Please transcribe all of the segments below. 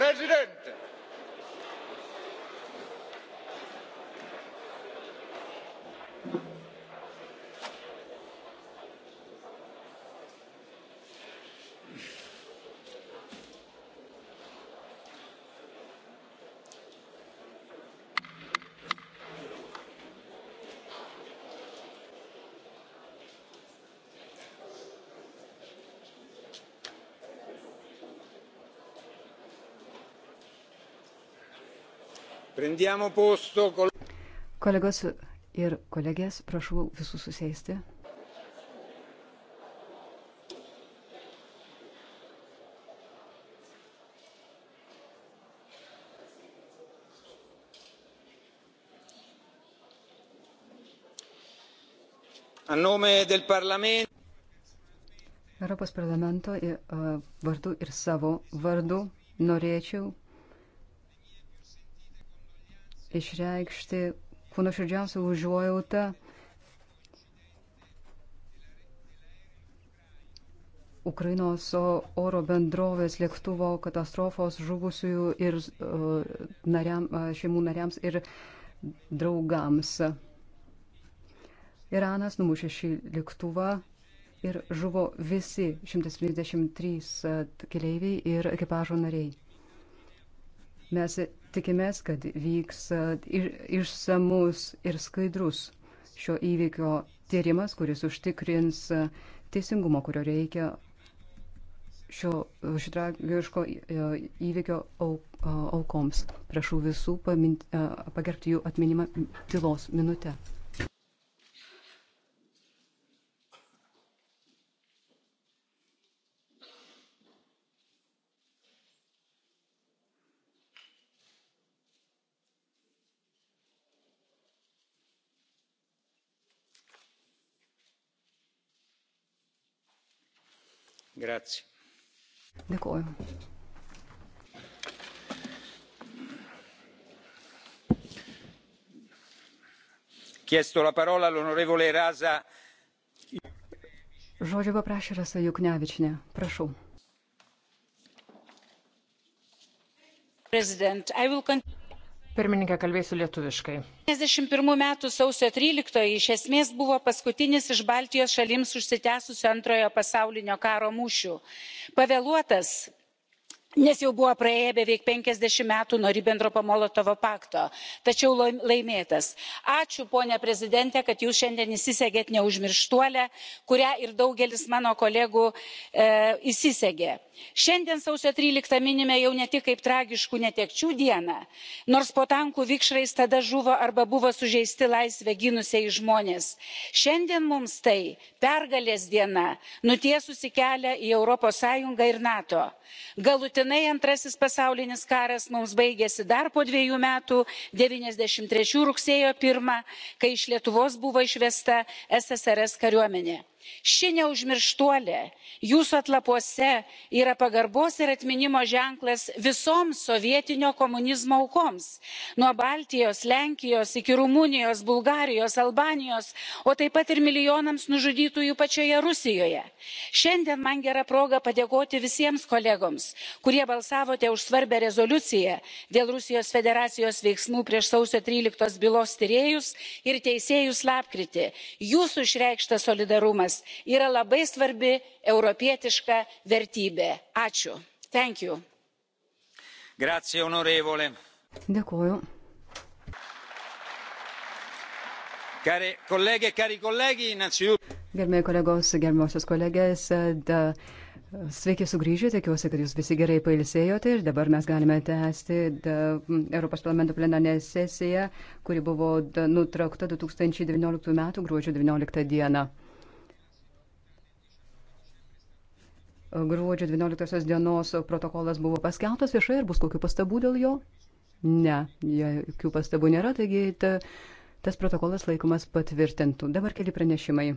president. Prendiamo posto. Kol... Kolegos ir kolegės, prašau visus susėsti. Europos parlamento e, e, vardu ir savo vardu norėčiau išreikšti kūno širdžiausią užuojautą Ukrainos oro bendrovės lėktuvo katastrofos žuvusiųjų ir nariam, šeimų nariams ir draugams. Iranas numušė šį lėktuvą ir žuvo visi 173 keleiviai ir ekipažo nariai. Mes tikimės, kad vyks e, išsamus ir skaidrus šio įvykio tyrimas, kuris užtikrins e, teisingumo, kurio reikia šio tragiško e, įvykio aukoms. Prašau visų pagerbti jų atminimą tylos minutę. Grazie. Dėkuoju. Chiesto la parola all'onorevole Rasa. Žodžio paprašė Rasa Juknevičinė. Prašau. President, I will continue Pirmininkė, kalbėsiu lietuviškai. 1991 m. sausio 13 iš esmės buvo paskutinis iš Baltijos šalims užsitęsusio antrojo pasaulinio karo mūšių. Pavėluotas, nes jau buvo praėję beveik penkiasdešimt metų nuo ribentropo molotovo pakto tačiau laimėtas. ačiū pone prezidente kad jūs šiandien įsisegėt neužmirštuolę kurią ir daugelis mano kolegų e, įsisegė. šiandien sausio trylika ąją minime jau ne tik kaip tragiškų netekčių dieną nors po tankų vikšrais tada žuvo arba buvo sužeisti laisvę gynusieji žmonės šiandien mums tai pergalės diena nutiesusi kelią į europos sąjungą ir nato. galutinis galutinai antrasis pasaulinis karas mums baigėsi dar po dvejų metų devyniasdešimt tre m rugsėjo vieną kai iš lietuvos buvo išvesta ssrs kariuomenė ši neužmirštuolė jūsų atlapuose yra pagarbos ir atminimo ženklas visoms sovietinio komunizmo aukoms nuo baltijos lenkijos iki rumunijos bulgarijos albanijos o taip pat ir milijonams nužudytųjų pačioje rusijoje. šiandien man gera proga padėkoti visiems kolegoms kurie balsavote už svarbią rezoliuciją dėl rusijos federacijos veiksmų prieš sausio trylika os bylos tyrėjus ir teisėjus lapkritį. jūsų išreikštas solidarumas saugumas yra labai svarbi europietiška vertybė. ačiū. Grazie, Dėkuoju. Kari kolegė, kari kolegė, Gerbėjai kolegos, gerbiamosios kolegės, da, sveiki sugrįžę, tikiuosi, kad jūs visi gerai pailsėjote ir dabar mes galime tęsti da, Europos parlamento plenarinę sesiją, kuri buvo da, nutraukta 2019 m. gruodžio 19 d. gruodžio 12 dienos protokolas buvo paskeltas viešai, ar bus kokių pastabų dėl jo? Ne, jokių pastabų nėra, taigi ta, tas protokolas laikomas patvirtintų. Dabar keli pranešimai.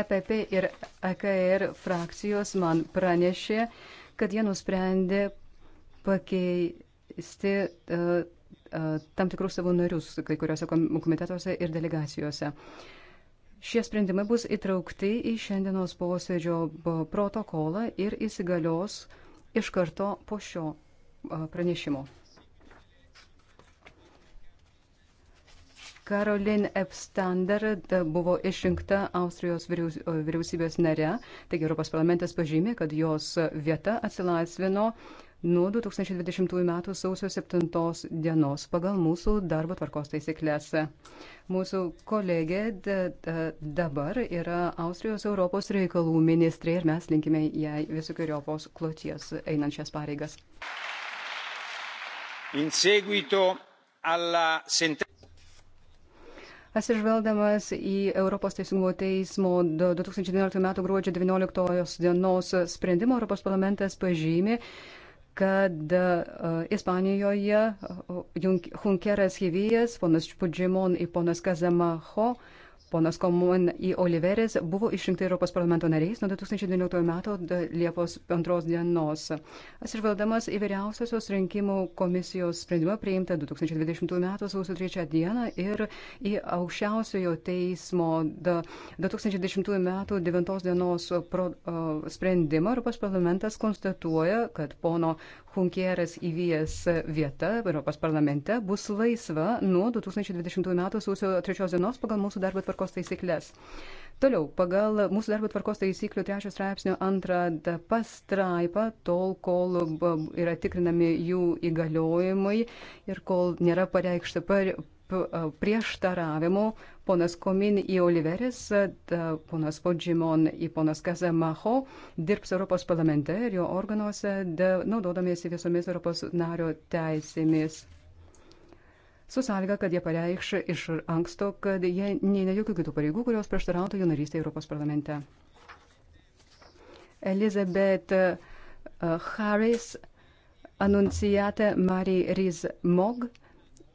EPP ir AKR frakcijos man pranešė, kad jie nusprendė pakeisti uh, uh, tam tikrus savo narius kai kuriuose komitetuose ir delegacijose. Uh, Šie sprendimai bus įtraukti į šiandienos posėdžio protokolą ir įsigalios iš karto po šio pranešimo. Karolin Epstander buvo išrinkta Austrijos vyriausybės nare, taigi Europos parlamentas pažymė, kad jos vieta atsilaisvino nuo 2020 m. sausio 7 dienos pagal mūsų darbo tvarkos taisyklės. Mūsų kolegė dabar yra Austrijos Europos reikalų ministrė ir mes linkime jai visokiojopos kloties einančias pareigas. In seguito alla sentenza. Atsižvelgdamas į Europos Teisingumo teismo 2019 m. gruodžio 19 dienos sprendimą, Europos parlamentas pažymė, kad e, Ispanijoje e, Junkeras Hivijas, ponas Pudžimon ir ponas Kazamaho Ponas Komon į Oliveres buvo išrinkta Europos parlamento nariais nuo 2019 metų Liepos 2 dienos. Atsižvelgdamas į vyriausiosios rinkimų komisijos sprendimą priimtą 2020 metų sausio 3 dieną ir į aukščiausiojo teismo 2010 metų 9 dienos pro, o, sprendimą Europos parlamentas konstatuoja, kad pono Hunkieras įvyjas vieta Europos parlamente bus laisva nuo 2020 m. sausio 3 dienos pagal mūsų darbo tvarkos taisyklės. Toliau, pagal mūsų darbo tvarkos taisyklių 3 straipsnio 2 pastraipą, tol, kol yra tikrinami jų įgaliojimai ir kol nėra pareikšta par prieštaravimų, ponas Komin į Oliveris, ponas Podžimon į ponas Kazamaho dirbs Europos parlamente ir jo organuose, naudodamiesi visomis Europos nario teisėmis. Su sąlyga, kad jie pareikš iš anksto, kad jie neina jokių kitų pareigų, kurios prieštarautų jų narystė Europos parlamente. Elizabeth uh, Harris, Anuncijate Marie Riz Mog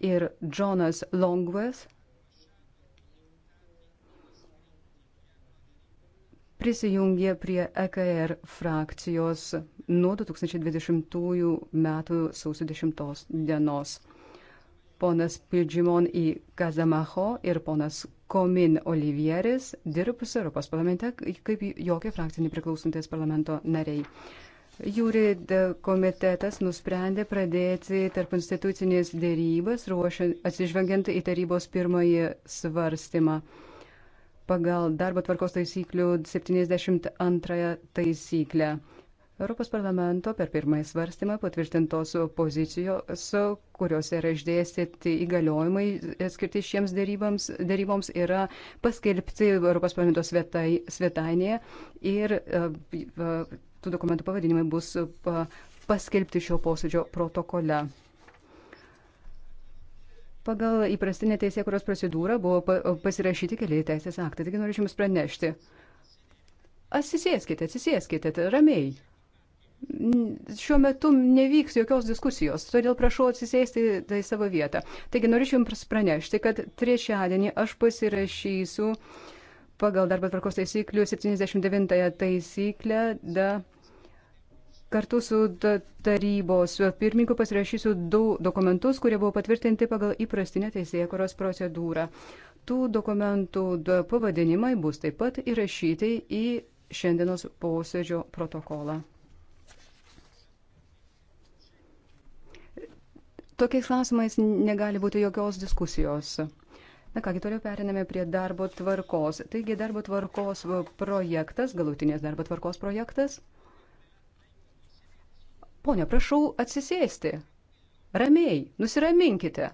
ir Jonas Longworth prisijungė prie EKR frakcijos nuo 2020 m. sausio 10 dienos. Ponas Pidžimon į Kazamaho ir ponas Komin Olivieris dirbs Europos parlamente kaip jokie frakcija nepriklausantis parlamento nariai. Jūri komitetas nusprendė pradėti tarp institucinės dėrybas, ruošiant, atsižvengiant į tarybos pirmąjį svarstymą pagal darbo tvarkos taisyklių 72 taisyklę. Europos parlamento per pirmąjį svarstymą patvirtintos pozicijos, kurios yra išdėstyti įgaliojimai skirti šiems dėrybams, dėryboms, yra paskelbti Europos parlamento svetai, svetainėje ir e, e, tų dokumentų pavadinimai bus paskelbti šio posėdžio protokole. Pagal įprastinę teisėkuros procedūrą buvo pasirašyti keli teisės aktai, taigi norėčiau Jums pranešti. Atsisėskite, atsisėskite, ramiai. Šiuo metu nevyks jokios diskusijos, todėl prašau atsisėsti tai savo vietą. Taigi norėčiau Jums pranešti, kad trečiadienį aš pasirašysiu pagal darbo tvarkos taisyklių 79 taisyklę. Da, Kartu su tarybos pirmininku pasirašysiu du dokumentus, kurie buvo patvirtinti pagal įprastinę teisėkoros procedūrą. Tų dokumentų pavadinimai bus taip pat įrašyti į šiandienos posėdžio protokolą. Tokiais klausimais negali būti jokios diskusijos. Na kągi, toliau periname prie darbo tvarkos. Taigi, darbo tvarkos projektas, galutinės darbo tvarkos projektas Pone, prašau atsisėsti. Ramiai, nusiraminkite.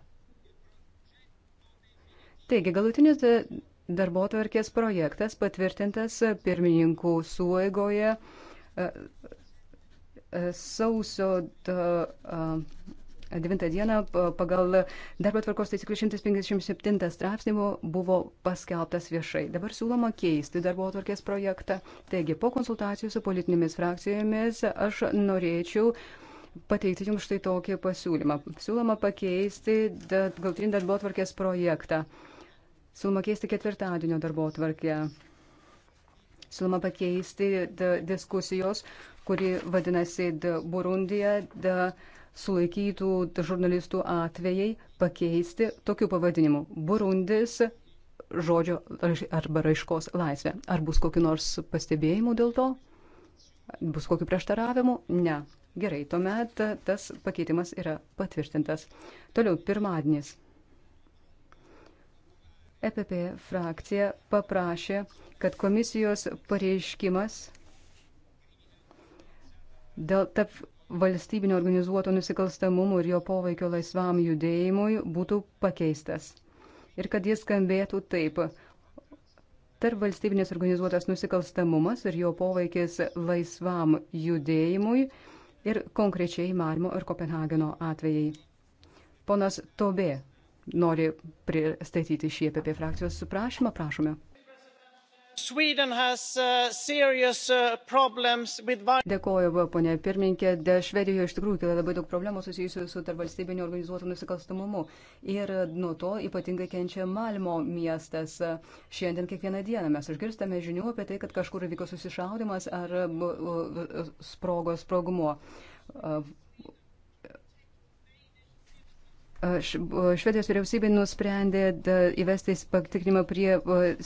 Taigi, galutinis darbo tvarkės projektas patvirtintas pirmininkų suoigoje e, e, sausio. Da, a, 9 dieną pagal darbo tvarkos taisyklių 157 straipsnį buvo paskelbtas viešai. Dabar siūloma keisti darbo tvarkės projektą. Taigi, po konsultacijų su politinėmis frakcijomis aš norėčiau pateikti jums štai tokį pasiūlymą. Siūloma pakeisti galtinį darbo tvarkės projektą. Siūloma keisti ketvirtadienio darbo tvarkę. Siūloma pakeisti diskusijos, kuri vadinasi Burundija. Da, sulaikytų žurnalistų atvejai pakeisti tokiu pavadinimu - Burundis žodžio arba raiškos laisvė. Ar bus kokiu nors pastebėjimu dėl to? Bus kokiu prieštaravimu? Ne. Gerai, tuomet tas pakeitimas yra patvirtintas. Toliau, pirmadienis. EPP frakcija paprašė, kad komisijos pareiškimas dėl tarp valstybinio organizuoto nusikalstamumo ir jo poveikio laisvam judėjimui būtų pakeistas. Ir kad jis skambėtų taip. Tarp valstybinės organizuotas nusikalstamumas ir jo poveikis laisvam judėjimui ir konkrečiai Marmo ir Kopenhageno atvejai. Ponas Tobė nori pristatyti šį apie frakcijos suprašymą, prašome. Uh, uh, Dėkoju, ponė pirmininkė. Švedijoje iš tikrųjų kila labai daug problemų susijusių su tarpvalstybiniu organizuotu nusikalstamumu. Ir e, nuo to ypatingai kenčia Malmo miestas. Šiandien kiekvieną dieną mes išgirstame žinių apie tai, kad kažkur vyko susišaudimas ar e, e, sprogo sprogumo. Švedijos vyriausybė nusprendė įvesti patikrinimą prie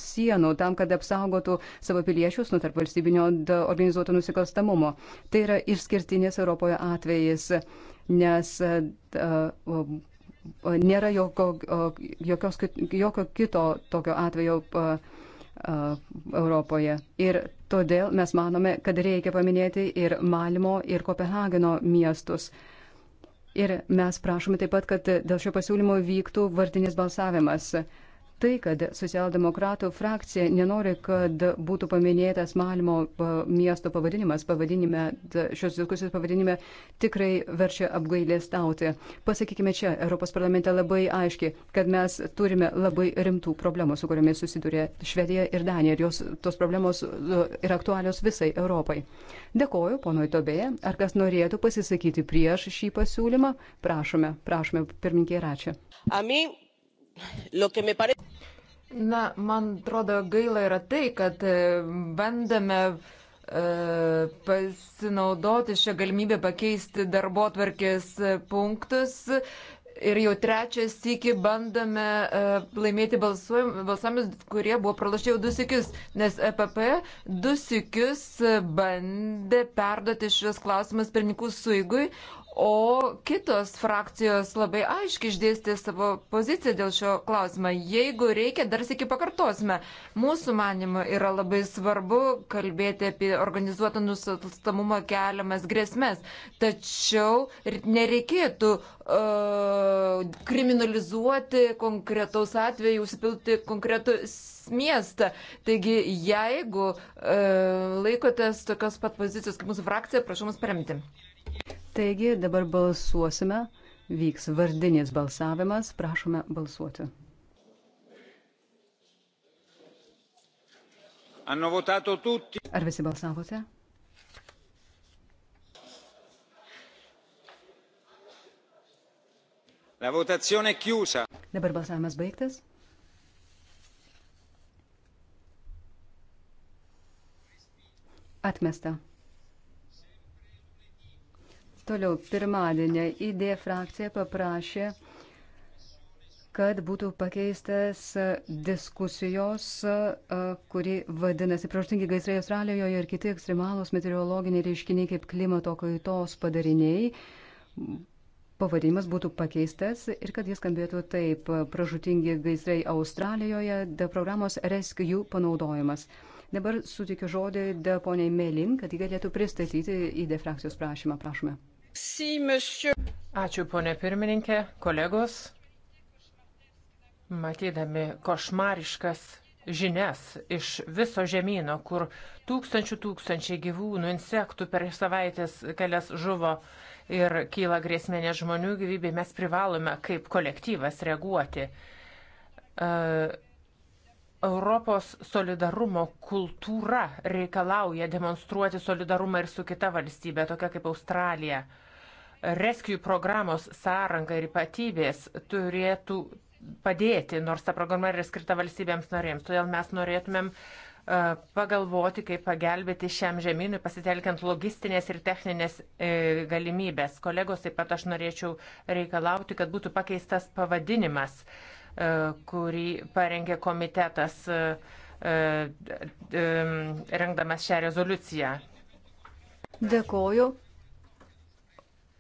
sienų tam, kad apsaugotų savo piliečius nuo tarp valstybinio organizuoto nusikalstamumo. Tai yra išskirtinės Europoje atvejais, nes nėra joko, jokios, jokio kito tokio atvejo Europoje. Ir todėl mes manome, kad reikia paminėti ir Malmo, ir Kopenhageno miestus. Uh, Ir mes prašome taip pat, kad dėl šio pasiūlymo vyktų vardinis balsavimas. Tai, kad socialdemokratų frakcija nenori, kad būtų paminėtas Malmo miesto pavadinimas, pavadinime, šios diskusijos pavadinime, tikrai verčia apgailėstauti. Pasakykime čia, Europos parlamente labai aiškiai, kad mes turime labai rimtų problemų, su kuriomis susidurė Švedija ir Danija, ir jos, tos problemos e, yra aktualios visai Europai. Dėkoju, ponui Tobėje. Ar kas norėtų pasisakyti prieš šį pasiūlymą? Prašome, prašome, pirmininkė ir ačiū. Amin. Na, man atrodo gaila yra tai, kad e, bandame e, pasinaudoti šią galimybę pakeisti darbo tvarkės e, punktus. Ir jau trečias iki bandome uh, laimėti balsavimus, kurie buvo pralašę jau du sikius, nes EPP du sikius bandė perduoti šios klausimus pirmininkų suigui, O kitos frakcijos labai aiškiai išdėstė savo poziciją dėl šio klausimą. Jeigu reikia, dar sėki pakartosime. Mūsų manimo yra labai svarbu kalbėti apie organizuotą nusikalstamumą keliamas grėsmės. Tačiau nereikėtų uh, kriminalizuoti konkretaus atveju, užsipilti konkretų miestą. Taigi, jeigu uh, laikotės tokios pat pozicijos kaip mūsų frakcija, prašau mus paremti. Taigi dabar balsuosime, vyks vardinis balsavimas, prašome balsuoti. Ar visi balsavote? La votazione è chiusa. Dabar balsavimas baigtas. Atmesta. Toliau, pirmadienį ID frakcija paprašė, kad būtų pakeistas diskusijos, kuri vadinasi pražtingi gaisrai Australijoje ir kiti ekstremalūs meteorologiniai reiškiniai kaip klimato kaitos padariniai. Pavadinimas būtų pakeistas ir kad jis skambėtų taip - pražutingi gaisrai Australijoje, de programos Rescue panaudojimas. Dabar sutikiu žodį de poniai Melin, kad ji galėtų pristatyti į defrakcijos prašymą. Prašome. Ačiū, ponė pirmininkė, kolegos. Matydami košmariškas žinias iš viso žemynų, kur tūkstančių tūkstančiai gyvūnų, insektų per savaitės kelias žuvo ir kyla grėsmė ne žmonių gyvybė, mes privalome kaip kolektyvas reaguoti. Uh, Europos solidarumo kultūra reikalauja demonstruoti solidarumą ir su kita valstybė, tokia kaip Australija. Uh, Rescue programos sąranga ir ypatybės turėtų padėti, nors ta programa yra skirta valstybėms norėms. Todėl mes norėtumėm e, pagalvoti, kaip pagelbėti šiam žemynui, pasitelkiant logistinės ir techninės e, galimybės. Kolegos, taip pat aš norėčiau reikalauti, kad būtų pakeistas pavadinimas, e, kurį parengė komitetas rengdamas šią rezoliuciją. Dėkoju.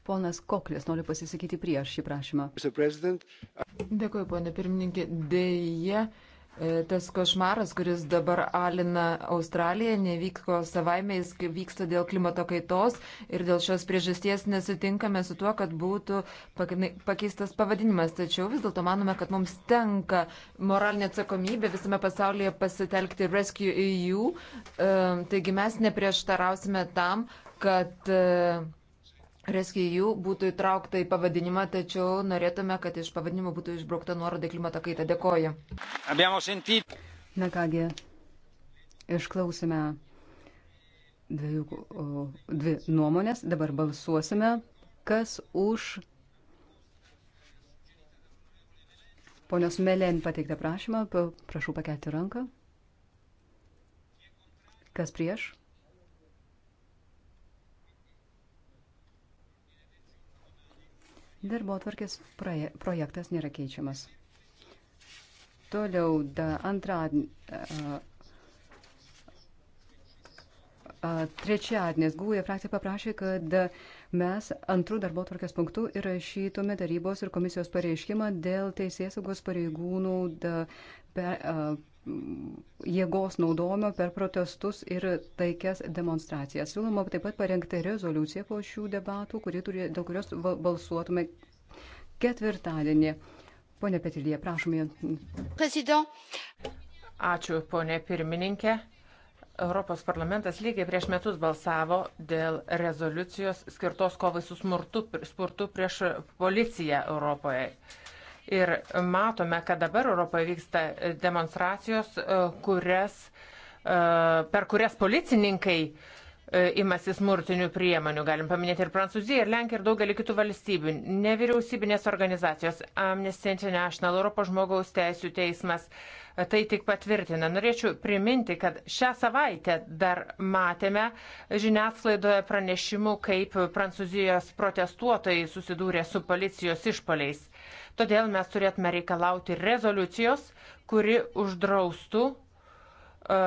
Ponas Koklis nori pasisakyti prieš šį prašymą. Dėkuoju, ponė pirmininkė. Deja, e, tas košmaras, kuris dabar alina Australiją, nevyko savaime, jis vyksta dėl klimato kaitos ir dėl šios priežasties nesutinkame su tuo, kad būtų pakeistas pavadinimas. Tačiau vis dėlto manome, kad mums tenka moralinė atsakomybė visame pasaulyje pasitelkti Rescue EU. E, taigi mes neprieštarausime tam, kad e, Reskijų būtų įtraukta į pavadinimą, tačiau norėtume, kad iš pavadinimo būtų išbraukta nuoroda į klimato kaitą. Dėkoju. Na kągi, išklausime dviejų, dvi nuomonės, dabar balsuosime, kas už ponios Melen pateiktą prašymą, prašau pakelti ranką. Kas prieš? Darbo atvarkės projektas nėra keičiamas. Toliau da, antrą, trečiadienės gūja frakcija paprašė, kad mes antrų darbo atvarkės punktų įrašytume tarybos ir komisijos pareiškimą dėl teisėsaugos pareigūnų da, pe, a, jėgos naudojimo per protestus ir taikias demonstracijas. Siūloma taip pat parengti rezoliuciją po šių debatų, turi, dėl kurios balsuotume ketvirtadienį. Pone Petilyje, prašome. President. Ačiū, ponė pirmininkė. Europos parlamentas lygiai prieš metus balsavo dėl rezoliucijos skirtos kovai su smurtu, smurtu prieš policiją Europoje. Ir matome, kad dabar Europoje vyksta demonstracijos, e, kurias, e, per kurias policininkai e, imasi smurtinių priemonių. Galim paminėti ir Prancūziją, ir Lenkiją, ir daugelį kitų valstybių. Nevyriausybinės organizacijos, Amnesty International, Europos žmogaus teisų teismas tai tik patvirtina. Norėčiau priminti, kad šią savaitę dar matėme žiniasklaidoje pranešimų, kaip Prancūzijos protestuotojai susidūrė su policijos išpoliais. Todėl mes turėtume reikalauti rezoliucijos, kuri uždraustų uh,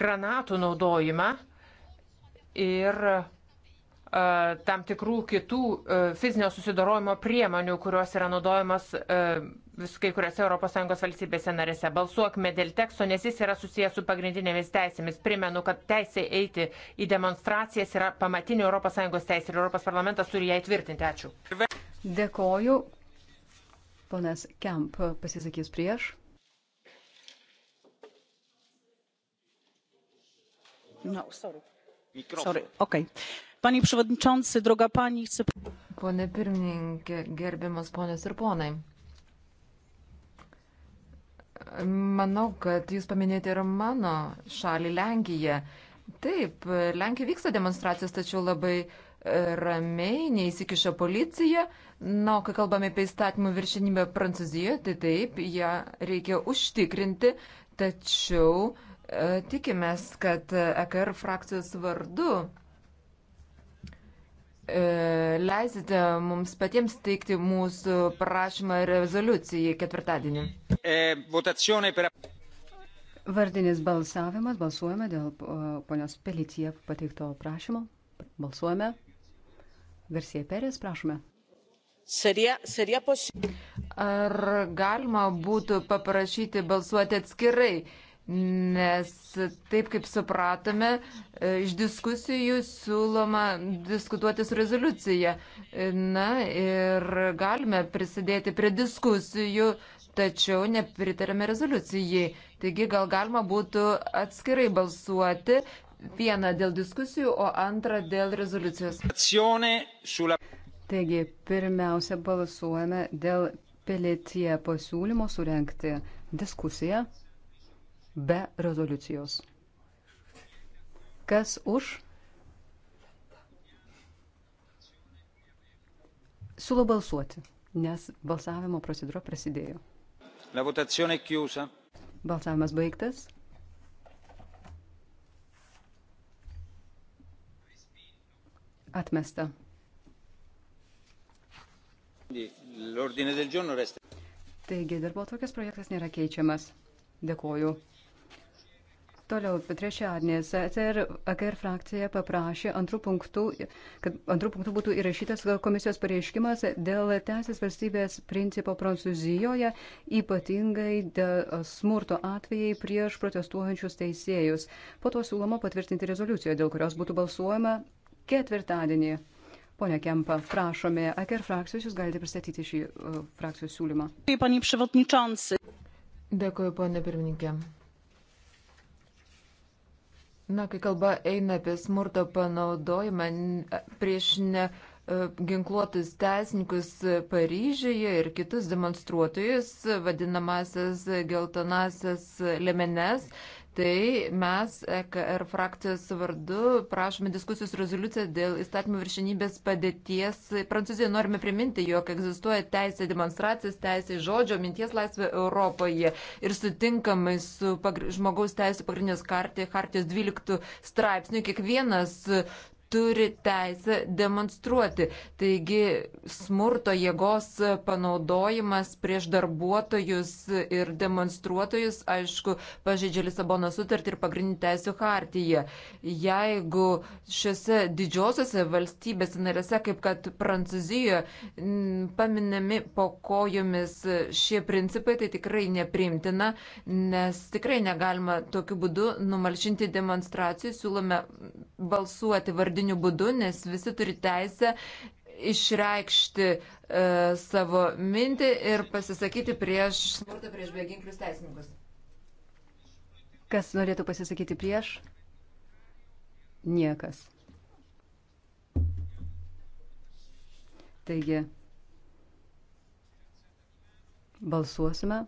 granatų naudojimą ir uh, tam tikrų kitų uh, fizinio susidorojimo priemonių, kurios yra naudojamos uh, vis kai kuriuose ES valstybėse narėse. Balsuokime dėl teksto, nes jis yra susijęs su pagrindinėmis teisėmis. Primenu, kad teisė eiti į demonstracijas yra pamatinė ES teisė ir ES parlamentas turi ją įtvirtinti. Ačiū. Dėkoju. Ponas Kemp pasisakys prieš. No, sorry. Sorry, okay. Panie przewodniczący, droga pani, chcę. Pone pirmininkė, gerbiamas ponės ir ponai. Manau, kad jūs paminėjote ir mano šalį Lenkiją. Taip, Lenkijoje vyksta demonstracijos, tačiau labai uh, ramiai, neįsikiša policija. Na, kai kalbame apie įstatymų viršinybę Prancūzijoje, tai taip, ją reikia užtikrinti, tačiau e, tikimės, kad EKR frakcijos vardu e, leisite mums patiems teikti mūsų prašymą rezoliucijai ketvirtadienį. E, Vardinis balsavimas, balsuojame dėl e, ponios Pelicija pateikto prašymo. Balsuojame. Garsie Perės, prašome. Ar galima būtų paprašyti balsuoti atskirai? Nes taip kaip supratome, e, iš diskusijų siūloma diskutuoti su rezoliucija. Na ir galime prisidėti prie diskusijų, tačiau nepritarėme rezoliucijai. Taigi gal galima būtų atskirai balsuoti, Vieną dėl diskusijų, o antrą dėl rezoliucijos. Taigi, pirmiausia, balsuojame dėl pelėtie pasiūlymo surenkti diskusiją be rezoliucijos. Kas už? Siūlau balsuoti, nes balsavimo procedūra prasidėjo. Balsavimas baigtas. Atmesta. Taigi, darbo tokias projektas nėra keičiamas. Dėkoju. Toliau, trečiadienės ECR, AKR frakcija paprašė antrų punktų, kad antrų punktų būtų įrašytas komisijos pareiškimas dėl teisės valstybės principo Prancūzijoje, ypatingai smurto atvejai prieš protestuojančius teisėjus. Po to siūloma patvirtinti rezoliuciją, dėl kurios būtų balsuojama ketvirtadienį. Pone Kempa, prašome, AKR frakcijos, jūs galite pristatyti šį uh, frakcijos siūlymą. Dėkuoju, ponė pirmininkė. Na, kai kalba eina apie smurto panaudojimą e, prieš ne e, ginkluotus teisininkus Paryžiuje ir kitus demonstruotojus, vadinamasias geltonasias lemenes, tai mes EKR frakcijos vardu prašome diskusijos rezoliuciją dėl įstatymų viršinybės padėties. Prancūzijoje norime priminti, jog egzistuoja teisė demonstracijas, teisė žodžio, minties laisvė Europoje ir sutinkamai su pagr... žmogaus teisų pagrindinės kartijos 12 straipsniu kiekvienas turi teisę demonstruoti. Taigi smurto jėgos panaudojimas prieš darbuotojus ir demonstruotojus, aišku, pažeidžia Lisabono sutartį ir pagrindinį teisų hartiją. Jeigu šiuose didžiosiuose valstybėse narėse, kaip kad Prancūzijoje, paminami po kojomis šie principai, tai tikrai neprimtina, nes tikrai negalima tokiu būdu numalšinti demonstracijų, siūlome balsuoti vardiniu žodiniu būdu, nes visi turi teisę išreikšti e, savo mintį ir pasisakyti prieš smurtą prieš beginklius teisininkus. Kas norėtų pasisakyti prieš? Niekas. Taigi, balsuosime.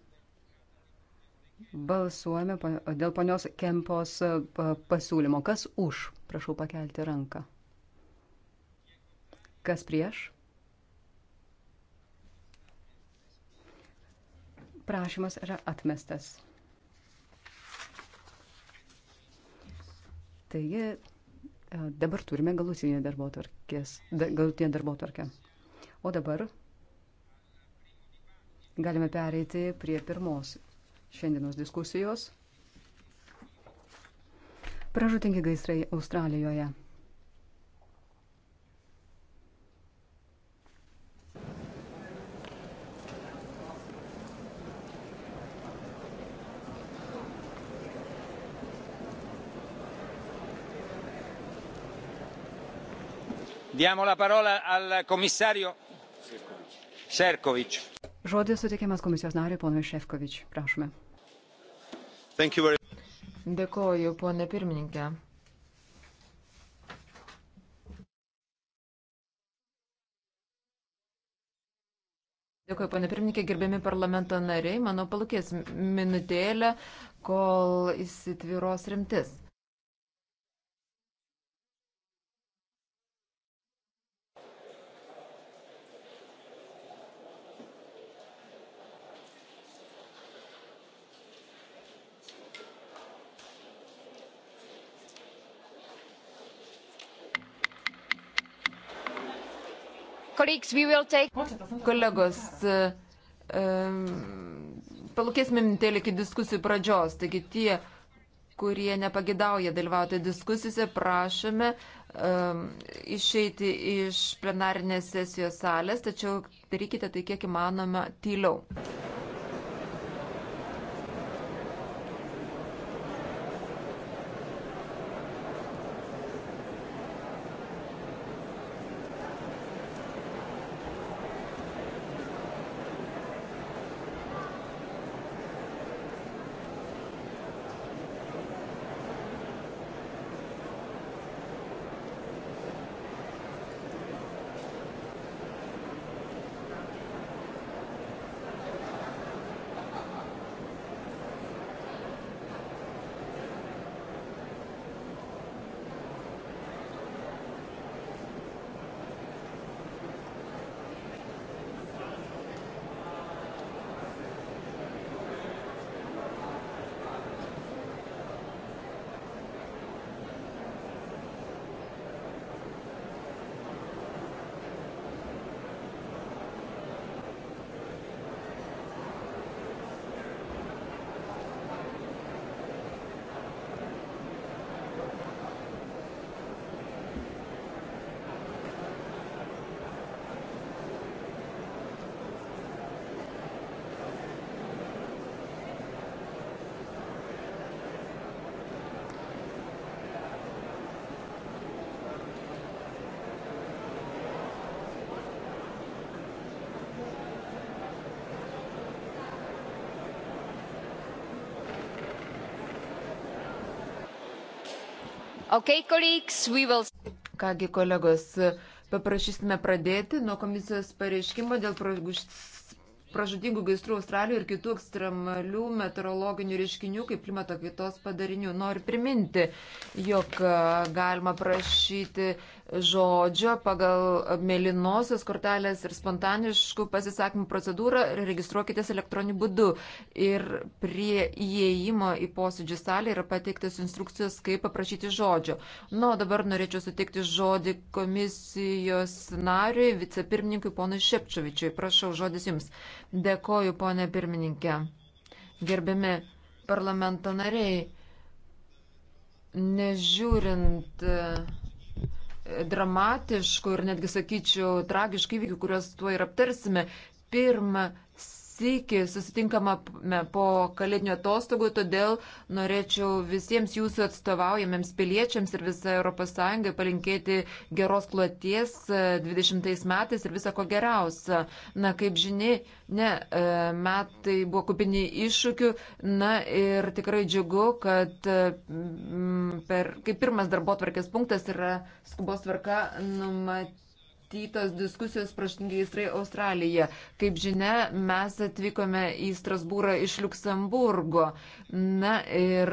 Balsuojame dėl ponios Kempos e, pasiūlymo. Kas už? Prašau pakelti ranką. Kas prieš? Prašymas yra atmestas. Taigi e, dabar turime galutinę darbo tvarkę. O dabar galime pereiti prie pirmos šiandienos diskusijos. Pražutingi gaisrai Australijoje. diamo la parola al commissario šefčovič žodis suteikiamas komisijos nariui ponui šefčovič prašome Very... Dėkoju, ponė pirmininkė. Dėkuoju, pane pirmininkė, gerbiami parlamento nariai. Mano palūkės minutėlę, kol įsitviros rimtis. Colleagues, we will take... Kolegos, e, e, palūkėsime mintelį iki diskusijų pradžios. Taigi tie, kurie nepagidauja dalyvauti diskusijose, prašome um, išeiti iš plenarinės sesijos salės, tačiau darykite tai kiek įmanoma tyliau. Okay, will... Kągi kolegos, paprašysime pradėti nuo komisijos pareiškimo dėl pražudingų gaisrų Australijoje ir kitų ekstremalių meteorologinių reiškinių kaip klimato kaitos padarinių. Noriu priminti, jog galima prašyti žodžio pagal mėlynosios kortelės ir spontaniškų pasisakymų procedūrą registruokitės elektroniniu būdu. Ir prie įėjimo į posėdžių salę yra pateiktas instrukcijos, kaip paprašyti žodžio. Na, nu, o dabar norėčiau sutikti žodį komisijos nariui, vicepirmininkui ponui Šepčiovičiui. Prašau, žodis jums. Dėkoju, ponė pirmininkė. Gerbiami parlamento nariai, nežiūrint. Uh, dramatiškų ir netgi, sakyčiau, tragiškų įvykių, kuriuos tuo ir aptarsime. Pirma, sėki susitinkame po kalėdinio atostogų, todėl norėčiau visiems jūsų atstovaujamiems piliečiams ir visą ES palinkėti geros kloties 20 e, metais ir visą ko geriausia. Na, kaip žinia, ne, e, metai buvo kupini iššūkių, na ir tikrai džiugu, kad e, per, kaip pirmas darbo tvarkės punktas yra skubos tvarka numatyti numatytos diskusijos praštingi gaisrai Australija. Kaip žinia, mes atvykome į Strasbūrą iš Luksemburgo. Na ir.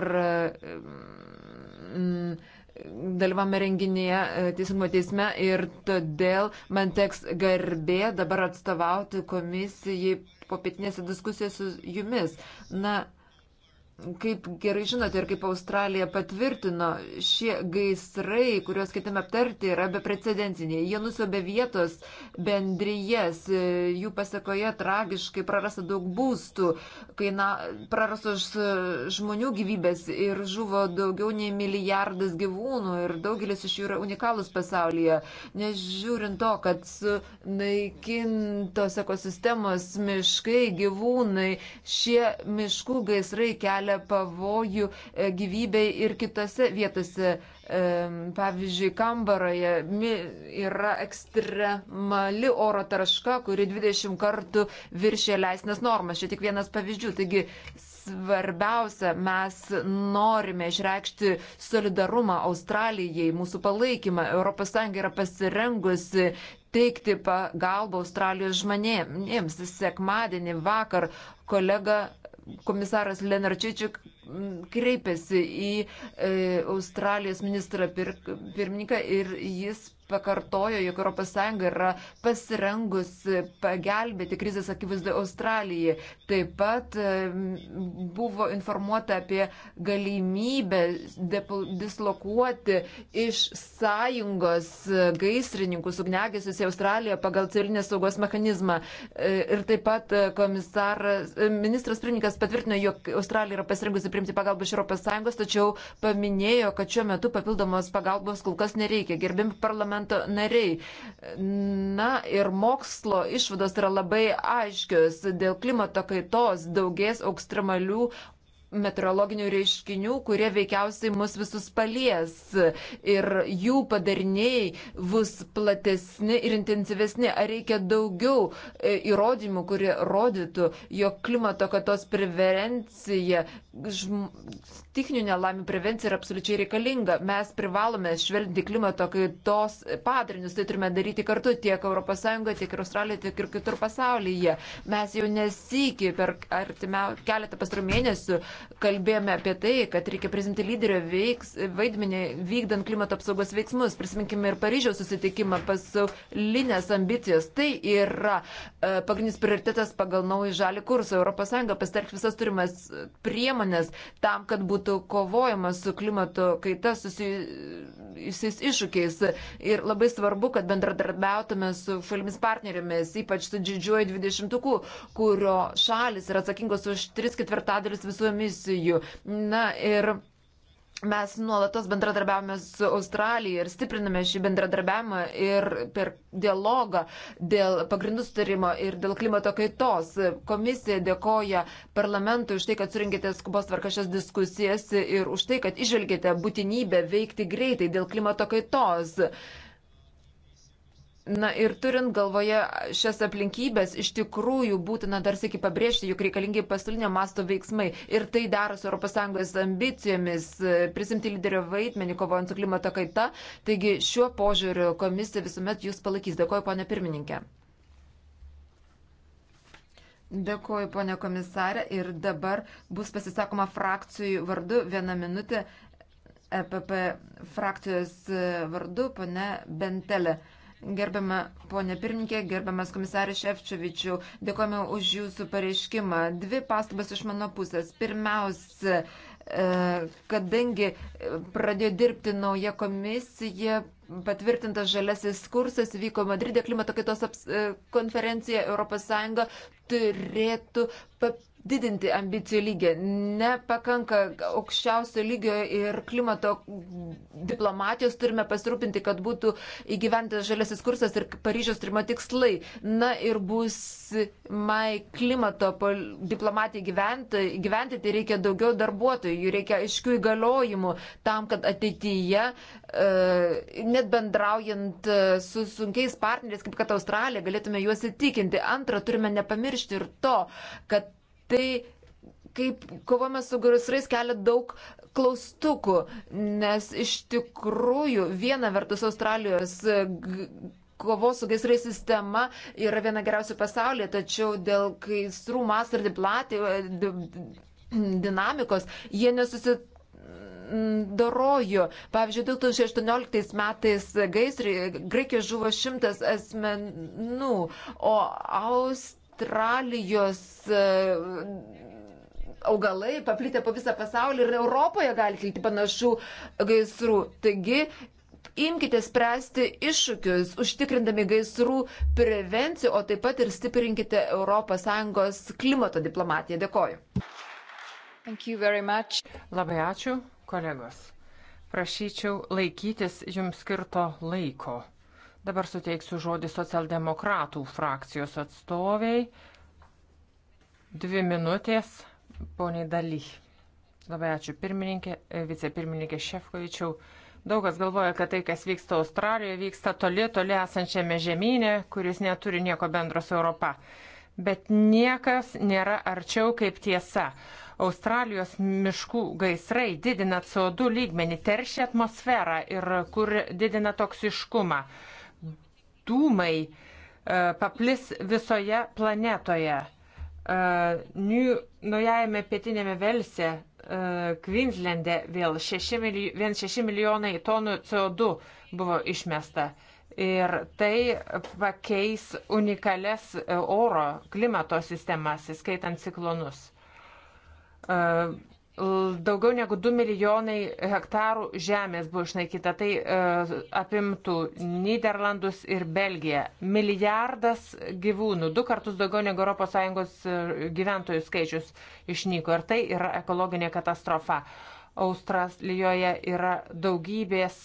Mm, mm dalyvame renginėje e, teisingumo teisme ir todėl man teks garbė dabar atstovauti komisijai popietinėse diskusijose su jumis. Na, Kaip gerai žinote ir kaip Australija patvirtino, šie gaisrai, kuriuos ketiname aptarti, yra beprecedentiniai. Jie nusobė vietos bendryjas, jų pasakoje tragiškai prarasta daug būstų, kaina, prarasto žmonių gyvybės ir žuvo daugiau nei milijardas gyvūnų ir daugelis iš jų yra unikalus pasaulyje. Nežiūrint to, kad sunaikintos ekosistemos miškai, gyvūnai, šie miškų gaisrai kelia kelia pavojų e, gyvybei ir kitose vietose. E, pavyzdžiui, kambaroje yra ekstremali oro tarška, kuri 20 kartų viršė leisnės normas. Šia tik vienas pavyzdžių. Taigi svarbiausia, mes norime išreikšti solidarumą Australijai, mūsų palaikymą. ES yra pasirengusi teikti pagalbą Australijos žmonėms. Sekmadienį vakar kolega komisaras Lenarčičiuk mm, kreipėsi į e, Australijos ministrą pirmininką ir jis pakartojo, jog ES yra pasirengus pagelbėti krizės akivaizdu Australijai. Taip pat buvo informuota apie galimybę dislokuoti iš sąjungos gaisrininkus ugnegesius į Australiją pagal civilinės saugos mechanizmą. E, ir taip pat komisaras, e, ministras pirmininkas patvirtino, jog Australija yra pasirengusi priimti pagalbą iš ES, tačiau paminėjo, kad šiuo metu papildomos pagalbos kol kas nereikia. Gerbim parlamentą parlamento nariai. Na ir mokslo išvados yra labai aiškios. Dėl klimato kaitos daugės ekstremalių meteorologinių reiškinių, kurie veikiausiai mus visus palies. Ir jų padariniai bus platesni ir intensyvesni. Ar reikia daugiau e, įrodymų, kurie rodytų, jog klimato katos prevencija Tichinių nelaimių prevencija yra absoliučiai reikalinga. Mes privalome švelninti klimato kaitos padarinius. Tai turime daryti kartu tiek ES, tiek ir Australijoje, tiek ir kitur pasaulyje. Mes jau nesikį per artimiau, keletą pastarų mėnesių kalbėjome apie tai, kad reikia prisimti lyderio veiks, vaidmenį vykdant klimato apsaugos veiksmus. Prisiminkime ir Paryžiaus susitikimą pasaulinės ambicijos. Tai yra e, pagrindinis prioritetas pagal naują žalį kursą. ES pasitelks visas turimas priemonės tam, kad būtų būtų kovojama su klimato kaita susijusiais iššūkiais. Ir labai svarbu, kad bendradarbiautume su šalimis partnerėmis, ypač su didžiuoju dvidešimtuku, kurio šalis yra atsakingos už tris ketvirtadalius visų emisijų. Na ir Mes nuolatos bendradarbiavame su Australija ir stipriname šį bendradarbiavimą ir per dialogą dėl pagrindų sutarimo ir dėl klimato kaitos. Komisija dėkoja parlamentui už tai, kad surinkite skubos tvarka šias diskusijas ir už tai, kad išvelgėte būtinybę veikti greitai dėl klimato kaitos. Na ir turint galvoje šias aplinkybės, iš tikrųjų būtina dar sėki pabrėžti, jog reikalingi pasaulinio masto veiksmai. Ir tai daro su ES ambicijomis e, prisimti lyderio vaidmenį kovojant su klimato kaita. Taigi šiuo požiūriu komisija visuomet jūs palaikys. Dėkuoju, ponė pirmininkė. Dėkuoju, ponė komisarė. Ir dabar bus pasisakoma frakcijų vardu vieną minutę. EPP frakcijos e, vardu, ponė Bentelė. Gerbiama ponė pirmininkė, gerbiamas komisaris Šefčiovičių, dėkojame už jūsų pareiškimą. Dvi pastabas iš mano pusės. Pirmiausia, e, kadangi pradėjo dirbti nauja komisija, patvirtintas žalesis kursas vyko Madridė klimato kaitos e, konferencija, ES turėtų papildyti didinti ambicijų lygį. Nepakanka aukščiausio lygio ir klimato diplomatijos turime pasirūpinti, kad būtų įgyventas žaliasis kursas ir Paryžiaus trimo tikslai. Na ir būsimai klimato diplomatijai gyventi, gyventi tai reikia daugiau darbuotojų, jų reikia aiškių įgaliojimų tam, kad ateityje, e, net bendraujant e, su sunkiais partneriais, kaip kad Australija, galėtume juos įtikinti. Antra, turime nepamiršti ir to, kad tai kaip kovame su gaisrais kelia daug klaustukų, nes iš tikrųjų viena vertus Australijos kovos su gaisrais sistema yra viena geriausių pasaulyje, tačiau dėl gaisrų masto ir diplatį, dinamikos jie nesusitikė doroju. Pavyzdžiui, 2018 metais gaisrį Graikijoje žuvo šimtas asmenų, o Aust Australijos e, augalai paplitę po visą pasaulį ir Europoje gali kilti panašių gaisrų. Taigi, imkite spręsti iššūkius, užtikrindami gaisrų prevenciją, o taip pat ir stiprinkite ES klimato diplomatiją. Dėkoju. Labai ačiū, kolegos. Prašyčiau laikytis jums skirto laiko. Dabar suteiksiu žodį socialdemokratų frakcijos atstoviai. Dvi minutės, poniai Daly. Labai ačiū pirmininkė, vicepirmininkė Šefkovičiau. Daug kas galvoja, kad tai, kas vyksta Australijoje, vyksta toli, toli esančiame žemynė, kuris neturi nieko bendro su Europa. Bet niekas nėra arčiau kaip tiesa. Australijos miškų gaisrai didina CO2 lygmenį, teršia atmosferą ir kur didina toksiškumą dūmai e, paplis visoje planetoje. E, naujajame pietinėme Velse, Kvinslende e, vėl 6 milijonai, 6 milijonai tonų CO2 buvo išmesta. Ir tai pakeis unikales oro klimato sistemas, įskaitant ciklonus. E, daugiau negu 2 milijonai hektarų žemės buvo išnaikyta. Tai e, apimtų Niderlandus ir Belgiją. Milijardas gyvūnų, du kartus daugiau negu ES e, gyventojų skaičius išnyko. Ir tai yra ekologinė katastrofa. Australijoje yra daugybės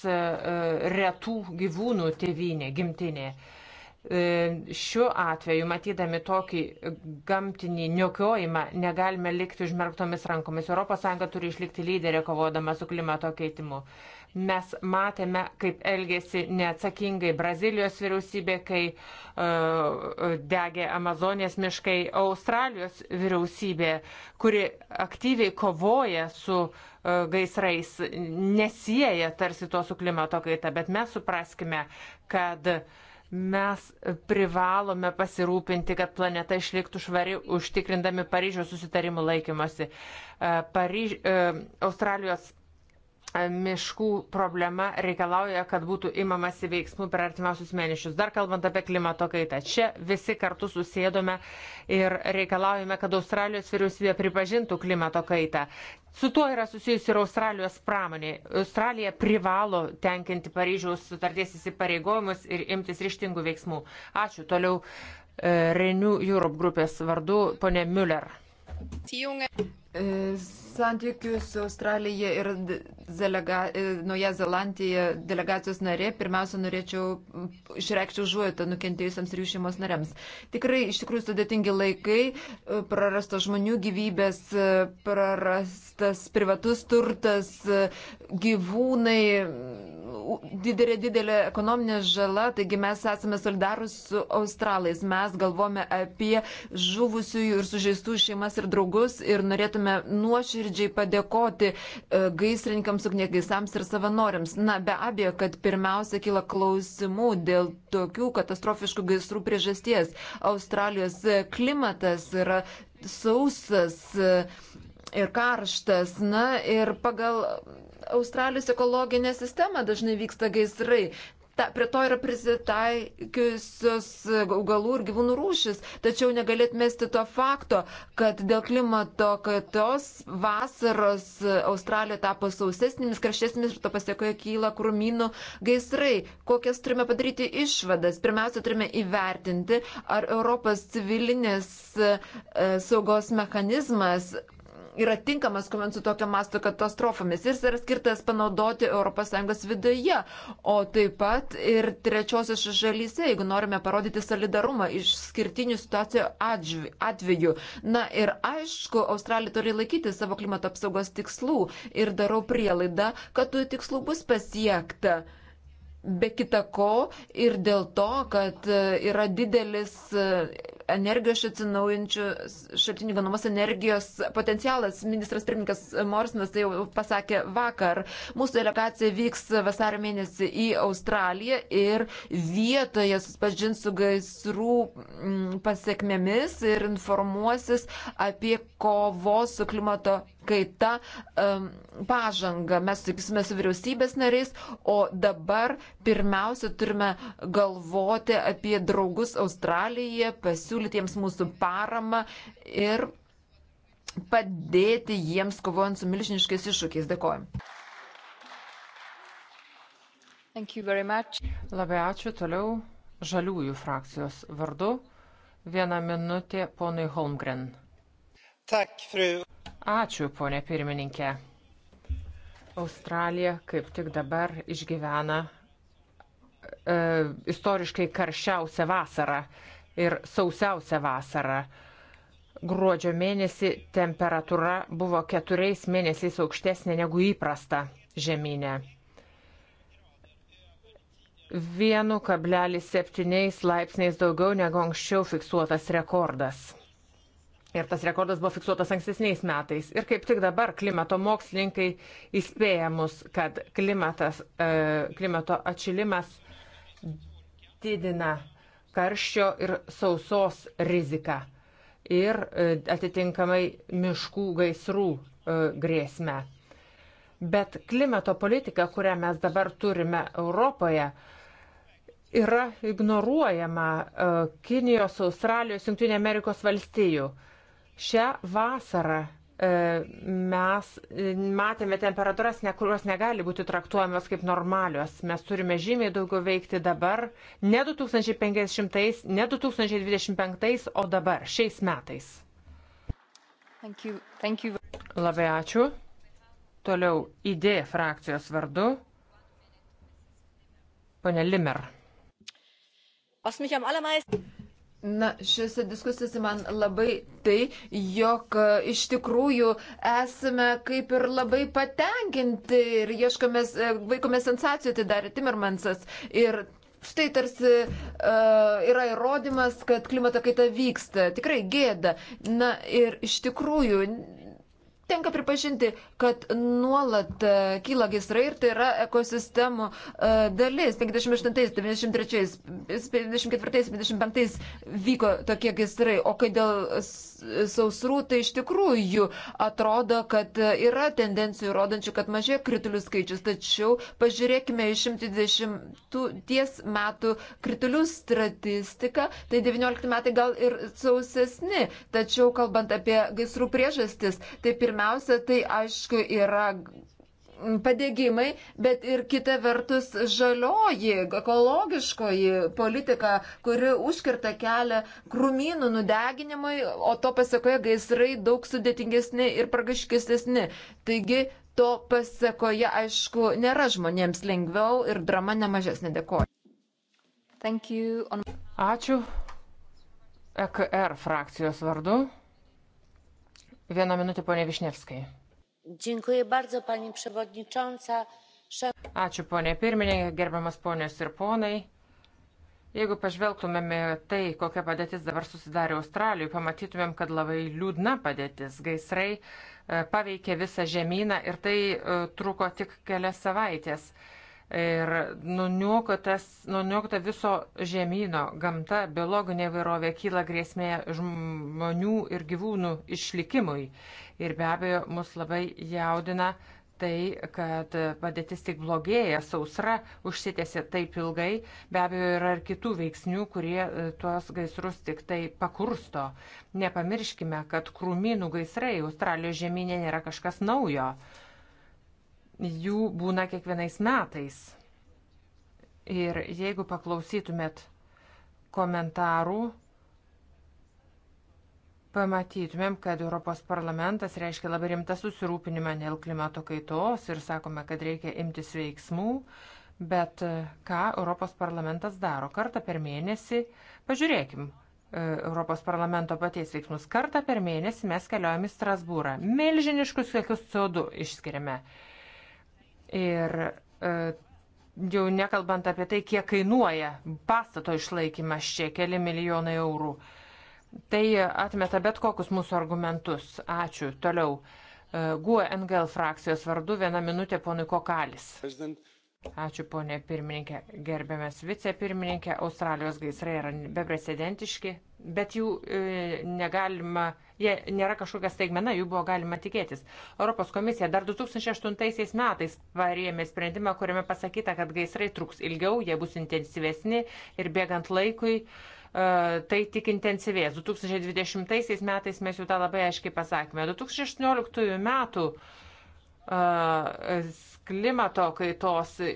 retų gyvūnų tėvynė, gimtinė. E, šiuo atveju, matydami tokį gamtinį niokiojimą, negalime likti užmerktomis rankomis. ES turi išlikti lyderė kovodama su klimato keitimu. Mes matėme, kaip elgėsi neatsakingai Brazilijos vyriausybė, kai uh, degė Amazonės miškai, Australijos vyriausybė, kuri aktyviai kovoja su uh, gaisrais, nesieja tarsi to su klimato kaita, bet mes supraskime, kad uh, Mes privalome pasirūpinti, kad planeta išliktų švari, užtikrindami Paryžiaus susitarimų laikymosi. E, Paryž, e, Australijos miškų problema reikalauja, kad būtų imamasi veiksmų per artimiausius mėnesius. Dar kalbant apie klimato kaitą, čia visi kartu susėdome ir reikalaujame, kad Australijos vyriausybė pripažintų klimato kaitą. Su tuo yra susijusi ir Australijos pramonė. Australija privalo tenkinti Paryžiaus sutarties įsipareigojimus ir imtis ryštingų veiksmų. Ačiū. Toliau e, Renew Europe grupės vardu ponė Müller santykių su Australija ir delega, e, Nauja Zelandija delegacijos narė, pirmiausia, norėčiau išreikšti užuojotą nukentėjusiems ir jų šeimos nariams. Tikrai, iš tikrųjų, sudėtingi laikai, e, prarasta žmonių gyvybės, e, prarastas privatus turtas, gyvūnai, didelė, didelė ekonominė žala, taigi mes esame solidarūs su australais. Mes galvome apie žuvusiųjų ir sužeistų šeimas ir draugus ir norėtume nuoširdžiai nuoširdžiai padėkoti e, gaisrininkams, ugniagaisams ir savanoriams. Na, be abejo, kad pirmiausia kyla klausimų dėl tokių katastrofiškų gaisrų priežasties. Australijos e, klimatas yra sausas e, ir karštas. Na, ir pagal Australijos ekologinę sistemą dažnai vyksta gaisrai ta, prie to yra prisitaikiusios augalų ir gyvūnų rūšis, tačiau negalėt mesti to fakto, kad dėl klimato kaitos vasaros Australija tapo sausesnėmis, karštesnėmis ir to pasiekoje kyla krūmynų gaisrai. Kokias turime padaryti išvadas? Pirmiausia, turime įvertinti, ar Europos civilinės e, saugos mechanizmas yra tinkamas kovant su tokio masto katastrofomis. Jis yra skirtas panaudoti ES viduje, o taip pat ir trečiosios šalyse, jeigu norime parodyti solidarumą išskirtinių situacijų atveju. Na ir aišku, Australija turi laikyti savo klimato apsaugos tikslų ir darau prielaidą, kad tų tikslų bus pasiekta be kita ko ir dėl to, kad e, yra didelis e, energijos iš atsinaujančių šaltinių ganomos energijos potencialas. Ministras pirmininkas Morsinas tai jau pasakė vakar. Mūsų delegacija vyks vasario mėnesį į Australiją ir vietoje suspažins su gaisrų pasiekmėmis ir informuosis apie kovos su klimato kaita um, pažangą. Mes tikime su vyriausybės nariais, o dabar pirmiausia turime galvoti apie draugus Australiją, pasiūlyti jiems mūsų paramą ir padėti jiems kovojant su milžiniškais iššūkiais. Dėkoju. Labai ačiū. Toliau žaliųjų frakcijos vardu. Viena minutė ponui Holmgren. Tak, fru. Ačiū, ponė pirmininkė. Australija kaip tik dabar išgyvena e, istoriškai karščiausią vasarą ir sausiausią vasarą. Gruodžio mėnesį temperatūra buvo keturiais mėnesiais aukštesnė negu įprasta žemynė. 1,7 laipsniais daugiau negu anksčiau fiksuotas rekordas. Ir tas rekordas buvo fiksuotas ankstesniais metais. Ir kaip tik dabar klimato mokslininkai įspėja mus, kad klimatas, e, klimato atšilimas didina karščio ir sausos riziką ir e, atitinkamai miškų gaisrų e, grėsmę. Bet klimato politika, kurią mes dabar turime Europoje, yra ignoruojama Kinijos, Australijos, Junktinė Amerikos valstijų. Šią vasarą e, mes e, matėme temperatūras, ne, kurios negali būti traktuojamos kaip normalios. Mes turime žymiai daugiau veikti dabar, ne 2050, ne 2025, o dabar, šiais metais. Thank you. Thank you. Labai ačiū. Toliau ID frakcijos vardu. Pane Limer. Na, šiuose diskusijose man labai tai, jog e, iš tikrųjų esame kaip ir labai patenkinti ir ieškomės, e, vaikomės sensacijų, tai darė Timmermansas. Ir štai tarsi uh, yra įrodymas, kad klimato kaita vyksta. Tikrai gėda. Na ir iš tikrųjų Tenka pripažinti, kad nuolat e, kyla gaisrai ir tai yra ekosistemų e, dalis. 58, 93, 54, 55 vyko tokie gaisrai, o kai dėl sausrų, tai iš tikrųjų atrodo, kad yra tendencijų rodančių, kad mažėja kritulių skaičius. Tačiau pažiūrėkime į 120 metų kritulių statistiką, tai 19 metai gal ir sausesni. Tačiau kalbant apie gaisrų priežastis, tai pirmiausia, tai aišku yra padėgymai, bet ir kita vertus žalioji, ekologiškoji politika, kuri užkirta kelią krūmynų nudeginimui, o to pasakoje gaisrai daug sudėtingesni ir pragaškesni. Taigi to pasakoje, aišku, nėra žmonėms lengviau ir drama nemažesnė. Dėkoju. On... Ačiū. EKR frakcijos vardu. Vieną minutę, ponė Višnevskai. Ačiū ponė pirmininkė, gerbiamas ponios ir ponai. Jeigu pažvelgtumėme tai, kokia padėtis dabar susidarė Australijoje, pamatytumėm, kad labai liūdna padėtis. Gaisrai e, paveikė visą žemyną ir tai e, truko tik kelias savaitės ir nuniokota viso žemynų gamta, biologinė vairovė kyla grėsmė žmonių ir gyvūnų išlikimui. Ir be abejo, mus labai jaudina tai, kad padėtis tik blogėja, sausra užsitėsi taip ilgai, be abejo yra ir kitų veiksnių, kurie e, tuos gaisrus tik tai pakursto. Nepamirškime, kad krūmynų gaisrai Australijos žemynė nėra kažkas naujo. Jų būna kiekvienais metais. Ir jeigu paklausytumėt komentarų, pamatytumėm, kad Europos parlamentas reiškia labai rimtą susirūpinimą dėl klimato kaitos ir sakome, kad reikia imtis veiksmų, bet e, ką Europos parlamentas daro kartą per mėnesį, pažiūrėkim. E, Europos parlamento paties veiksmus. Kartą per mėnesį mes keliaujame į Strasbūrą. Milžiniškus kiekius CO2 išskiriame. Uh, Ir e, jau nekalbant apie tai, kiek kainuoja pastato išlaikymas čia keli milijonai eurų. Tai atmeta bet kokius mūsų argumentus. Ačiū. Toliau. E, GUE NGL frakcijos vardu vieną minutę ponui Kokalis. Ačiū ponė pirmininkė, gerbiamas vicepirmininkė, Australijos gaisrai yra beprecedentiški, bet jų e, negalima jie nėra kažkokia staigmena, jų buvo galima tikėtis. Europos komisija dar 2008 metais parėmė sprendimą, kuriame pasakyta, kad gaisrai truks ilgiau, jie bus intensyvesni ir bėgant laikui e, tai tik intensyvės. 2020 metais mes jau tą labai aiškiai pasakėme. 2018 metų e, klimato kaitos e,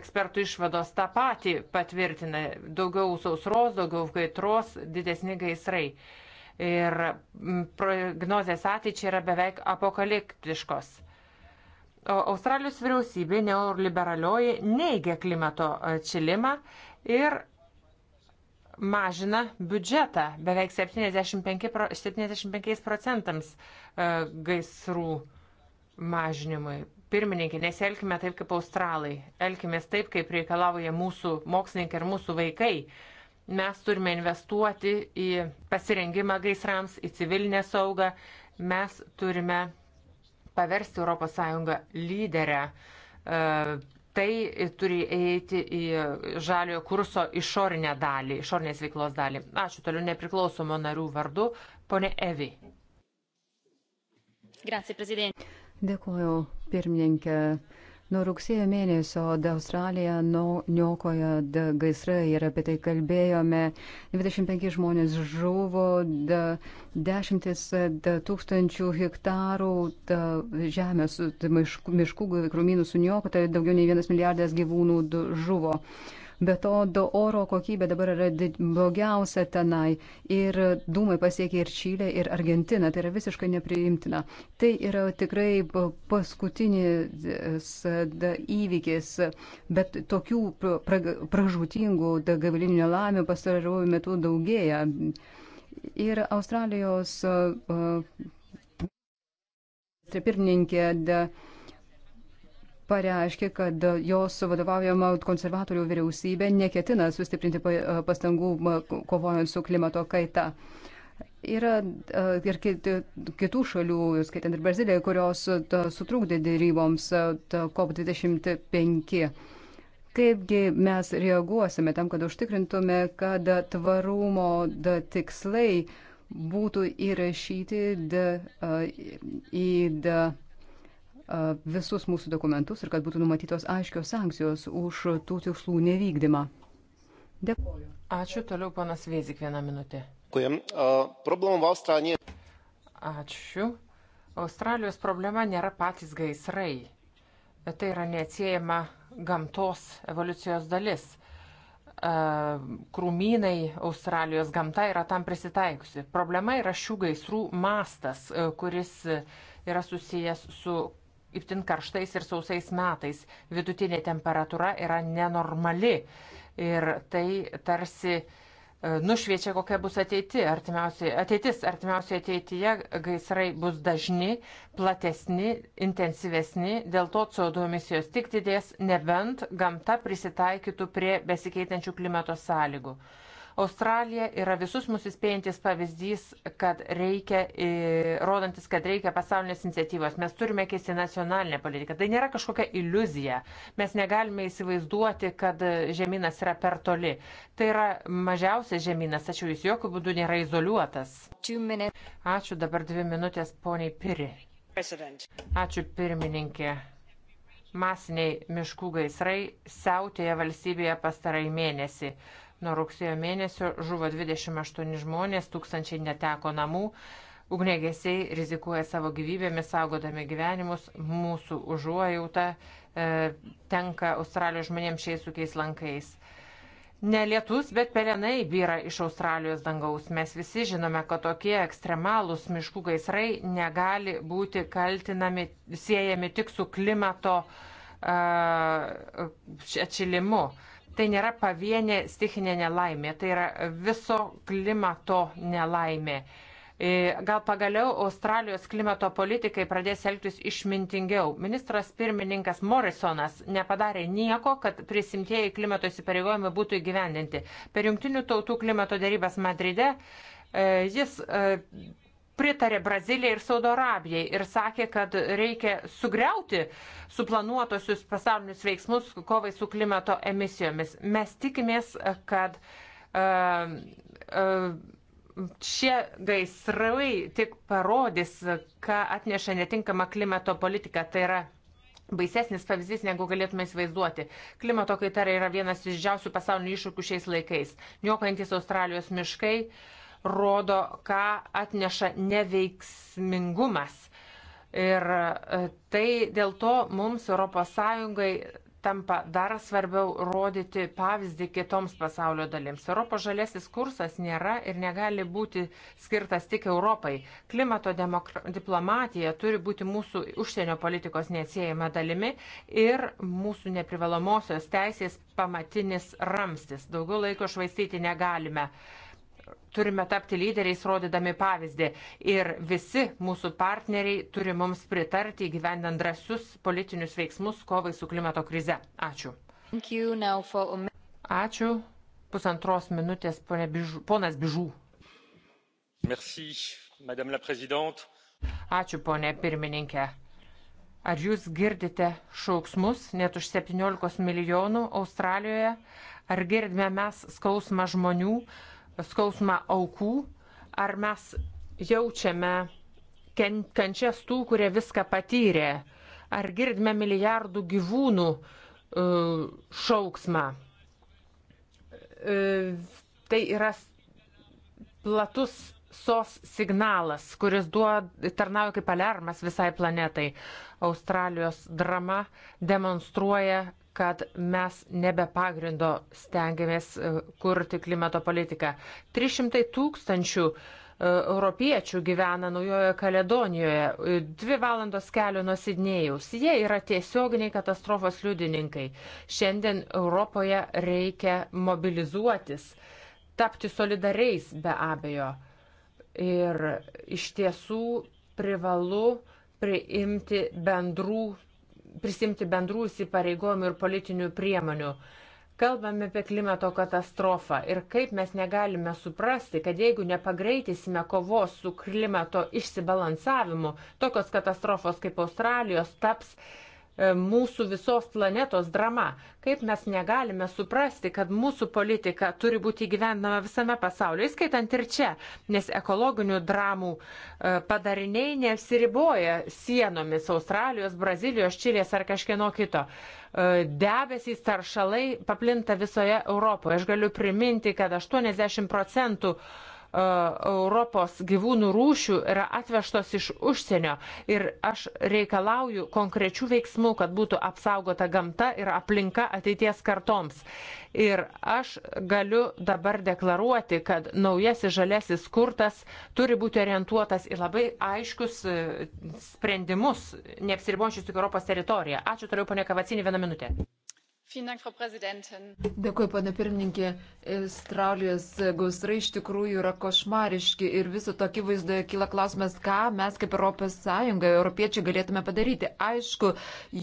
ekspertų išvados tą patį patvirtina. Daugiau sausros, daugiau kaitros, didesni gaisrai ir prognozės ateičiai yra beveik apokaliptiškos. O Australijos vyriausybė neoliberalioji neigia klimato atšilimą e, ir mažina biudžetą beveik 75, 75 procentams e, gaisrų mažinimui. Pirmininkė, nesielkime taip kaip australai, elkime taip, kaip reikalauja mūsų mokslininkai ir mūsų vaikai. Mes turime investuoti į pasirengimą gaisrams, į civilinę saugą. Mes turime paversti ES lyderę. E, tai turi eiti į žaliojo kurso išorinę dalį, išorinės veiklos dalį. Ačiū toliau nepriklausomo narių vardu, ponė Evi. Grazie, Dėkuoju, pirmininkė. Nuo rugsėjo mėnesio Australija niokoja gaisrai ir apie tai kalbėjome. 25 žmonės žuvo, da, dešimtis da, tūkstančių hektarų da, žemės, da, miškų, miškų krūmynų suniokota, daugiau nei vienas milijardas gyvūnų da, žuvo. Uh, Be to, oro kokybė dabar yra blogiausia tenai ir dūmai pasiekia ir Čilę, ir Argentiną. Tai yra visiškai nepriimtina. Tai yra tikrai paskutinis įvykis, bet tokių pra, pražūtingų gavilinių nelaimių pastaruoju metu daugėja. Ir Australijos uh, pirmininkė. Uh, pareiškė, kad jos vadovaujama konservatorių vyriausybė neketina sustiprinti pastangų kovojant su klimato kaita. Yra ir kitų šalių, skaitant ir Braziliją, kurios sutrūkdė dėryboms COP25. Kaipgi mes reaguosime tam, kad užtikrintume, kad tvarumo tikslai būtų įrašyti į. D, visus mūsų dokumentus ir kad būtų numatytos aiškios sankcijos už tų tikslų nevykdymą. Dėkuoju. Ačiū. Toliau panas Vėzik vieną minutę. Ačiū. Australijos problema nėra patys gaisrai. Tai yra neatsiejama gamtos evoliucijos dalis krūmynai Australijos gamta yra tam prisitaikusi. Problema yra šių gaisrų mastas, kuris yra susijęs su itin karštais ir sausais metais. Vidutinė temperatūra yra nenormali ir tai tarsi e, nušviečia, kokia bus ateiti, artimiausiai, ateitis. Artimiausioje ateityje gaisrai bus dažni, platesni, intensyvesni, dėl to CO2 emisijos tik didės, nebent gamta prisitaikytų prie besikeitančių klimato sąlygų. Australija yra visus mus įspėjantis pavyzdys, kad reikia, e, rodantis, kad reikia pasaulinės iniciatyvos. Mes turime keisti nacionalinę politiką. Tai nėra kažkokia iliuzija. Mes negalime įsivaizduoti, kad žemynas yra per toli. Tai yra mažiausias žemynas, tačiau jis jokių būdų nėra izoliuotas. Ačiū dabar dvi minutės poniai Piri. Ačiū pirmininkė masiniai miškų gaisrai siautėja valstybėje pastarai mėnesį. Nuo rugsėjo mėnesio žuvo 28 žmonės, tūkstančiai neteko namų. Ugnegesiai rizikuoja savo gyvybėmis, saugodami gyvenimus. Mūsų užuojauta e, tenka Australijos žmonėms šiais sukiais lankais. Ne lietus, bet pelenai vyra iš Australijos dangaus. Mes visi žinome, kad tokie ekstremalūs miškų gaisrai negali būti kaltinami, siejami tik su klimato uh, atšilimu. Uh, tai nėra pavienė stichinė nelaimė, tai yra viso klimato nelaimė. E, gal pagaliau Australijos klimato politikai pradės elgtis išmintingiau. Ministras pirmininkas Morrisonas nepadarė nieko, kad prisimtieji klimato įsipareigojimai būtų įgyvendinti. Per jungtinių tautų klimato dėrybas Madride e, jis e, pritarė Brazilijai ir Saudo Arabijai ir sakė, kad reikia sugriauti suplanuotosius pasaulinius veiksmus kovai su klimato emisijomis. Mes tikimės, kad uh, uh, šie gaisrai tik parodys, ką atneša netinkama klimato politika. Tai yra baisesnis pavyzdys, negu galėtume įsivaizduoti. Klimato kaita yra vienas iš didžiausių pasaulio iššūkių šiais laikais. Niokantis Australijos miškai, uh, rodo, ką atneša neveiksmingumas. Ir e, tai dėl to mums ES tampa dar svarbiau rodyti pavyzdį kitoms pasaulio dalims. Europos žalėsis kursas nėra ir negali būti skirtas tik Europai. Klimato diplomatija turi būti mūsų užsienio politikos neatsiejama dalimi ir mūsų neprivalomosios teisės pamatinis ramstis. Daugiau laiko švaistyti negalime turime tapti lyderiais, rodydami pavyzdį. Ir visi mūsų partneriai turi mums pritarti įgyvendant drąsius politinius veiksmus kovai su klimato krize. Ačiū. For... Ačiū. Pusantros minutės Bižu, ponas Bižų. Merci, Madame la Présidente. Ačiū, ponė pirmininkė. Ar jūs girdite šauksmus net už 17 milijonų Australijoje? Ar girdime mes skausmą žmonių, skausmą aukų, ar mes jaučiame kančias tų, kurie viską patyrė, ar girdime milijardų gyvūnų uh, šauksmą. Uh, tai yra platus sos signalas, kuris duod, tarnauja kaip alarmas visai planetai. Australijos drama demonstruoja, kad mes nebe pagrindo stengiamės e, kurti klimato politiką. 300 tūkstančių e, europiečių gyvena Naujojoje Kaledonijoje, e, dvi valandos kelio nuo Sidnėjaus. Jie yra tiesioginiai katastrofos liudininkai. Šiandien Europoje reikia mobilizuotis, tapti solidariais be abejo. Ir iš tiesų privalu priimti bendrų prisimti bendrų įsipareigojimų ir politinių priemonių. Kalbame apie klimato katastrofą ir kaip mes negalime suprasti, kad jeigu nepagreitysime kovos su klimato išsibalansavimu, tokios katastrofos kaip Australijos taps uh, E, mūsų visos planetos drama. Kaip mes negalime suprasti, kad mūsų politika turi būti įgyvendama visame pasaulyje, įskaitant ir čia, nes ekologinių dramų e, padariniai neapsiriboja sienomis Australijos, Brazilijos, Čilės ar kažkieno kito. E, debesys taršalai paplinta visoje Europoje. Aš galiu priminti, kad 80 procentų uh, E, Europos gyvūnų rūšių yra atvežtos iš užsienio ir aš reikalauju konkrečių veiksmų, kad būtų apsaugota gamta ir aplinka ateities kartoms. Ir aš galiu dabar deklaruoti, kad naujasis žalesis kurtas turi būti orientuotas į labai aiškius e, sprendimus, neapsiribojančius tik Europos teritoriją. Ačiū toliau, ponė Kavacinė, vieną minutę. Dėkui, pane pirmininkė. Australijos gaisrai iš tikrųjų yra košmariški ir viso tokį vaizdoje kyla klausimas, ką mes kaip Europos Sąjunga, europiečiai galėtume padaryti. Aišku,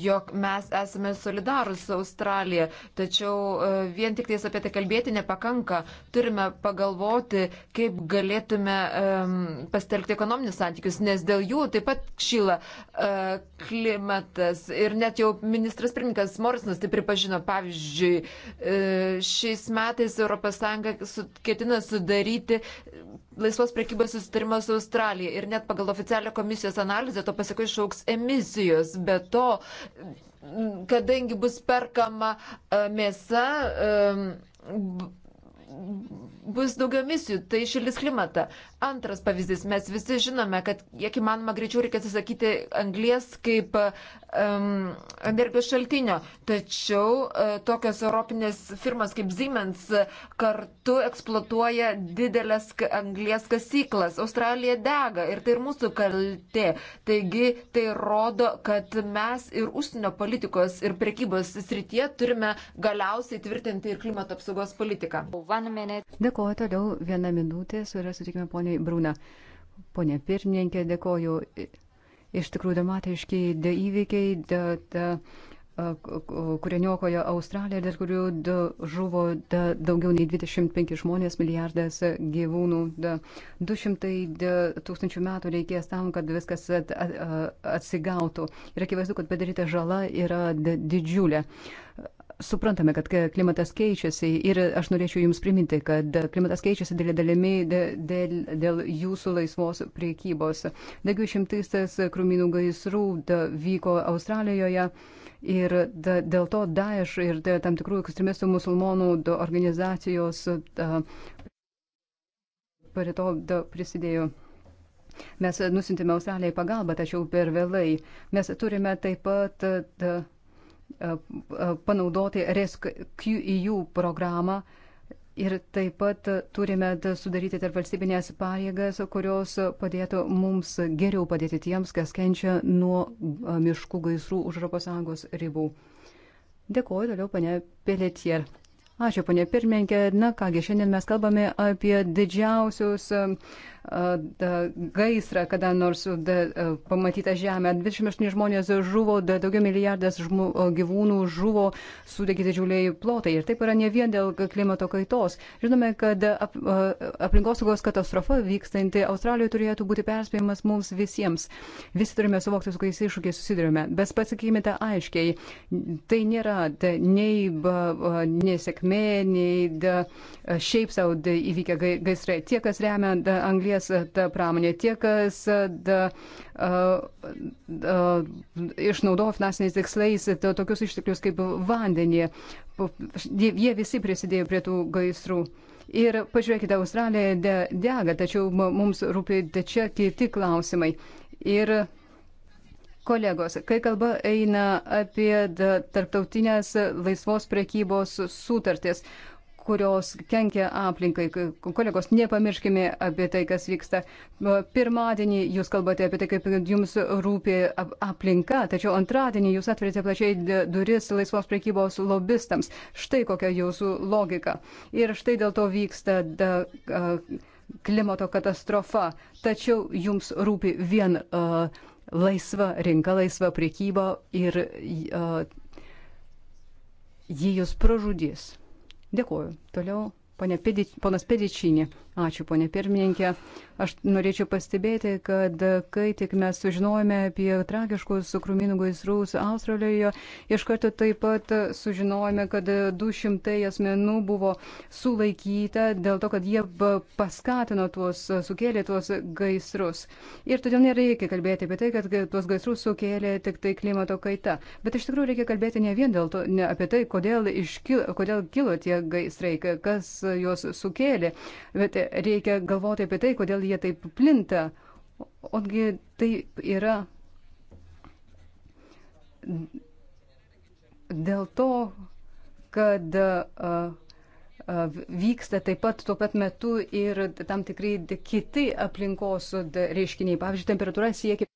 jog mes esame solidarus su Australija, tačiau e, vien tik tais apie tai kalbėti nepakanka. Turime pagalvoti, kaip galėtume um, pasitelkti ekonominius santykius, nes dėl jų taip pat šyla uh, e, klimatas. Ir net jau ministras pirmininkas Morrisonas tai pripažino sumažino. Pavyzdžiui, e, šiais metais ES ketina sudaryti laisvos prekybos susitarimą su Australija ir net pagal oficialią komisijos analizę to pasiekai išauks emisijos. Be to, kadangi bus perkama e, mėsa, e, bus daugiau emisijų, tai šilis klimatą. Antras pavyzdys. Mes visi žinome, kad kiek įmanoma greičiau reikia atsisakyti anglies kaip um, energijos šaltinio. Tačiau uh, tokios europinės firmas kaip Siemens e, kartu eksploatuoja didelės anglies kasyklas. Australija dega ir tai ir mūsų kaltė. Taigi tai rodo, kad mes ir užsienio politikos ir prekybos srityje turime galiausiai tvirtinti ir klimato apsaugos politiką. Dėkuoju toliau. Vieną minutę surasime poniai ponui Brūna. Pone pirmininkė, dėkoju. Iš tikrųjų, dramatiški įvykiai, da, da, kurie niokojo Australiją, dėl kurių da, žuvo da, daugiau nei 25 žmonės, milijardas gyvūnų. Da, 200 da, tūkstančių metų reikės tam, kad viskas at, at, atsigautų. Ir akivaizdu, kad padaryta žala yra da, didžiulė. Da, Suprantame, kad klimatas keičiasi ir aš norėčiau Jums priminti, kad klimatas keičiasi dėl dalimi dėl, dėl Jūsų laisvos priekybos. Daugiau šimtais krūminų gaisrų vyko Australijoje ir dėl to Daesh ir tam tikrų ekstremistų musulmonų organizacijos prie to prisidėjo. Mes nusintėme Australijai pagalbą, tačiau per vėlai. Mes turime taip pat. Da, E, e, panaudoti RESQ-EU programą ir taip pat turime sudaryti tarp valstybinės pareigas, kurios padėtų mums geriau padėti tiems, kas kenčia nuo e, miškų gaisrų už ES ribų. Dėkuoju toliau, panė Peletier. Ačiū, panė pirmininkė. Na kągi, šiandien mes kalbame apie didžiausius uh, gaisrą, kada nors pamatytą žemę. 28 žmonės žuvo, daugiau milijardas žmų, gyvūnų žuvo, sudegė didžiuliai plotai. Ir taip yra ne vien dėl klimato kaitos. Žinome, kad ap, aplinkosaugos katastrofa vykstanti Australijoje turėtų būti perspėjimas mums visiems. Visi turime suvokti, su kokiais iššūkiais susidurime. Bet pasakykime aiškiai, tai nėra tai nei nesėkmė, nei da, šiaip savo įvykę gaisrai. Tie, kas remia anglį anglies e, pramonė, tie, kas e, da, e, a, a, išnaudojo finansiniais tikslais da, tokius išteklius kaip vandenį, jie visi prisidėjo prie tų gaisrų. Ir pažiūrėkite, Australija de, dega, tačiau mums rūpi čia kiti klausimai. Ir kolegos, kai kalba eina apie da, tarptautinės laisvos prekybos sutartis, kurios kenkia aplinkai. Kolegos, nepamirškime apie tai, kas vyksta. Pirmadienį jūs kalbate apie tai, kaip jums rūpi aplinka, tačiau antradienį jūs atverite plačiai duris laisvos priekybos lobistams. Štai kokia jūsų logika. Ir štai dėl to vyksta da, klimato katastrofa. Tačiau jums rūpi vien uh, laisva rinka, laisva priekyba ir uh, jį jūs pražudys. Dėkuoju. Toliau ponas Pedičinė. Ačiū, ponė pirmininkė. Aš norėčiau pastebėti, kad kai tik mes sužinojome apie tragiškus krūminų gaisrus Australijoje, iš karto taip pat sužinojome, kad 200 asmenų buvo sulaikyta dėl to, kad jie paskatino tuos, sukėlė tuos gaisrus. Ir todėl nereikia kalbėti apie tai, kad tuos gaisrus sukėlė tik tai klimato kaita. Bet iš tikrųjų reikia kalbėti ne vien dėl to, ne apie tai, kodėl, iškil, kodėl kilo tie gaisrai, kas juos sukėlė. Bet reikia galvoti apie tai, kodėl jie taip plinta. Otgi taip yra dėl to, kad vyksta taip pat tuo pat metu ir tam tikrai kiti aplinkos reiškiniai. Pavyzdžiui, temperatūra siekia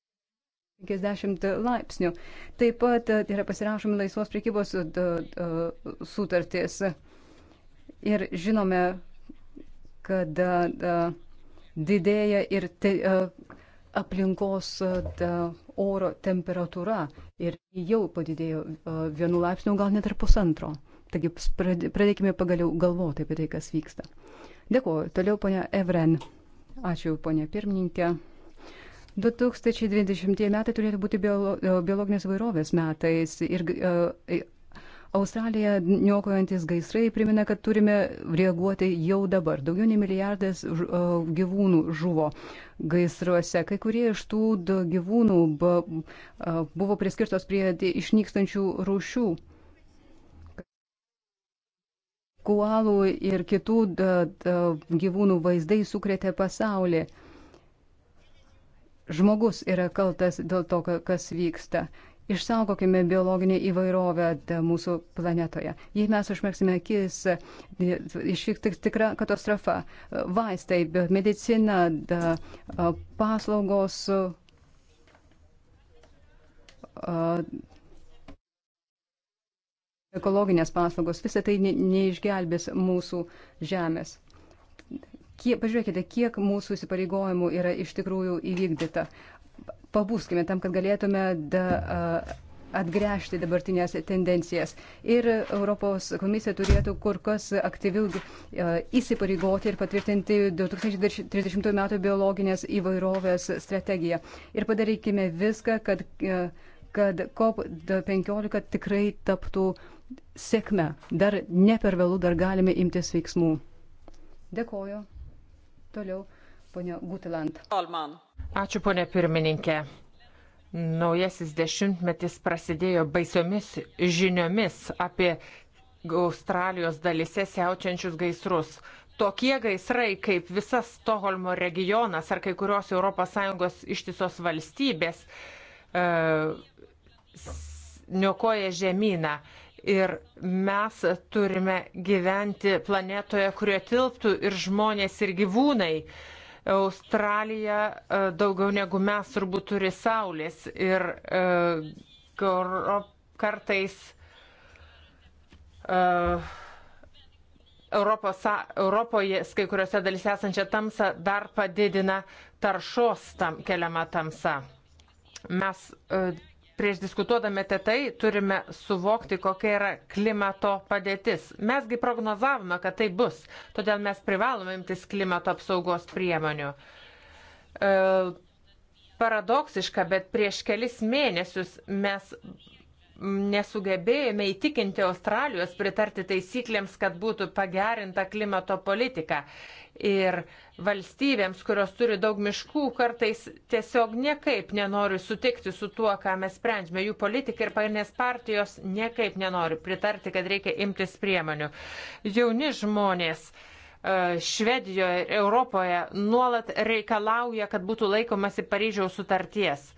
50 laipsnių. Taip pat yra pasirašomi laisvos priekybos sutartys. Ir žinome, kad didėja ir te, aplinkos da, oro temperatūra ir jau padidėjo vienu laipsniu, gal net ir pusantro. Taigi pradėkime pagaliau galvoti apie tai, kas vyksta. Dėkuoju. Toliau ponia Evren. Ačiū ponia pirmininkė. 2020 metai turėtų būti biolo, biologinės vairovės metais ir Australija niokojantis gaisrai primena, kad turime reaguoti jau dabar. Daugiau nei milijardas gyvūnų žuvo gaisruose. Kai kurie iš tų gyvūnų buvo priskirtos prie išnykstančių rūšių koalų ir kitų da, da, gyvūnų vaizdai sukrėtė pasaulį. Žmogus yra kaltas dėl to, kas vyksta. Išsaugokime biologinį įvairovę e, mūsų planetoje. Jei mes užmėgsime akis, e, išvyks tikra katastrofa. E, vaistai, medicina, paslaugos. Ekologinės paslaugos, visą tai neišgelbės mūsų žemės kiek, pažiūrėkite, kiek mūsų įsipareigojimų yra iš tikrųjų įvykdyta pabuskime tam, kad galėtume da, atgręžti dabartinės tendencijas. Ir Europos komisija turėtų kur kas aktyviau įsipareigoti ir patvirtinti 2030 m. biologinės įvairovės strategiją. Ir padarykime viską, kad, kad COP15 tikrai taptų sėkme. Dar ne per vėlų, dar galime imtis veiksmų. Dėkoju. Toliau, ponia Gutelant. Alman. Ačiū, ponė pirmininkė. Naujasis dešimtmetis prasidėjo baisiomis žiniomis apie Australijos dalise siaučiančius gaisrus. Tokie gaisrai, kaip visas Stoholmo regionas ar kai kurios ES ištisos valstybės, e, niokoja žemyną. Ir mes turime gyventi planetoje, kurioje tilptų ir žmonės, ir gyvūnai. E, Australija e, daugiau negu mes turbūt turi saulės ir e, kartais e, Europos, Europoje, kai kuriuose dalyse esančią tamsą dar padidina taršos tam keliamą tamsą. Mes prieš diskutuodami apie tai turime suvokti, kokia yra klimato padėtis. Mesgi prognozavome, kad tai bus, todėl mes privalome imtis klimato apsaugos priemonių. E, paradoksiška, bet prieš kelis mėnesius mes nesugebėjome įtikinti Australijos pritarti taisyklėms, kad būtų pagerinta klimato politika. Ir valstybėms, kurios turi daug miškų, kartais tiesiog niekaip nenori sutikti su tuo, ką mes sprendžiame. Jų politikai ir pagrindinės partijos niekaip nenori pritarti, kad reikia imtis priemonių. Jauni žmonės. E, Švedijoje ir Europoje nuolat reikalauja, kad būtų laikomasi Paryžiaus sutarties.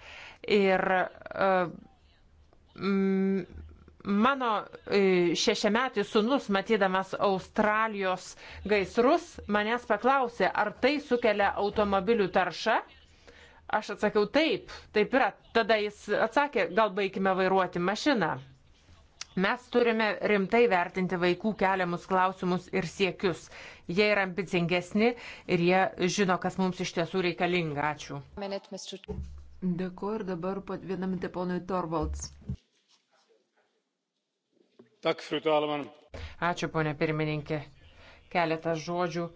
Ir uh, Mm, mano e, šešiametis sunus, matydamas Australijos gaisrus, manęs paklausė, ar tai sukelia automobilių taršą. Aš atsakiau taip, taip yra. Tada jis atsakė, gal baigime vairuoti mašiną. Mes turime rimtai vertinti vaikų keliamus klausimus ir siekius. Jie yra ambicingesni ir jie žino, kas mums iš tiesų reikalinga. Ačiū. Dėkuoju ir dabar vieną minutę ponui Torvalds. Ačiū, ponė pirmininkė. Keletą žodžių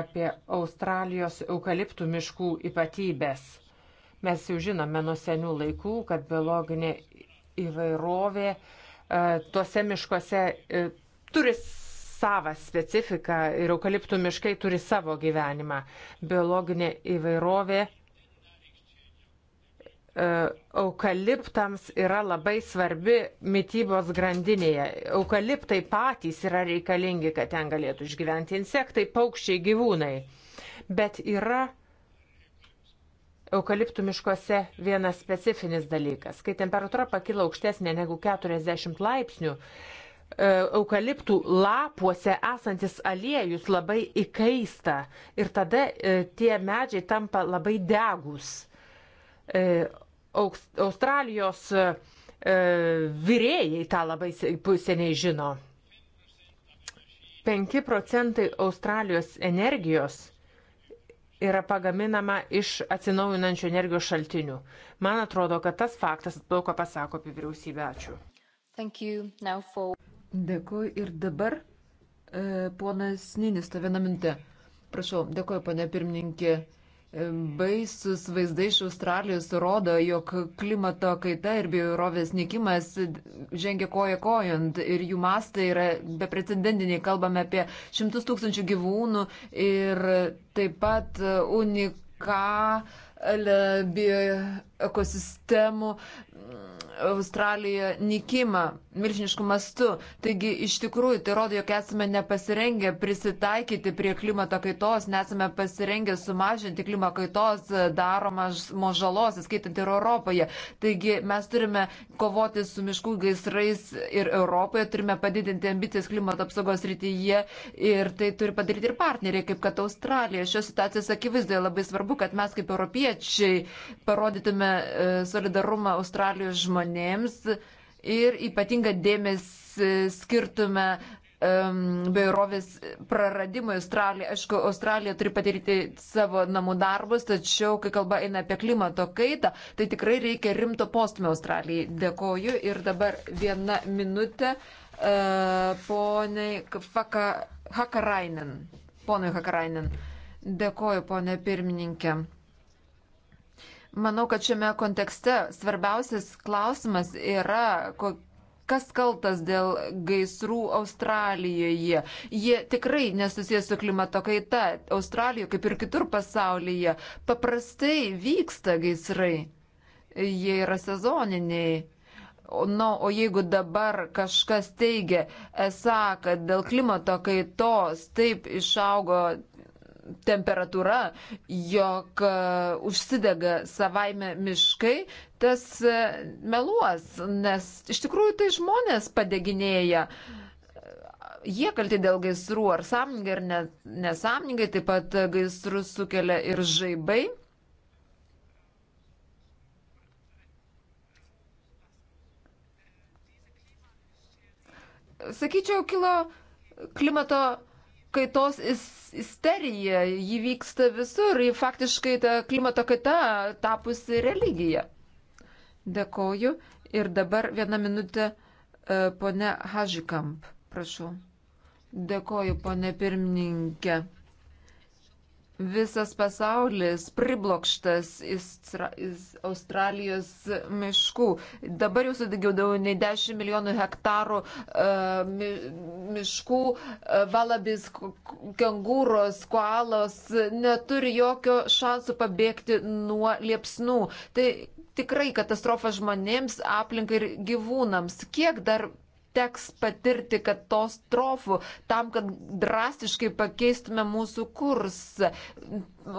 apie Australijos eukaliptų miškų ypatybės. Mes jau žinome nuo senių laikų, kad biologinė įvairovė e, tuose miškuose e, turi savą specifiką ir eukaliptų miškai turi savo gyvenimą. Biologinė įvairovė e, E, eukaliptams yra labai svarbi mytybos grandinėje. Eukaliptai patys yra reikalingi, kad ten galėtų išgyventi insektai, paukščiai, gyvūnai. Bet yra eukaliptų miškuose vienas specifinis dalykas. Kai temperatūra pakyla aukštesnė negu 40 laipsnių, e, eukaliptų lapuose esantis aliejus labai įkaista ir tada e, tie medžiai tampa labai degus. Australijos e, e, vyrėjai tą labai seniai žino. 5 procentai Australijos energijos yra pagaminama iš atsinaujinančių energijos šaltinių. Man atrodo, kad tas faktas daug ką pasako apie vyriausybę. Ačiū. For... Dėkui ir dabar e, ponas Ninis, ta viena mintė. Prašau, dėkuoju, pane pirmininkė. E, Baisus vaizdai iš Australijos rodo, jog klimato kaita ir biorovės nikimas žengia koja kojant ir jų mastai yra beprecedentiniai. Kalbame apie šimtus tūkstančių gyvūnų ir taip pat uniką bio ekosistemų mm, Australijoje nikimą milžiniškų mastų. Taigi iš tikrųjų tai rodo, jog esame nepasirengę prisitaikyti prie klimato kaitos, nesame pasirengę sumažinti klimato kaitos daromas žalos, įskaitant ir Europoje. Taigi mes turime kovoti su miškų gaisrais ir Europoje, turime padidinti ambicijas klimato apsaugos rytyje ir tai turi padaryti ir partneriai, kaip kad Australija. Šios situacijos akivaizdoje labai svarbu, kad mes kaip europiečiai parodytume rodome e, solidarumą Australijos žmonėms ir ypatingą dėmesį skirtume um, bairovės praradimui Australija. Aišku, Australija turi patirti savo namų darbus, tačiau, kai kalba eina apie klimato kaitą, tai tikrai reikia rimto postumio Australijai. Dėkoju. Ir dabar viena minutė uh, poniai Faka, Hakarainen. Ponui Hakarainen. Dėkoju, ponė pirmininkė. Manau, kad šiame kontekste svarbiausias klausimas yra, kas kaltas dėl gaisrų Australijoje. Jie tikrai nesusijęs su klimato kaita. Australijoje, kaip ir kitur pasaulyje, paprastai vyksta gaisrai. Jie yra sezoniniai. Na, no, o jeigu dabar kažkas teigia, esą, kad dėl klimato kaitos taip išaugo temperatūra, jog e, užsidega savaime miškai, tas e, meluos, nes iš tikrųjų tai žmonės padeginėja. Jie kalti dėl gaisrų, ar sąmoningai, ar ne, nesąmoningai, taip pat gaisrus sukelia ir žaibai. Sakyčiau, kilo klimato kaitos isterija, ji vyksta visur, ji faktiškai ta klimato kaita tapusi religija. Dėkoju. Ir dabar vieną minutę e, pone Hažikamp, prašau. Dėkoju, pone pirmininkė visas pasaulis priblokštas Australijos miškų. Dabar jau sudegiau daugiau nei 10 milijonų hektarų uh, mi, miškų, uh, valabis, kengūros, koalos neturi jokio šansų pabėgti nuo liepsnų. Tai tikrai katastrofa žmonėms, aplinkai ir gyvūnams. Kiek dar teks patirti katastrofų tam, kad drastiškai pakeistume mūsų kursą.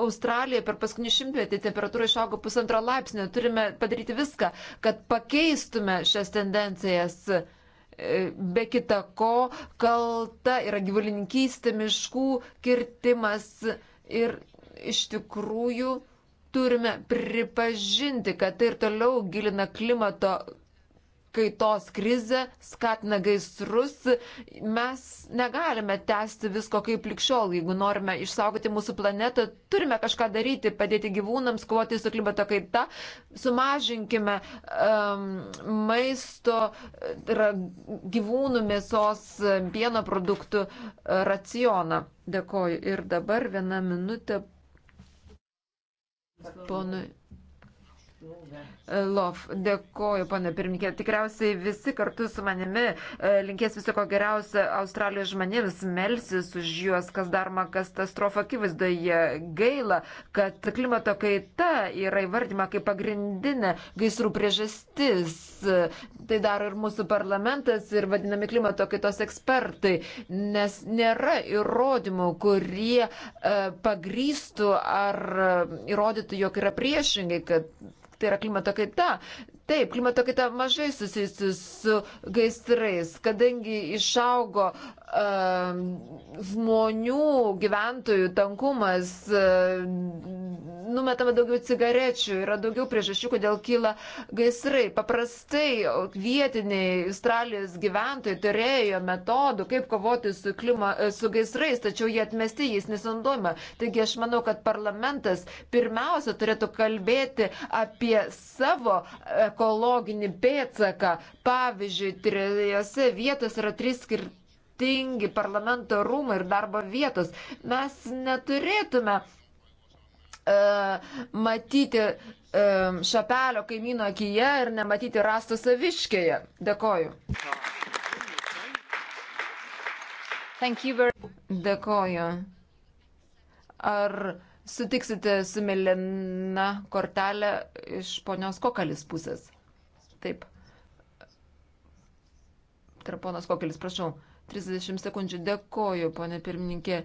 Australijoje per paskutinį šimtmetį temperatūra išaugo pusantro laipsnio. Turime padaryti viską, kad pakeistume šias tendencijas. Be kita ko, kalta yra gyvulininkystė, miškų kirtimas ir iš tikrųjų turime pripažinti, kad tai ir toliau gilina klimato kaitos krizę, skatina gaisrus. Mes negalime tęsti visko kaip likščiol. Jeigu norime išsaugoti mūsų planetą, turime kažką daryti, padėti gyvūnams, kovoti su klimato kaita, sumažinkime um, maisto, gyvūnų mėsos, pieno produktų e, racioną. Dėkoju. Ir dabar vieną minutę ponui Lov, dėkoju, pana pirmininkė. Tikriausiai visi kartu su manimi e, linkės viso ko geriausia Australijos žmonėms, melsis už juos, kas daroma katastrofa akivaizdoje. Gaila, kad klimato kaita yra įvardyma kaip pagrindinė gaisrų priežastis. Tai daro ir mūsų parlamentas, ir vadinami klimato kaitos ekspertai, nes nėra įrodymų, kurie e, pagrystų ar e, įrodytų, jog yra priešingai, kad tai yra klimato kaita, Taip, klimato kaita mažai susijusi su gaisrais, kadangi išaugo uh, žmonių gyventojų tankumas, uh, numetama daugiau cigarečių, yra daugiau priežasčių, kodėl kyla gaisrai. Paprastai vietiniai Australijos gyventojai turėjo metodų, kaip kovoti su, klima, e, su gaisrais, tačiau jie atmesti jais nesinaudojama. Taigi aš manau, kad parlamentas pirmiausia turėtų kalbėti apie savo e, ekologinį pėtsaką. Pavyzdžiui, trijose vietose yra trys skirtingi parlamento rūmai ir darbo vietos. Mes neturėtume uh, matyti uh, šapelio kaimyno akyje ir nematyti rasto saviškėje. Dėkoju. Very... Dėkoju. Ar sutiksite su Melina kortelė iš ponios Kokalis pusės. Taip. Tai ponas Kokalis, prašau. 30 sekundžių. Dėkoju, ponė pirmininkė.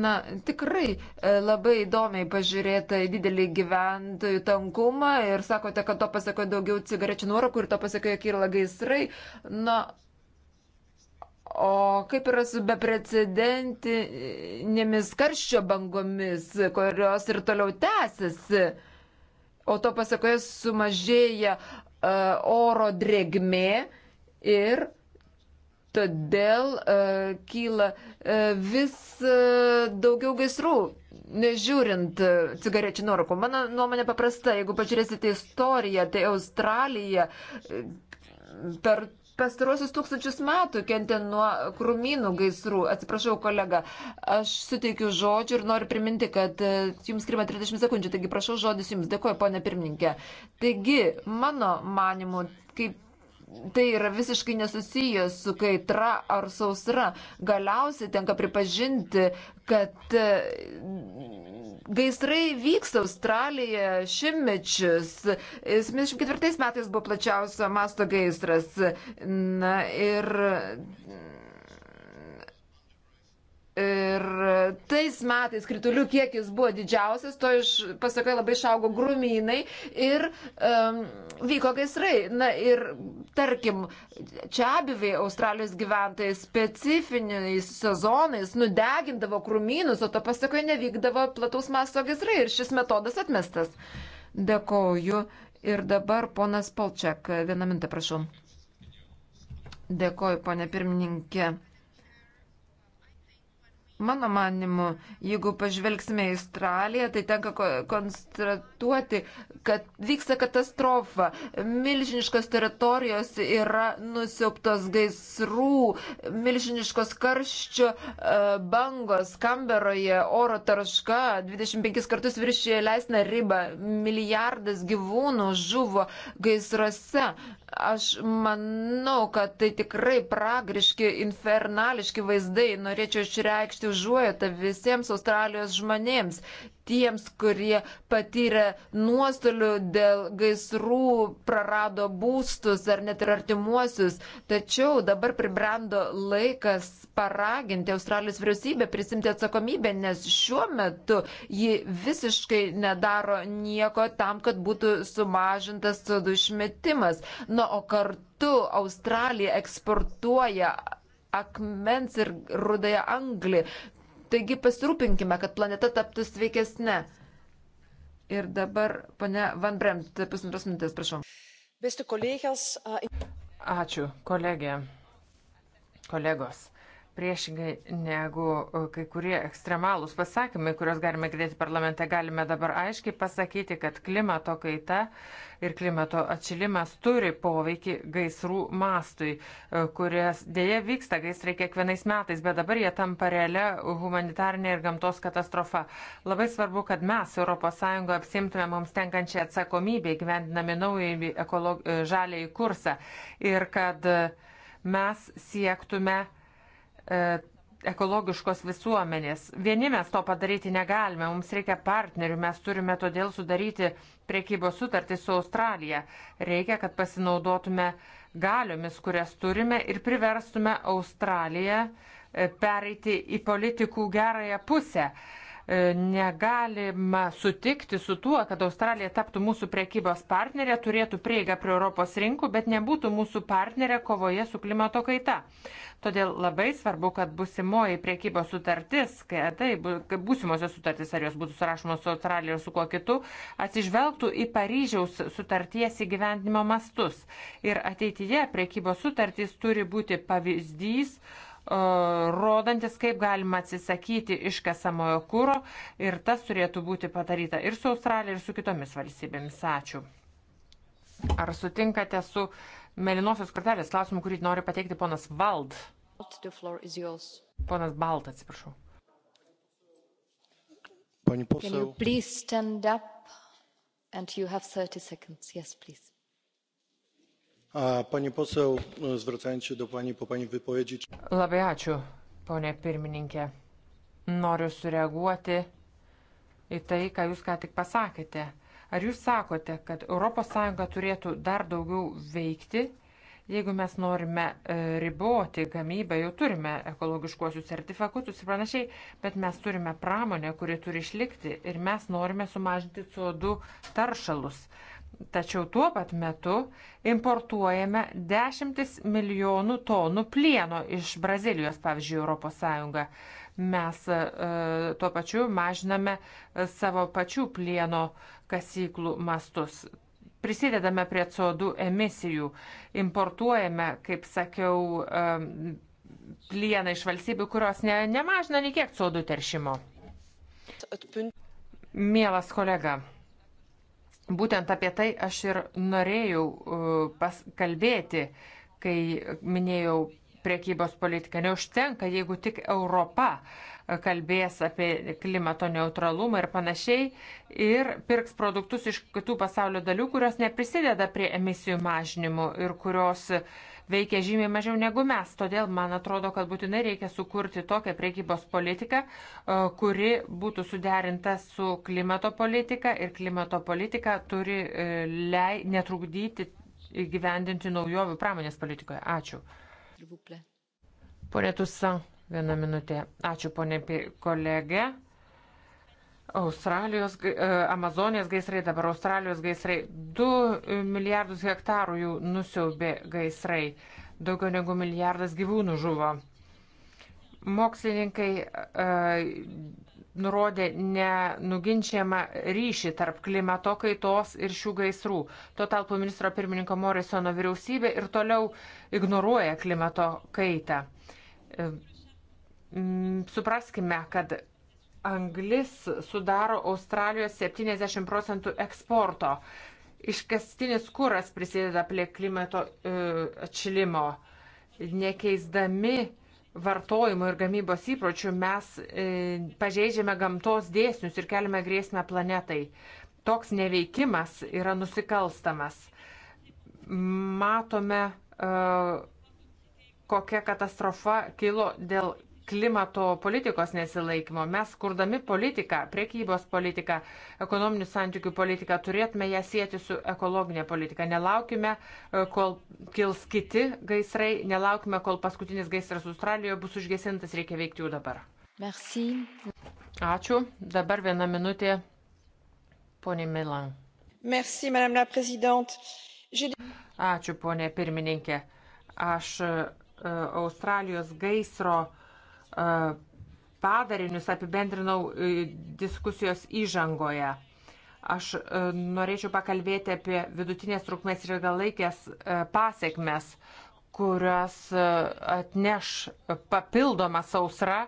Na, tikrai e, labai įdomiai pažiūrėta į didelį gyventojų tankumą ir sakote, kad to pasiekoja daugiau cigarečių nuorokų ir to pasiekoja kyla gaisrai. Na, O kaip yra su beprecedentinėmis karščio bangomis, kurios ir toliau tęsiasi, o to pasakoje sumažėja uh, oro drėgmė ir todėl uh, kyla uh, vis uh, daugiau gaisrų, nežiūrint uh, cigarečių norokų. Mano nuomonė paprasta, jeigu pažiūrėsite istoriją, tai Australija uh, per pastarosius tūkstančius metų kentė nuo krūmynų gaisrų. Atsiprašau, kolega, aš suteikiu žodžių ir noriu priminti, kad e, jums skirima 30 sekundžių, taigi prašau žodis jums. Dėkuoju, ponė pirmininkė. Taigi, mano manimu, kaip tai yra visiškai nesusijęs su kaitra ar sausra. Galiausiai tenka pripažinti, kad e, gaisrai vyksta Australijoje šimmečius. 74 metais buvo plačiausio masto gaisras. Na ir Ir tais metais kritulių kiekis buvo didžiausias, to iš pasakai labai išaugo grumynai ir um, vyko gaisrai. Na ir tarkim, čia abiviai Australijos gyventojai specifiniais sezonais nudegindavo grumynus, o to pasakai nevykdavo plataus masto gaisrai ir šis metodas atmestas. Dėkoju. Ir dabar ponas Polčiak, vieną mintę prašau. Dėkoju, ponė pirmininkė. Mano manimu, jeigu pažvelgsime į Australiją, tai tenka konstatuoti, kad vyksta katastrofa, milžiniškos teritorijos yra nusiauptos gaisrų, milžiniškos karščio e, bangos Kamberoje, oro tarška 25 kartus viršyje leisna riba, milijardas gyvūnų žuvo gaisruose. Aš manau, kad tai tikrai pragriški, infernališki vaizdai. Norėčiau išreikšti užuojotą visiems Australijos žmonėms tiems, kurie patyrė nuostolių dėl gaisrų, prarado būstus ar net ir artimuosius. Tačiau dabar pribrendo laikas paraginti Australijos vyriausybę prisimti atsakomybę, nes šiuo metu ji visiškai nedaro nieko tam, kad būtų sumažintas sodų išmetimas. Na, o kartu Australija eksportuoja akmens ir rudąją anglį. Taigi pasirūpinkime, kad planeta taptų sveikesnė. Ir dabar, ponia Van Bremt, pusantros minutės, prašau. Ačiū, kolegė. Kolegos. Priešingai negu e, kai kurie ekstremalūs pasakymai, kuriuos galime girdėti parlamente, galime dabar aiškiai pasakyti, kad klimato kaita ir klimato atšilimas turi poveikį gaisrų mastui, e, kurias dėje vyksta gaisrai kiekvienais metais, bet dabar jie tampa realia humanitarnė ir gamtos katastrofa. Labai svarbu, kad mes ES apsimtume mums tenkančią atsakomybę įgyvendinami naują ekolo... žalį į kursą ir kad e, mes siektume E, ekologiškos visuomenės. Vieni mes to padaryti negalime, mums reikia partnerių, mes turime todėl sudaryti priekybos sutartį su Australija. Reikia, kad pasinaudotume galiomis, kurias turime ir priverstume Australiją e, pereiti į politikų gerąją pusę. Uh, E, negalima sutikti su tuo, kad Australija taptų mūsų prekybos partnerė, turėtų prieigą prie Europos rinkų, bet nebūtų mūsų partnerė kovoje su klimato kaita. Todėl labai svarbu, kad busimoji prekybos sutartis, kai tai būsimosios sutartis, ar jos būtų surašomos su Australija ar su kuo kitu, atsižvelgtų į Paryžiaus sutarties įgyvendinimo mastus. Ir ateityje prekybos sutartys turi būti pavyzdys, E, rodantis, kaip galima atsisakyti iškasamojo kūro ir tas turėtų būti padaryta ir su Australija, ir su kitomis valstybėmis. Ačiū. Ar sutinkate su Melinosios kortelės klausimu, kurį nori pateikti ponas Vald? Ponas Balt, atsiprašau. Pani poseł. Can you please stand up and you have 30 seconds. Yes, please. Pani posel, e, zwracając się do pani po pani wypowiedzi. Labai ačiū, ponė pirmininkė. Noriu sureaguoti į tai, ką jūs ką tik pasakėte. Ar jūs sakote, kad ES turėtų dar daugiau veikti, jeigu mes norime e, riboti gamybą, jau turime ekologiškuosius sertifikatus ir panašiai, bet mes turime pramonę, kuri turi išlikti ir mes norime sumažinti CO2 taršalus. Uh, Tačiau tuo pat metu importuojame dešimtis milijonų tonų plieno iš Brazilijos, pavyzdžiui, ES. Mes e, tuo pačiu mažiname savo pačių plieno kasyklų mastus. Prisidedame prie CO2 emisijų, importuojame, kaip sakiau, e, plieną iš valstybių, kurios ne, nemažina nei kiek CO2 teršimo. Mielas kolega. Būtent apie tai aš ir norėjau uh, paskalbėti, kai minėjau priekybos politiką. Neužtenka, jeigu tik Europa uh, kalbės apie klimato neutralumą ir panašiai ir pirks produktus iš kitų pasaulio dalių, kurios neprisideda prie emisijų mažinimų ir kurios uh, veikia žymiai mažiau negu mes. Todėl man atrodo, kad būtinai reikia sukurti tokią priekybos politiką, e, kuri būtų suderinta su klimato politika ir klimato politika turi e, lei, netrukdyti įgyvendinti naujovių pramonės politikoje. Ačiū. Pone Tusa, vieną minutę. Ačiū, ponė kolegė. Australijos, e, Amazonijos gaisrai, dabar Australijos gaisrai. 2 milijardus hektarų jų nusiaubė gaisrai. Daugiau negu milijardas gyvūnų žuvo. Mokslininkai e, nurodė nenuginčiamą ryšį tarp klimato kaitos ir šių gaisrų. Tuo tarpu ministro pirmininko Morisono vyriausybė ir toliau ignoruoja klimato kaitą. E, supraskime, kad anglis sudaro Australijos 70 procentų eksporto. Iškastinis kuras prisideda prie klimato e, atšilimo. Nekeisdami vartojimo ir gamybos įpročių mes e, pažeidžiame gamtos dėsnius ir keliame grėsmę planetai. Toks neveikimas yra nusikalstamas. Matome, e, kokia katastrofa kilo dėl klimato politikos nesilaikymo. Mes, kurdami politiką, priekybos politiką, ekonominių santykių politiką, turėtume ją sieti su ekologinė politika. Nelaukime, e, kol kils kiti gaisrai, nelaukime, kol paskutinis gaisras Australijoje bus užgesintas, reikia veikti jau dabar. Merci. Ačiū. Dabar viena minutė, ponė Milan. Merci, madame la présidente. Ačiū, ponė pirmininkė. Aš e, Australijos gaisro uh, padarinius apibendrinau e, diskusijos įžangoje. Aš e, norėčiau pakalbėti apie vidutinės trukmės ir ilgalaikės e, pasiekmes, kurias atneš papildoma sausra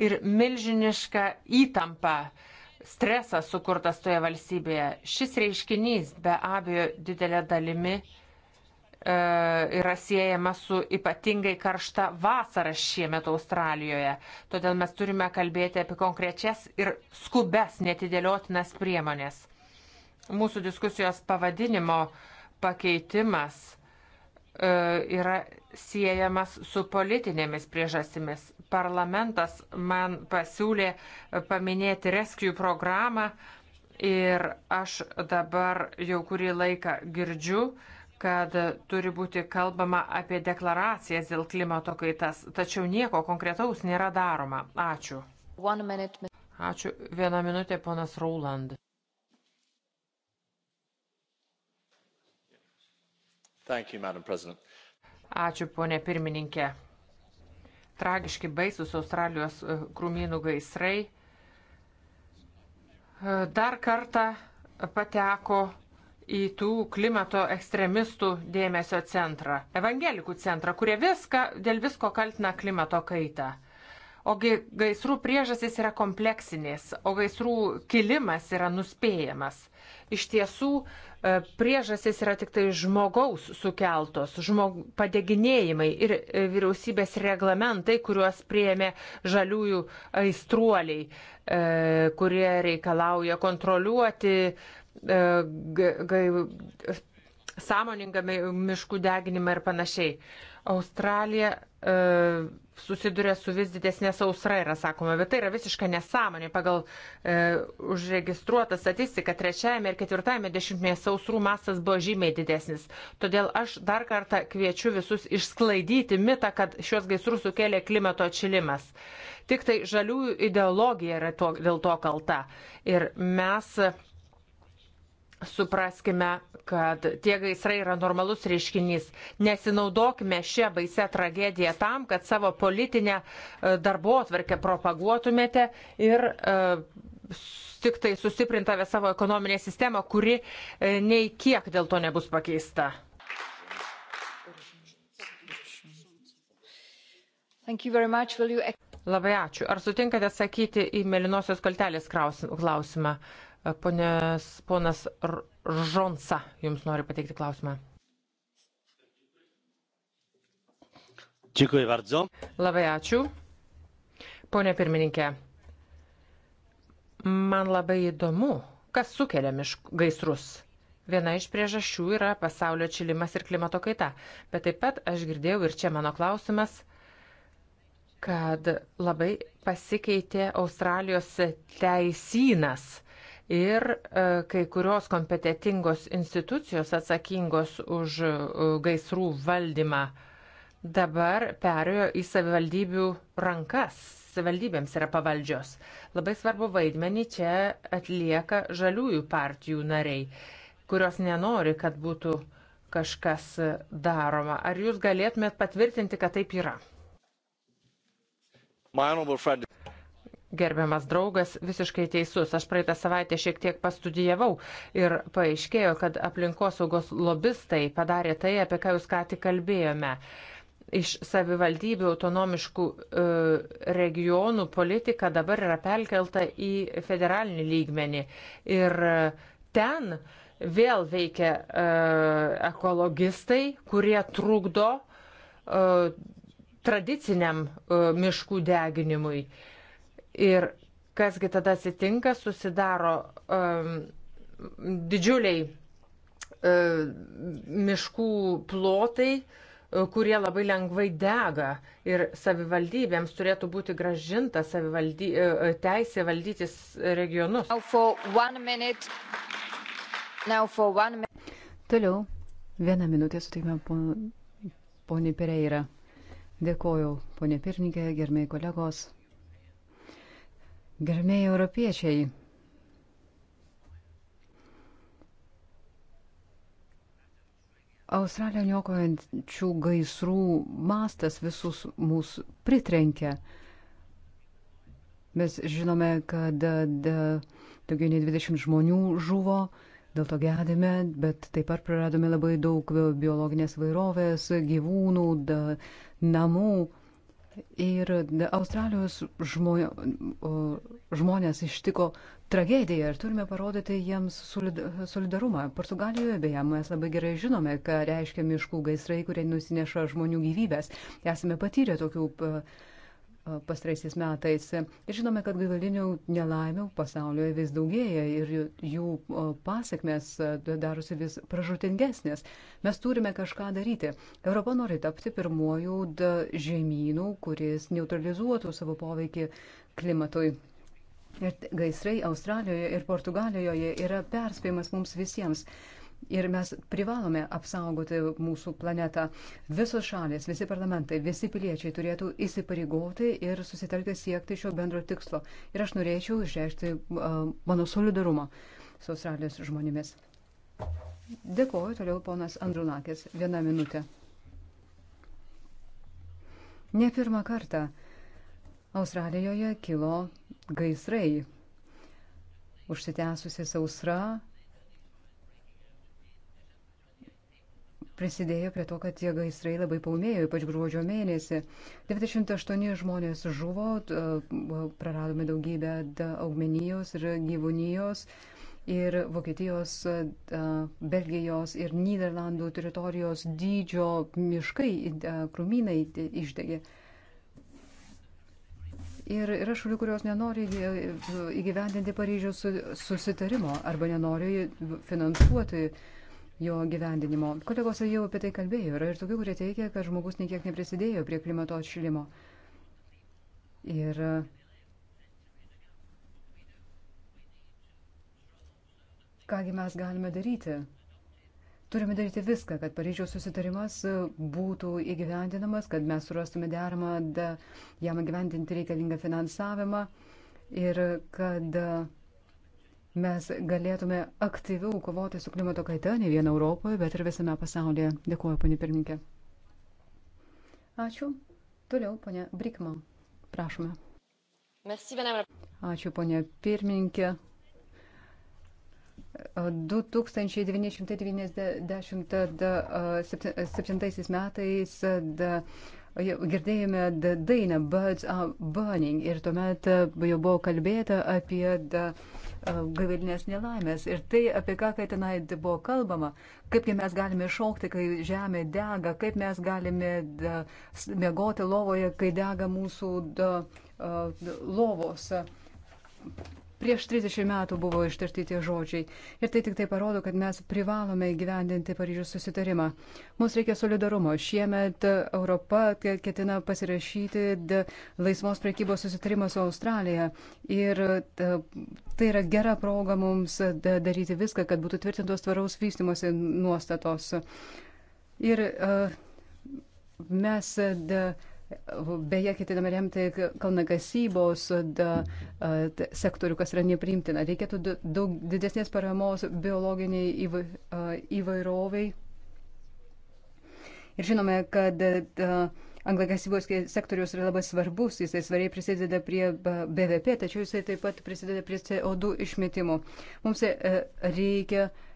ir milžiniška įtampa, stresas sukurtas toje valstybėje. Šis reiškinys be abejo didelė dalimi uh, E, yra siejama su ypatingai karšta vasara šiemet Australijoje. Todėl mes turime kalbėti apie konkrečias ir skubes netidėliotinas priemonės. Mūsų diskusijos pavadinimo pakeitimas e, yra siejamas su politinėmis priežastimis. Parlamentas man pasiūlė paminėti Rescue programą ir aš dabar jau kurį laiką girdžiu, uh, kad turi būti kalbama apie deklaracijas dėl klimato kaitas, tačiau nieko konkretaus nėra daroma. Ačiū. Ačiū. Vieną minutę, ponas Rauland. You, Ačiū, ponė pirmininkė. Tragiški baisus Australijos e, krūmynų gaisrai e, dar kartą pateko į tų klimato ekstremistų dėmesio centrą, evangelikų centrą, kurie viską, dėl visko kaltina klimato kaitą. Ogi gaisrų priežastys yra kompleksinės, o gaisrų kilimas yra nuspėjamas. Iš tiesų, e, priežastys yra tik tai žmogaus sukeltos, žmog, padeginėjimai ir e, vyriausybės reglamentai, kuriuos prieėmė žaliųjų aistruoliai, e, kurie reikalauja kontroliuoti E, sąmoningą miškų deginimą ir panašiai. Australija e, susiduria su vis didesnė sausra, yra sakoma, bet tai yra visiška nesąmonė. Pagal e, užregistruotą statistiką trečiajame ir ketvirtajame dešimtmėje sausrų masas buvo žymiai didesnis. Todėl aš dar kartą kviečiu visus išsklaidyti mitą, kad šios gaisrus sukėlė klimato atšilimas. Tik tai žaliųjų ideologija yra to, dėl to kalta. Ir mes supraskime, kad tie gaisrai yra normalus reiškinys. Nesinaudokime šią baisę tragediją tam, kad savo politinę e, darbo atvarkę propaguotumėte ir e, tik tai sustiprintave savo ekonominę sistemą, kuri e, nei kiek dėl to nebus pakeista. You... Labai ačiū. Ar sutinkate atsakyti į Melinosios kaltelės klausimą? E, ponės, ponas Žonsa jums nori pateikti klausimą. Dziękuję bardzo. Labai ačiū. Pone pirmininkė, man labai įdomu, kas sukelia mišk gaisrus. Viena iš priežasčių yra pasaulio čilimas ir klimato kaita. Bet taip pat aš girdėjau ir čia mano klausimas, kad labai pasikeitė Australijos teisynas ir e, kai kurios kompetitingos institucijos atsakingos už e, gaisrų valdymą dabar perėjo į savivaldybių rankas. Savivaldybėms yra pavaldžios. Labai svarbu vaidmenį čia atlieka žaliųjų partijų nariai, kurios nenori, kad būtų kažkas daroma. Ar jūs galėtumėt patvirtinti, kad taip yra? Gerbiamas draugas, visiškai teisus. Aš praeitą savaitę šiek tiek pastudijavau ir paaiškėjo, kad aplinkosaugos lobistai padarė tai, apie ką jūs ką tik kalbėjome iš savivaldybių autonomiškų e, regionų politika dabar yra perkelta į federalinį lygmenį. Ir e, ten vėl veikia e, ekologistai, kurie trukdo e, tradiciniam e, miškų deginimui. E, Ir kasgi tada atsitinka, susidaro um, didžiuliai um, miškų plotai, e, kurie labai lengvai dega ir savivaldybėms turėtų būti gražinta savivaldy, e, teisė valdytis regionus. Toliau vieną minutę suteikime poniai Pereira. Dėkoju, ponė pirmininkė, gerbėjai kolegos. Gerbėjai europiečiai, Australiją niokojančių gaisrų mastas visus mūsų pritrenkia. Mes žinome, kad daugiau nei 20 žmonių žuvo, dėl to gedėme, bet taip pat praradome labai daug biologinės vairovės, gyvūnų, da, namų. Ir Australijos žmo, žmonės ištiko tragediją ir turime parodyti jiems solidarumą. Portugalijoje beje mes labai gerai žinome, ką reiškia miškų gaisrai, kurie nusineša žmonių gyvybės. Esame patyrę tokių uh, pastraisiais metais. Ir žinome, kad gaivalinių nelaimių pasaulioje vis daugėja ir jų pasiekmes darosi vis pražutingesnės. Mes turime kažką daryti. Europa nori tapti pirmojų žemynų, kuris neutralizuotų savo poveikį klimatui. Ir gaisrai Australijoje ir Portugalijoje yra perspėjimas mums visiems. Ir mes privalome apsaugoti mūsų planetą. Visos šalės, visi parlamentai, visi piliečiai turėtų įsipareigoti ir susitelkti siekti šio bendro tikslo. Ir aš norėčiau išreikšti uh, mano solidarumą su Australijos žmonėmis. Dėkuoju toliau ponas Andrunakis. Vieną minutę. Ne pirmą kartą Australijoje kilo gaisrai. Užsitęsusi sausra prisidėjo prie to, kad tie gaisrai labai paumėjo, ypač gruodžio mėnesį. 28 žmonės žuvo, e, praradome daugybę augmenijos ir gyvūnijos. Ir Vokietijos, e, Belgijos ir Niderlandų teritorijos dydžio miškai, krūmynai išdegė. Ir yra šalių, kurios nenori e, įgyvendinti Paryžiaus susitarimo arba nenori finansuoti uh, jo gyvendinimo. Kolegos jau apie tai kalbėjo. Yra ir tokių, kurie teigia, kad žmogus niekiek neprisidėjo prie klimato atšilimo. Ir kągi mes galime daryti? Turime daryti viską, kad Paryžiaus susitarimas būtų įgyvendinamas, kad mes surastume deramą, jam įgyvendinti reikalingą finansavimą ir kad uh, mes galėtume aktyviau kovoti su klimato kaita ne vien Europoje, bet ir visame pasaulyje. Dėkuoju, ponė pirmininkė. Ačiū. Toliau, ponė Brikma. Prašome. Ačiū, ponė pirmininkė. 2997 metais girdėjome dainą Birds are Burning ir tuomet e, jau buvo kalbėta apie e, gaivalinės nelaimės ir tai, apie ką kai tenai buvo kalbama, kaipgi mes galime šaukti, kai žemė dega, kaip mes galime da, mėgoti lovoje, kai dega mūsų da, da, e, lovos. Prieš 30 metų buvo ištarti tie žodžiai. Ir tai tik tai parodo, kad mes privalome įgyvendinti Paryžiaus susitarimą. Mums reikia solidarumo. Šiemet Europa ketina pasirašyti laisvos prekybos susitarimą su Australija. Ir tai yra gera proga mums daryti viską, kad būtų tvirtintos tvaraus vystimosi nuostatos. Ir mes. De, Beje, ketiname remti kalnagasybos sektorių, kas yra nepriimtina. Reikėtų daug didesnės paramos biologiniai įvai, įvairoviai. Ir žinome, kad anglagasybos sektorius yra labai svarbus, jisai svariai prisideda prie BVP, tačiau jisai taip pat prisideda prie CO2 išmetimo. Mums e, reikia uh,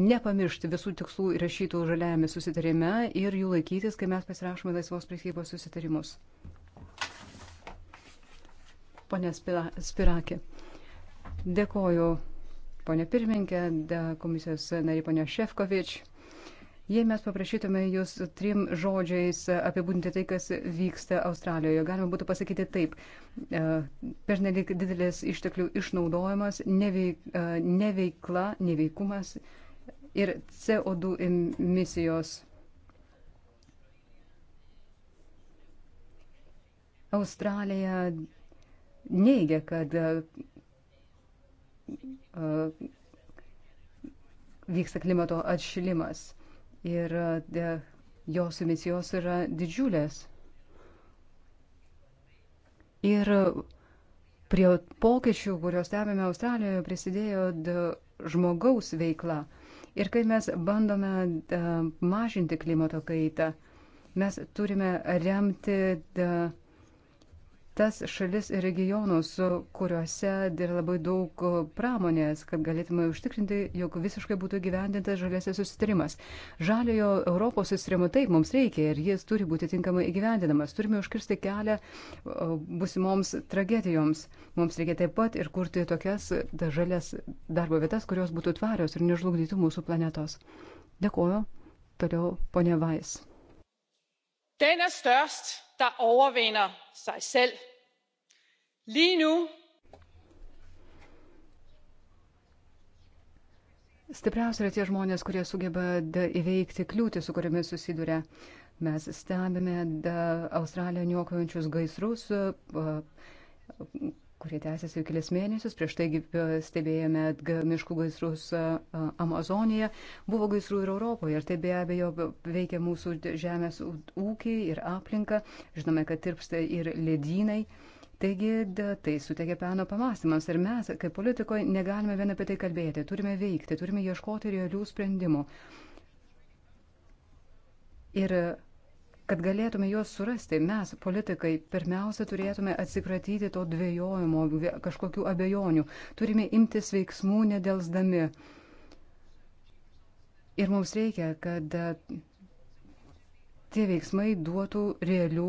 nepamiršti visų tikslų įrašytų žaliajame susitarime ir jų laikytis, kai mes pasirašome laisvos priekybos susitarimus. Pone Spirakė, dėkoju, ponė pirmininkė, komisijos narė ponė Šefkovič. Jei mes paprašytume jūs trim žodžiais apibūdinti tai, kas vyksta Australijoje, galima būtų pasakyti taip. E, Pernelik didelis išteklių išnaudojimas, neveik, e, neveikla, neveikumas ir CO2 emisijos. Australija neigia, kad e, vyksta klimato atšilimas ir e, jos emisijos yra didžiulės. Ir prie pokyčių, kuriuos stebime Australijoje, prisidėjo žmogaus veikla. Ir kai mes bandome e, mažinti klimato kaitą, mes turime remti tas šalis ir regionus, kuriuose yra labai daug pramonės, kad galėtume užtikrinti, jog visiškai būtų gyvendintas žaliasis susitarimas. Žaliojo Europos susitarimo taip mums reikia ir jis turi būti tinkamai įgyvendinamas. Turime užkirsti kelią busimoms tragedijoms. Mums reikia taip pat ir kurti tokias da, žalias darbo vietas, kurios būtų tvarios ir nežlugdytų mūsų planetos. Dėkuoju. Toliau ponia Vais. Er der overvinder sig selv. lige nu Stipriausi yra tie žmonės, kurie sugeba įveikti kliūtį, su kuriamis susiduria. Mes stebime Australiją niokojančius gaisrus, kurie tęsiasi jau kelias mėnesius. Prieš tai e, stebėjome miškų gaisrus e, e, Amazonėje. Buvo gaisrų ir Europoje. Ir tai be abejo veikia mūsų žemės ūkį ir aplinką. Žinome, kad tirpsta ir ledynai. Taigi tai suteikia peno pamastymams ir mes, kaip politikoje, negalime vien apie tai kalbėti, turime veikti, turime ieškoti realių sprendimų. Ir Kad galėtume juos surasti, mes, politikai, pirmiausia turėtume atsikratyti to dvėjojimo, kažkokių abejonių. Turime imtis veiksmų nedelsdami. Ir mums reikia, kad e, tie veiksmai duotų realių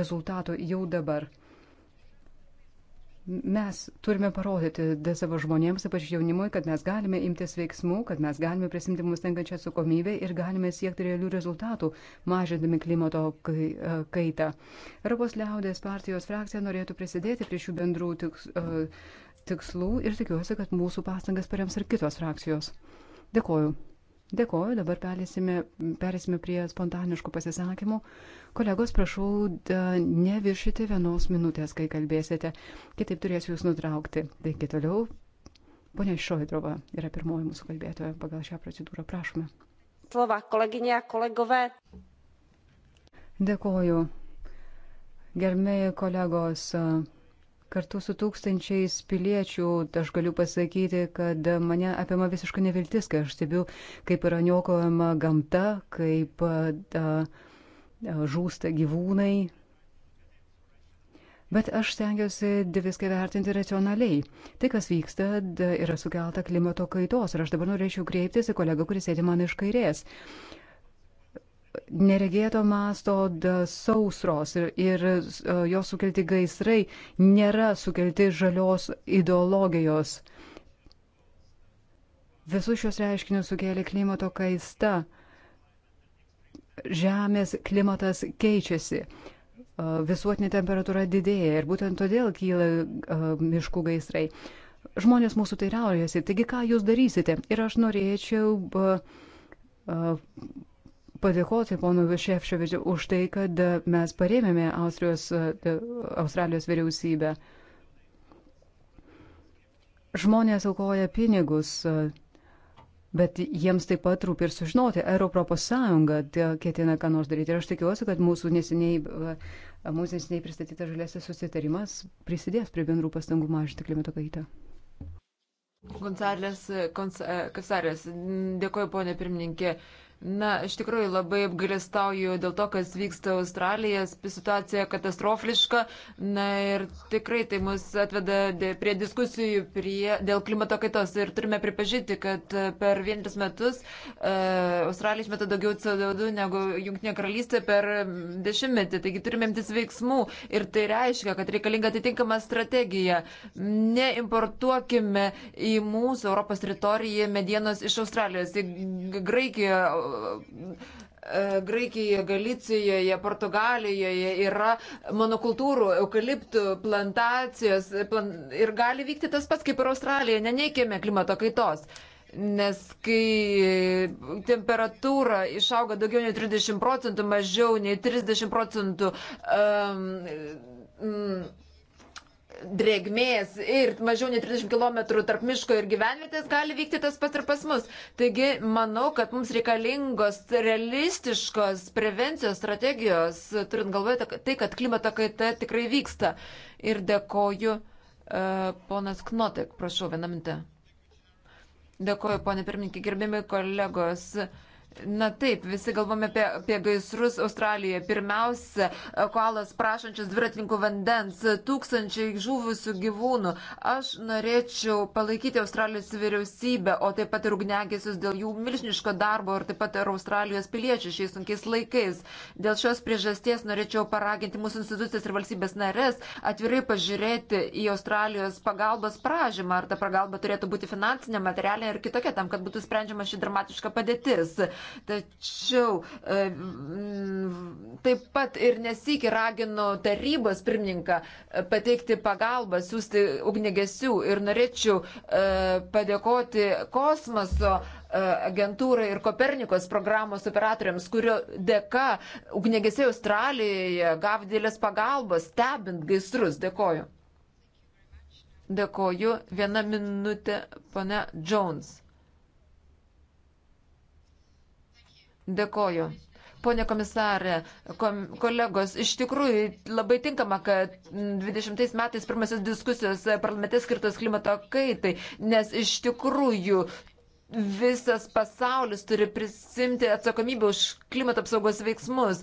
rezultatų jau dabar. Mes turime parodyti savo žmonėms, ypač jaunimui, kad mes galime imtis veiksmų, kad mes galime prisimti mums tenkančią atsakomybę ir galime siekti realių rezultatų, mažindami klimato e, kaitą. Europos liaudės partijos frakcija norėtų prisidėti prie šių bendrų e, tikslų ir tikiuosi, kad mūsų pastangas parems ir kitos frakcijos. Dėkoju. Dėkoju, dabar perėsime, perėsime prie spontaniškų pasisakymų. Kolegos, prašau neviršyti vienos minutės, kai kalbėsite, kitaip turėsiu jūs nutraukti. Taigi toliau, ponia Šojdrova yra pirmoji mūsų kalbėtoja pagal šią procedūrą, prašome. Slova, koleginė, kolegove. Dėkoju. Gerbėjai kolegos, kartu su tūkstančiais piliečių aš galiu pasakyti, kad mane apima visiškai neviltis, kai aš stebiu, kaip yra niokojama gamta, kaip da, uh, E, žūsta gyvūnai. Bet aš stengiuosi viską vertinti racionaliai. Tai, kas vyksta, yra sukelta klimato kaitos. Ir aš dabar norėčiau kreiptis į kolegą, kuris sėdi man iš kairės. Neregėto masto sausros ir, ir e, jos sukelti gaisrai nėra sukelti žalios ideologijos. Visus šios reiškinius sukėlė klimato kaista. Žemės klimatas keičiasi, visuotinė temperatūra didėja ir būtent todėl kyla miškų gaisrai. Žmonės mūsų teiraujasi, taigi ką jūs darysite? Ir aš norėčiau padėkoti ponui Šefčiovičiu už tai, kad mes parėmėme Austrijos, Australijos vyriausybę. Žmonės aukoja pinigus Bet jiems taip pat rūpi ir sužinoti, ar Europos Sąjunga ketina ką nors daryti. Ir aš tikiuosi, kad mūsų nesiniai, mūsų nesiniai pristatytas žaliasis susitarimas prisidės prie bendrų pastangų mažinti klimato kaitą. Gonzalės, Kasarės, dėkoju ponė pirmininkė. Na, iš tikrųjų labai apgalėstauju dėl to, kas vyksta Australija, situacija katastrofiška. Na ir tikrai tai mus atveda prie diskusijų prie, dėl klimato kaitos. Ir turime pripažinti, kad e, per vienerius metus uh, Australija išmeta daugiau CO2 negu Junktinė karalystė per dešimtmetį. Taigi turime imtis veiksmų ir tai reiškia, kad reikalinga atitinkama strategija. Neimportuokime į mūsų Europos teritoriją medienos iš Australijos. Į Graikiją E, Graikijoje, Galicijoje, Portugalijoje yra monokultūrų, eukaliptų plantacijos plan... ir gali vykti tas pats kaip ir Australijoje, neneikėme klimato kaitos. Nes kai temperatūra išauga daugiau nei 30 procentų, mažiau nei 30 procentų. Um, um, drėgmės ir mažiau nei 30 km tarp miško ir gyvenvietės gali vykti tas pats ir pas mus. Taigi manau, kad mums reikalingos realistiškos prevencijos strategijos, turint galvoje tai, kad klimato kaita tikrai vyksta. Ir dėkoju, e, ponas Knotek, prašau, vieną mintę. Dėkoju, ponė pirmininkė, gerbėmi kolegos. Na taip, visi galvome apie, apie gaisrus Australijoje. Pirmiausia, koalas prašančios dviratininkų vandens, tūkstančiai žuvusių gyvūnų. Aš norėčiau palaikyti Australijos vyriausybę, o taip pat ir ugnegesius dėl jų milžiniško darbo ir taip pat ir Australijos piliečių šiais sunkiais laikais. Dėl šios priežasties norėčiau paraginti mūsų institucijas ir valstybės narės atvirai pažiūrėti į Australijos pagalbos pražymą, ar ta pagalba turėtų būti finansinė, materialinė ir kitokia, tam, kad būtų sprendžiama ši dramatiška padėtis. Tačiau e, taip pat ir nesikį ragino tarybos pirmininką e, pateikti pagalbą, siūsti ugnegesių ir norėčiau e, padėkoti kosmoso agentūrai ir Kopernikos programos operatoriams, kurio dėka ugnegesiai Australijoje gavo dėlės pagalbos, stebint gaisrus. Dėkoju. Dėkoju. Viena minutė, pane Jones. Dėkoju. Pone komisarė, kom, kolegos, iš tikrųjų labai tinkama, kad 20 metais pirmasis diskusijos parlamente skirtos klimato kaitai, nes iš tikrųjų visas pasaulis turi prisimti atsakomybę už klimato apsaugos veiksmus.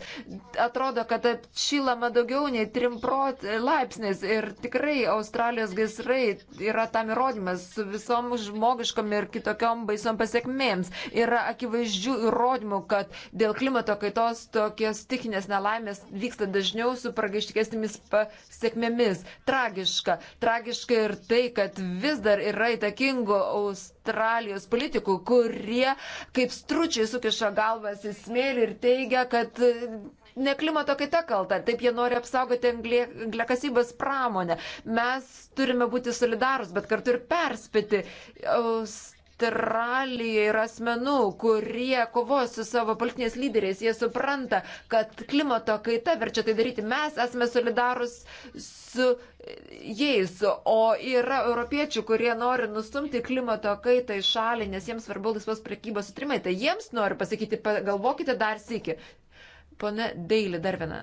Atrodo, kad atšylama daugiau nei 3 laipsnis ir tikrai Australijos gaisrai yra tam įrodymas su visom žmogiškom ir kitokiom baisom pasiekmėms. Yra akivaizdžių įrodymų, kad dėl klimato kaitos tokios tikinės nelaimės vyksta dažniau su pragaištikesnėmis pasiekmėmis. Tragiška. Tragiška ir tai, kad vis dar yra įtakingų Australijos Australijos politikų, kurie kaip stručiai sukiša galvas į smėlį ir teigia, kad e, ne klimato kaita kalta, taip jie nori apsaugoti angliakasybės pramonę. Mes turime būti solidarus, bet kartu ir perspėti. Aust Australija yra asmenų, kurie kovos su savo politiniais lyderiais. Jie supranta, kad klimato kaita verčia tai daryti. Mes esame solidarus su jais, o yra europiečių, kurie nori nustumti klimato kaitą į šalį, nes jiems svarbu laisvos prekybos sutrimai. Tai jiems noriu pasakyti, galvokite dar sėki. Pone Deilį, dar vieną,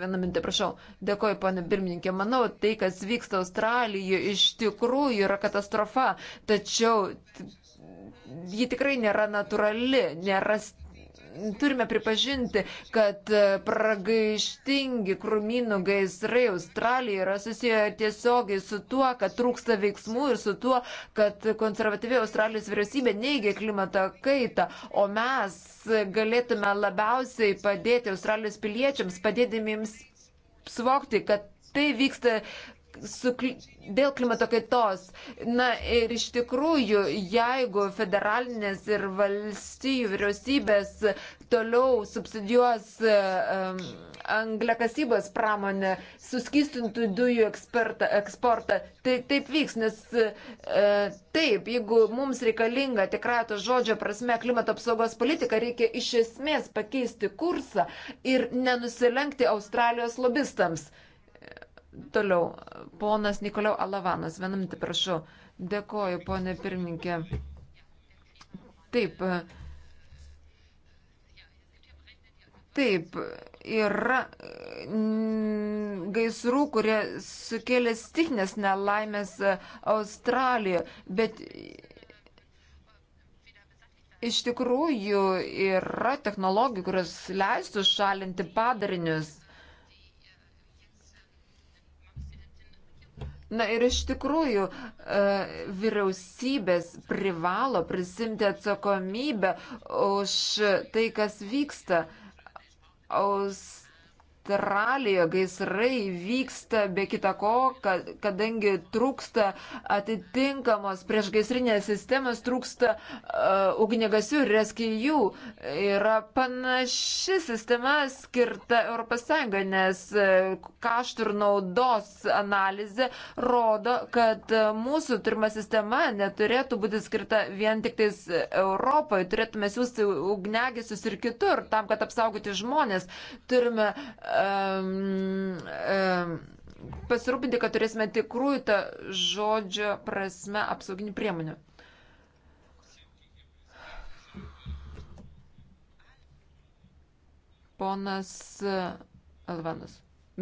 vieną mintį, prašau. Dėkoju, pone Birmininkė. Manau, tai, kas vyksta Australijoje, iš tikrųjų yra katastrofa. Tačiau ji tikrai nėra natūrali, nėra turime pripažinti, kad e, pragaištingi krūminų gaisrai Australijoje yra susiję tiesiogiai su tuo, kad trūksta veiksmų ir su tuo, kad konservatyvi Australijos vyriausybė neigia klimato kaitą, o mes galėtume labiausiai padėti Australijos piliečiams, padėdami jiems suvokti, kad tai vyksta su, dėl klimato kaitos. Na ir iš tikrųjų, jeigu federalinės ir valstybių vyriausybės toliau subsidijuos um, anglekasybos pramonę, suskistintų dujų ekspertą, eksportą, tai taip vyks, nes uh, taip, jeigu mums reikalinga tikrai to žodžio prasme klimato apsaugos politika, reikia iš esmės pakeisti kursą ir nenusilenkti Australijos lobistams. Toliau, ponas Nikolau Alavanas, vienam minutį prašau. Dėkoju, ponė pirmininkė. Taip. Taip, yra gaisrų, kurie sukėlė stichnės nelaimės Australijoje, bet iš tikrųjų yra technologijų, kurios leistų šalinti padarinius. Na ir iš tikrųjų e, vyriausybės privalo prisimti atsakomybę už tai, kas vyksta. Aus Australijoje gaisrai vyksta be kita ko, kad, kadangi trūksta atitinkamos priešgaisrinės sistemas, trūksta uh, ugnegasių ir reskijų. Yra panaši sistema skirta ES, nes uh, kaštų ir naudos analizė rodo, kad uh, mūsų turima sistema neturėtų būti skirta vien tik tais Europoje, turėtume siūsti ugnegesius ir kitur, tam, kad apsaugoti žmonės. Turime uh, um, um, pasirūpinti, kad turėsime tikrųjų tą žodžio prasme apsauginių priemonių. Ponas e, Alvanas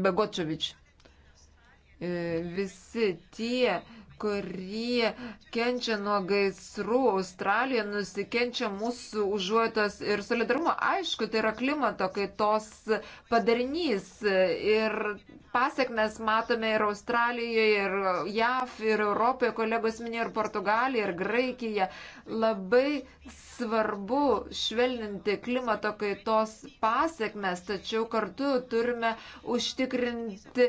Begočevič. E, visi tie kurie kenčia nuo gaisrų Australija, nusikenčia mūsų užuotos ir solidarumo. Aišku, tai yra klimato kaitos padarinys ir pasiekmes matome ir Australijoje, ir JAV, ir Europoje, kolegos minėjo, ir Portugalija, ir Graikija. Labai svarbu švelninti klimato kaitos pasiekmes, tačiau kartu turime užtikrinti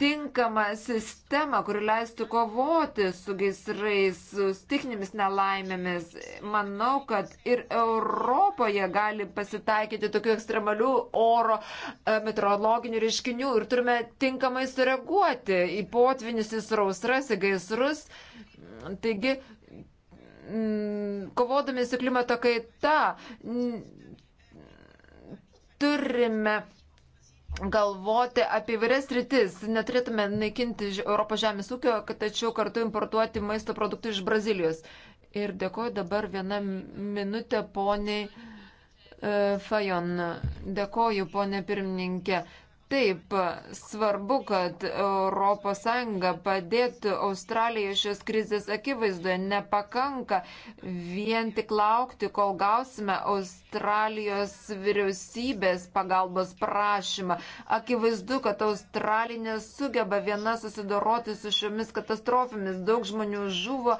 tinkamą sistemą, kuri leistų kovoti su gaisrais, su stiknėmis nelaimėmis. Manau, kad ir Europoje gali pasitaikyti tokių ekstremalių oro e, meteorologinių reiškinių ir turime tinkamai sureaguoti į potvinius, į sausras, į gaisrus. Taigi Mm, kovodami su klimato kaita turime galvoti apie vairias rytis. Neturėtume naikinti Europos žemės ūkio, tačiau kartu importuoti maisto produktų iš Brazilijos. Ir dėkoju dabar vieną minutę poniai e, Fajon. Dėkoju, ponė pirmininkė. Taip, svarbu, kad ES padėtų Australijai šios krizės akivaizdoje. Nepakanka vien tik laukti, kol gausime Australijos vyriausybės pagalbos prašymą. Akivaizdu, kad Australija nesugeba viena susidoroti su šiomis katastrofomis. Daug žmonių žuvo.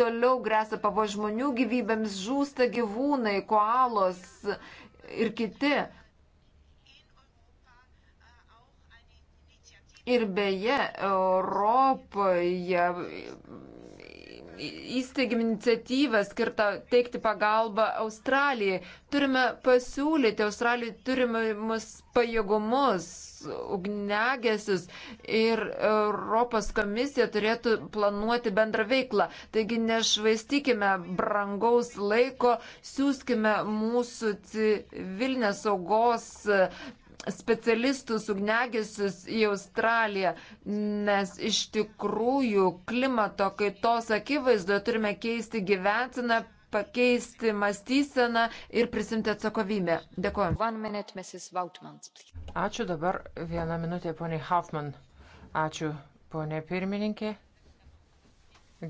Toliau grėsia pavo žmonių gyvybėms, žūsta gyvūnai, koalos ir kiti. Ir beje, Europoje įsteigėm iniciatyvą skirtą teikti pagalbą Australijai. Turime pasiūlyti Australijai turimus pajėgumus, ugnegesius ir Europos komisija turėtų planuoti bendrą veiklą. Taigi nešvaistykime brangaus laiko, siūskime mūsų civilinės saugos specialistus ugnegesius į Australiją, nes iš tikrųjų klimato kaitos akivaizdoje turime keisti gyventiną, pakeisti mąstyseną ir prisimti atsakovybę. Dėkuoju. Minute, Ačiū dabar vieną minutę, poniai Hoffman. Ačiū, ponė pirmininkė.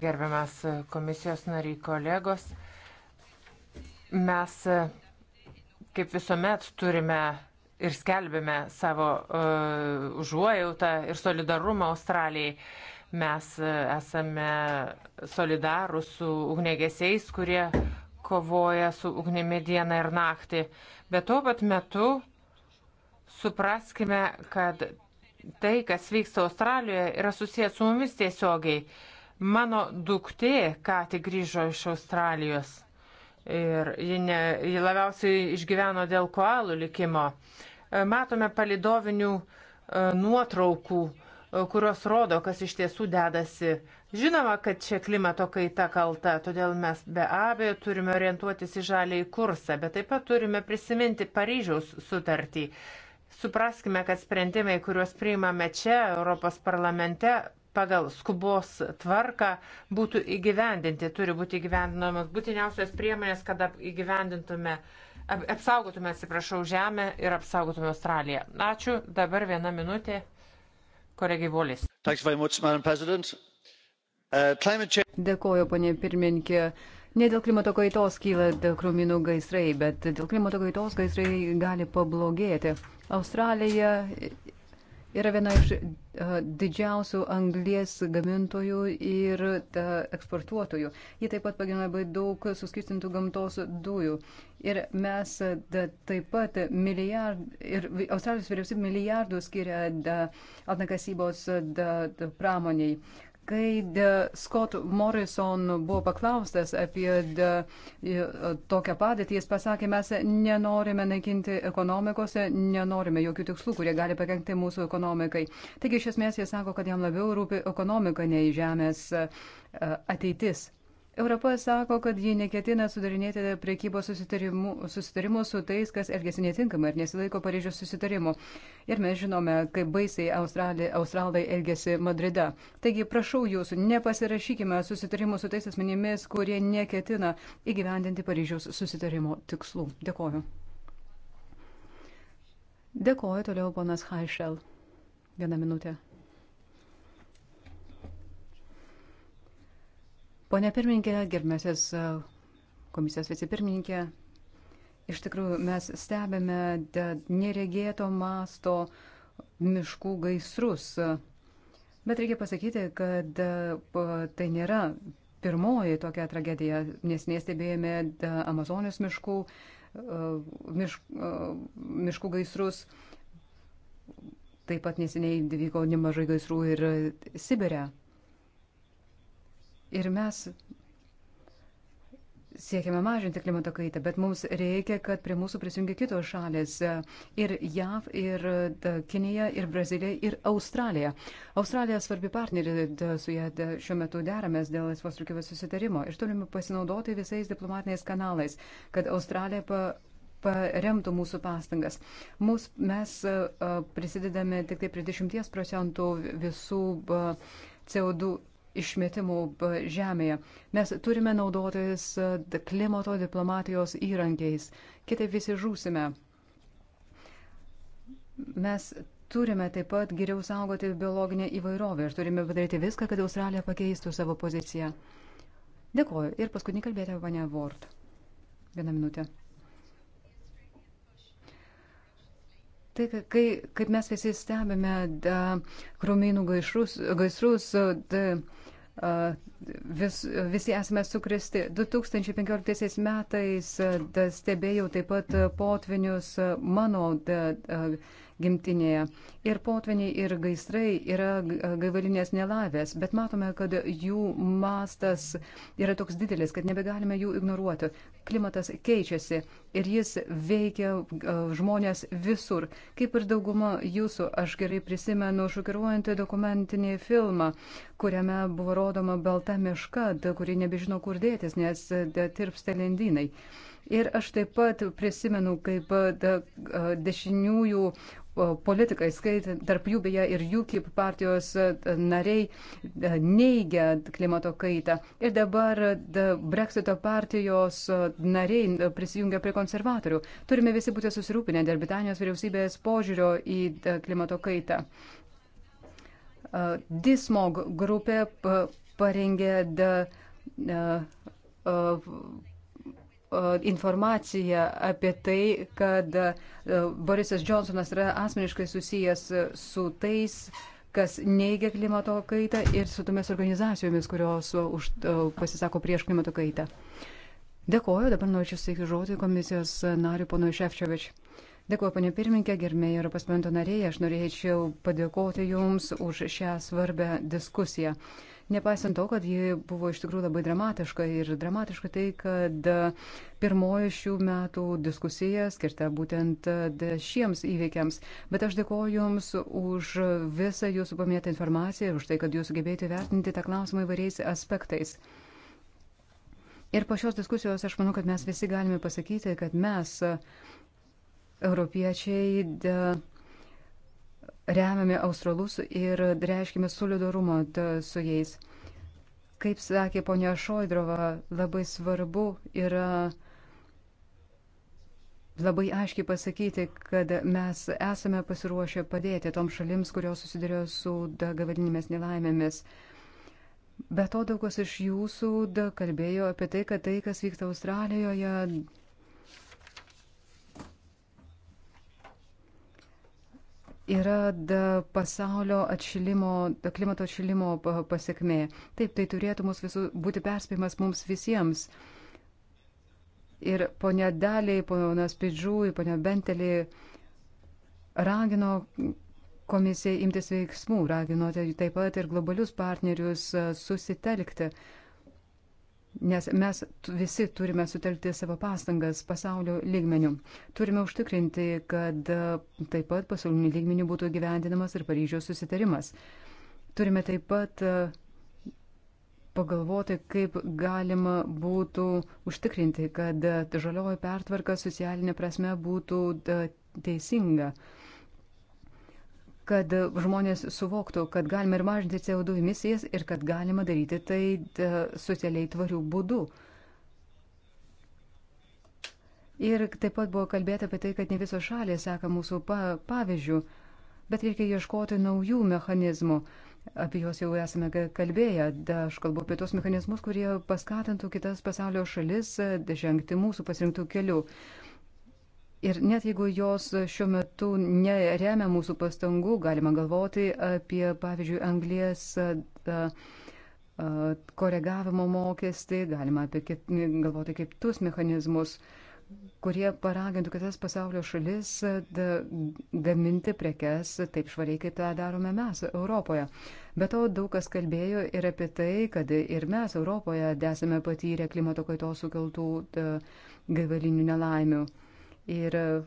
Gerbiamas komisijos nariai kolegos. Mes, kaip visuomet, turime ir skelbėme savo uh, užuojautą ir solidarumą Australijai. Mes e, esame solidarų su ugnegesiais, kurie kovoja su ugnimi dieną ir naktį. Bet tuo pat metu supraskime, kad tai, kas vyksta Australijoje, yra susijęs su mumis tiesiogiai. Mano duktė ką tik grįžo iš Australijos ir ji, ne, ji labiausiai išgyveno dėl koalų likimo. Uh, E, matome palidovinių e, nuotraukų, e, kurios rodo, kas iš tiesų dedasi. Žinoma, kad čia klimato kaita kalta, todėl mes be abejo turime orientuotis į žaliai kursą, bet taip pat turime prisiminti Paryžiaus sutartį. Supraskime, kad sprendimai, kuriuos priimame čia, Europos parlamente, pagal skubos tvarką būtų įgyvendinti, turi būti įgyvendinamos būtiniausios priemonės, kad įgyvendintume uh, apsaugotume, atsiprašau, žemę ir apsaugotume Australiją. Ačiū. Dabar viena minutė. Kolegai Volis. Uh, Dėkuoju, ponė pirmininkė. Ne dėl klimato kaitos kyla krūminų gaisrai, bet dėl klimato kaitos gaisrai gali pablogėti. Australija yra viena iš didžiausių anglies gamintojų ir eksportuotojų. Ji taip pat pagina labai daug suskistintų gamtos dujų. Ir mes da, taip pat milijard, ir Australijos vyriausybė milijardų skiria da, atnakasybos da, da, pramoniai. Kai Scott Morrison buvo paklaustas apie tokią padėtį, jis pasakė, mes nenorime naikinti ekonomikos, nenorime jokių tikslų, kurie gali pakengti mūsų ekonomikai. Taigi iš esmės jis sako, kad jam labiau rūpi ekonomika nei žemės ateitis. Europa sako, kad ji neketina sudarinėti priekybos susitarimų su tais, kas elgesi netinkamai ir nesilaiko Paryžiaus susitarimų. Ir mes žinome, kaip baisiai Australi, australai elgesi Madride. Taigi, prašau jūsų, nepasirašykime susitarimų su tais asmenimis, kurie neketina įgyvendinti Paryžiaus susitarimo tikslų. Dėkoju. Dėkoju toliau, ponas Haišel. Vieną minutę. Pone pirmininkė, gerbėsias komisijos vicepirmininkė, iš tikrųjų mes stebime neregėto masto miškų gaisrus. Bet reikia pasakyti, kad tai nėra pirmoji tokia tragedija, nes nestebėjome Amazonės miškų, mišk, miškų gaisrus. Taip pat neseniai vyko nemažai gaisrų ir Sibire. Ir mes siekiame mažinti klimato kaitą, bet mums reikia, kad prie mūsų prisijungia kitos šalės - ir JAV, ir Kinija, ir Brazilija, ir Australija. Australija svarbi partnerė, su ja šiuo metu deramės dėl laisvos rūkyvės susitarimo ir turime pasinaudoti visais diplomatiniais kanalais, kad Australija pa paremtų mūsų pastangas. Mūs, mes prisidedame tik tai prie 10 procentų visų CO2 išmetimų žemėje. Mes turime naudotis klimato diplomatijos įrankiais, kitaip visi žūsime. Mes turime taip pat geriau saugoti biologinę įvairovę ir turime padaryti viską, kad Australija pakeistų savo poziciją. Dėkuoju. Ir paskutinį kalbėtą mane Vort. Vieną minutę. Tai kai, kaip mes visi stebime da, krumynų gaisrus, gaisrus da, vis, visi esame sukristi. 2015 metais stebėjau taip pat potvinius mano da, da, gimtinėje. Ir potveniai, ir gaisrai yra gaivalinės nelavės, bet matome, kad jų mastas yra toks didelis, kad nebegalime jų ignoruoti. Klimatas keičiasi ir jis veikia žmonės visur. Kaip ir dauguma jūsų, aš gerai prisimenu šokiruojantį dokumentinį filmą, kuriame buvo rodoma balta miška, kuri nebežino kur dėtis, nes tirpsta lendynai. Ir aš taip pat prisimenu, kaip dešiniųjų politikai, skaitant tarp jų beje ir UKIP partijos e, nariai, e, neigia klimato kaitą. Ir dabar e, Brexito partijos nariai prisijungia prie konservatorių. Turime visi būti susirūpinę dėl Britanijos vyriausybės požiūrio į klimato kaitą. Dismog grupė parengė E, informacija apie tai, kad e, Borisas Johnsonas yra asmeniškai susijęs su tais, kas neigia klimato kaitą ir su tomis organizacijomis, kurios e, už, pasisako prieš klimato kaitą. Dėkoju, dabar norėčiau steigti žodį komisijos nariu ponui Šefčiovič. Dėkuoju, panė pirmininkė, gerbėjai Europos parlamento nariai, aš norėčiau padėkoti Jums už šią svarbę diskusiją. Nepaisant to, kad ji buvo iš tikrųjų labai dramatiška ir dramatiška tai, kad e, pirmoji šių metų diskusija skirta būtent e, šiems įveikiams. Bet aš dėkoju Jums už visą Jūsų paminėtą informaciją ir už tai, kad Jūs sugebėjote vertinti tą klausimą įvairiais aspektais. Ir po šios diskusijos aš manau, kad mes visi galime pasakyti, kad mes, e, europiečiai, de, remiame australus ir reiškime solidarumą su jais. Kaip sakė ponia Šoidrova, labai svarbu yra labai aiškiai pasakyti, kad mes esame pasiruošę padėti tom šalims, kurios susidurėjo su gavadinėmis nelaimėmis. Be to, daug kas iš jūsų kalbėjo apie tai, kad tai, kas vyksta Australijoje, yra pasaulio atšilimo, klimato atšilimo pasiekmė. Taip, tai turėtų mus visų būti perspėjimas mums visiems. Ir ponia Daliai, ponas Pidžūj, ponia Bentelė ragino komisija imtis veiksmų, ragino tai taip pat ir globalius partnerius susitelkti nes mes visi turime sutelkti savo pastangas pasaulio lygmenių. Turime užtikrinti, kad e, taip pat pasaulinių lygmenių būtų gyvendinamas ir Paryžiaus susitarimas. Turime taip pat e, pagalvoti, kaip galima būtų užtikrinti, kad e, žalioji pertvarka socialinė prasme būtų teisinga kad žmonės suvoktų, kad galima ir mažinti CO2 emisijas ir kad galima daryti tai e, socialiai tvarių būdų. Ir taip pat buvo kalbėta apie tai, kad ne visos šalės seka mūsų pa pavyzdžių, bet reikia ieškoti naujų mechanizmų. Apie juos jau esame kalbėję. Da, aš kalbu apie tos mechanizmus, kurie paskatintų kitas pasaulio šalis e, žengti mūsų pasirinktų kelių. Ir net jeigu jos šiuo metu neremia mūsų pastangų, galima galvoti apie, pavyzdžiui, anglės koregavimo mokestį, galima apie kit, galvoti kaip tus mechanizmus, kurie paragintų kitas pasaulio šalis da, gaminti prekes taip švariai, kaip tą darome mes Europoje. Be to daug kas kalbėjo ir apie tai, kad ir mes Europoje esame patyrę klimato kaitos sukeltų gaivalinių nelaimių. Ir e,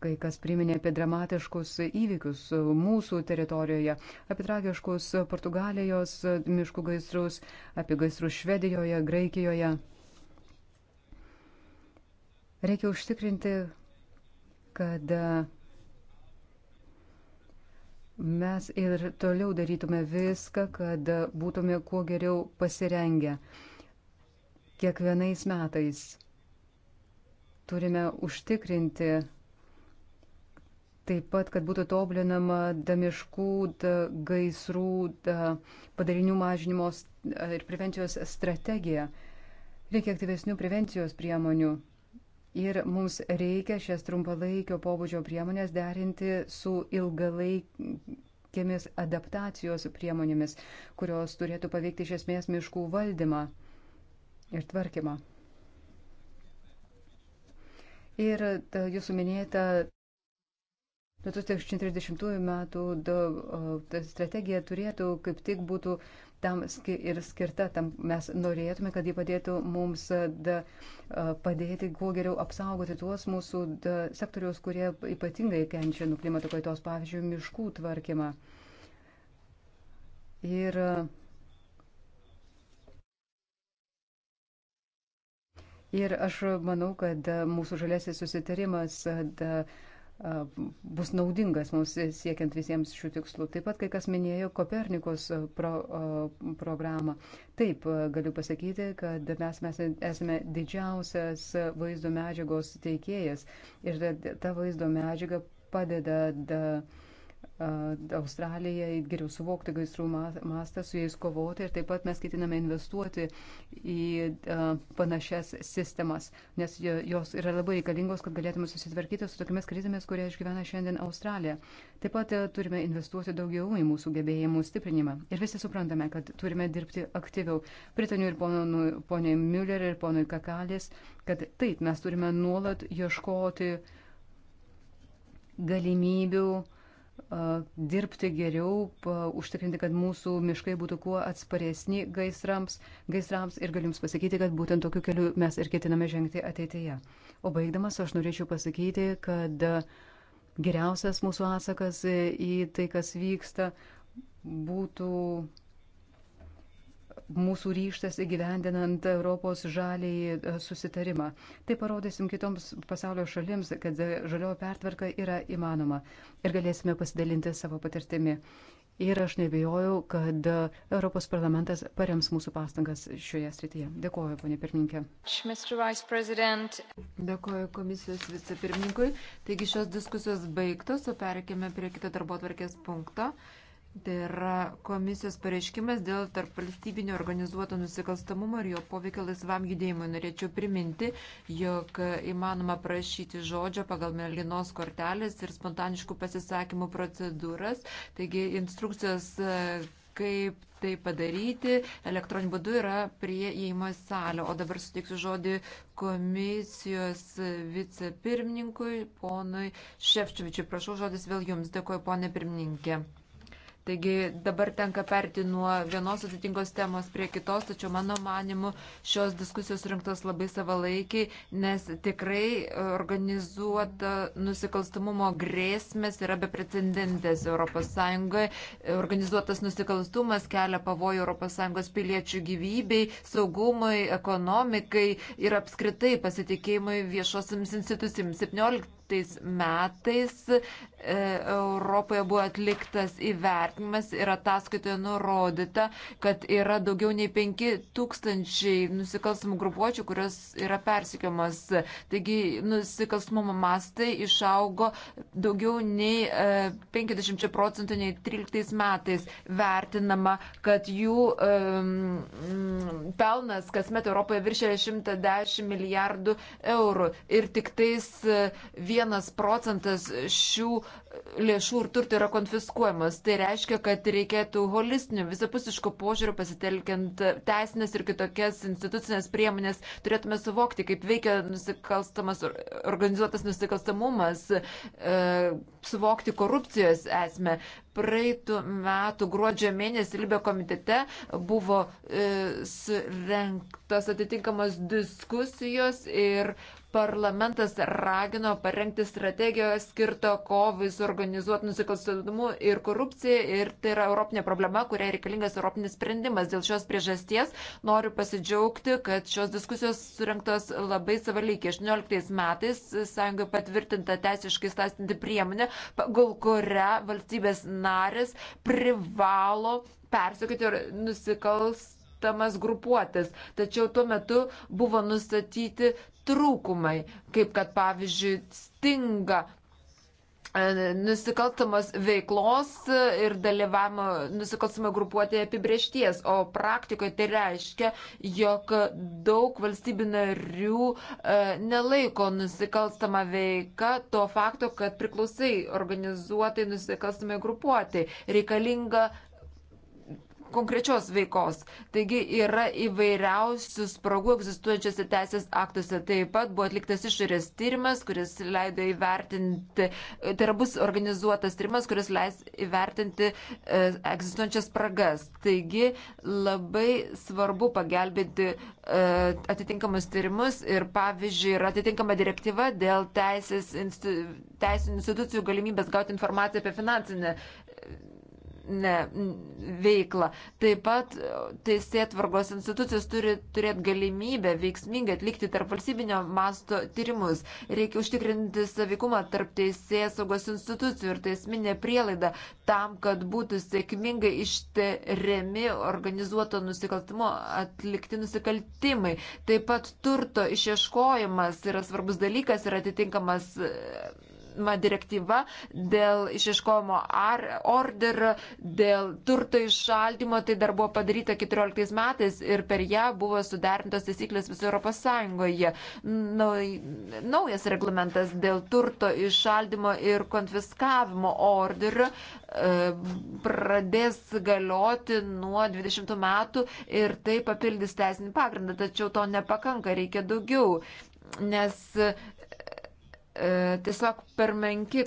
kai kas priminė apie dramatiškus įvykius mūsų teritorijoje, apie tragiškus Portugalijos miškų gaisrus, apie gaisrus Švedijoje, Graikijoje. Reikia užtikrinti, kad e, mes ir toliau darytume viską, kad būtume kuo geriau pasirengę kiekvienais metais. Turime užtikrinti taip pat, kad būtų tobulinama damiškų da, gaisrų da, padarinių mažinimo ir prevencijos strategija. Reikia aktyvesnių prevencijos priemonių. Ir mums reikia šias trumpalaikio pobūdžio priemonės derinti su ilgalaikėmis adaptacijos priemonėmis, kurios turėtų paveikti iš esmės miškų valdymą ir tvarkymą. Ir jūsų minėta 2030 metų strategija turėtų kaip tik būtų tam ir skirta, tam mes norėtume, kad ji padėtų mums da, padėti kuo geriau apsaugoti tuos mūsų da, sektorius, kurie ypatingai kenčia nuo klimato kaitos, pavyzdžiui, miškų tvarkymą. Ir uh, Ir aš manau, kad mūsų žalėsis susitarimas da, bus naudingas mums siekiant visiems šių tikslų. Taip pat kai kas minėjo Kopernikos pro, programą. Taip, galiu pasakyti, kad mes, mes esame didžiausias vaizdo medžiagos teikėjas ir ta vaizdo medžiaga padeda da, da, Australiją, geriau suvokti gaisrų mastą, su jais kovoti ir taip pat mes ketiname investuoti į panašias sistemas, nes jos yra labai reikalingos, kad galėtume susitvarkyti su tokiamis krizėmis, kurie išgyvena šiandien Australija. Taip pat turime investuoti daugiau į mūsų gebėjimų stiprinimą. Ir visi suprantame, kad turime dirbti aktyviau. Pritaniu ir nu, poniai Müller ir poniai Kakalis, kad taip, mes turime nuolat ieškoti galimybių, dirbti geriau, užtikrinti, kad mūsų miškai būtų kuo atsparesni gaisrams, gaisrams ir galiu Jums pasakyti, kad būtent tokiu keliu mes ir ketiname žengti ateityje. O baigdamas aš norėčiau pasakyti, kad geriausias mūsų atsakas į tai, kas vyksta, būtų mūsų ryštas įgyvendinant Europos žaliai e, susitarimą. Tai parodysim kitoms pasaulio šalims, kad žaliojo pertvarka yra įmanoma ir galėsime pasidalinti savo patirtimi. Ir aš nebejojau, kad Europos parlamentas parems mūsų pastangas šioje srityje. Dėkuoju, ponė pirmininkė. Dėkuoju komisijos vicepirmininkui. Taigi šios diskusijos baigtos, o perkime prie kito darbo tvarkės punkto. Tai yra komisijos pareiškimas dėl tarp valstybinio organizuoto nusikalstamumo ir jo poveikio laisvam judėjimui. Norėčiau priminti, jog įmanoma prašyti žodžio pagal melinos kortelės ir spontaniškų pasisakymų procedūras. Taigi instrukcijos, e, kaip tai padaryti, elektroniniu būdu yra prie įėjimo į salę. O dabar suteiksiu žodį komisijos vicepirmininkui, ponui Šefčiovičiui. Prašau, žodis vėl jums. Dėkuoju, ponė pirmininkė. Taigi dabar tenka perti nuo vienos atitinkos temos prie kitos, tačiau mano manimu šios diskusijos rinktos labai savalaikiai, nes tikrai organizuota nusikalstamumo grėsmės yra beprecedentės ES. Organizuotas nusikalstumas kelia pavojų ES piliečių gyvybei, saugumui, ekonomikai ir apskritai pasitikėjimui viešosiams institucijams. 17 metais e, Europoje buvo atliktas įvertinimas vertinimas ir ataskaitoje nurodyta, kad yra daugiau nei 5 tūkstančiai nusikalstamų grupuočių, kurios yra persikiamas. Taigi nusikalstamumo mastai išaugo daugiau nei 50 e, procentų nei 13 metais. Vertinama, kad jų um, pelnas kasmet Europoje viršė 110 milijardų eurų. Ir tik tais e, vienas procentas šių lėšų ir turtų yra konfiskuojamas. Tai reiškia, reiškia, kad reikėtų holistinių, visapusiškų požiūrių pasitelkiant teisinės ir kitokias institucinės priemonės. Turėtume suvokti, kaip veikia nusikalstamas, organizuotas nusikalstamumas, e, suvokti korupcijos esmę. Praeitų metų gruodžio mėnesį Libio komitete buvo e, surenktas atitinkamos diskusijos ir parlamentas ragino parengti strategiją skirtą kovai su organizuotų nusikalstamumu ir korupcija ir tai yra europinė problema, kuriai reikalingas europinis sprendimas. Dėl šios priežasties noriu pasidžiaugti, kad šios diskusijos surinktos labai savalykiai. 18 metais sąjunga patvirtinta teisiškai stastinti priemonė, pagal kurią valstybės narės privalo persikėti ir nusikalst nusikalstamas grupuotės, tačiau tuo metu buvo nustatyti trūkumai, kaip kad pavyzdžiui stinga e, nusikalstamos veiklos ir dalyvavimo nusikalstamo grupuotėje apibriešties, o praktikoje tai reiškia, jog daug valstybių narių e, nelaiko nusikalstama veika to fakto, kad priklausai organizuotai nusikalstamai grupuotėje. Reikalinga konkrečios veikos. Taigi yra įvairiausių spragų egzistuojančiose teisės aktuose. Taip pat buvo atliktas išorės tyrimas, kuris leido įvertinti, tai yra bus organizuotas tyrimas, kuris leis įvertinti e, egzistuojančias spragas. Taigi labai svarbu pagelbėti e, atitinkamus tyrimus ir pavyzdžiui yra atitinkama direktyva dėl teisės, insti, teisės institucijų galimybės gauti informaciją apie finansinę veiklą. Taip pat e, teisėtvarkos institucijos turi turėti galimybę veiksmingai atlikti tarp valstybinio masto tyrimus. Reikia užtikrinti savikumą tarp teisės saugos institucijų ir teisminė tai prielaida tam, kad būtų sėkmingai išteriami organizuoto nusikaltimo atlikti nusikaltimai. Taip pat turto išieškojimas yra svarbus dalykas ir atitinkamas e, priimama direktyva dėl išieškojimo orderio, dėl turto išaldimo, tai dar buvo padaryta 14 metais ir per ją buvo suderintos taisyklės visoje Europos Sąjungoje. Naujas reglamentas dėl turto išaldimo ir konfiskavimo orderio e, pradės galioti nuo 20 metų ir tai papildys teisinį pagrindą, tačiau to nepakanka, reikia daugiau nes E, tiesiog per menki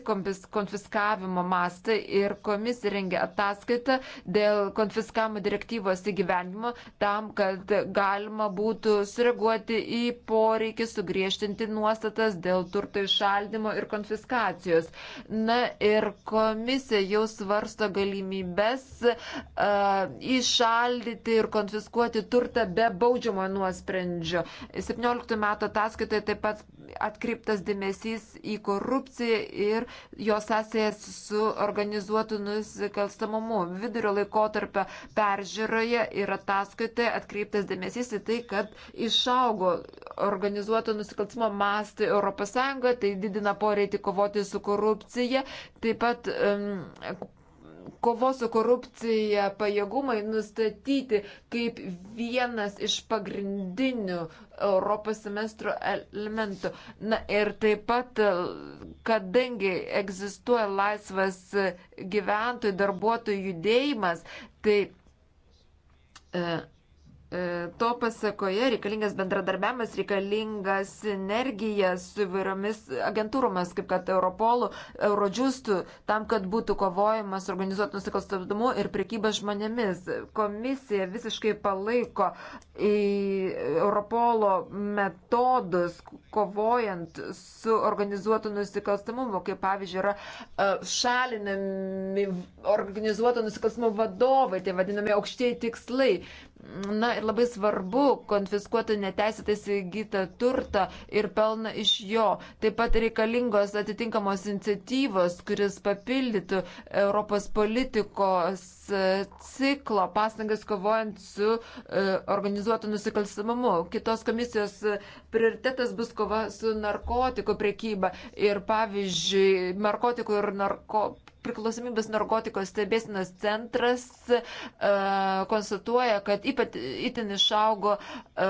konfiskavimo mastai ir komisija rengia ataskaitą dėl konfiskavimo direktyvos įgyvenimo tam, kad galima būtų sureaguoti į poreikį sugriežtinti nuostatas dėl turto išaldimo ir konfiskacijos. Na ir komisija jau svarsto galimybės uh, e, išaldyti ir konfiskuoti turtą be baudžiamo nuosprendžio. 17 metų ataskaitoje taip pat atkreiptas dėmesys dėmesys į korupciją ir jos sąsajas su organizuotu nusikalstamumu. Vidurio laikotarpio peržiūroje ir ataskaitoje atkreiptas dėmesys į tai, kad išaugo organizuoto nusikalstamo mastai ES, tai didina poreitį kovoti su korupcija, taip pat um, kovos su korupcija pajėgumai nustatyti kaip vienas iš pagrindinių Europos semestro elementų. Na ir taip pat, kadangi egzistuoja laisvas gyventojų, darbuotojų judėjimas, tai. E, E, to pasakoje reikalingas bendradarbiavimas, reikalinga sinergija su įvairiomis agentūromis, kaip kad Europolų, Eurodžiustų, tam, kad būtų kovojama su organizuotų nusikalstamumu ir prekyba žmonėmis. Komisija visiškai palaiko į Europolo metodus kovojant su organizuotų nusikalstamumu, kaip pavyzdžiui yra e, šalinami organizuotų nusikalstamumo vadovai, tai vadinami aukštieji tikslai. Na ir labai svarbu konfiskuoti neteisėtai įsigytą turtą ir pelną iš jo. Taip pat reikalingos atitinkamos iniciatyvos, kuris papildytų Europos politikos e, ciklo pastangas kovojant su e, organizuotu nusikalstamumu. Kitos komisijos e, prioritetas bus kova su narkotikų priekyba ir pavyzdžiui, narkotikų ir narko priklausomybės narkotikos stebėsinos centras e, konstatuoja, kad ypat itin išaugo e,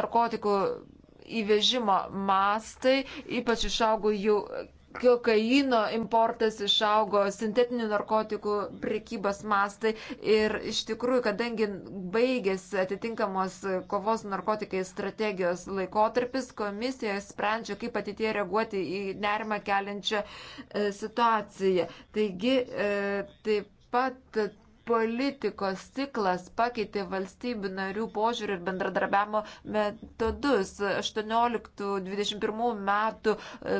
narkotikų įvežimo mastai, ypač išaugo jų kokaino importas išaugo, sintetinių narkotikų priekybos mastai ir iš tikrųjų, kadangi baigėsi atitinkamos kovos narkotikai strategijos laikotarpis, komisija sprendžia, kaip ateitie reaguoti į nerimą keliančią e, situaciją. Taigi, e, taip pat politikos ciklas pakeitė valstybių narių požiūrį ir bendradarbiavimo metodus. 18-21 metų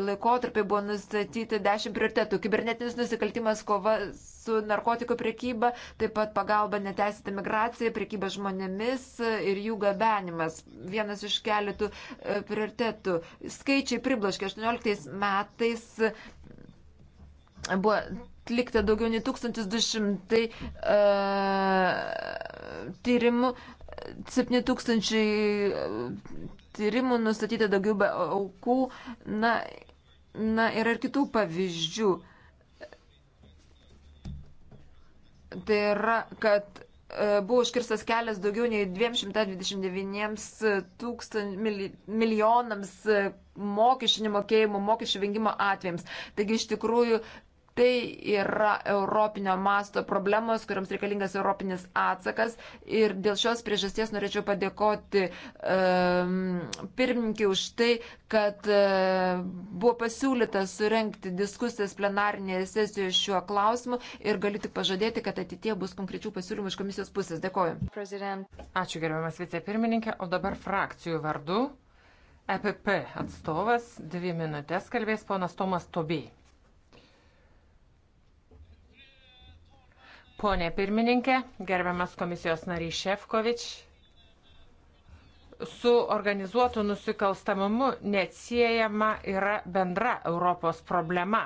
laikotarpiai buvo nustatyti 10 prioritetų. Kibernetinis nusikaltimas, kova su narkotikų priekyba, taip pat pagalba neteisėta migracija, priekyba žmonėmis ir jų gabenimas. Vienas iš keletų e, prioritetų. Skaičiai priblaškė 18 metais buvo atlikta daugiau nei 1200 uh, e, tyrimų, 7000 e, tyrimų nustatyta daugiau be aukų. Na, na, yra ir kitų pavyzdžių. Tai yra, kad e, buvo užkirstas kelias daugiau nei 229 tūkstan, milijonams mokesčių nemokėjimų, mokesčių vengimo atvejams. Taigi iš tikrųjų Tai yra europinio masto problemos, kuriams reikalingas europinis atsakas. Ir dėl šios priežasties norėčiau padėkoti um, pirmininkiai už tai, kad uh, buvo pasiūlyta surenkti diskusijas plenarinėje sesijoje šiuo klausimu ir galiu tik pažadėti, kad ateitie bus konkrečių pasiūlymų iš komisijos pusės. Dėkoju. President. Ačiū gerbiamas vicepirmininkė, o dabar frakcijų vardu. EPP atstovas dvi minutės kalbės ponas Tomas Tobiai. Pone pirmininkė, gerbiamas komisijos narys Šefkovič, su organizuotu nusikalstamumu neatsiejama yra bendra Europos problema.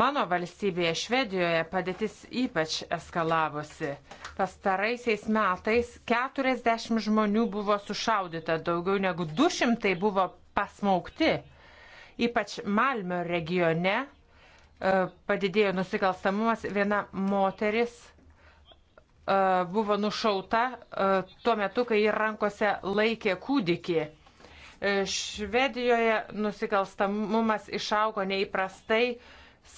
Mano valstybėje Švedijoje padėtis ypač eskalavosi. Pastaraisiais metais 40 žmonių buvo sušaudyta, daugiau negu 200 buvo pasmaukti. Ypač Malmio regione E, padidėjo nusikalstamumas. Viena moteris e, buvo nušauta e, tuo metu, kai ji rankose laikė kūdikį. Švedijoje nusikalstamumas išaugo neįprastai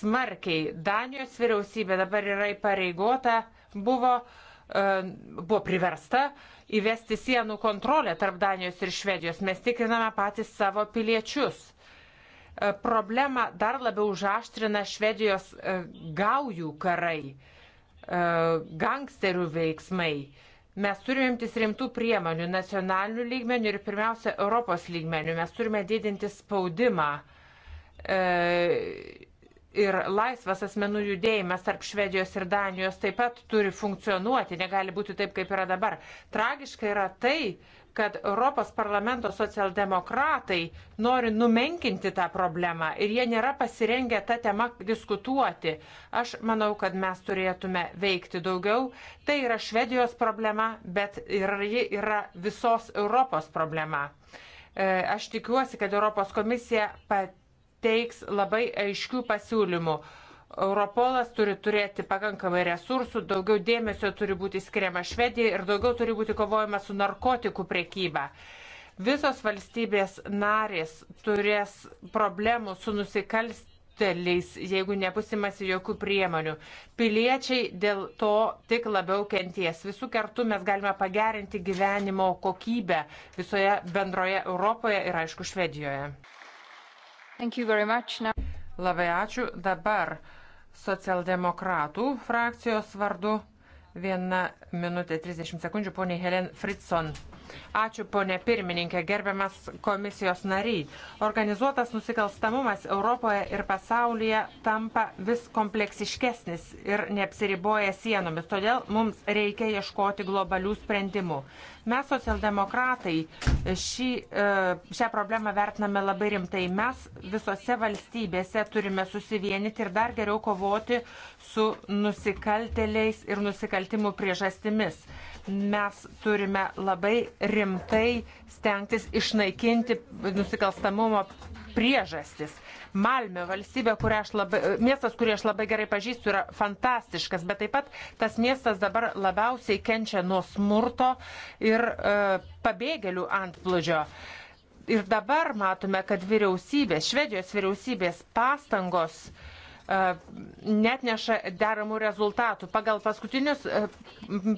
smarkiai. Danijos vyriausybė dabar yra įpareigota, buvo, buvo priversta įvesti sienų kontrolę tarp Danijos ir Švedijos. Mes tikriname patys savo piliečius E, problemą dar labiau užaštrina Švedijos e, gaujų karai, e, gangsterių veiksmai. Mes turime imtis rimtų priemonių nacionalinių lygmenių ir pirmiausia Europos lygmenių. Mes turime didinti spaudimą ir laisvas asmenų judėjimas tarp Švedijos ir Danijos taip pat turi funkcionuoti, negali būti taip, kaip yra dabar. Tragiška yra tai, kad Europos parlamento socialdemokratai nori numenkinti tą problemą ir jie nėra pasirengę tą temą diskutuoti. Aš manau, kad mes turėtume veikti daugiau. Tai yra Švedijos problema, bet ir ji yra visos Europos problema. E, aš tikiuosi, kad Europos komisija pateiks labai aiškių pasiūlymų Europolas turi turėti pakankamai resursų, daugiau dėmesio turi būti skiriama Švedijai ir daugiau turi būti kovojama su narkotikų priekyba. Visos valstybės narės turės problemų su nusikalsteliais, jeigu nepusimasi jokių priemonių. Piliečiai dėl to tik labiau kenties. Visų kartu mes galime pagerinti gyvenimo kokybę visoje bendroje Europoje ir aišku Švedijoje. Thank you very much. Now... Labai ačiū. Dabar socialdemokratų frakcijos vardu viena minutė 30 sekundžių poniai Helen Fritson. Ačiū, ponė pirmininkė, gerbiamas komisijos nariai. Organizuotas nusikalstamumas Europoje ir pasaulyje tampa vis kompleksiškesnis ir neapsiriboja sienomis. Todėl mums reikia ieškoti globalių sprendimų. Mes, socialdemokratai, šį, e, šią problemą vertiname labai rimtai. Mes visose valstybėse turime susivienyti ir dar geriau kovoti su nusikalteliais ir nusikaltimų priežastimis mes turime labai rimtai stengtis išnaikinti nusikalstamumo priežastis. Malmė, valstybė, kurią aš labai, miestas, kurį aš labai gerai pažįstu, yra fantastiškas, bet taip pat tas miestas dabar labiausiai kenčia nuo smurto ir e, pabėgėlių antplūdžio. Ir dabar matome, kad vyriausybės, Švedijos vyriausybės pastangos e, E, net neša deramų rezultatų. Pagal paskutinius e,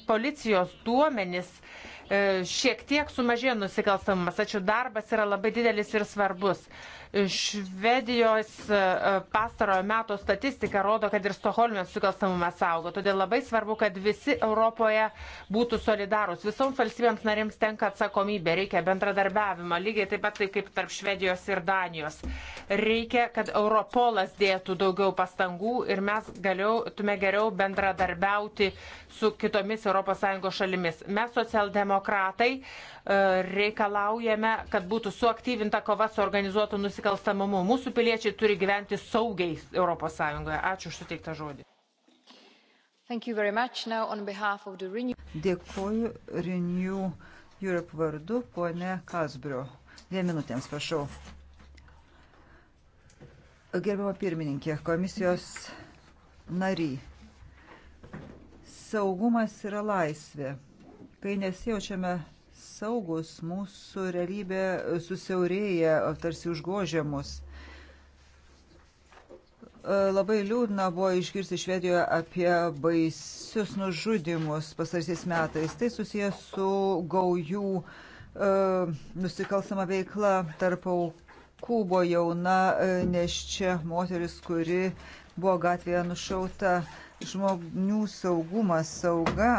policijos duomenis e, šiek tiek sumažėjo nusikalstamumas, tačiau darbas yra labai didelis ir svarbus. Švedijos e, pastarojo meto statistika rodo, kad ir Stoholme sukalstamumas augo. Todėl labai svarbu, kad visi Europoje būtų solidarūs. Visoms valstybėms narėms tenka atsakomybė, reikia bendradarbiavimo, lygiai taip pat tai kaip tarp Švedijos ir Danijos. Reikia, kad Europolas dėtų daugiau pastangų ir mes galėtume geriau bendradarbiauti su kitomis ES šalimis. Mes socialdemokratai E, reikalaujame, kad būtų suaktyvinta kova su organizuotu nusikalstamumu. Mūsų piliečiai turi gyventi saugiai ES. Ačiū už suteiktą žodį. Renew... Dėkuoju Renew Europe vardu, ponė Kasbrio. Dviem minutėms, prašau. Gerbiamo pirmininkė, komisijos nary. Saugumas yra laisvė. Kai nesijaučiame nesaugus, mūsų realybė susiaurėja, tarsi užgožiamus. E, labai liūdna buvo išgirsti Švedijoje apie baisius nužudimus pasarsiais metais. Tai susijęs su gaujų e, nusikalstama veikla tarp aukų buvo jauna, e, nes čia moteris, kuri buvo gatvėje nušauta žmonių saugumas, sauga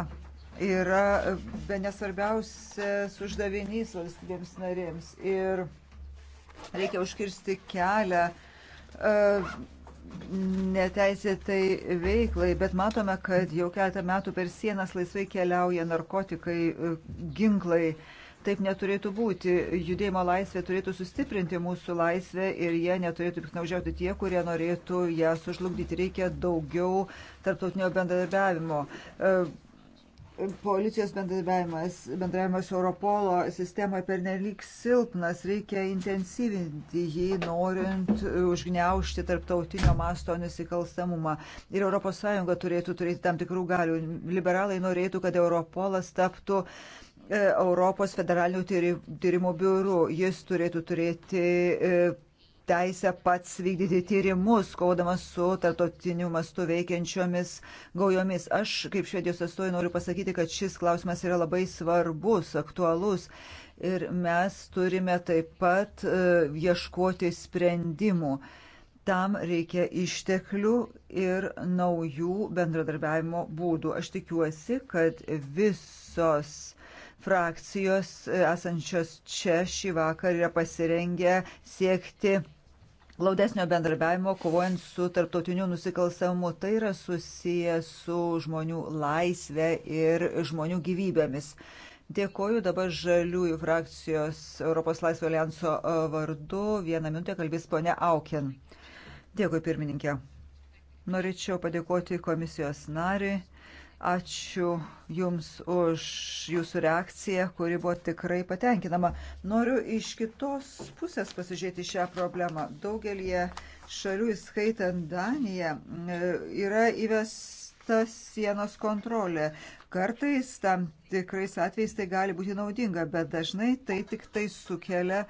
yra be nesvarbiausias uždavinys valstybėms narėms ir reikia užkirsti kelią e, neteisėtai veiklai, bet matome, kad jau keletą metų per sienas laisvai keliauja narkotikai, e, ginklai. Taip neturėtų būti. Judėjimo laisvė turėtų sustiprinti mūsų laisvę ir jie neturėtų piknaužiauti tie, kurie norėtų ją sužlugdyti. Reikia daugiau tarptautinio bendradarbiavimo. E, policijos bendradarbiavimas, bendradarbiavimas Europolo sistemoje pernelyg silpnas, reikia intensyvinti jį, norint užgneušti tarptautinio masto nusikalstamumą. Ir ES turėtų turėti tam tikrų galių. Liberalai norėtų, kad Europolas taptų e, Europos federalinių tyrimų biurų. Jis turėtų turėti e, teisę pats vykdyti tyrimus, kovodamas su tartotiniu mastu veikiančiomis gaujomis. Aš kaip švedijos atstovai noriu pasakyti, kad šis klausimas yra labai svarbus, aktualus ir mes turime taip pat uh, ieškoti sprendimų. Tam reikia išteklių ir naujų bendradarbiavimo būdų. Aš tikiuosi, kad visos frakcijos e, esančios čia šį vakarą yra pasirengę siekti glaudesnio bendradarbiavimo kovojant su tarptautiniu nusikalstamumu. Tai yra susiję su žmonių laisvė ir žmonių gyvybėmis. Dėkoju dabar žaliųjų frakcijos Europos laisvė alijanso e, vardu. Vieną minutę kalbės ponia Aukin. Dėkui pirmininkė. Norėčiau padėkoti komisijos nariui Ačiū Jums už Jūsų reakciją, kuri buvo tikrai patenkinama. Noriu iš kitos pusės pasižiūrėti šią problemą. Daugelie šalių, įskaitant Daniją, yra įvesta sienos kontrolė. Kartais tam tikrais atvejais tai gali būti naudinga, bet dažnai tai tik tai sukelia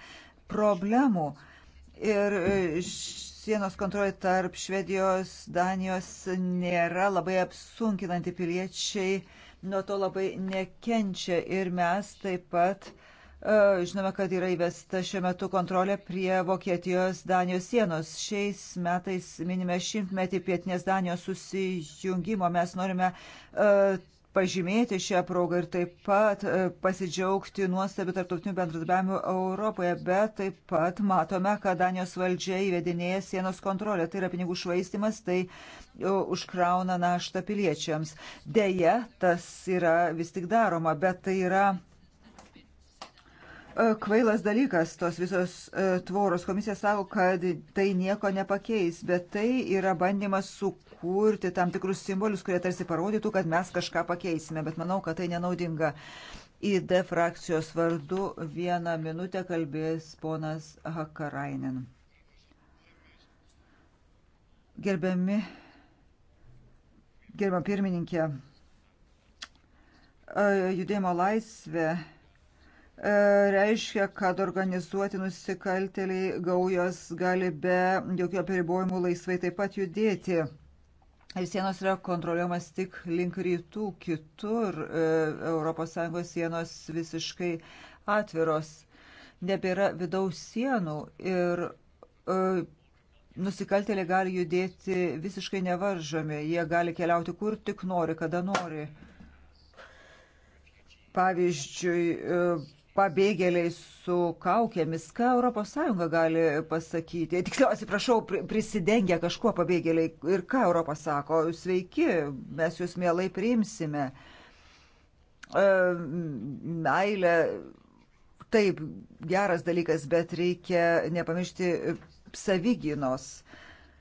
problemų. Ir š sienos kontrolė tarp Švedijos, Danijos nėra labai apsunkinanti piliečiai, nuo to labai nekenčia ir mes taip pat e, Žinome, kad yra įvesta šiuo metu kontrolė prie Vokietijos Danijos sienos. Šiais metais minime šimtmetį pietinės Danijos susijungimo. Mes norime uh, pažymėti šią progą ir taip pat e, pasidžiaugti nuostabiu tarptautiniu bendradarbiavimu Europoje, bet taip pat matome, kad Danijos valdžia įvedinėja sienos kontrolę. Tai yra pinigų švaistimas, tai užkrauna naštą piliečiams. Deja, tas yra vis tik daroma, bet tai yra e, kvailas dalykas tos visos e, tvoros. Komisija sako, kad tai nieko nepakeis, bet tai yra bandymas su sukurti tam tikrus simbolius, kurie tarsi parodytų, kad mes kažką pakeisime, bet manau, kad tai nenaudinga. ID frakcijos vardu vieną minutę kalbės ponas Hakarainen. Gerbiami, gerbiam pirmininkė, judėjimo laisvė reiškia, kad organizuoti nusikaltėliai gaujos gali be jokių apribojimų laisvai taip pat judėti sienos yra kontroliuojamas tik link rytų, kitur ES sienos visiškai atviros. Nebėra vidaus sienų ir e, nusikaltėliai gali judėti visiškai nevaržomi. Jie gali keliauti kur tik nori, kada nori. Pavyzdžiui, e, pabėgėliai su kaukėmis. Ką ES gali pasakyti? Tiksliau, atsiprašau, prisidengia kažkuo pabėgėliai. Ir ką Europos sako? Sveiki, mes jūs mielai priimsime. E, meilė. Taip, geras dalykas, bet reikia nepamiršti savyginos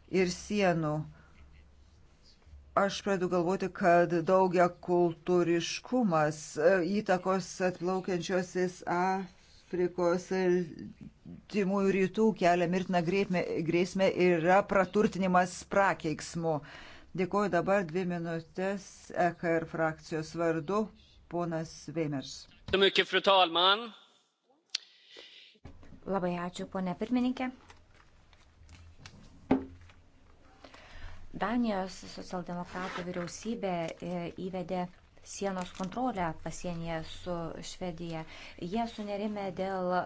ir sienų. E, aš pradedu galvoti, kad daugia kultūriškumas e, įtakos atplaukiančios iš Afrikos ir timųjų rytų kelia mirtiną grėsmę ir yra praturtinimas prakeiksmu. Dėkuoju dabar dvi minutės EKR frakcijos vardu, ponas Veimers. Labai ačiū, ponė pirmininkė. Danijos socialdemokratų vyriausybė e, įvedė sienos kontrolę pasienyje su Švedija. Jie sunerime dėl e,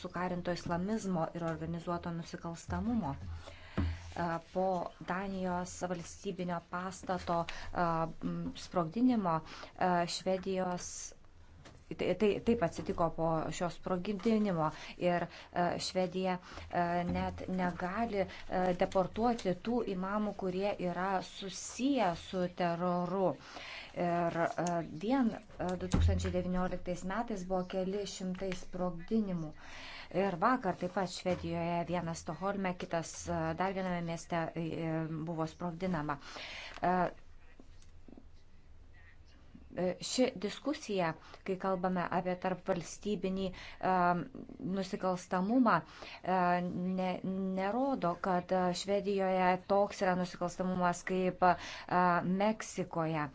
sukarinto islamizmo ir organizuoto nusikalstamumo. E, po Danijos valstybinio pastato sprogdinimo Švedijos Tai, tai, taip atsitiko po šios sprogdinimo ir e, Švedija e, net negali e, deportuoti tų imamų, kurie yra susiję su teroru. Ir vien 2019 metais buvo keli šimtai sprogdinimų. Ir vakar taip pat Švedijoje vienas Stoholme, kitas dar viename mieste buvo sprogdinama. E, ši diskusija, kai kalbame apie tarpvalstybinį e, nusikalstamumą, e, ne, nerodo, kad Švedijoje toks yra nusikalstamumas kaip Meksikoje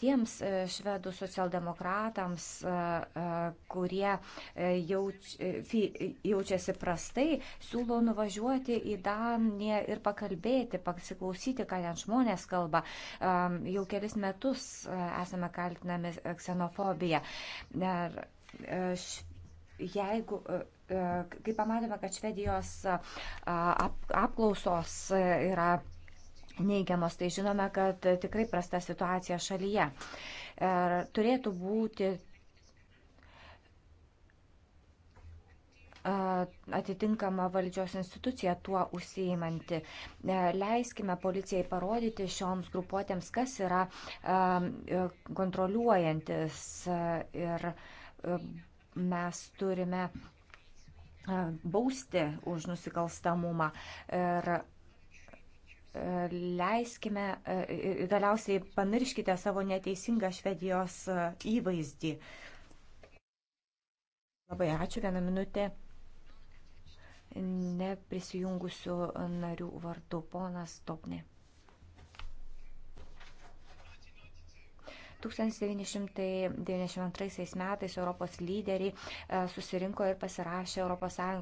tiems e, švedų socialdemokratams, e, e, kurie jauč, jaučiasi prastai, siūlau nuvažiuoti į Daniją ir pakalbėti, pasiklausyti, ką ten žmonės kalba. Jau kelis metus esame kaltinami ksenofobiją. Ir jeigu kai pamatėme, kad Švedijos apklausos yra neigiamos, tai žinome, kad tikrai prasta situacija šalyje. Ir turėtų būti atitinkama valdžios institucija tuo užsiimanti. E, leiskime policijai parodyti šioms grupuotėms, kas yra e, kontroliuojantis e, ir mes turime bausti už nusikalstamumą. Ir leiskime, e, e, galiausiai pamirškite savo neteisingą Švedijos e, įvaizdį. Labai ačiū, vieną minutę neprisijungusių narių vardu, ponas Topne. 1992 metais Europos lyderiai e, susirinko ir pasirašė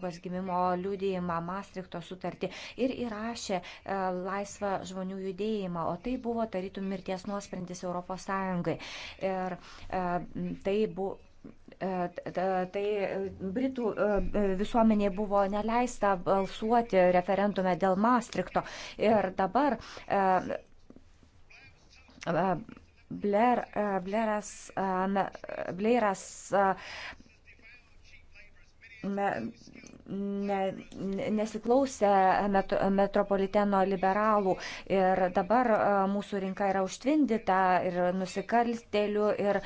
ES gimimo liudijimą Maastrichto sutartį ir įrašė e, laisvą žmonių judėjimą, o tai buvo tarytum mirties nuosprendis ES. Ir e, tai buvo Tai Britų visuomenė buvo neleista balsuoti referendume dėl Maastrichto. Ir dabar Blair, e, Blairas, e, Blairas e, me, ne, nesiklausė metro, metropoliteno liberalų ir dabar mūsų rinka yra užtvindyta ir nusikaltelių ir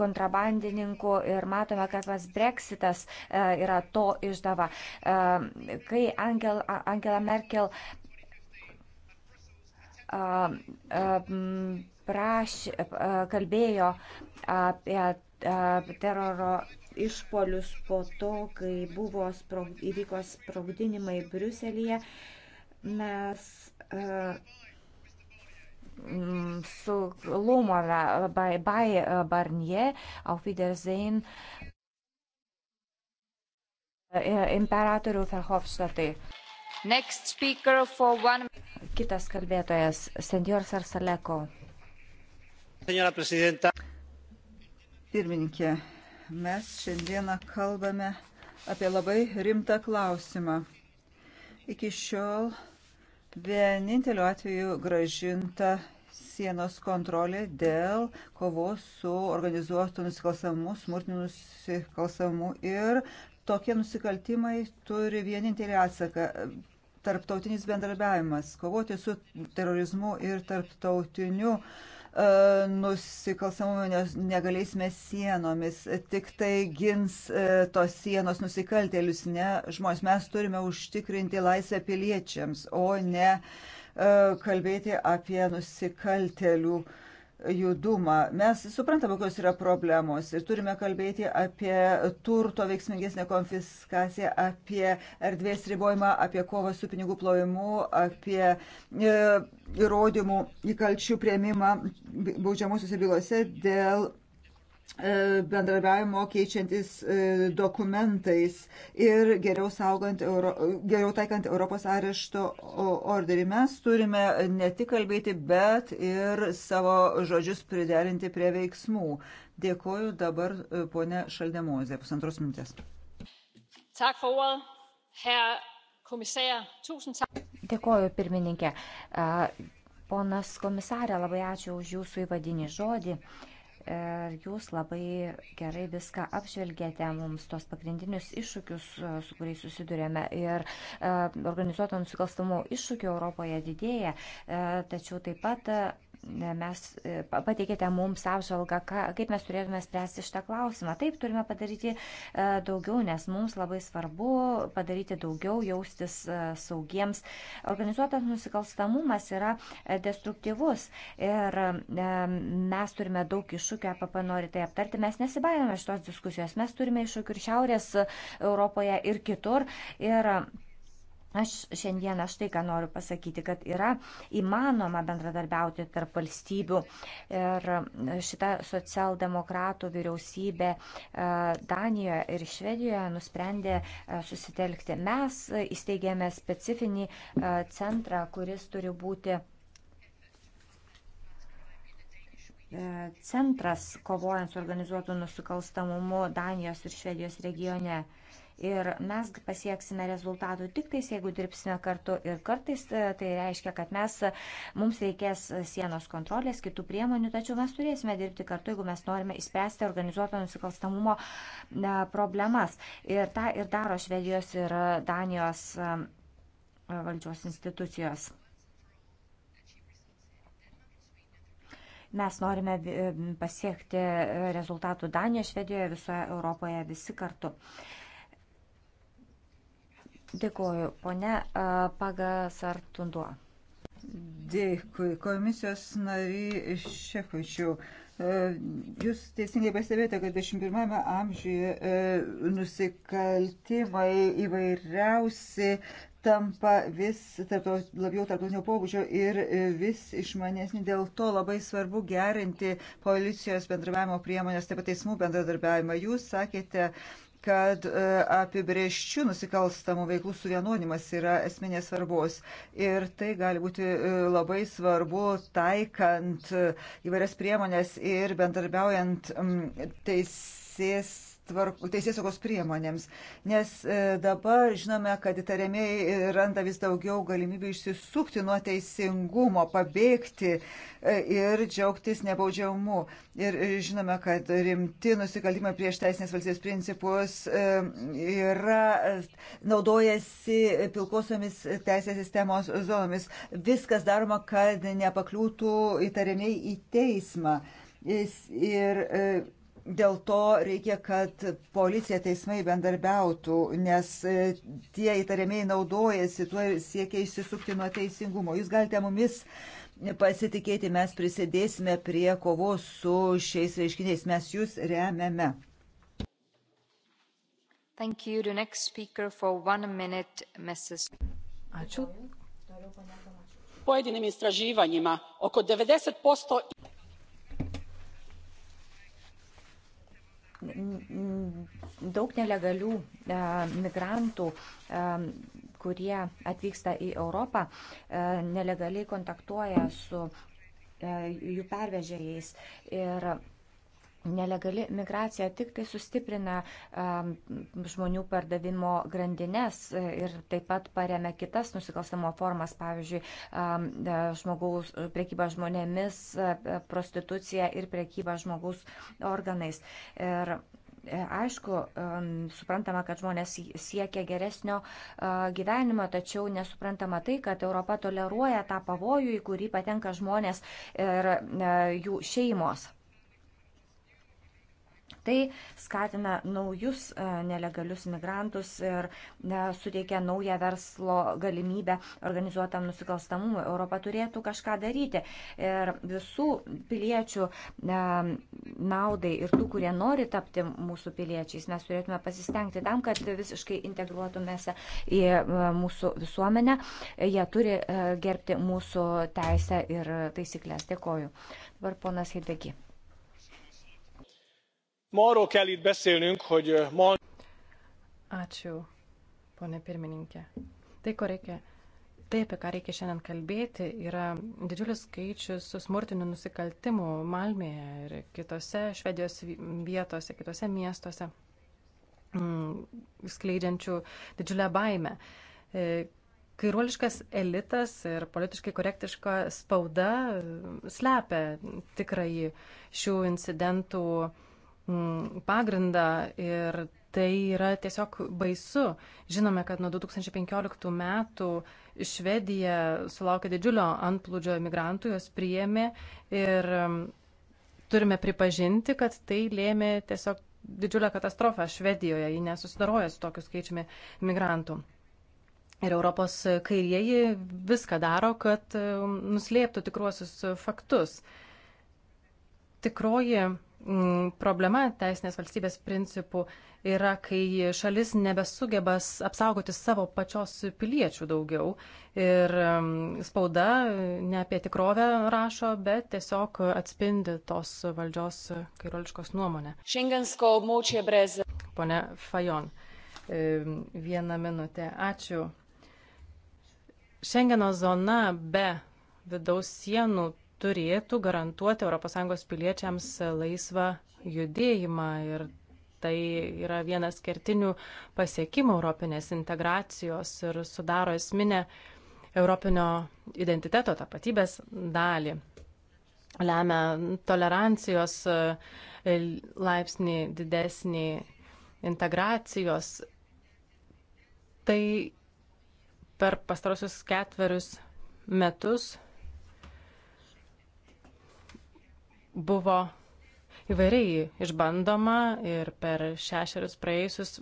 kontrabandininkų ir matome, kad tas breksitas yra to išdava. Kai Angel, Angela Merkel prašė, e, e, kalbėjo apie e, teroro išpolius po to, kai buvo sprog, įvyko sprogdinimai Briuselėje, mes su Lumona Bai Barnie, auf Wiedersehen, imperatorių Ferhofštatai. One... Kitas kalbėtojas, Sendior Sarsaleko. Pirmininkė, mes šiandieną kalbame apie labai rimtą klausimą. Iki šiol vieninteliu atveju gražinta sienos kontrolė dėl kovos su organizuotu nusikalstamu, smurtiniu nusikalstamu ir tokie nusikaltimai turi vienintelį atsaką - tarptautinis bendradarbiavimas, kovoti su terorizmu ir tarptautiniu uh, E, nusikalstamumo, nes negalėsime sienomis, tik tai gins e, tos sienos nusikaltėlius, ne žmonės. Mes turime užtikrinti laisvę piliečiams, o ne e, kalbėti apie nusikaltėlių uh, judumą. Mes suprantame, kokios yra problemos ir turime kalbėti apie turto veiksmingesnę konfiskaciją, apie erdvės ribojimą, apie kovą su pinigų plovimu, apie e, įrodymų įkalčių prieimimą baudžiamusiuose bylose dėl E, bendradarbiavimo keičiantis e, dokumentais ir geriau, saugant, Euro, geriau taikant Europos arešto orderį. Mes turime ne tik kalbėti, bet ir savo žodžius priderinti prie veiksmų. Dėkoju dabar e, ponė Šaldemozė, pusantros minutės. Dėkoju, pirmininkė. Ponas komisarė, labai ačiū už jūsų įvadinį žodį. Uh, ir jūs labai gerai viską apžvelgėte mums tos pagrindinius iššūkius, e, su kuriais susidurėme. Ir e, organizuoto nusikalstamo iššūkio Europoje didėja, e, tačiau taip pat mes e, pateikėte mums apžvalgą, kaip mes turėtume spręsti šitą klausimą. Taip, turime padaryti e, daugiau, nes mums labai svarbu padaryti daugiau, jaustis e, saugiems. Organizuotas nusikalstamumas yra destruktyvus ir mes turime daug iššūkių, APP nori tai aptarti. Mes nesibaimėme šitos diskusijos, mes turime iššūkių ir Šiaurės Europoje, ir kitur. Ir Aš šiandieną štai ką noriu pasakyti, kad yra įmanoma bendradarbiauti tarp valstybių ir šita socialdemokratų vyriausybė e, Danijoje ir Švedijoje nusprendė e, susitelkti. Mes įsteigėme specifinį e, centrą, kuris turi būti centras kovojant su organizuotu nusikalstamumu Danijos ir Švedijos regione. Ir mes pasieksime rezultatų tik tais, jeigu dirbsime kartu. Ir kartais e, tai reiškia, kad mes, e, mums reikės sienos kontrolės, kitų priemonių, tačiau mes turėsime dirbti kartu, jeigu mes norime įspręsti organizuoto nusikalstamumo e, problemas. Ir tą ir daro Švedijos ir Danijos valdžios institucijos. Mes norime pasiekti rezultatų Danijoje, Švedijoje, visoje Europoje visi kartu. Uh, Dėkuoju, pone Pagasartunduo. Dėkui, komisijos nariai Šekočiau. Jūs teisingai pastebėjote, kad 21-ame amžiuje nusikaltimai įvairiausi tampa vis tarpto, labiau tarptautinio pobūdžio ir e, vis išmanesni. Dėl to labai svarbu gerinti policijos bendravimo priemonės, taip pat teismų bendradarbiavimą. Jūs sakėte, uh, kad e, apibrieščių nusikalstamų veiklų suvienonimas yra esminės svarbos. Ir tai gali būti e, labai svarbu taikant e, įvairias priemonės ir bendarbiaujant teisės tvark, teisėsaugos priemonėms, nes e, dabar žinome, kad įtariamieji randa vis daugiau galimybių išsisukti nuo teisingumo, pabėgti e, ir džiaugtis nebaudžiamu. Ir e, žinome, kad rimti nusikaltimai prieš teisinės valstybės principus yra naudojasi pilkosiomis teisės sistemos zonomis. Viskas daroma, kad nepakliūtų įtariamieji į teismą. Ir Dėl to reikia, kad policija teismai bendarbiautų, nes e, tie įtariamieji naudojasi, tuo siekia išsisukti nuo teisingumo. Jūs galite mumis pasitikėti, mes prisidėsime prie kovos su šiais reiškiniais, mes jūs remiame. Thank you. The next speaker for one minute, Mrs. Ačiū. Pojedinim istraživanjima oko 90% daug nelegalių e, migrantų, e, kurie atvyksta į Europą, e, nelegaliai kontaktuoja su e, jų pervežėjais. Ir Nelegali migracija tik tai sustiprina um, žmonių pardavimo grandinės e, ir taip pat paremia kitas nusikalstamo formas, pavyzdžiui, um, žmogaus, prekyba žmonėmis, e, prostitucija ir prekyba žmogaus organais. Ir aišku, suprantama, kad žmonės siekia geresnio gyvenimo, tačiau nesuprantama tai, kad Europa toleruoja tą pavojų, į kurį patenka žmonės ir jų šeimos. Tai skatina naujus e, nelegalius migrantus ir suteikia naują verslo galimybę organizuotam nusikalstamumui. Europa turėtų kažką daryti. Ir visų piliečių naudai ir tų, kurie nori tapti mūsų piliečiais, mes turėtume pasistengti tam, kad visiškai integruotumėse į e, mūsų visuomenę. Jie turi e, gerbti mūsų teisę ir taisyklės. Dėkoju. Dabar ponas Hidegi. Ma arról kell itt beszélnünk, hogy ma... Ačiū, ponė pirmininkė. Tai, ko reikia, tai, apie ką reikia šiandien kalbėti, yra didžiulis skaičius smurtinių nusikaltimų Malmėje ir kitose Švedijos vietose, kitose miestuose, mm, skleidžiančių didžiulę baimę. E, kairuoliškas elitas ir politiškai korektiška spauda e, slepia tikrąjį šių incidentų uh, Mm, pagrindą ir tai yra tiesiog baisu. Žinome, kad nuo 2015 metų Švedija sulaukė didžiulio antplūdžio emigrantų, jos priėmė ir mm, turime pripažinti, kad tai lėmė tiesiog didžiulę katastrofą Švedijoje, ji nesusidaroja su tokiu skaičiumi migrantų. Ir Europos kairieji viską daro, kad mm, nuslėptų tikruosius faktus. Tikroji Mm, problema teisinės valstybės principų yra, kai šalis nebesugeba apsaugoti savo pačios piliečių daugiau. Ir mm, spauda ne apie tikrovę rašo, bet tiesiog atspindi tos valdžios kairoliškos nuomonę. Pone Fajon, e, vieną minutę. Ačiū. Šengeno zona be vidaus sienų turėtų garantuoti ES piliečiams laisvą judėjimą ir tai yra vienas kertinių pasiekimų europinės integracijos ir sudaro esminę europinio identiteto tapatybės dalį. Lemia tolerancijos e, laipsnį didesnį integracijos. Tai per pastarosius ketverius metus buvo įvairiai išbandoma ir per šešerius praėjusius.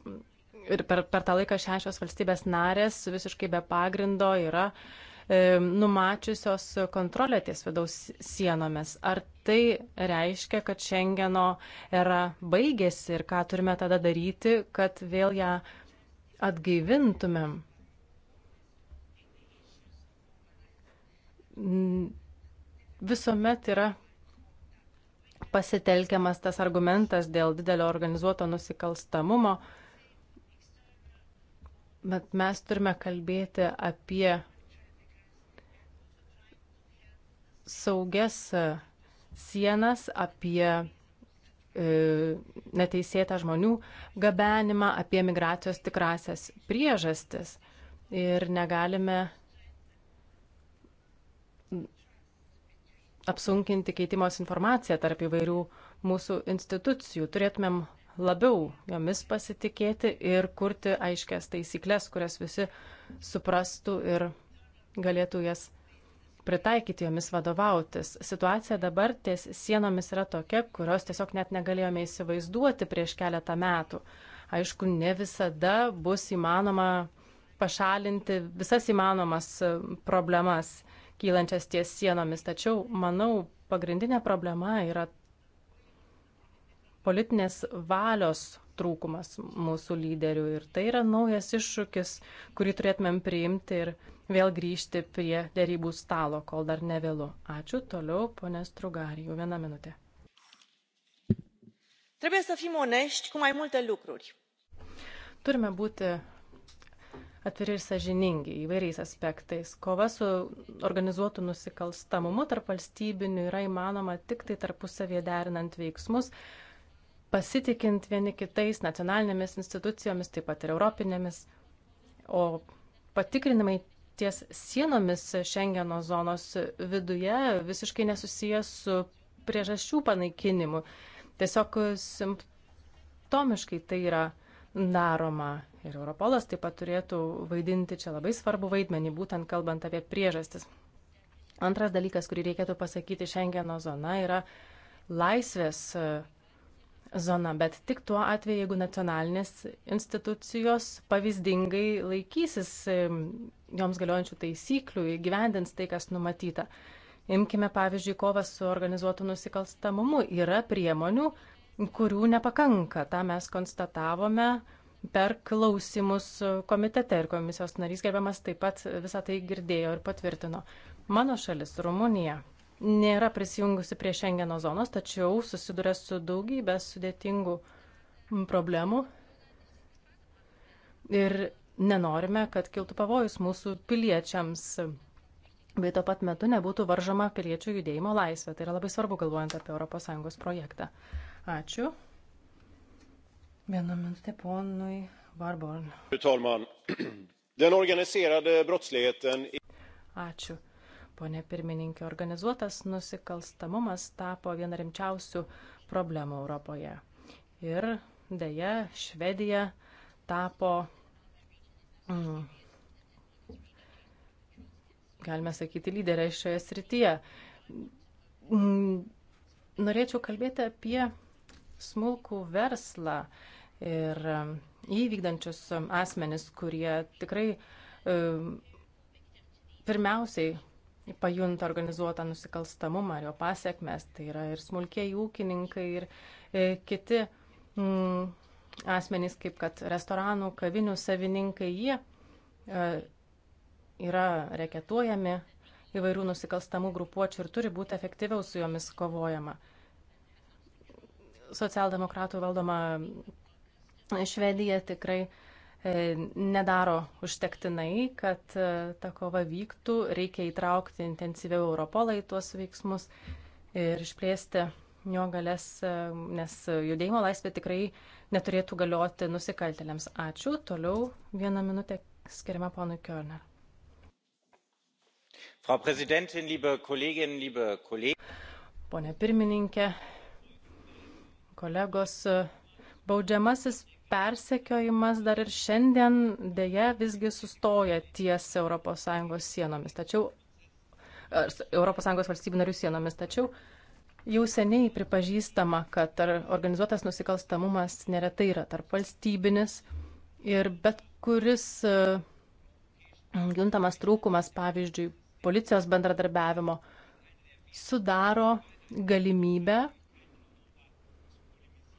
Ir per, per tą laiką šešios valstybės narės visiškai be pagrindo yra e, numačiusios kontrolę ties vidaus sienomis. Ar tai reiškia, kad Šengeno era baigėsi ir ką turime tada daryti, kad vėl ją atgaivintumėm? Visuomet yra pasitelkiamas tas argumentas dėl didelio organizuoto nusikalstamumo, bet mes turime kalbėti apie saugias sienas, apie e, neteisėtą žmonių gabenimą, apie migracijos tikrasias priežastis. Ir negalime apsunkinti keitimos informaciją tarp įvairių mūsų institucijų. Turėtumėm labiau jomis pasitikėti ir kurti aiškias taisyklės, kurias visi suprastų ir galėtų jas pritaikyti jomis vadovautis. Situacija dabar ties sienomis yra tokia, kurios tiesiog net negalėjome įsivaizduoti prieš keletą metų. Aišku, ne visada bus įmanoma pašalinti visas įmanomas problemas kylančias ties sienomis. Tačiau, manau, pagrindinė problema yra politinės valios trūkumas mūsų lyderių. Ir tai yra naujas iššūkis, kurį turėtumėm priimti ir vėl grįžti prie dėrybų stalo, kol dar nevėlu. Ačiū. Toliau, ponė Strugarijų, vieną minutę. Turime būti atviri ir sažiningi įvairiais aspektais. Kova su organizuotu nusikalstamumu tarp valstybinių yra įmanoma tik tai tarpusavėje derinant veiksmus, pasitikint vieni kitais nacionalinėmis institucijomis, taip pat ir europinėmis. O patikrinimai ties sienomis Šengeno zonos viduje visiškai nesusijęs su priežasčių panaikinimu. Tiesiog simptomiškai tai yra daroma Ir Europolas taip pat turėtų vaidinti čia labai svarbu vaidmenį, būtent kalbant apie priežastis. Antras dalykas, kurį reikėtų pasakyti, Schengeno zona yra laisvės e, zona, bet tik tuo atveju, jeigu nacionalinės institucijos pavyzdingai laikysis e, joms galiojančių taisyklių, įgyvendins tai, kas numatyta. Imkime, pavyzdžiui, kovą su organizuotu nusikalstamumu. Yra priemonių, kurių nepakanka. Ta mes konstatavome per klausimus komitete ir komisijos narys gerbiamas taip pat visą tai girdėjo ir patvirtino. Mano šalis, Rumunija, nėra prisijungusi prie Schengeno zonos, tačiau susiduria su daugybė sudėtingų problemų ir nenorime, kad kiltų pavojus mūsų piliečiams, bet tuo pat metu nebūtų varžoma piliečių judėjimo laisvė. Tai yra labai svarbu galvojant apie ES projektą. Ačiū. Fru talman! Den organiserade brottsligheten. Ačiū. Pone pirmininkė, organizuotas nusikalstamumas tapo viena rimčiausių problemų Europoje. Ir dėja, Švedija tapo, mm, galime sakyti, lyderė šioje srityje. Mm, norėčiau kalbėti apie smulkų verslą. Uh, ir įvykdančius asmenis, kurie tikrai pirmiausiai pajunta organizuotą nusikalstamumą ir jo pasiekmes. Tai yra ir smulkiai ūkininkai, ir e, kiti mm, asmenys, kaip kad restoranų, kavinių savininkai, jie e, yra reketuojami įvairių nusikalstamų grupuočių ir turi būti efektyviau su jomis kovojama. Socialdemokratų valdoma Švedija tikrai e, nedaro užtektinai, kad e, ta kova vyktų, reikia įtraukti intensyviau Europolą į tuos veiksmus ir išplėsti jo galės, e, nes judėjimo laisvė tikrai neturėtų galioti nusikaltelėms. Ačiū. Toliau vieną minutę skiriama ponui Körner. Frau Präsidentin, liebe Kolleginnen, liebe Kollegen. Pone pirmininkė, kolegos, baudžiamasis persekiojimas dar ir šiandien dėja visgi sustoja ties ES sienomis, tačiau ES valstybių narių sienomis, tačiau jau seniai pripažįstama, kad organizuotas nusikalstamumas neretai yra tarp valstybinis ir bet kuris e, juntamas trūkumas, pavyzdžiui, policijos bendradarbiavimo, sudaro galimybę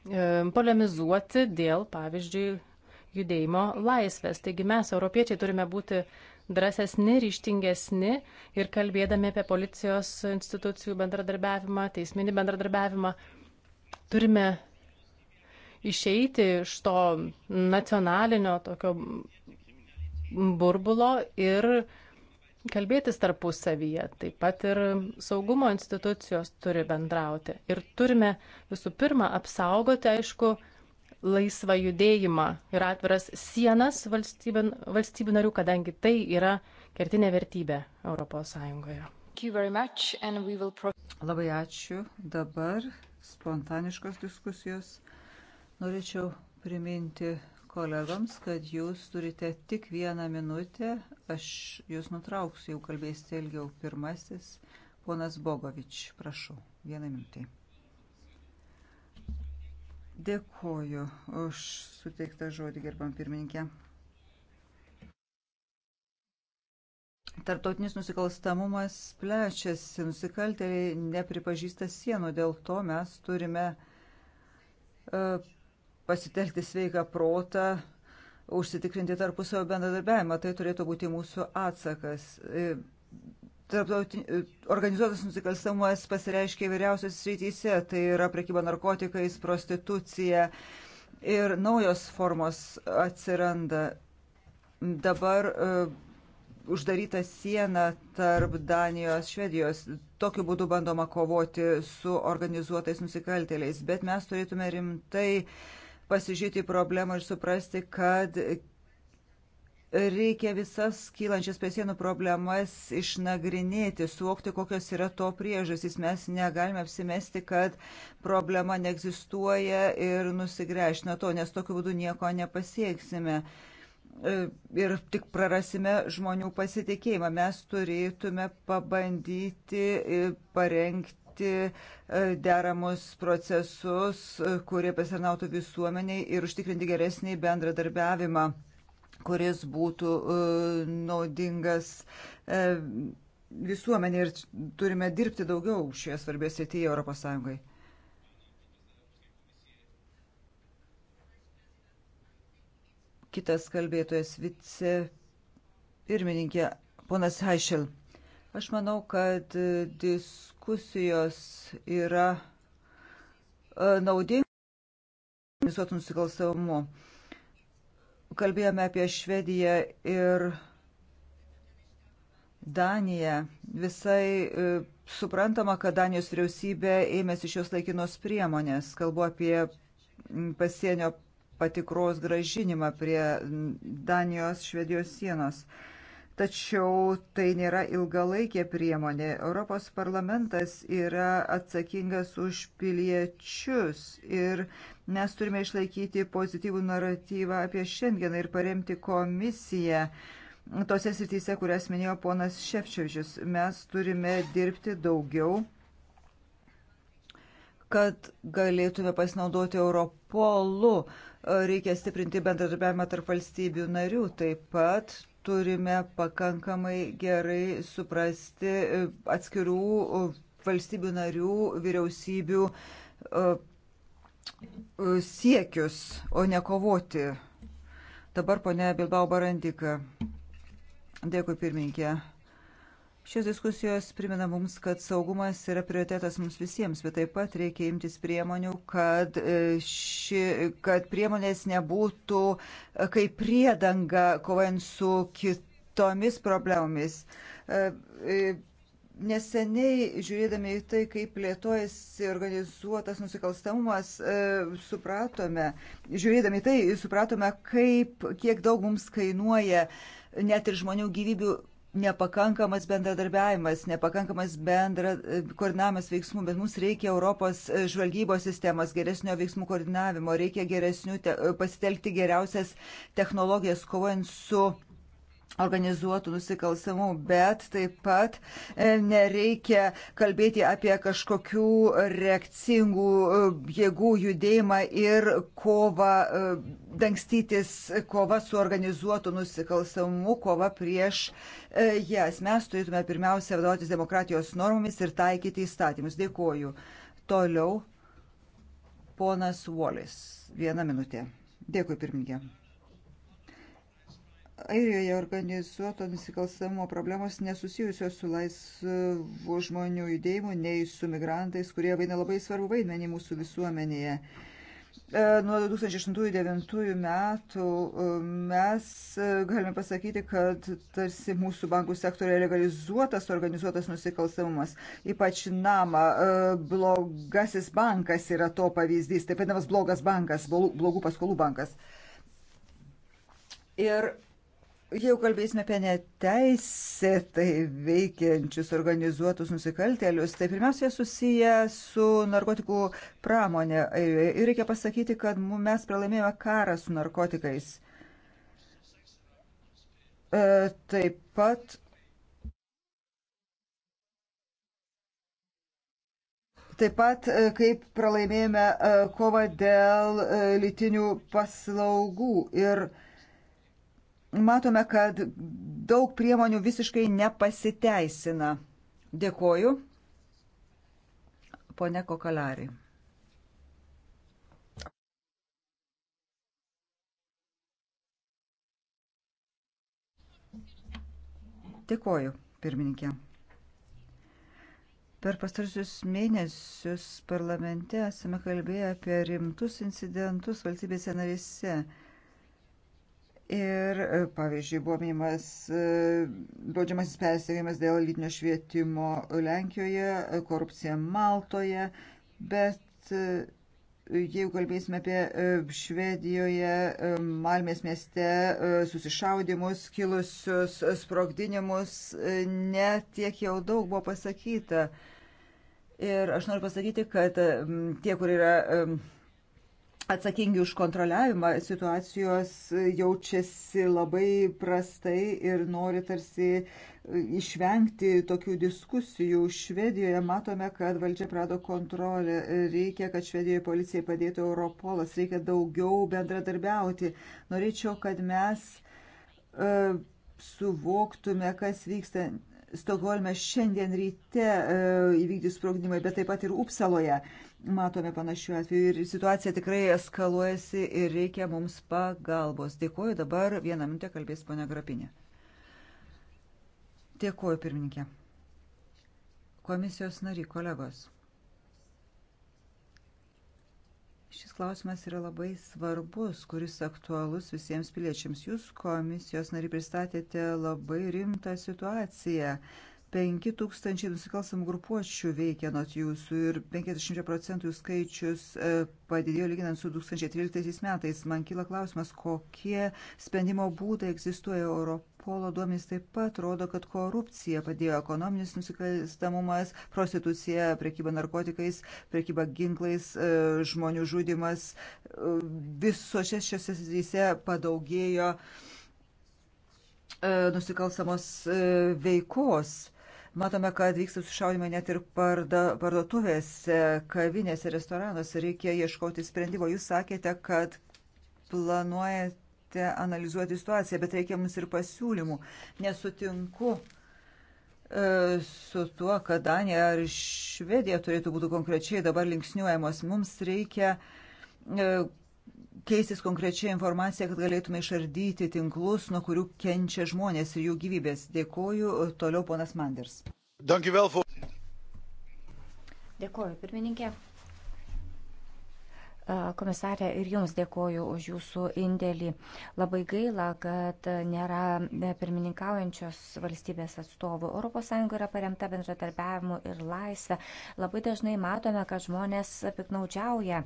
E, polemizuoti dėl, pavyzdžiui, judėjimo laisvės. Taigi mes, europiečiai, turime būti drąsesni, ryštingesni ir kalbėdami apie policijos institucijų bendradarbiavimą, teisminį bendradarbiavimą, turime išeiti iš to nacionalinio tokio burbulo ir kalbėtis tarpusavyje. Taip pat ir saugumo institucijos turi bendrauti. Ir turime visų pirma apsaugoti, aišku, laisvą judėjimą ir atviras sienas valstybių, valstybių narių, kadangi tai yra kertinė vertybė ES. Labai ačiū. Dabar spontaniškos diskusijos. Norėčiau priminti kolegams, kad jūs turite tik vieną minutę. Aš jūs nutrauksiu, jau kalbėsite ilgiau. Pirmasis, ponas Bogovič, prašau, vieną minutę. Dėkoju už suteiktą žodį, gerbam pirmininkė. Tartautinis nusikalstamumas plečiasi, nusikaltėliai nepripažįsta sienų, dėl to mes turime uh, pasitelkti sveiką protą, užsitikrinti tarpusavio bendradarbiavimą. Tai turėtų būti mūsų atsakas. E, e, organizuotas nusikalstamumas pasireiškia įvairiausios srityse, tai yra prekyba narkotikais, prostitucija ir naujos formos atsiranda. Dabar uh, uždaryta siena tarp Danijos, Švedijos. Tokiu būdu bandoma kovoti su organizuotais nusikaltėliais, bet mes turėtume rimtai uh, pasižiūrėti į problemą ir suprasti, kad reikia visas kylančias prie sienų problemas išnagrinėti, suvokti, kokios yra to priežasys. Mes negalime apsimesti, kad problema neegzistuoja ir nusigręžti nuo to, nes tokiu būdu nieko nepasieksime. Ir tik prarasime žmonių pasitikėjimą. Mes turėtume pabandyti parengti suorganizuoti e, deramus procesus, e, kurie pasirnautų visuomeniai ir užtikrinti geresnį bendradarbiavimą, kuris būtų e, naudingas visuomeniai ir turime dirbti daugiau šioje svarbioje srityje Europos Sąjungai. Kitas kalbėtojas vice pirmininkė, ponas Haišel. Aš manau, kad e, diskusijos yra e, naudingos visuotų nusikalstavumu. Kalbėjome apie Švediją ir Daniją. Visai e, suprantama, kad Danijos vyriausybė ėmėsi šios laikinos priemonės. Kalbu apie pasienio patikros gražinimą prie Danijos-Švedijos sienos. Tačiau tai nėra ilgalaikė priemonė. Europos parlamentas yra atsakingas už piliečius ir mes turime išlaikyti pozityvų naratyvą apie šiandieną ir paremti komisiją. Tose srityse, kurias minėjo ponas Šefčiovičius, mes turime dirbti daugiau kad galėtume pasinaudoti Europolu, reikia stiprinti bendradarbiavimą tarp valstybių narių. Taip pat turime pakankamai gerai suprasti e, atskirų e, valstybių narių vyriausybių e, siekius, o ne kovoti. Dabar ponia Bilbao Barandika. Dėkui pirmininkė. Šios diskusijos primena mums, kad saugumas yra prioritetas mums visiems, bet taip pat reikia imtis priemonių, kad, e, ši, kad priemonės nebūtų e, kaip priedanga kovojant su kitomis problemomis. E, neseniai žiūrėdami į tai, kaip plėtojasi organizuotas nusikalstamumas, supratome, žiūrėdami į tai, supratome, kaip, kiek daug mums kainuoja net ir žmonių gyvybių nepakankamas bendradarbiavimas, nepakankamas bendra, e, koordinavimas veiksmų, bet mums reikia Europos e, žvalgybos sistemos, geresnio veiksmų koordinavimo, reikia geresnių, te, e, pasitelkti geriausias technologijas, kovojant su organizuotų nusikalstamų, bet taip pat e, nereikia kalbėti apie kažkokių reakcingų e, jėgų judėjimą ir kovą, e, dangstytis kova su organizuotų nusikalstamumu, kova prieš jas. Mes turėtume pirmiausia vadovautis demokratijos normomis ir taikyti įstatymus. Dėkoju. Toliau ponas Volis. Viena minutė. Dėkui pirmininkė. Airijoje organizuoto nusikalstamumo problemos nesusijusios su laisvų žmonių judėjimu, nei su migrantais, kurie vaidina labai svarbu vaidmenį mūsų visuomenėje. E, nuo 2008-2009 metų e, mes e, galime pasakyti, kad tarsi mūsų bankų sektorėje legalizuotas organizuotas nusikalstamumas, ypač nama, blogasis bankas yra to pavyzdys, taip vadinamas blogas bankas, blogų paskolų bankas. Ir Jau kalbėsime apie neteisėtai veikiančius organizuotus nusikaltelius. Tai pirmiausia susiję su narkotikų pramonė. Ir reikia pasakyti, kad mes pralaimėjome karą su narkotikais. E, taip pat. Taip pat, e, kaip pralaimėjome e, kovą dėl lytinių paslaugų ir uh, matome, kad daug priemonių visiškai nepasiteisina. Dėkoju. Pone Kokalari. Dėkoju, pirmininkė. Per pastarusius mėnesius parlamente esame kalbėję apie rimtus incidentus valstybėse narėse. Ir, e, pavyzdžiui, buvo minimas e, baudžiamasis persiekėjimas dėl lytinio švietimo Lenkijoje, e, korupcija Maltoje, bet jeigu kalbėsime apie Švedijoje, Malmės mieste susišaudimus, kilusius sprogdinimus, netiek jau daug buvo pasakyta. Ir aš noriu pasakyti, kad tie, kur yra atsakingi už kontroliavimą situacijos jaučiasi labai prastai ir nori tarsi išvengti tokių diskusijų. Švedijoje matome, kad valdžia prado kontrolę. Reikia, kad Švedijoje policijai padėtų Europolas. Reikia daugiau bendradarbiauti. Norėčiau, kad mes uh, suvoktume, kas vyksta. Stokholme šiandien ryte uh, įvykdys sprogdymai, bet taip pat ir Upsaloje. Uh, matome panašių atvejų ir situacija tikrai eskaluojasi ir reikia mums pagalbos. Dėkuoju, dabar vieną minutę kalbės ponia Grapinė. Dėkuoju, pirmininkė. Komisijos nari, kolegos. Šis klausimas yra labai svarbus, kuris aktualus visiems piliečiams. Jūs komisijos nari pristatėte labai rimtą situaciją. 5 tūkstančiai nusikalstamų grupuočių veikia nuo jūsų ir 50 procentų skaičius e, padidėjo lyginant su 2013 metais. Man kyla klausimas, kokie sprendimo būdai egzistuoja Europolo duomenys taip pat rodo, kad korupcija padėjo ekonominis nusikalstamumas, prostitucija, prekyba narkotikais, prekyba ginklais, e, žmonių žudimas. E, visose šiose srityse padaugėjo nusikalstamos veikos Matome, kad vyksta sušaudimai net ir parda, parduotuvėse, kavinėse, restoranuose. Reikia ieškoti sprendimo. Jūs sakėte, kad planuojate analizuoti situaciją, bet reikia mums ir pasiūlymų. Nesutinku e, su tuo, kad Danija ar Švedija turėtų būti konkrečiai dabar linksniuojamos. Mums reikia e, keistis konkrečią informaciją, kad galėtume išardyti tinklus, nuo kurių kenčia žmonės ir jų gyvybės. Dėkoju. Toliau ponas Manders. Dėkoju, pirmininkė. Komisarė, ir Jums dėkoju už Jūsų indėlį. Labai gaila, kad nėra pirmininkaujančios valstybės atstovų. ES yra paremta bendratarpiavimu ir laisvę. Labai dažnai matome, kad žmonės piknaudžiauja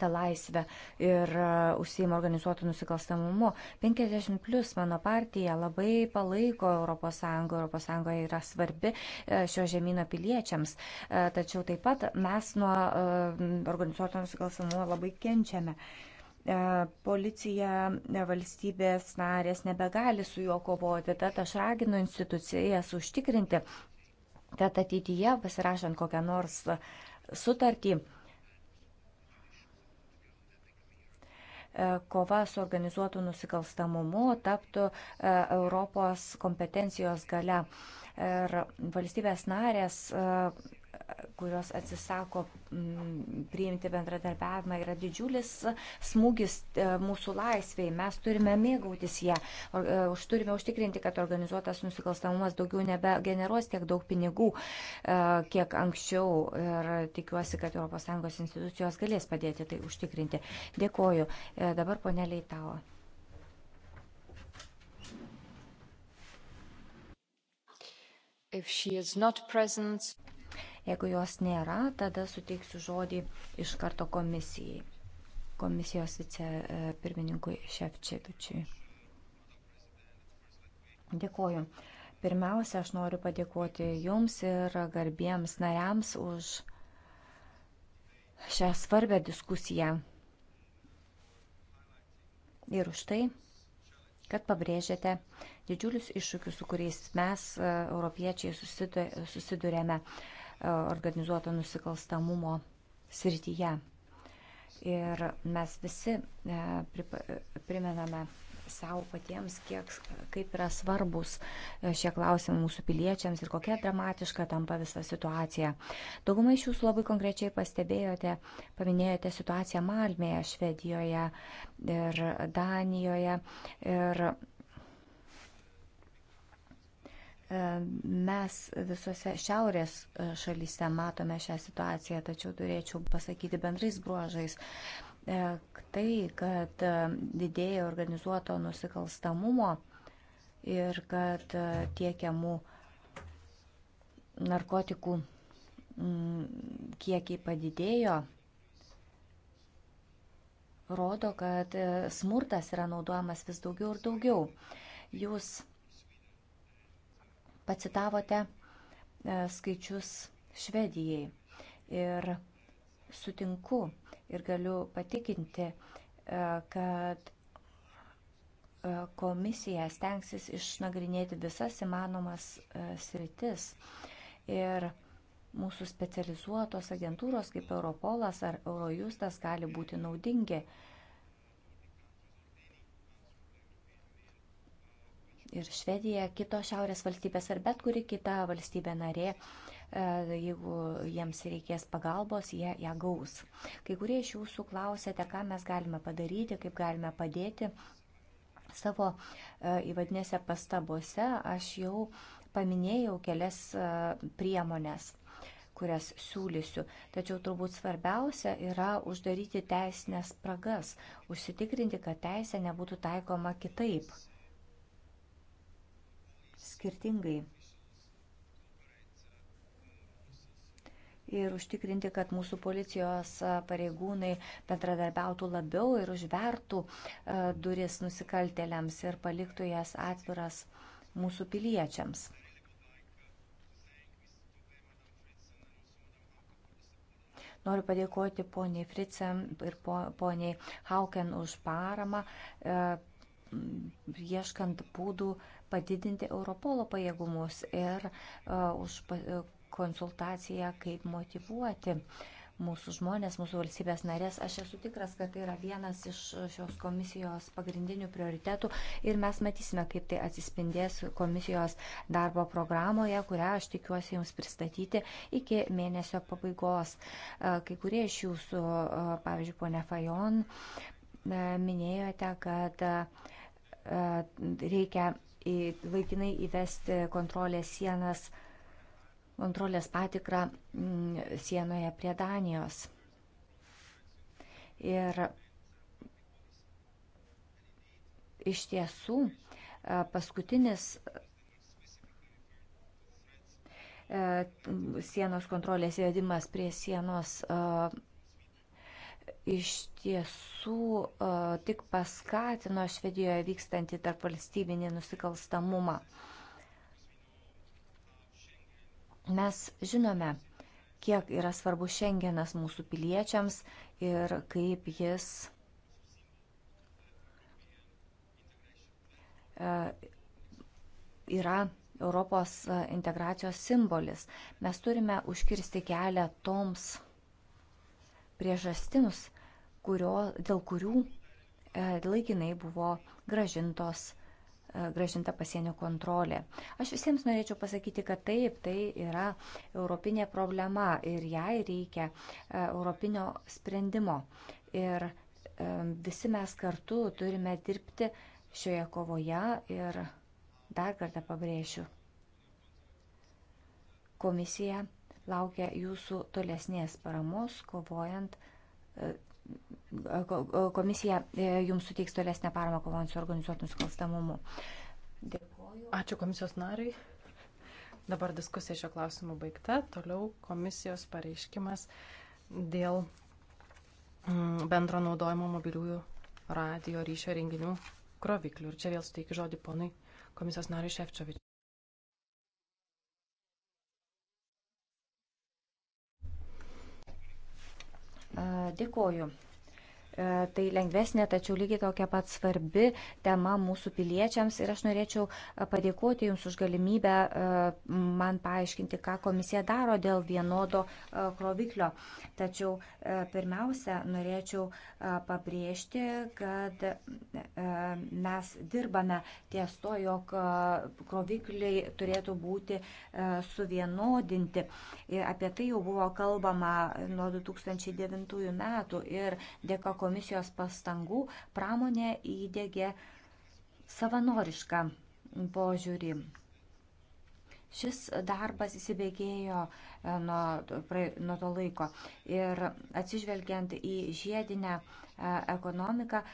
tą laisvę ir e, užsieima organizuotų nusikalstamumu. 50 plus mano partija labai palaiko ES, ES yra svarbi e, šio žemyno piliečiams, e, tačiau taip pat mes nuo organizuotų nusikalstamumo labai kenčiame. Policija, valstybės narės nebegali su juo kovoti, tad aš raginu institucijas užtikrinti, kad ateityje pasirašant kokią nors sutartį, E, kova su organizuotu nusikalstamumu taptų e, Europos kompetencijos gale. Ir valstybės narės e, kurios atsisako mm, priimti bendradarbiavimą, yra didžiulis smūgis e, mūsų laisvėjai. Mes turime mėgautis ją, e, turime užtikrinti, kad organizuotas nusikalstamumas daugiau nebegeneruos tiek daug pinigų, e, kiek anksčiau. Ir tikiuosi, kad ES institucijos galės padėti tai užtikrinti. Dėkoju. Dabar poneliai tavo. If she is not present, Jeigu jos nėra, tada suteiksiu žodį iš karto komisijai, komisijos vicepirmininkui e, Šefčevičiui. Dėkuoju. Pirmiausia, aš noriu padėkoti Jums ir garbiems nariams už šią svarbę diskusiją ir už tai, kad pabrėžėte didžiulius iššūkius, su kuriais mes, e, europiečiai, susidurėme. E, organizuoto nusikalstamumo srityje. Ir mes visi e, primename savo patiems, kiek, kaip yra svarbus e, šie klausimai mūsų piliečiams ir kokia dramatiška tampa visa situacija. Daugumai iš jūsų labai konkrečiai pastebėjote, paminėjote situaciją Malmėje, Švedijoje ir Danijoje. Ir E, mes visose šiaurės e, šalyse matome šią situaciją, tačiau turėčiau pasakyti bendrais bruožais. E, tai, kad didėja organizuoto nusikalstamumo ir kad tiekiamų narkotikų mm, kiekiai padidėjo, rodo, kad smurtas yra naudojamas vis daugiau ir daugiau. Jūs pacitavote e, skaičius Švedijai. Ir sutinku ir galiu patikinti, e, kad e, komisija stengsis išnagrinėti visas įmanomas sritis. Ir mūsų specializuotos agentūros kaip Europolas ar Eurojustas gali būti naudingi ir Švedija, kitos šiaurės valstybės ar bet kuri kita valstybė narė, e, jeigu jiems reikės pagalbos, jie ją gaus. Kai kurie iš jūsų klausėte, ką mes galime padaryti, kaip galime padėti. Savo e, įvadinėse pastabose aš jau paminėjau kelias e, priemonės kurias siūlysiu. Tačiau turbūt svarbiausia yra uždaryti teisinės spragas, užsitikrinti, kad teisė nebūtų taikoma kitaip skirtingai. Ir užtikrinti, kad mūsų policijos pareigūnai bendradarbiautų labiau ir užvertų duris nusikaltėliams ir paliktų jas atviras mūsų piliečiams. Noriu padėkoti poniai Fricem ir poniai Hauken už paramą, e, ieškant būdų, padidinti Europolo pajėgumus ir e, už e, konsultaciją, kaip motivuoti mūsų žmonės, mūsų valstybės narės. Aš esu tikras, kad tai yra vienas iš šios komisijos pagrindinių prioritetų ir mes matysime, kaip tai atsispindės komisijos darbo programoje, kurią aš tikiuosi Jums pristatyti iki mėnesio pabaigos. E, kai kurie iš Jūsų, pavyzdžiui, ponė Fajon, minėjote, kad reikia į, laikinai įvesti kontrolės sienas, kontrolės patikrą m, mm, sienoje prie Danijos. Ir iš tiesų e, paskutinis e, sienos kontrolės įvedimas prie sienos e, iš tiesų e, tik paskatino Švedijoje vykstantį tarp valstybinį nusikalstamumą. Mes žinome, kiek yra svarbu šiandienas mūsų piliečiams ir kaip jis e, yra Europos integracijos simbolis. Mes turime užkirsti kelią toms priežastims, kurio, dėl kurių e, laikinai buvo gražintos e, gražinta pasienio kontrolė. Aš visiems norėčiau pasakyti, kad taip, tai yra europinė problema ir jai reikia e, europinio sprendimo. Ir visi mes kartu turime dirbti šioje kovoje ir dar kartą pabrėšiu. Komisija laukia jūsų tolesnės paramos, kovojant, e, komisija e, jums suteiks tolesnę paramą kovojant su organizuotų nusikalstamumu. Dėkuoju. Ačiū komisijos nariai. Dabar diskusija šio klausimu baigta. Toliau komisijos pareiškimas dėl mm, bendro naudojimo mobiliųjų radio ryšio renginių kroviklių. Ir čia vėl suteikiu žodį ponui komisijos nariui Šefčiovičiui. Dėkoju. E, tai lengvesnė, tačiau lygiai tokia pat svarbi tema mūsų piliečiams. Ir aš norėčiau e, padėkoti Jums už galimybę e, man paaiškinti, ką komisija daro dėl vienodo kroviklio. Tačiau pirmiausia, norėčiau pabrėžti, kad mes dirbame ties to, jog krovikliai turėtų būti suvienodinti. Ir apie tai jau buvo kalbama nuo 2009 metų. Ir dėka komisijos pastangų pramonė įdėgė savanorišką požiūrį. Šis darbas įsibėgėjo e, nuo, nuo to laiko ir atsižvelgiant į žiedinę e, ekonomiką,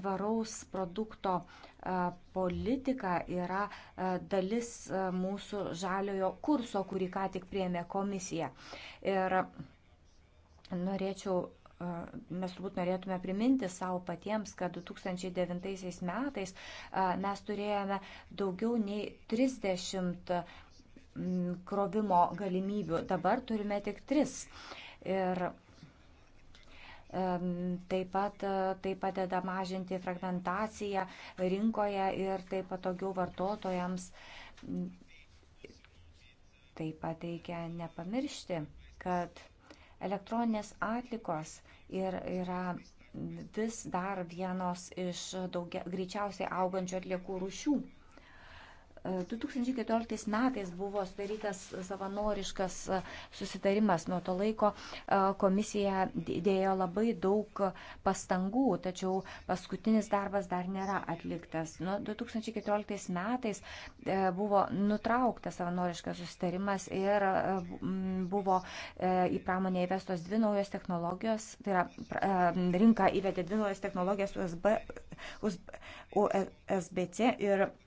tvaraus produkto e, politika yra dalis mūsų žaliojo kurso, kurį ką tik priėmė komisija. Ir norėčiau E, mes turbūt norėtume priminti savo patiems, kad 2009 metais e, mes turėjome daugiau nei 30 krovimo galimybių, dabar turime tik 3. Ir e, Taip pat tai padeda mažinti fragmentaciją rinkoje ir taip patogiau vartotojams. Taip pat reikia nepamiršti, kad elektroninės atlikos ir yra vis dar vienos iš daugia, greičiausiai augančių atliekų rūšių. 2014 metais buvo sudarytas savanoriškas e, susitarimas. Nuo to laiko e, komisija dėjo labai daug pastangų, tačiau paskutinis darbas dar nėra atliktas. Nuo 2014 metais e, buvo nutrauktas savanoriškas susitarimas ir buvo į pramonę įvestos dvi naujos technologijos, tai yra rinka įvedė dvi naujos technologijas USB, USB, USB, USB, USB, USB, USB, USB, USB, USB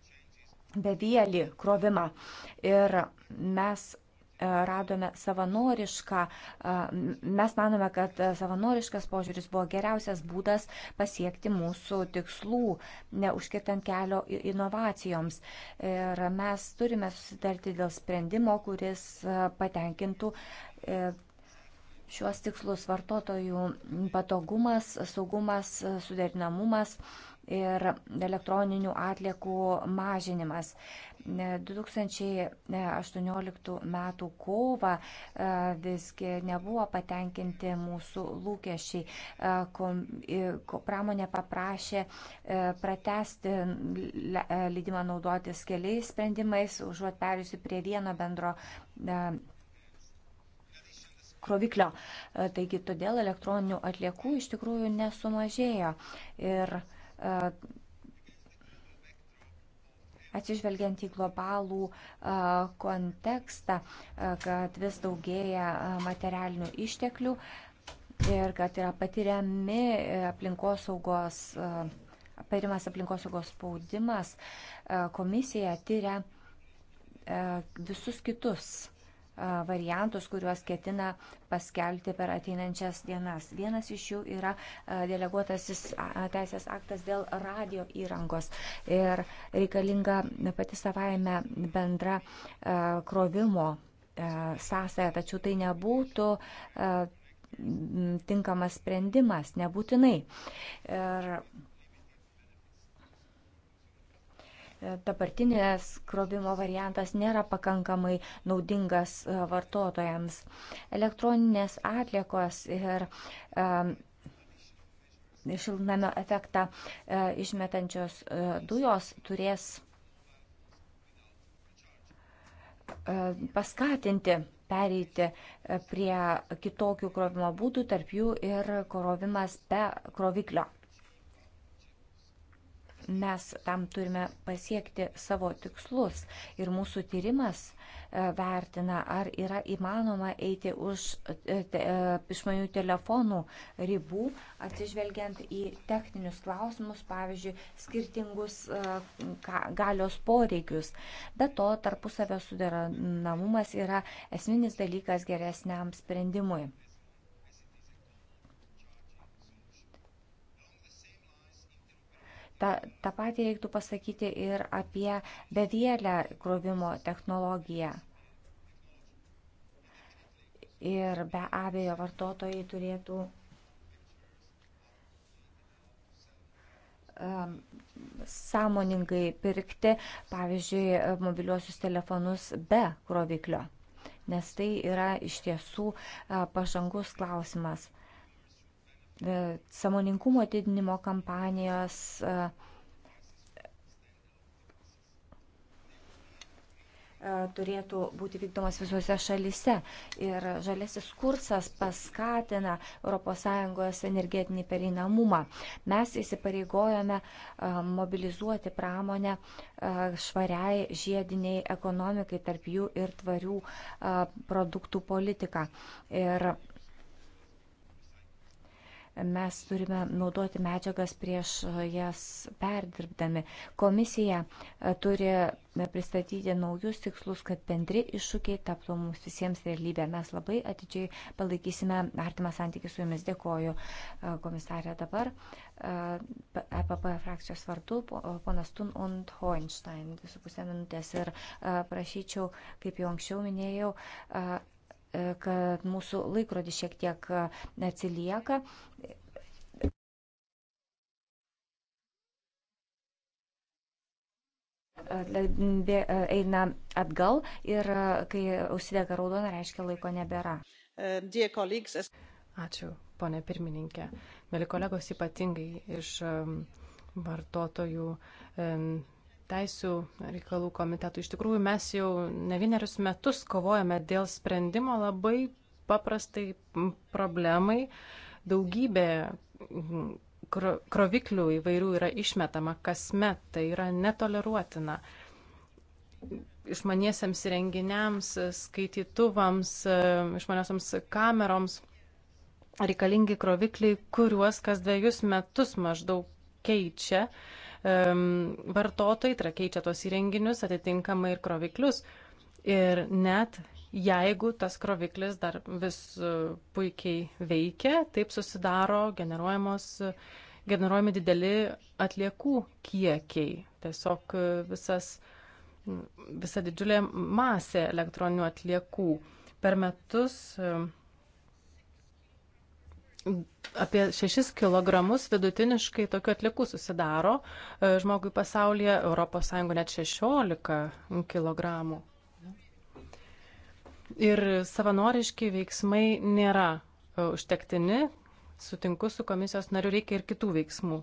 bevėlį krovimą. Ir mes e, radome savanorišką, e, mes manome, kad savanoriškas požiūris buvo geriausias būdas pasiekti mūsų tikslų, neužkirtant kelio inovacijoms. Ir mes turime susitarti dėl sprendimo, kuris e, patenkintų šiuos tikslus vartotojų patogumas, saugumas, suderinamumas ir elektroninių atliekų mažinimas. 2018 m. kovą e, visgi nebuvo patenkinti mūsų lūkesčiai. E, pramonė paprašė e, pratesti leidimą naudotis keliais sprendimais, užuot perėjusi prie vieno bendro kroviklio. Taigi todėl elektroninių atliekų iš tikrųjų nesumažėjo. Ir E, atsižvelgiant į globalų e, kontekstą, e, kad vis daugėja materialinių išteklių ir kad yra patiriami aplinkosaugos, patiriamas aplinkosaugos spaudimas, komisija tyria visus kitus variantus, kuriuos ketina paskelbti per ateinančias dienas. Vienas iš jų yra deleguotasis teisės aktas dėl radio įrangos ir reikalinga pati savaime bendra krovimo sąsaja, tačiau tai nebūtų tinkamas sprendimas, nebūtinai. Ir E, dabartinės krovimo variantas nėra pakankamai naudingas e, vartotojams. Elektroninės atliekos ir e, šiltnamio efektą išmetančios dujos turės paskatinti pereiti prie kitokių krovimo būdų, tarp jų ir krovimas be kroviklio mes tam turime pasiekti savo tikslus. Ir mūsų tyrimas e, vertina, ar yra įmanoma eiti už e, e, išmanių telefonų ribų, atsižvelgiant į techninius klausimus, pavyzdžiui, skirtingus galios poreikius. Be to, tarpusavio suderinamumas yra esminis dalykas geresniam sprendimui. Ta, ta patį reiktų pasakyti ir apie bevėlę krovimo technologiją. Ir be abejo vartotojai turėtų um, sąmoningai pirkti, pavyzdžiui, mobiliuosius telefonus be kroviklio, nes tai yra iš tiesų uh, pažangus klausimas. E, samoninkumo didinimo kampanijos. E, e, turėtų būti vykdomas visose šalise. Ir žalesis kursas paskatina ES energetinį pereinamumą. Mes įsipareigojome mobilizuoti pramonę švariai žiediniai ekonomikai, tarp jų ir tvarių produktų politiką. Ir mes turime naudoti medžiagas prieš jas perdirbdami. Komisija e, turi e, pristatyti naujus tikslus, kad bendri iššūkiai taptų mums visiems realybė. Mes labai atidžiai palaikysime artimą santykį su jumis. Dėkoju, e, komisarė, dabar. EPP frakcijos vardu, ponas Tun und Hoinstein, visų pusę minutės. Ir prašyčiau, kaip jau anksčiau minėjau, E, kad mūsų laikrodis šiek tiek e, atsilieka. E, eina atgal ir kai užsidega raudona, reiškia laiko nebėra. Ačiū, ponė pirmininkė. Mėly kolegos, ypatingai iš vartotojų teisų reikalų komitetų. Iš tikrųjų, mes jau ne vienerius metus kovojame dėl sprendimo labai paprastai problemai. Daugybė kroviklių įvairių yra išmetama kasmet, tai yra netoleruotina. Išmaniesiams renginiams, skaitytuvams, išmaniosiams kameroms reikalingi krovikliai, kuriuos kas dviejus metus maždaug keičia. Uh, vartotojai, tai keičia tos įrenginius, atitinkamai ir kroviklius. Ir net jeigu tas kroviklis dar vis e, puikiai veikia, taip susidaro generuojamos, generuojami dideli atliekų kiekiai. Tiesiog e, visas, visa didžiulė masė elektroninių atliekų. Per metus e, apie 6 kg vidutiniškai tokių atlikų susidaro e, žmogui pasaulyje, ES net 16 kg. Ir savanoriški veiksmai nėra e, užtektini, sutinku su komisijos nariu, reikia ir kitų veiksmų.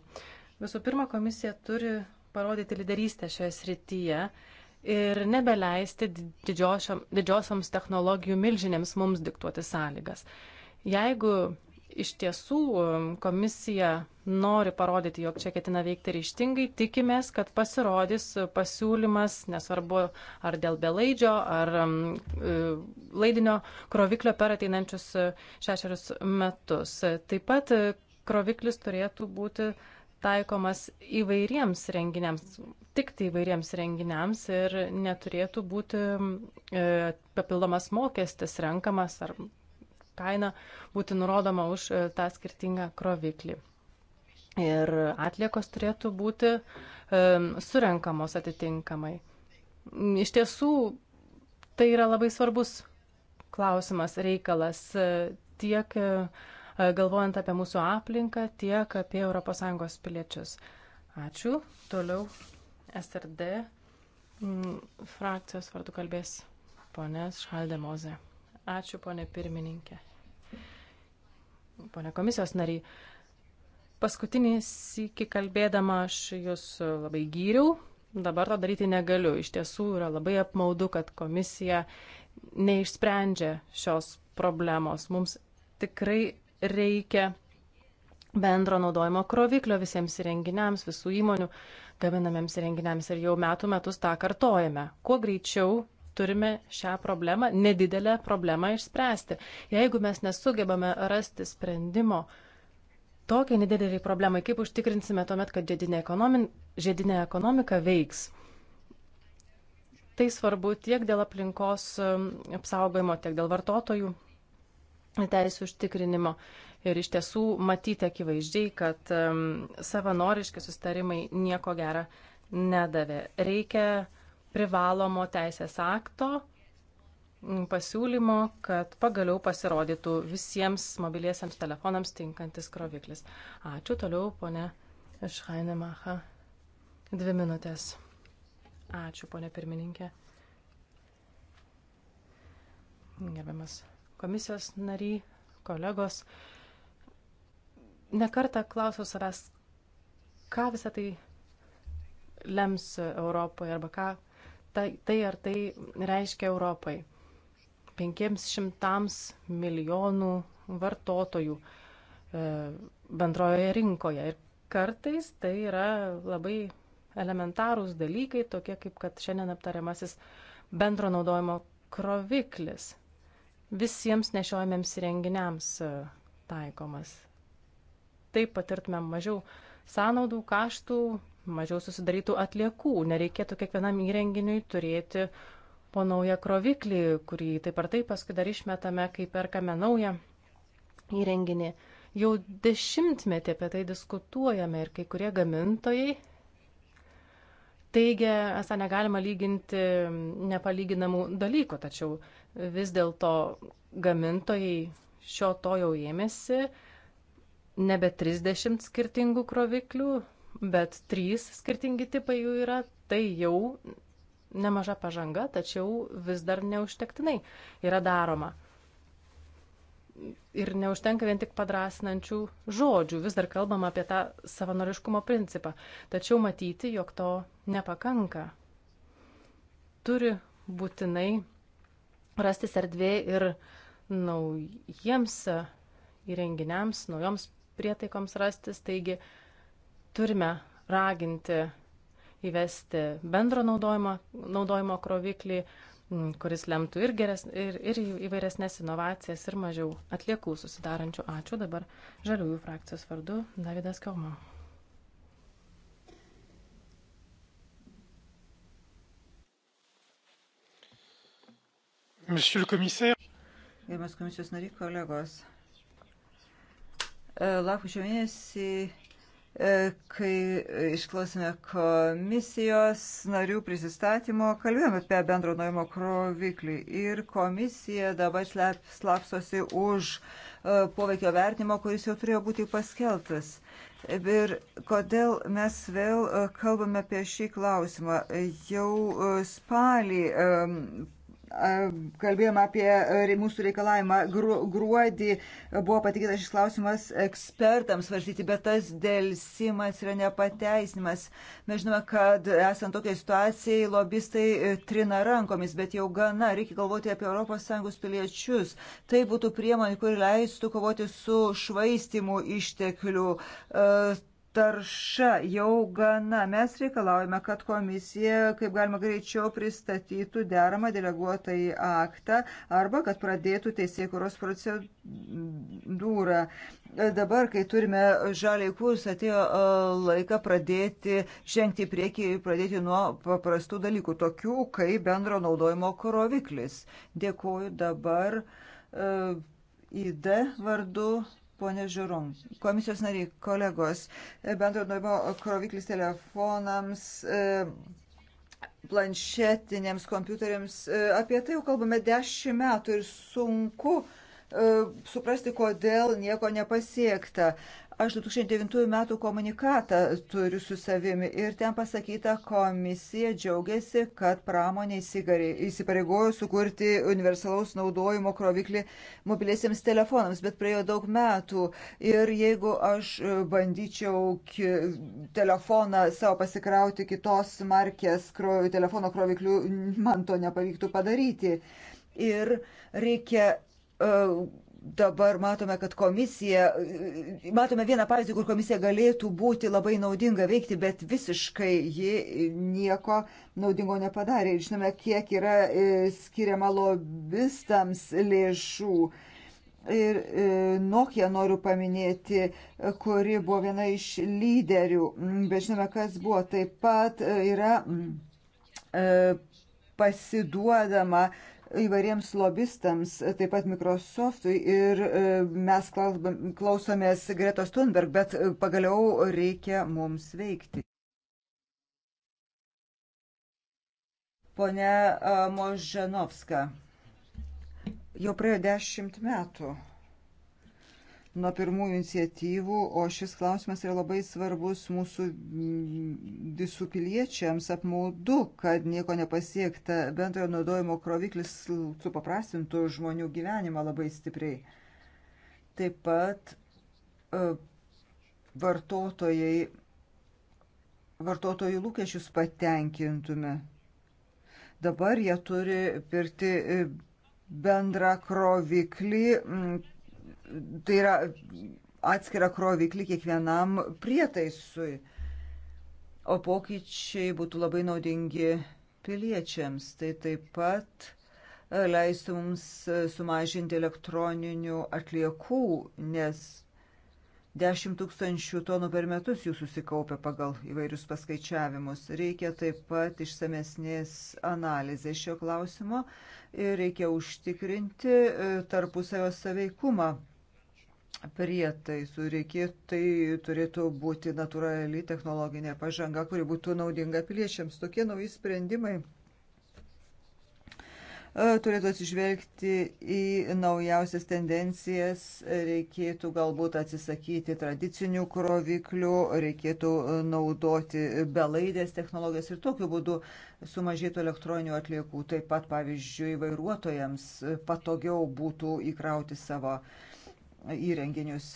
Visų pirma, komisija turi parodyti lyderystę šioje srityje ir nebeleisti didžiosioms technologijų milžinėms mums diktuoti sąlygas. Jeigu iš tiesų um, komisija nori parodyti, jog čia ketina veikti ryštingai, tikimės, kad pasirodys pasiūlymas, nesvarbu ar dėl belaidžio, ar um, e, laidinio kroviklio per ateinančius e, šešerius metus. Taip pat e, kroviklis turėtų būti taikomas įvairiems renginiams, tik tai įvairiems renginiams ir neturėtų būti papildomas mokestis renkamas ar kaina būti nurodoma už e, tą skirtingą kroviklį. Ir atliekos turėtų būti e, surenkamos atitinkamai. Iš tiesų, tai yra labai svarbus klausimas, reikalas e, tiek e, galvojant apie mūsų aplinką, tiek apie ES piliečius. Ačiū. Toliau SRD mm, frakcijos vardu kalbės ponės Šaldemozė. Ačiū, ponė pirmininkė. Pone komisijos nariai, paskutinį sįki kalbėdama aš jūs labai gyriau, dabar to daryti negaliu. Iš tiesų yra labai apmaudu, kad komisija neišsprendžia šios problemos. Mums tikrai reikia bendro naudojimo kroviklio visiems įrenginiams, visų įmonių gaminamiems įrenginiams ir jau metų metus tą kartojame. Kuo greičiau turime šią problemą, nedidelę problemą išspręsti. Jeigu mes nesugebame rasti sprendimo tokiai nedideliai problemai, kaip užtikrinsime tuomet, kad žiedinė, ekonomi, žiedinė ekonomika veiks, tai svarbu tiek dėl aplinkos um, apsaugojimo, tiek dėl vartotojų teisų užtikrinimo. Ir iš tiesų matyti akivaizdžiai, kad um, savanoriški sustarimai nieko gera nedavė. Reikia uh, privalomo teisės akto mm, pasiūlymo, kad pagaliau pasirodytų visiems mobiliesiams telefonams tinkantis kroviklis. Ačiū toliau, ponė Šrainemacha. Dvi minutės. Ačiū, ponė pirmininkė. Gerbiamas komisijos nary, kolegos. Nekartą klausiau savęs, ką visą tai lems Europoje arba ką tai ar tai reiškia Europai. 500 milijonų vartotojų e, bendrojoje rinkoje. Ir kartais tai yra labai elementarūs dalykai, tokie kaip kad šiandien aptariamasis bendro naudojimo kroviklis visiems nešiojamiems įrenginiams e, taikomas. Taip patirtumėm mažiau sąnaudų, kaštų, mažiau susidarytų atliekų, nereikėtų kiekvienam įrenginiui turėti po naują kroviklį, kurį taip ar taip paskui dar išmetame, kai perkame naują įrenginį. Jau dešimtmetį apie tai diskutuojame ir kai kurie gamintojai teigia, esą negalima lyginti nepalyginamų dalykų, tačiau vis dėlto gamintojai šio to jau ėmėsi, nebe 30 skirtingų kroviklių, bet trys skirtingi tipai jų yra, tai jau nemaža pažanga, tačiau vis dar neužtektinai yra daroma. Ir neužtenka vien tik padrasinančių žodžių, vis dar kalbama apie tą savanoriškumo principą, tačiau matyti, jog to nepakanka. Turi būtinai rastis erdvė ir naujiems įrenginiams, naujoms prietaikoms rastis, taigi uh, turime raginti įvesti bendro naudojimo, naudojimo kroviklį, kuris lemtų ir, geres, ir, ir įvairesnės inovacijas, ir mažiau atliekų susidarančių. Ačiū dabar žaliųjų frakcijos vardu Davidas Kauma. Monsieur le commissaire. Gerbiamas komisijos nariai, kolegos. E, lapkričio mėnesį E, kai išklausėme komisijos narių prisistatymo, kalbėjome apie bendro naujimo kroviklį ir komisija dabar slapsosi už e, poveikio vertinimo, kuris jau turėjo būti paskeltas. Ir kodėl mes vėl e, kalbame apie šį klausimą? Jau spalį kalbėjome apie mūsų reikalavimą. Gruodį buvo patikėtas šis klausimas ekspertams svarstyti, bet tas dėlsimas yra nepateisnimas. Mes žinome, kad esant tokiai situacijai, lobistai e, trina rankomis, bet jau gana, reikia galvoti apie ES piliečius. Tai būtų priemonė, kuri leistų kovoti su švaistimu išteklių. Uh, tarša jau gana. Mes reikalaujame, kad komisija kaip galima greičiau pristatytų deramą deleguotą į aktą arba kad pradėtų teisėkuros procedūrą. Dabar, kai turime žaliai kurs, atėjo e, laika pradėti žengti į priekį ir pradėti nuo paprastų dalykų, tokių kaip bendro naudojimo kroviklis. Dėkuoju dabar. E, ID vardu Pone Žiūrom, komisijos nariai, kolegos, bendro naudojimo kroviklis telefonams, e, planšetiniams kompiuteriams, e, apie tai jau kalbame dešimt metų ir sunku e, suprasti, kodėl nieko nepasiekta. Aš 2009 metų komunikatą turiu su savimi ir ten pasakyta, komisija džiaugiasi, kad pramonė įsipareigojo sukurti universalaus naudojimo kroviklį mobiliesiems telefonams, bet praėjo daug metų ir jeigu aš bandyčiau telefoną savo pasikrauti kitos markės kro telefono kroviklių, man to nepavyktų padaryti. Ir reikia uh, dabar matome, kad komisija, matome vieną pavyzdį, kur komisija galėtų būti labai naudinga veikti, bet visiškai ji nieko naudingo nepadarė. Ir žinome, kiek yra e, skiriama lobistams lėšų. Ir e, Nokia noriu paminėti, kuri buvo viena iš lyderių, bet žinome, kas buvo. Taip pat e, yra pasiduodama uh, įvairiems lobistams, taip pat Microsoftui ir e, mes klausomės Gretos Thunberg, bet e, pagaliau reikia mums veikti. Pone e, Moženovska, jau praėjo dešimt metų nuo pirmųjų iniciatyvų, o šis klausimas yra labai svarbus mūsų mm, visų piliečiams apmaudu, kad nieko nepasiekta bendrojo naudojimo kroviklis supaprastintų žmonių gyvenimą labai stipriai. Taip pat e, vartotojai, vartotojų lūkesčius patenkintume. Dabar jie turi pirkti e, bendrą kroviklį, tai yra atskira kroviklį kiekvienam prietaisui, o pokyčiai būtų labai naudingi piliečiams. Tai taip pat e, leistų mums e, sumažinti elektroninių atliekų, nes 10 tūkstančių tonų per metus jų susikaupia pagal įvairius paskaičiavimus. Reikia taip pat išsamesnės analizės šio klausimo ir reikia užtikrinti e, tarpusavio saveikumą prietaisų. Reikėtų, tai turėtų būti natūrali technologinė pažanga, kuri būtų naudinga piliečiams. Tokie nauji sprendimai e, turėtų atsižvelgti į naujausias tendencijas, reikėtų galbūt atsisakyti tradicinių kroviklių, reikėtų naudoti belaidės technologijas ir tokiu būdu sumažėtų elektroninių atliekų. Taip pat, pavyzdžiui, vairuotojams patogiau būtų įkrauti savo uh, įrenginius.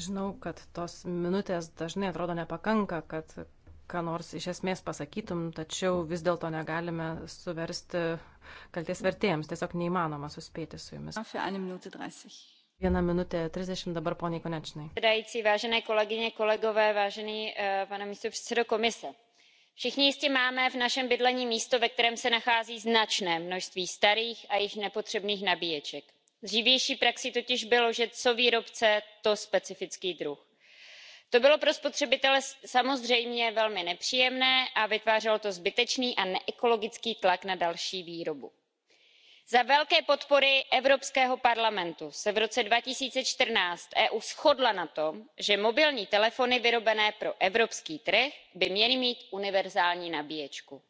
Žinau, kad tos minutės dažnai atrodo nepakanka, kad ką nors iš esmės pasakytum, tačiau vis dėlto negalime suversti kalties vertėjams, tiesiog neįmanoma suspėti su jumis. Viena minutė 30 dabar poniai Konečnai. Předající, vážené kolegyně, kolegové, vážený eh, pane místo předsedo komise. Všichni jistě máme v našem bydlení místo, ve kterém se nachází značné množství starých a již nepotřebných nabíječek dřívější praxí totiž bylo že co výrobce to specifický druh. to bylo pro spotřebitele samozřejmě velmi nepříjemné a vytvářelo to zbytečný a neekologický tlak na další výrobu. za velké podpory evropského parlamentu se v roce two thousand and fourteen eu shodla na tom že mobilní telefony vyrobené pro evropský trh by měly mít univerzální nabíječku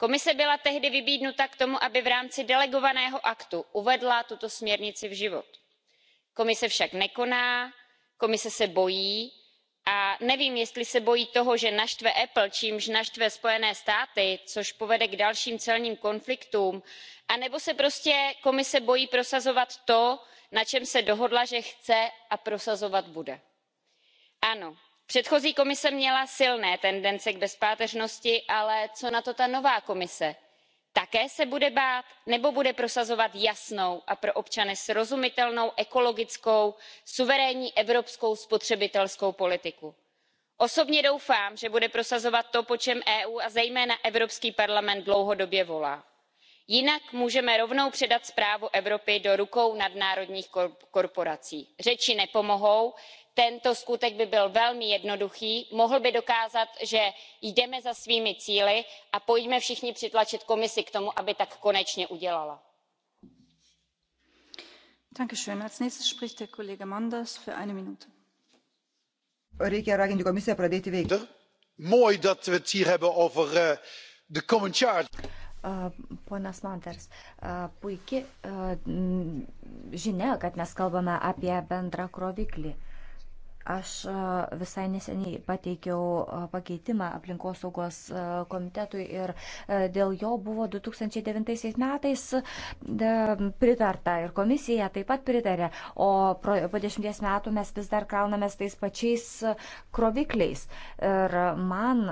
komise byla tehdy vybídnuta k tomu aby v rámci delegovaného aktu uvedla tuto směrnici v život. komise však nekoná komise se bojí a nevím jestli se bojí toho že naštve apple čímž naštve spojené státy což povede k dalším celním konfliktům anebo se prostě komise bojí prosazovat to na čem se dohodla že chce a prosazovat bude. ano předchozí komise měla silné tendence k bezpáteřnosti ale co na to ta nová komise? také se bude bát nebo bude prosazovat jasnou a pro občany srozumitelnou ekologickou suverénní evropskou spotřebitelskou politiku? osobně doufám že bude prosazovat to po čem eu a zejména evropský parlament dlouhodobě volá. jinak můžeme rovnou předat správu evropy do rukou nadnárodních korporací. řeči nepomohou tento skutek by byl velmi jednoduchý mohl by dokázat že jdeme za svými cíli a pojďme všichni přitlačit komisi k tomu aby tak konečně udělala. reikia raginti komisiją pradėti veikti. mooi dat we het hier hebben over eh, de common charge. Eh, Ponas Monters, eh, puikia žinia, mm, kad mes kalbame apie bendrą kroviklį. Aš visai neseniai pateikiau pakeitimą aplinkosaugos komitetui ir dėl jo buvo 2009 metais pritarta ir komisija taip pat pritarė, o po dešimties metų mes vis dar kraunamės tais pačiais krovikliais. Ir man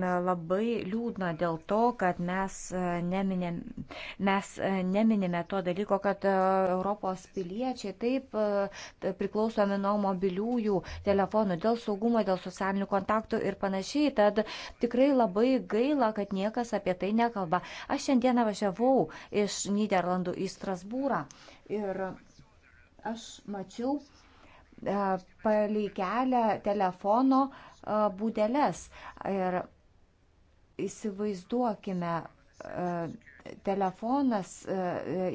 labai liūdna dėl to, kad mes e, neminėm, mes e, neminime to dalyko, kad e, Europos piliečiai taip priklausomi nuo mobiliųjų telefonų dėl saugumo, dėl socialinių kontaktų ir panašiai. Tad tikrai labai gaila, kad niekas apie tai nekalba. Aš šiandieną važiavau iš Niderlandų į Strasbūrą ir aš mačiau palei kelią telefono būdelės. Ir Įsivaizduokime, e, telefonas e,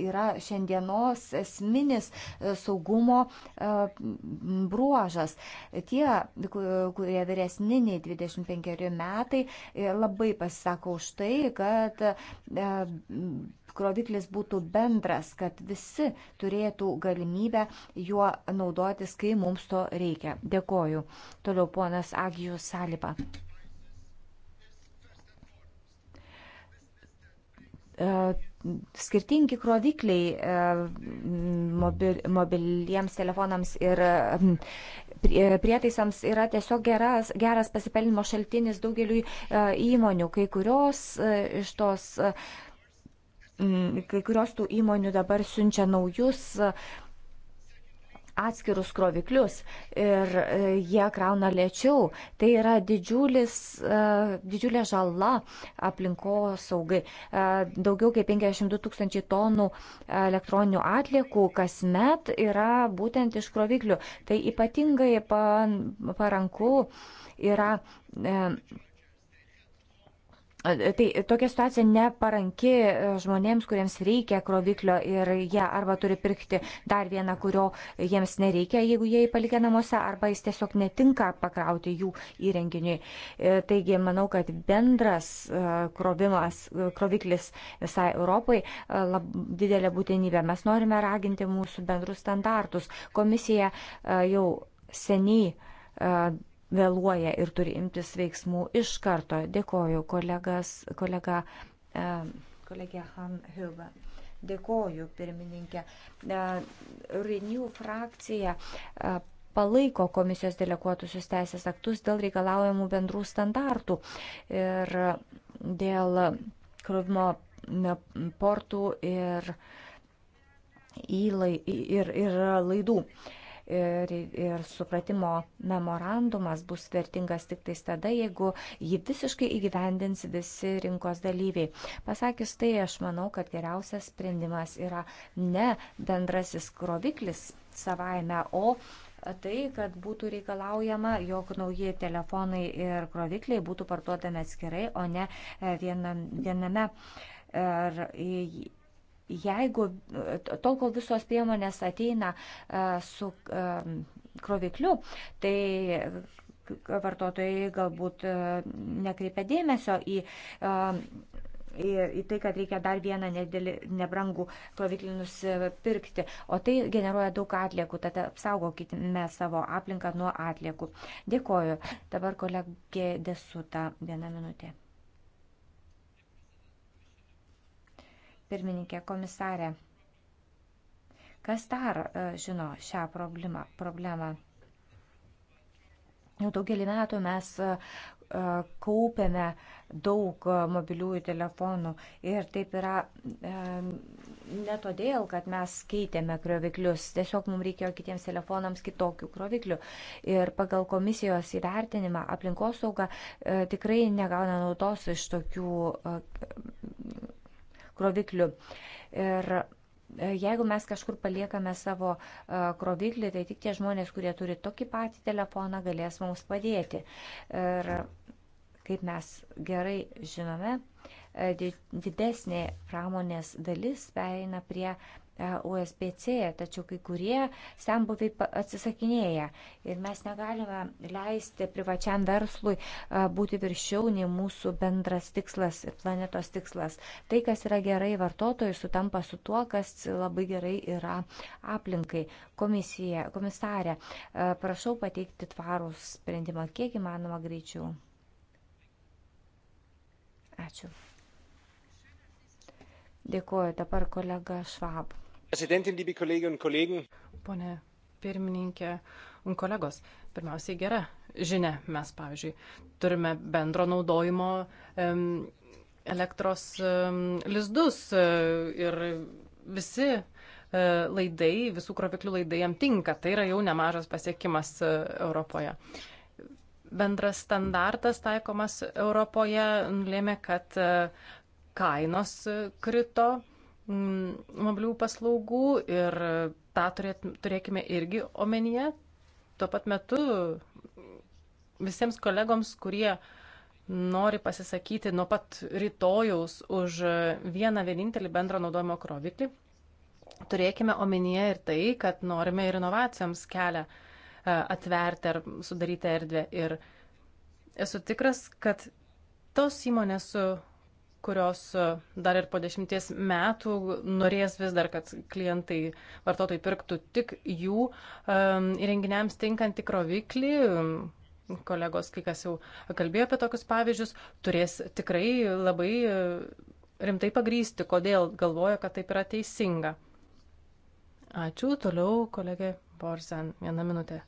yra šiandienos esminis e, saugumo bruožas. Tie, kurie vyresni nei 25 metai, labai pasisako už tai, kad kroviklis būtų bendras, kad visi turėtų galimybę juo naudotis, kai mums to reikia. Dėkoju. Toliau ponas Agijus Saliba. E, skirtingi krovikliai e, mobiliems telefonams ir e, prietaisams yra tiesiog geras, geras pasipelnimo šaltinis daugeliui įmonių. Kai kurios iš tos, kai kurios tų įmonių dabar siunčia naujus atskirus kroviklius ir e, jie krauna lėčiau. Tai yra didžiulis, e, didžiulė žala aplinkosaugai. E, daugiau kaip 52 tūkstančiai tonų elektroninių atliekų kasmet yra būtent iš kroviklių. Tai ypatingai paranku yra E, tai tokia situacija neparanki e, žmonėms, kuriems reikia kroviklio ir jie arba turi pirkti dar vieną, kurio jiems nereikia, jeigu jie jį palikę namuose, arba jis tiesiog netinka pakrauti jų įrenginiui. E, taigi manau, kad bendras krovimas, kroviklis visai Europai lab, didelė būtinybė. Mes norime raginti mūsų bendrus standartus. Komisija jau seniai vėluoja ir turi imtis veiksmų iš karto. Dėkoju kolegas, kolega, e, kolegė Han Hilva. Dėkoju, pirmininkė. E, Renew frakcija e, palaiko komisijos deleguotusius teisės aktus dėl reikalaujamų bendrų standartų ir dėl krovimo portų ir, įlai, ir, ir laidų. Uh, ir, ir supratimo memorandumas bus vertingas tik tais tada, jeigu jį visiškai įgyvendins visi rinkos dalyviai. Pasakius tai, aš manau, kad geriausias sprendimas yra ne bendrasis kroviklis savaime, o tai, kad būtų reikalaujama, jog nauji telefonai ir krovikliai būtų parduodami atskirai, o ne vienam, viename. Ir er, jeigu tol, kol visos priemonės ateina e, su e, krovikliu, tai vartotojai galbūt e, nekreipia dėmesio į į, į tai, kad reikia dar vieną nedėlį, nebrangų kroviklį nusipirkti. O tai generuoja daug atliekų, tad apsaugokime savo aplinką nuo atliekų. Dėkoju. Dabar kolegė Desuta, viena minutė. pirmininkė komisarė. Kas dar e, žino šią problemą? problemą? Jau daugelį metų mes e, e, kaupiame daug mobiliųjų telefonų ir taip yra ne todėl, kad mes keitėme kroviklius, tiesiog mums reikėjo kitiems telefonams kitokių kroviklių. Ir pagal komisijos įvertinimą aplinkosauga tikrai negauna naudos iš tokių kroviklių. Ir e, jeigu mes kažkur paliekame savo e, kroviklį, tai tik tie žmonės, kurie turi tokį patį telefoną, galės mums padėti. Ir kaip mes gerai žinome, e, didesnė pramonės dalis pereina prie E, USBC, tačiau kai kurie sambuviai atsisakinėja. Ir mes negalime leisti privačiam verslui e, būti viršiau nei mūsų bendras tikslas ir planetos tikslas. Tai, kas yra gerai vartotojui, sutampa su tuo, kas labai gerai yra aplinkai. Komisija, komisarė, e, prašau pateikti tvarų sprendimą kiek įmanoma greičiau. Ačiū. Dėkuoju dabar kolega Švab. Pone pirmininkė, kolegos, pirmiausiai gera žinia. Mes, pavyzdžiui, turime bendro naudojimo elektros lizdus e, ir visi e, laidai, visų kroviklių laidai jam tinka. Tai yra jau nemažas pasiekimas e, Europoje bendras standartas taikomas Europoje nulėmė, kad kainos krito Mm, mobilių paslaugų ir tą turėt, turėkime irgi omenyje. Tuo pat metu visiems kolegoms, kurie nori pasisakyti nuo pat rytojaus už vieną vienintelį bendrą naudojimo kroviklį, turėkime omenyje ir tai, kad norime ir inovacijoms kelią e, atverti ar sudaryti erdvę. Ir esu tikras, kad tos įmonės, su kurios e, dar ir po dešimties metų norės vis dar, kad klientai, vartotojai pirktų tik jų um, įrenginiams tinkantį kroviklį. Kolegos, kai kas jau kalbėjo apie tokius pavyzdžius, turės tikrai labai e, rimtai pagrysti, kodėl galvoja, kad taip yra teisinga. Ačiū. Toliau kolegė Borzan. Vieną minutę.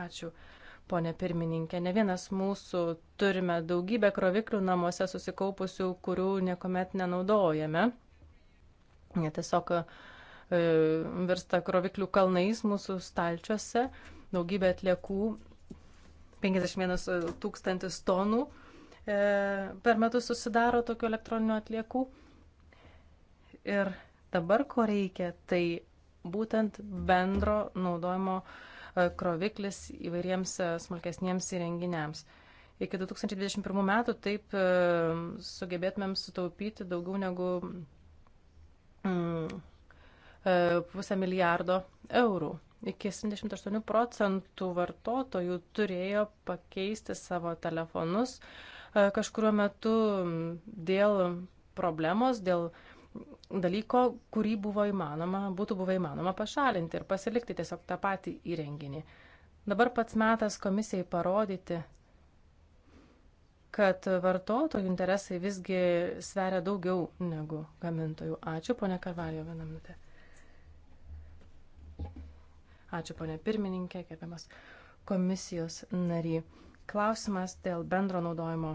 Ačiū. Uh, ponė pirmininkė. Ne vienas mūsų turime daugybę kroviklių namuose susikaupusių, kurių niekuomet nenaudojame. Jie tiesiog e, virsta kroviklių kalnais mūsų stalčiuose, daugybė atliekų, 51 e, tūkstantis tonų e, per metus susidaro tokių elektroninių atliekų. Ir dabar ko reikia, tai būtent bendro naudojimo e, E, kroviklis įvairiems e, smulkesniems įrenginiams. Iki 2021 metų taip e, sugebėtumėm sutaupyti daugiau negu mm, pusę milijardo eurų. Iki 78 procentų vartotojų turėjo pakeisti savo telefonus kažkuriuo metu dėl problemos, dėl uh, dalyko, kurį buvo įmanoma, būtų buvę įmanoma pašalinti ir pasilikti tiesiog tą patį įrenginį. Dabar pats metas komisijai parodyti, kad vartotojų interesai visgi sveria daugiau negu gamintojų. Ačiū, ponė Karvalio, vieną minutę. Ačiū, ponė pirmininkė, gerbiamas komisijos nary. Klausimas dėl bendro naudojimo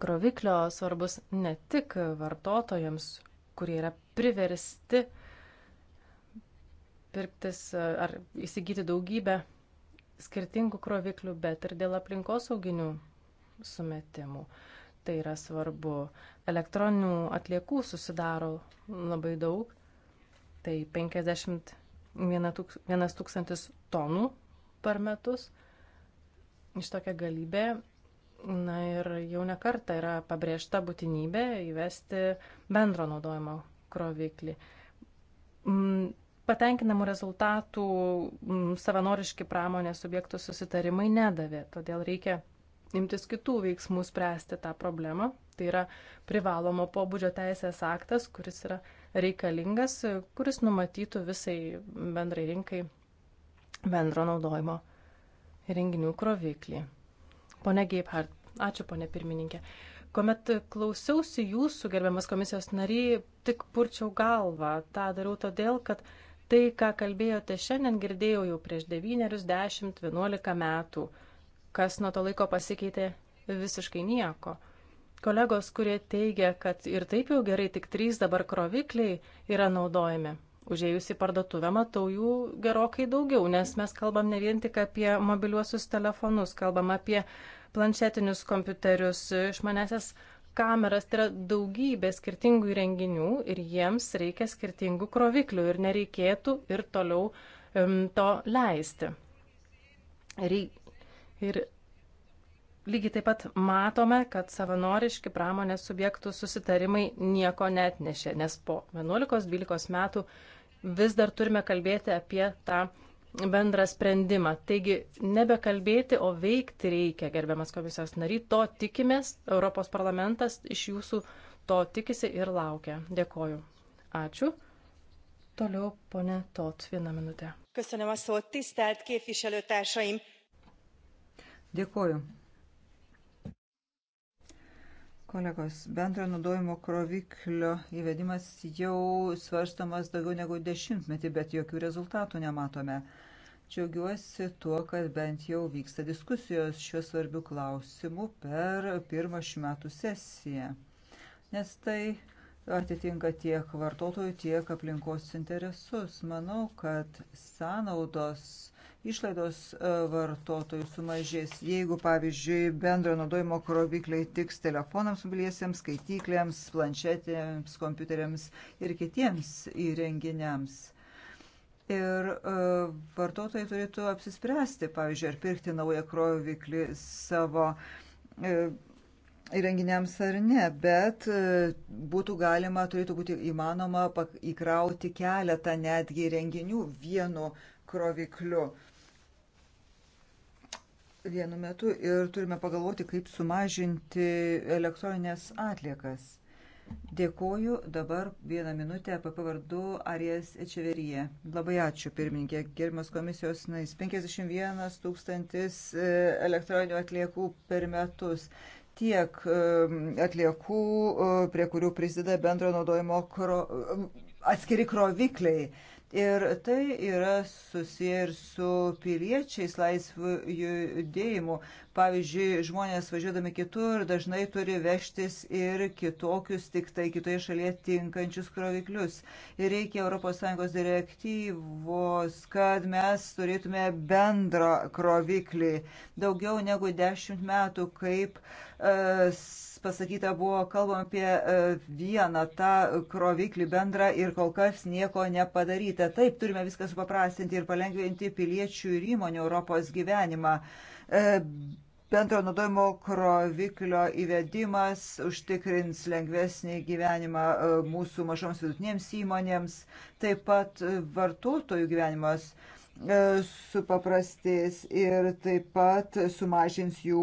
kroviklio svarbus ne tik vartotojams, kurie yra priversti pirktis e, ar įsigyti daugybę skirtingų kroviklių, bet ir dėl aplinkosauginių sumetimų. Tai yra svarbu. Elektroninių atliekų susidaro labai daug. Tai 51 tūkstantis tonų per metus. Iš tokia galybė Na ir jau nekarta yra pabrėžta būtinybė įvesti bendro naudojimo kroviklį. Mm, patenkinamų rezultatų mm, savanoriški pramonės subjektų susitarimai nedavė, todėl reikia imtis kitų veiksmų spręsti tą problemą. Tai yra privalomo pobūdžio teisės aktas, kuris yra reikalingas, kuris numatytų visai bendrai rinkai bendro naudojimo renginių kroviklį. Pone Geibhardt, ačiū pone pirmininkė. Komet klausiausi jūsų, gerbiamas komisijos nary, tik purčiau galvą. Ta dariau todėl, kad tai, ką kalbėjote šiandien, girdėjau jau prieš 9, 10, 11 metų. Kas nuo to laiko pasikeitė? Visiškai nieko. Kolegos, kurie teigia, kad ir taip jau gerai tik trys dabar krovikliai yra naudojami, Užėjus į parduotuvę matau jų gerokai daugiau, nes mes kalbam ne vien tik apie mobiliuosius telefonus, kalbam apie planšetinius kompiuterius, išmanesias kameras, tai yra daugybė skirtingų įrenginių ir jiems reikia skirtingų kroviklių ir nereikėtų ir toliau um, to leisti. Ir, ir Lygiai taip pat matome, kad savanoriški pramonės subjektų susitarimai nieko net nešė, nes po 11-12 metų vis dar turime kalbėti apie tą bendrą sprendimą. Taigi nebekalbėti, o veikti reikia, gerbiamas komisijos nary. To tikimės, Europos parlamentas iš jūsų to tikisi ir laukia. Dėkoju. Ačiū. Toliau ponė Tot, vieną minutę. Köszönöm a szót, tisztelt képviselőtársaim! Dėkoju. Kolegos, bendro naudojimo kroviklio įvedimas jau svarstamas daugiau negu dešimtmetį, bet jokių rezultatų nematome. Džiaugiuosi tuo, kad bent jau vyksta diskusijos šiuo svarbiu klausimu per pirmą šių metų sesiją. Nes tai atitinka tiek vartotojų, tiek aplinkos interesus. Manau, kad sąnaudos išlaidos e, vartotojų sumažės. Jeigu, pavyzdžiui, bendro naudojimo krovikliai tiks telefonams mobiliesiems, skaityklėms, planšetėms, kompiuteriams ir kitiems įrenginiams. Ir uh, vartotojai turėtų apsispręsti, pavyzdžiui, ar pirkti naują kroviklį savo uh, įrenginiams ar ne, bet būtų galima, turėtų būti įmanoma įkrauti keletą netgi įrenginių vienu krovikliu vienu metu ir turime pagalvoti, kaip sumažinti elektroninės atliekas. Dėkoju dabar vieną minutę apie pavardų Arijas Ečeverija. Labai ačiū, pirmininkė, gerimas komisijos nais. 51 tūkstantis e, elektroninių atliekų per metus tiek e, atliekų, e, prie kurių prisideda bendro naudojimo kro, atskiri krovikliai. Ir tai yra susiję ir su piliečiais laisvų judėjimų. Pavyzdžiui, žmonės važiuodami kitur dažnai turi vežtis ir kitokius, tik tai kitoje šalyje tinkančius kroviklius. Ir reikia ES direktyvos, kad mes turėtume bendrą kroviklį. Daugiau negu dešimt metų kaip uh, pasakyta buvo, kalbam apie e, vieną tą kroviklį bendrą ir kol kas nieko nepadaryta. Taip, turime viską supaprastinti ir palengvinti piliečių ir įmonių Europos gyvenimą. E, bendro naudojimo kroviklio įvedimas užtikrins lengvesnį gyvenimą e, mūsų mažoms vidutinėms įmonėms, taip pat vartotojų gyvenimas. E, supaprastės ir taip pat sumažins jų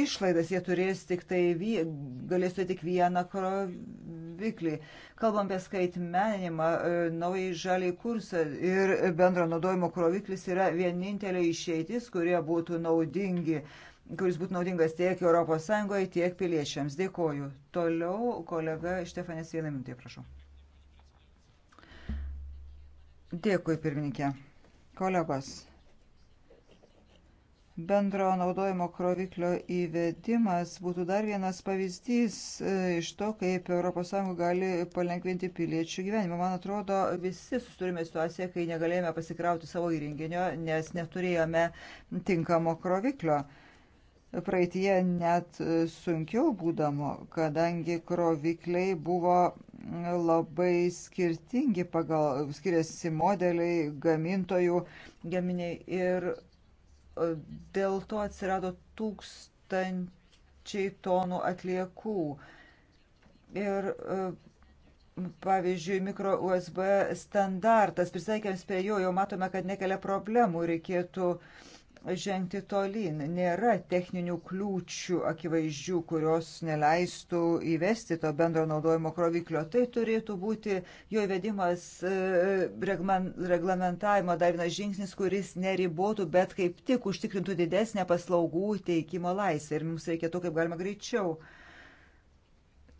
išlaidas. Jie turės tik tai, galės turėti tik vieną kroviklį. Kalbam apie skaitmeninimą, e, naujai žaliai kursą ir bendro naudojimo kroviklis yra vienintelė išeitis, kurie būtų naudingi kuris būtų naudingas tiek ES, tiek piliečiams. Dėkoju. Toliau kolega Štefanės vieną minutę, prašau. Dėkui, pirmininkė. Kolegos, bendro naudojimo kroviklio įvedimas būtų dar vienas pavyzdys e, iš to, kaip ES gali palengvinti piliečių gyvenimą. Man atrodo, visi susidurime situaciją, kai negalėjome pasikrauti savo įrenginio, nes neturėjome tinkamo kroviklio praeitie net sunkiau būdamo, kadangi krovikliai buvo labai skirtingi pagal, skiriasi modeliai, gamintojų gaminiai ir e, dėl to atsirado tūkstančiai tonų atliekų. Ir e, pavyzdžiui, mikro USB standartas, prisaikėms prie jo, jau matome, kad nekelia problemų, reikėtų uh, žengti tolyn. Nėra techninių kliūčių akivaizdžių, kurios neleistų įvesti to bendro naudojimo kroviklio. Tai turėtų būti jo įvedimas e, reglamentavimo dar vienas žingsnis, kuris neribotų, bet kaip tik užtikrintų didesnę paslaugų teikimo laisvę. Ir mums reikėtų kaip galima greičiau.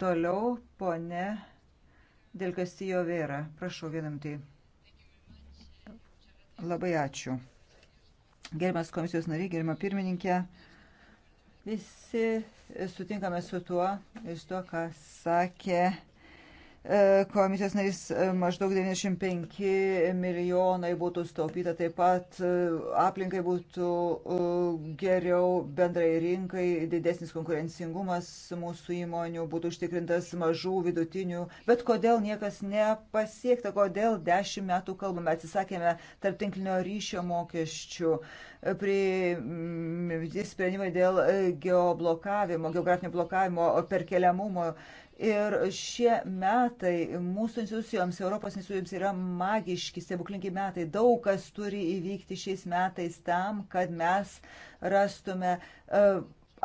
Toliau, ponė Dėl Kastijo Vėra. Prašau, vienam tai. Labai ačiū. Gerbiamas komisijos nariai, gerbiamą pirmininkę, visi sutinkame su tuo, iš to, ką sakė E, komisijos narys e, maždaug 95 milijonai būtų staupyta, taip pat e, aplinkai būtų geriau bendrai rinkai, didesnis konkurencingumas mūsų įmonių būtų užtikrintas mažų, vidutinių. Bet kodėl niekas nepasiekta, kodėl dešimt metų kalbame, atsisakėme tarptinklinio ryšio mokesčių, priimti sprendimai dėl geoblokavimo, geografinio blokavimo, perkeliamumo Ir šie metai mūsų institucijoms, Europos institucijoms yra magiški, stebuklingi metai. Daug kas turi įvykti šiais metais tam, kad mes rastume e,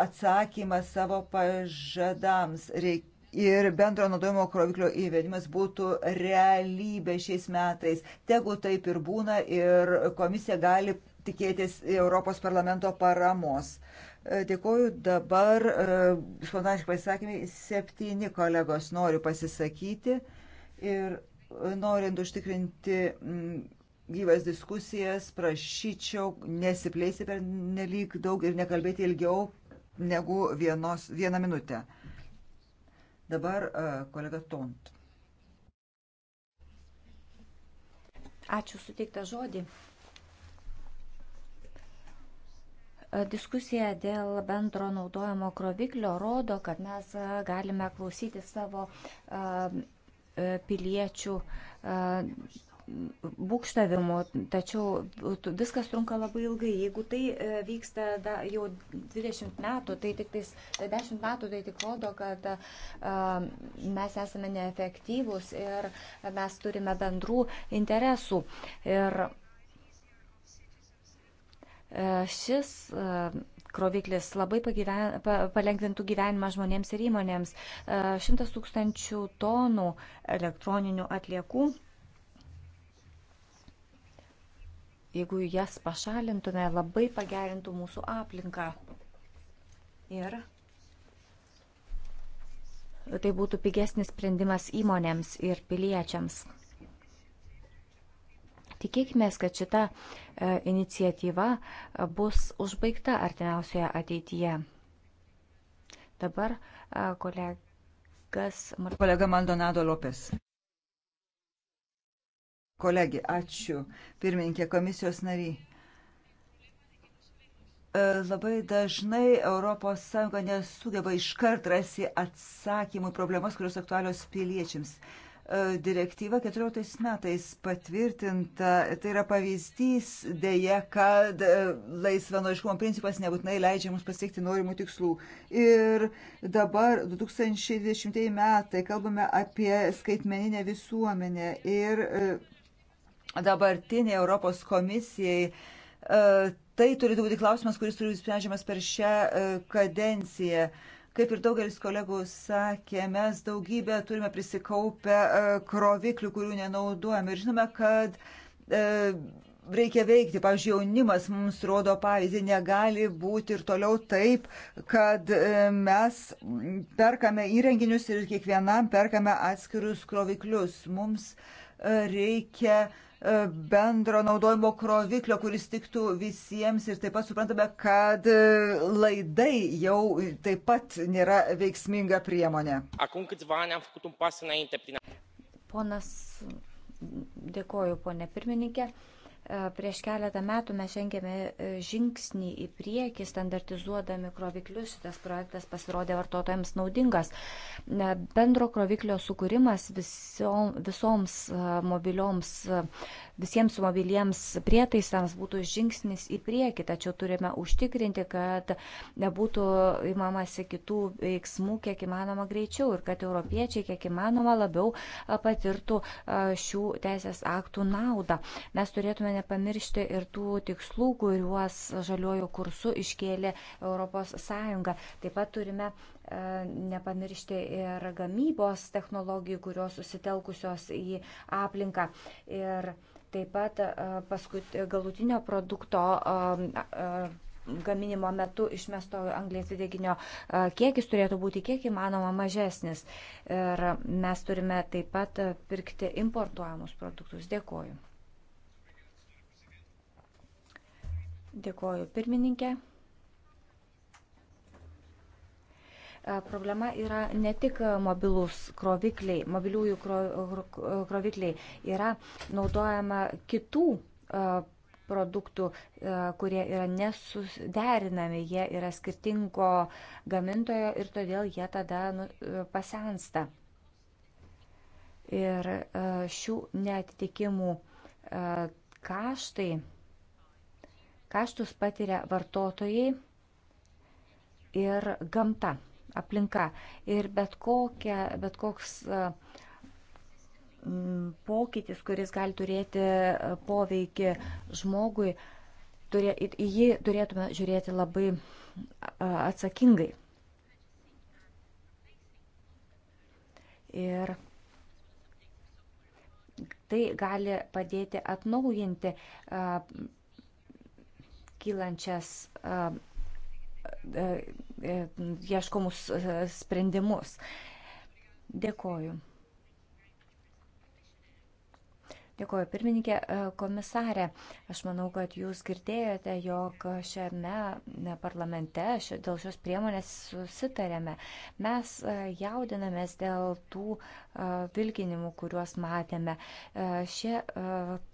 atsakymą savo pažadams. Reik ir bendro naudojimo kroviklio įvedimas būtų realybė šiais metais. Tegu taip ir būna ir komisija gali tikėtis Europos parlamento paramos. Dėkoju. Dabar e, spontaniškai pasisakymai septyni kolegos nori pasisakyti ir e, norint užtikrinti gyvas diskusijas, prašyčiau nesiplėsti per nelik daug ir nekalbėti ilgiau negu vienos, vieną minutę. Dabar e, kolega Tont. Ačiū suteiktą žodį. Diskusija dėl bendro naudojimo kroviklio rodo, kad mes galime klausyti savo e, piliečių būkštavimų, tačiau viskas trunka labai ilgai. Jeigu tai e, vyksta da, jau 20 metų, tai tik tais, 10 tai metų tai tik rodo, kad a, mes esame neefektyvūs ir mes turime bendrų interesų. Ir E, šis e, kroviklis labai pagyven, pa, palengvintų gyvenimą žmonėms ir įmonėms. E, šimtas tūkstančių tonų elektroninių atliekų. Jeigu jas pašalintume, labai pagerintų mūsų aplinką. Ir tai būtų pigesnis sprendimas įmonėms ir piliečiams. Tikėkime, kad šita e, iniciatyva e, bus užbaigta artimiausioje ateityje. Dabar e, kolegas. Kolega Maldonado Lopes. Kolegi, ačiū. Pirmininkė komisijos nariai. Labai dažnai ES nesugeba iškart rasti atsakymų problemas, kurios aktualios piliečiams direktyva 14 metais patvirtinta, tai yra pavyzdys dėje, kad e, laisvanoriškumo principas nebūtinai leidžia mums pasiekti norimų tikslų. Ir dabar 2020 metai kalbame apie skaitmeninę visuomenę ir e, dabartinė Europos komisijai e, tai turi būti klausimas, kuris turi būti sprendžiamas per šią kadenciją. Kaip ir daugelis kolegų sakė, mes daugybę turime prisikaupę e, kroviklių, kurių nenaudojame. Ir žinome, kad e, reikia veikti. Pavyzdžiui, jaunimas mums rodo pavyzdį, negali būti ir toliau taip, kad e, mes perkame įrenginius ir kiekvienam perkame atskirus kroviklius. Mums reikia uh, E, bendro naudojimo kroviklio, kuris tiktų visiems ir taip pat suprantame, kad e, laidai jau taip pat nėra veiksminga priemonė. Ponas, dėkoju, ponė pirmininkė. E, prieš keletą metų mes žengėme e, žingsnį į priekį, standartizuodami kroviklius. Šitas projektas pasirodė vartotojams naudingas. E, bendro kroviklio sukūrimas visom, visoms mobilioms visiems mobiliems prietaisams būtų žingsnis į priekį, tačiau turime užtikrinti, kad nebūtų įmamasi kitų veiksmų kiek įmanoma greičiau ir kad europiečiai kiek įmanoma labiau patirtų šių teisės aktų naudą. Mes turėtume nepamiršti ir tų tikslų, kuriuos žaliojų kursų iškėlė ES. Taip pat turime nepamiršti ir gamybos technologijų, kurios susitelkusios į aplinką. Ir Taip pat e, paskut, galutinio produkto e, e, gaminimo metu išmesto anglės dvideginio kiekis turėtų būti kiek įmanoma mažesnis. Ir mes turime taip pat pirkti importuojamus produktus. Dėkoju. Dėkoju pirmininkė. E, problema yra ne tik mobilus krovikliai, mobiliųjų krovikliai, yra naudojama kitų e, produktų, e, kurie yra nesuderinami, jie yra skirtingo gamintojo ir todėl jie tada nu, pasensta. Ir šių netitikimų kaštai, kaštus patiria vartotojai ir gamta aplinka. Ir bet, kokia, bet koks e, pokytis, kuris gali turėti e, poveikį žmogui, turė, į jį turėtume žiūrėti labai atsakingai. Ir tai gali padėti atnaujinti kylančias E, ieškomus e, sprendimus. Dėkoju. Dėkuoju, pirmininkė e, komisarė. Aš manau, kad jūs girdėjote, jog šiame parlamente dėl šios priemonės susitarėme. Mes jaudinamės dėl tų vilkinimų, kuriuos matėme. Šie,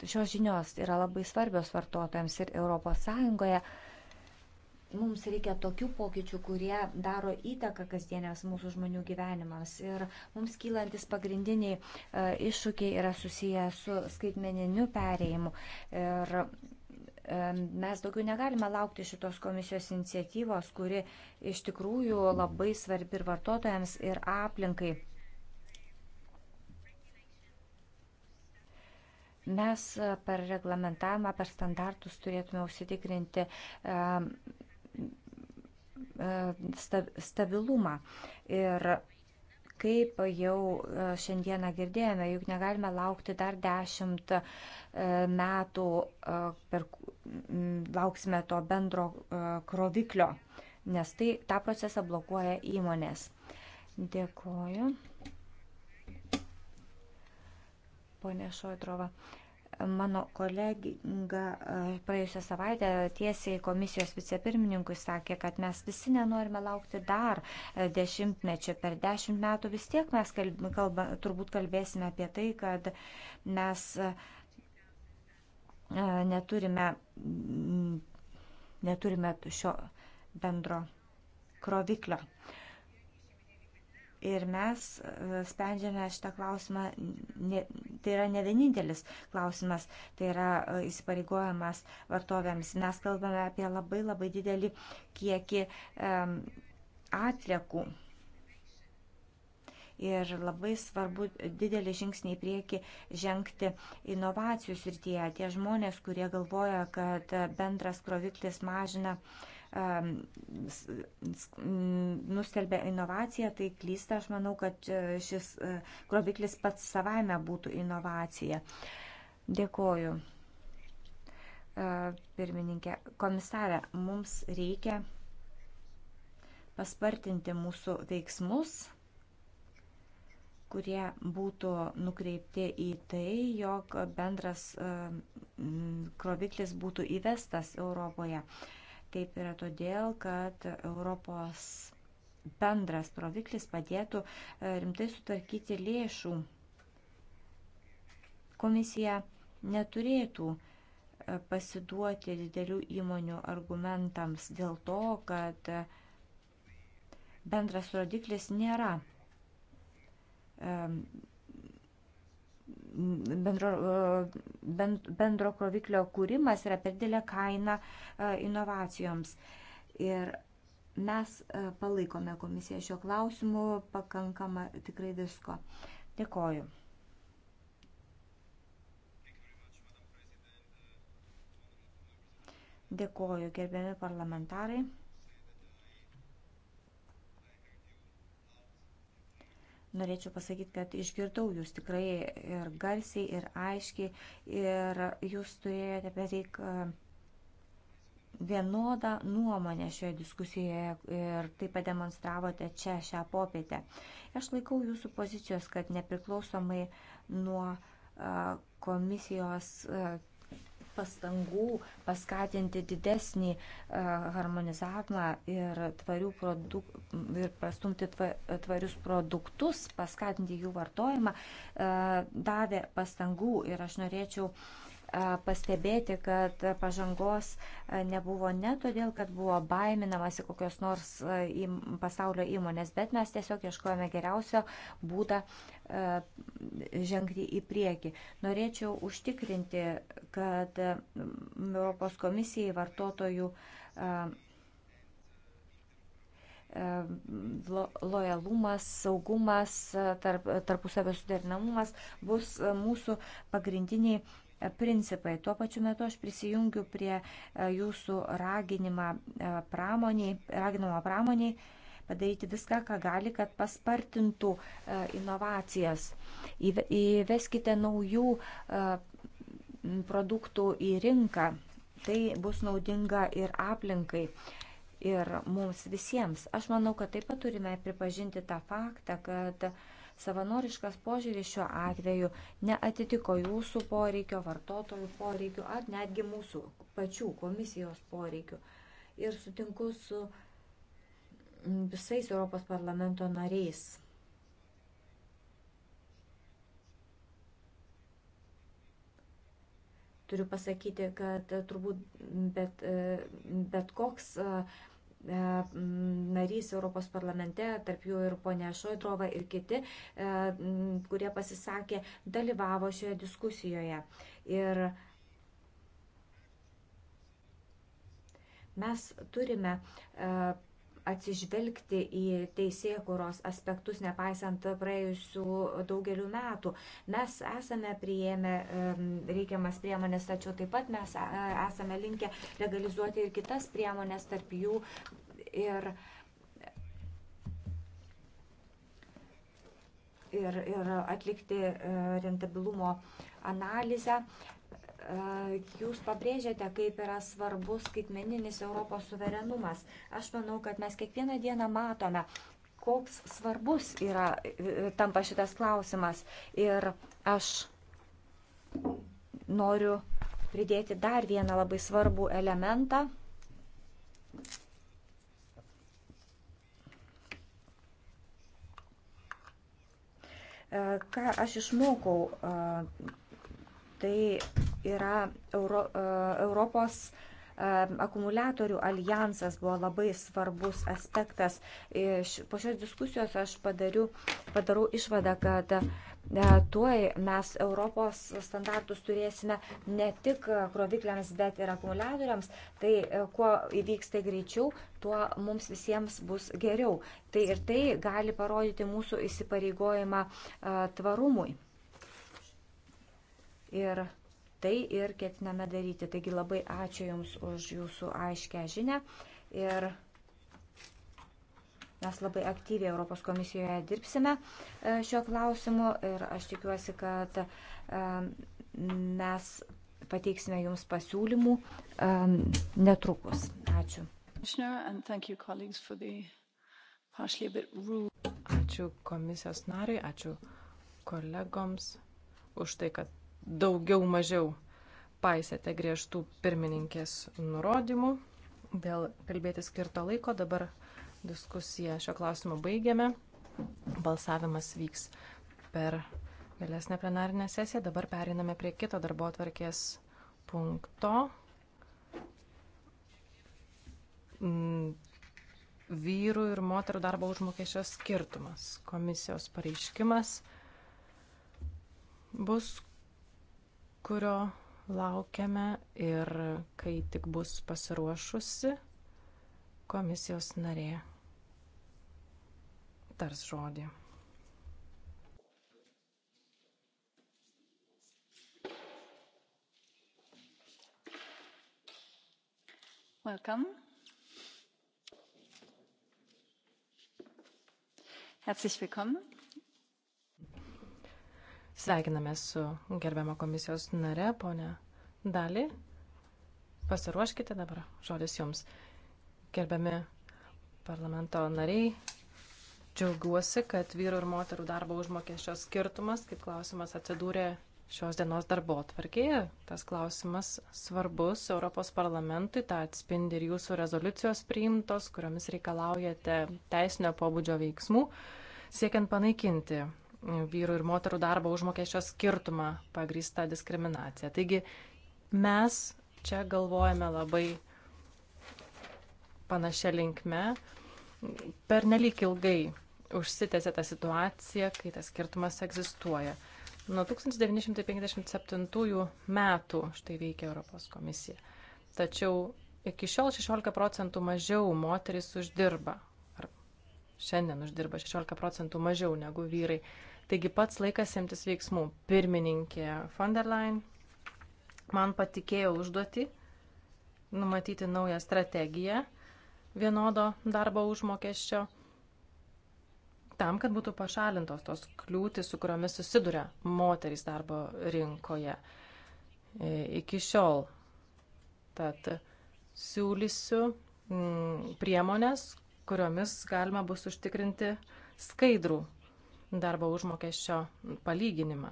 šios žinios yra labai svarbios vartotojams ir ES mums reikia tokių pokyčių, kurie daro įtaką kasdienės mūsų žmonių gyvenimams. Ir mums kylantis pagrindiniai e, iššūkiai yra susiję su skaitmeniniu perėjimu. Ir e, mes daugiau negalime laukti šitos komisijos iniciatyvos, kuri iš tikrųjų labai svarbi ir vartotojams, ir aplinkai. Mes per reglamentavimą, per standartus turėtume užsitikrinti e, E, stabilumą. Ir kaip jau e, šiandieną girdėjome, juk negalime laukti dar dešimt e, metų, per, lauksime to bendro kroviklio, nes tai tą procesą blokuoja įmonės. Dėkuoju. Pone Šoidrova. Uh, Mano kolega e, praėjusią savaitę tiesiai komisijos vicepirmininkui sakė, kad mes visi nenorime laukti dar e, dešimtmečio. Per dešimt metų vis tiek mes kalba, turbūt kalbėsime apie tai, kad mes e, neturime, neturime šio bendro kroviklio. Ir mes e, sprendžiame šitą klausimą, ne, tai yra ne vienintelis klausimas, tai yra e, įsipareigojimas vartotojams. Mes kalbame apie labai labai didelį kiekį um, atliekų. Ir labai svarbu didelį žingsnį į priekį žengti inovacijų srityje. Tie žmonės, kurie galvoja, kad bendras kroviklis mažina uh, nustelbė inovaciją, tai klysta. Aš manau, kad e, šis e, grobiklis pats savaime būtų inovacija. Dėkoju. E, pirmininkė, komisarė, mums reikia paspartinti mūsų veiksmus kurie būtų nukreipti į tai, jog bendras kroviklis būtų įvestas Europoje. Uh, Taip yra todėl, kad Europos bendras proviklis padėtų e, rimtai sutvarkyti lėšų. Komisija neturėtų e, pasiduoti didelių įmonių argumentams dėl to, kad e, bendras rodiklis nėra bendro, bendro kroviklio kūrimas yra per didelė kaina e, inovacijoms. Ir mes e, palaikome komisiją šio klausimu, pakankama tikrai visko. Dėkoju. Dėkoju, gerbiami parlamentarai. Norėčiau pasakyti, kad išgirdau jūs tikrai ir garsiai, ir aiškiai, ir jūs turėjote beveik e, vienodą nuomonę šioje diskusijoje ir tai pademonstravote čia šią popietę. Aš laikau jūsų pozicijos, kad nepriklausomai nuo e, komisijos e, pastangų paskatinti didesnį e, harmonizavimą ir, produk, ir prastumti tvarius produktus, paskatinti jų vartojimą, e, davė pastangų ir aš norėčiau pastebėti, kad pažangos nebuvo ne todėl, kad buvo baiminamasi kokios nors pasaulio įmonės, bet mes tiesiog ieškojame geriausio būdą žengti į priekį. Norėčiau užtikrinti, kad Europos komisijai vartotojų lojalumas, saugumas, tarp, tarpusavio suderinamumas bus mūsų pagrindiniai E, principai. Tuo pačiu metu aš prisijungiu prie e, jūsų raginimą e, pramoniai, raginamą pramoniai padaryti viską, ką gali, kad paspartintų inovacijas. Įveskite naujų produktų į rinką. Tai bus naudinga ir aplinkai ir mums visiems. Aš manau, kad taip pat turime pripažinti tą faktą, kad Savanoriškas požiūris šiuo atveju neatitiko jūsų poreikio, vartotojų poreikių ar netgi mūsų pačių komisijos poreikių. Ir sutinku su visais Europos parlamento nariais. Turiu pasakyti, kad turbūt bet, bet koks uh, E, narys Europos parlamente, tarp jų ir ponia Šoidrova ir kiti, e, kurie pasisakė, dalyvavo šioje diskusijoje. Ir mes turime e, atsižvelgti į teisėkuros aspektus, nepaisant praėjusių daugelių metų. Mes esame prieėmę reikiamas priemonės, tačiau taip pat mes e, esame linkę legalizuoti ir kitas priemonės, tarp jų ir. Ir, ir atlikti e, rentabilumo analizę. Uh, Jūs pabrėžėte, kaip yra svarbus skaitmeninis Europos suverenumas. Aš manau, kad mes kiekvieną dieną matome, koks svarbus yra e, e, tampa šitas klausimas. Ir aš noriu pridėti dar vieną labai svarbų elementą. Ką aš išmokau, tai yra Euro, e, Europos e, akumuliatorių alijansas buvo labai svarbus aspektas. Po šios diskusijos aš padariu, padarau išvadą, kad e, tuoj mes Europos standartus turėsime ne tik krovikliams, bet ir akumuliatoriams. Tai kuo įvyks tai greičiau, tuo mums visiems bus geriau. Tai ir tai gali parodyti mūsų įsipareigojimą tvarumui. Ir Tai ir ketiname daryti. Taigi labai ačiū Jums už Jūsų aiškę žinę. Ir mes labai aktyviai Europos komisijoje dirbsime e, šiuo klausimu ir aš tikiuosi, kad e, mes pateiksime Jums pasiūlymų e, netrukus. Ačiū. Ačiū komisijos nariai, ačiū kolegoms už tai, kad daugiau mažiau paisėte griežtų pirmininkės nurodymų. Dėl kalbėti skirto laiko dabar diskusiją šio klausimu baigiame. Balsavimas vyks per vėlesnę plenarinę sesiją. Dabar periname prie kito darbo atvarkės punkto. Mm, vyrų ir moterų darbo užmokesčio skirtumas. Komisijos pareiškimas bus kurio laukiame ir kai tik bus pasiruošusi komisijos narė tars žodį. Welcome. Herzlich willkommen. Sveikiname su gerbiama komisijos nare, ponė Dali. Pasiruoškite dabar, žodis jums. Gerbiami parlamento nariai, džiaugiuosi, kad vyru ir moterų darbo užmokesčio skirtumas, kaip klausimas, atsidūrė šios dienos darbo atvarkėje. Tas klausimas svarbus Europos parlamentui, tą atspindi ir jūsų rezoliucijos priimtos, kuriomis reikalaujate teisinio pobūdžio veiksmų, siekiant panaikinti vyrų ir moterų darbo užmokesčio skirtumą pagrįstą diskriminaciją. Taigi mes čia galvojame labai panašia linkme. Per nelik ilgai užsitęsė ta situacija, kai tas skirtumas egzistuoja. Nuo 1957 metų štai veikia Europos komisija. Tačiau iki šiol 16 procentų mažiau moteris uždirba šiandien uždirba 16 procentų mažiau negu vyrai. Taigi pats laikas imtis veiksmų. Pirmininkė von der Leyen man patikėjo užduoti numatyti naują strategiją vienodo darbo užmokesčio tam, kad būtų pašalintos tos kliūtis, su kuriomis susiduria moterys darbo rinkoje e, iki šiol. Tad siūlysiu mm, priemonės, kuriomis galima bus užtikrinti skaidrų darbo užmokesčio palyginimą.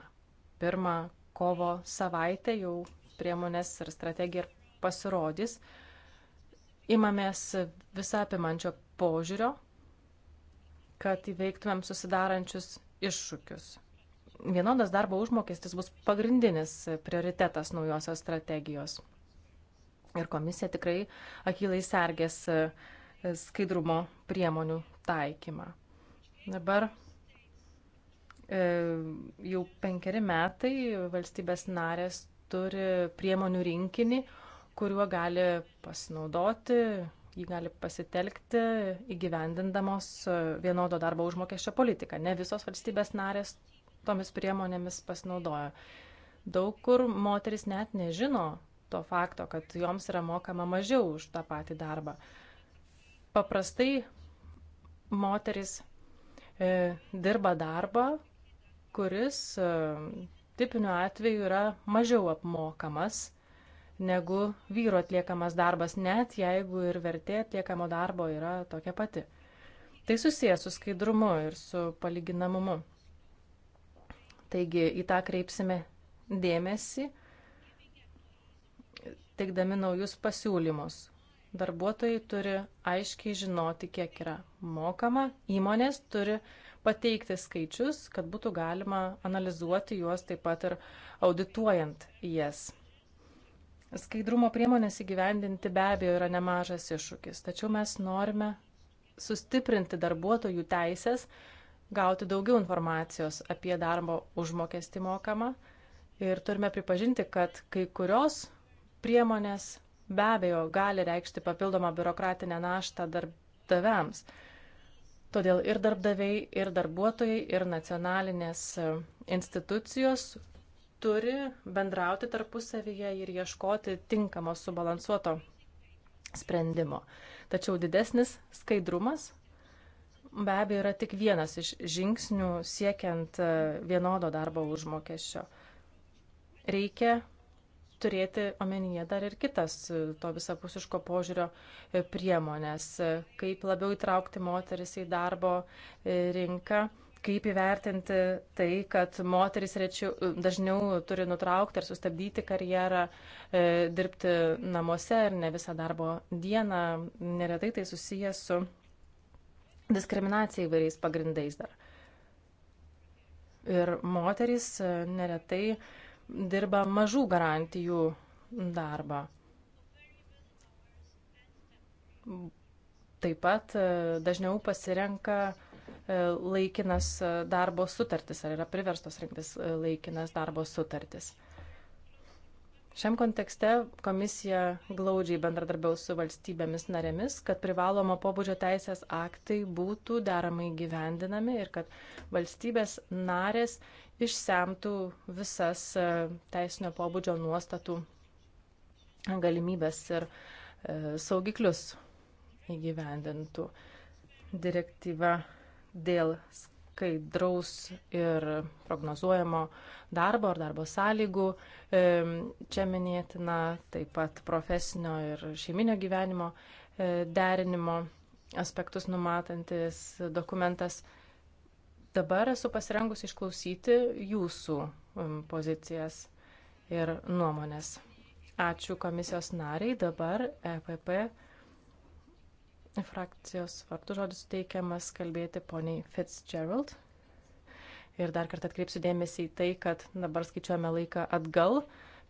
Pirmą kovo savaitę jau priemonės ir strategija ir pasirodys. Imamės visą apimančio požiūrio, kad įveiktumėm susidarančius iššūkius. Vienodas darbo užmokestis bus pagrindinis prioritetas naujosios strategijos. Ir komisija tikrai akilai sergės skaidrumo priemonių taikymą. Dabar e, jau penkeri metai valstybės narės turi priemonių rinkinį, kuriuo gali pasinaudoti, jį gali pasitelkti įgyvendindamos e, vienodo darbo užmokesčio politiką. Ne visos valstybės narės tomis priemonėmis pasinaudojo. Daug kur moteris net nežino to fakto, kad joms yra mokama mažiau už tą patį darbą. Uh, Paprastai moteris e, dirba darbą, kuris e, tipiniu atveju yra mažiau apmokamas negu vyro atliekamas darbas, net jeigu ir vertė atliekamo darbo yra tokia pati. Tai susijęs su skaidrumu ir su palyginamumu. Taigi į tą kreipsime dėmesį, teikdami naujus pasiūlymus. Darbuotojai turi aiškiai žinoti, kiek yra mokama, įmonės turi pateikti skaičius, kad būtų galima analizuoti juos taip pat ir audituojant jas. Skaidrumo priemonės įgyvendinti be abejo yra nemažas iššūkis, tačiau mes norime sustiprinti darbuotojų teisės, gauti daugiau informacijos apie darbo užmokestį mokamą ir turime pripažinti, kad kai kurios priemonės be abejo gali reikšti papildomą biurokratinę naštą darbdaviams. Todėl ir darbdaviai, ir darbuotojai, ir nacionalinės e, institucijos turi bendrauti tarpusavyje ir ieškoti tinkamo subalansuoto sprendimo. Tačiau didesnis skaidrumas be abejo yra tik vienas iš žingsnių siekiant e, vienodo darbo užmokesčio. Reikia turėti omenyje dar ir kitas e, to visapusiško požiūrio e, priemonės, e, kaip labiau įtraukti moteris į darbo rinką kaip įvertinti tai, kad moteris rečiau, dažniau turi nutraukti ar sustabdyti karjerą, e, dirbti namuose ir ne visą darbo dieną, neretai tai susijęs su diskriminacija įvairiais pagrindais dar. Ir moteris neretai dirba mažų garantijų darbą. Taip pat e, dažniau pasirenka e, laikinas e, darbo sutartis ar yra priverstos rinktis laikinas darbo sutartis. Šiam kontekste komisija glaudžiai bendradarbiaus su valstybėmis narėmis, kad privalomo pobūdžio teisės aktai būtų deramai gyvendinami ir kad valstybės narės išsemtų visas e, teisinio pobūdžio nuostatų galimybės ir e, saugiklius įgyvendintų direktyva dėl skaidraus ir prognozuojamo darbo ar darbo sąlygų. E, čia minėtina taip pat profesinio ir šeiminio gyvenimo derinimo aspektus numatantis dokumentas Dabar esu pasirengusi išklausyti jūsų um, pozicijas ir nuomonės. Ačiū komisijos nariai. Dabar EPP frakcijos vartų žodis suteikiamas kalbėti poniai Fitzgerald. Ir dar kartą atkreipsiu dėmesį į tai, kad dabar skaičiuojame laiką atgal,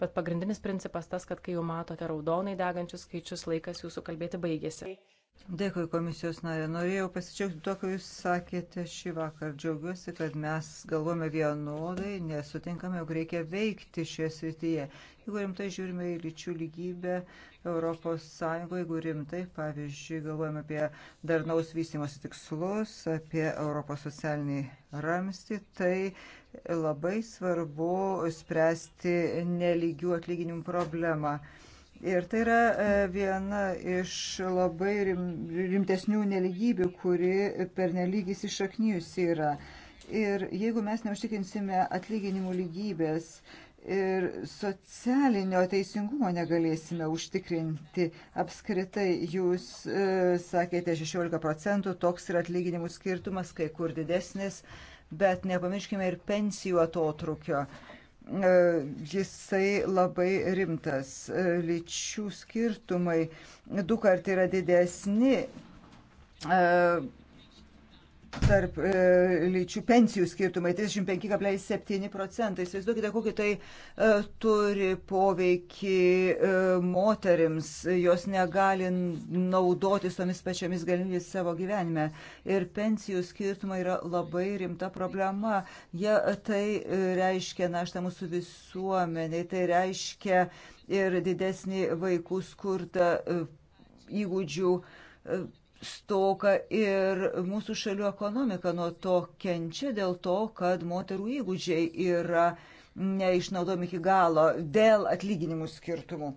bet pagrindinis principas tas, kad kai jau matote raudonai degančius skaičius, laikas jūsų kalbėti baigėsi. Dėkui komisijos narė. Norėjau pasidžiaugti to, ką jūs sakėte šį vakar. Džiaugiuosi, kad mes galvome vienodai, nesutinkame, jog reikia veikti šioje srityje. Jeigu rimtai žiūrime į lyčių lygybę ES, jeigu rimtai, pavyzdžiui, galvojame apie darnaus vystimosi tikslus, apie Europos socialinį ramstį, tai labai svarbu spręsti nelygių atlyginimų problemą. Ir tai yra e, viena iš labai rimtesnių neligybių, kuri pernelyg įsišaknyjusi yra. Ir jeigu mes neužtikrinsime atlyginimų lygybės ir socialinio teisingumo negalėsime užtikrinti, apskritai jūs e, sakėte 16 procentų, toks yra atlyginimų skirtumas, kai kur didesnis, bet nepamirškime ir pensijų atotrukio. E, E, jisai labai rimtas. E, lyčių skirtumai du kart yra didesni e, tarp e, lyčių pensijų skirtumai 35,7 procentai. Įsivaizduokite, kokį tai e, turi poveikį e, moterims, jos negali naudotis tomis pačiomis galimybėmis savo gyvenime. Ir pensijų skirtumai yra labai rimta problema. Jie tai e, reiškia naštą mūsų visuomeniai, tai reiškia ir didesnį vaikų skurdą e, įgūdžių. E, stoka ir mūsų šalių ekonomika nuo to kenčia dėl to, kad moterų įgūdžiai yra neišnaudomi iki galo dėl atlyginimų skirtumų.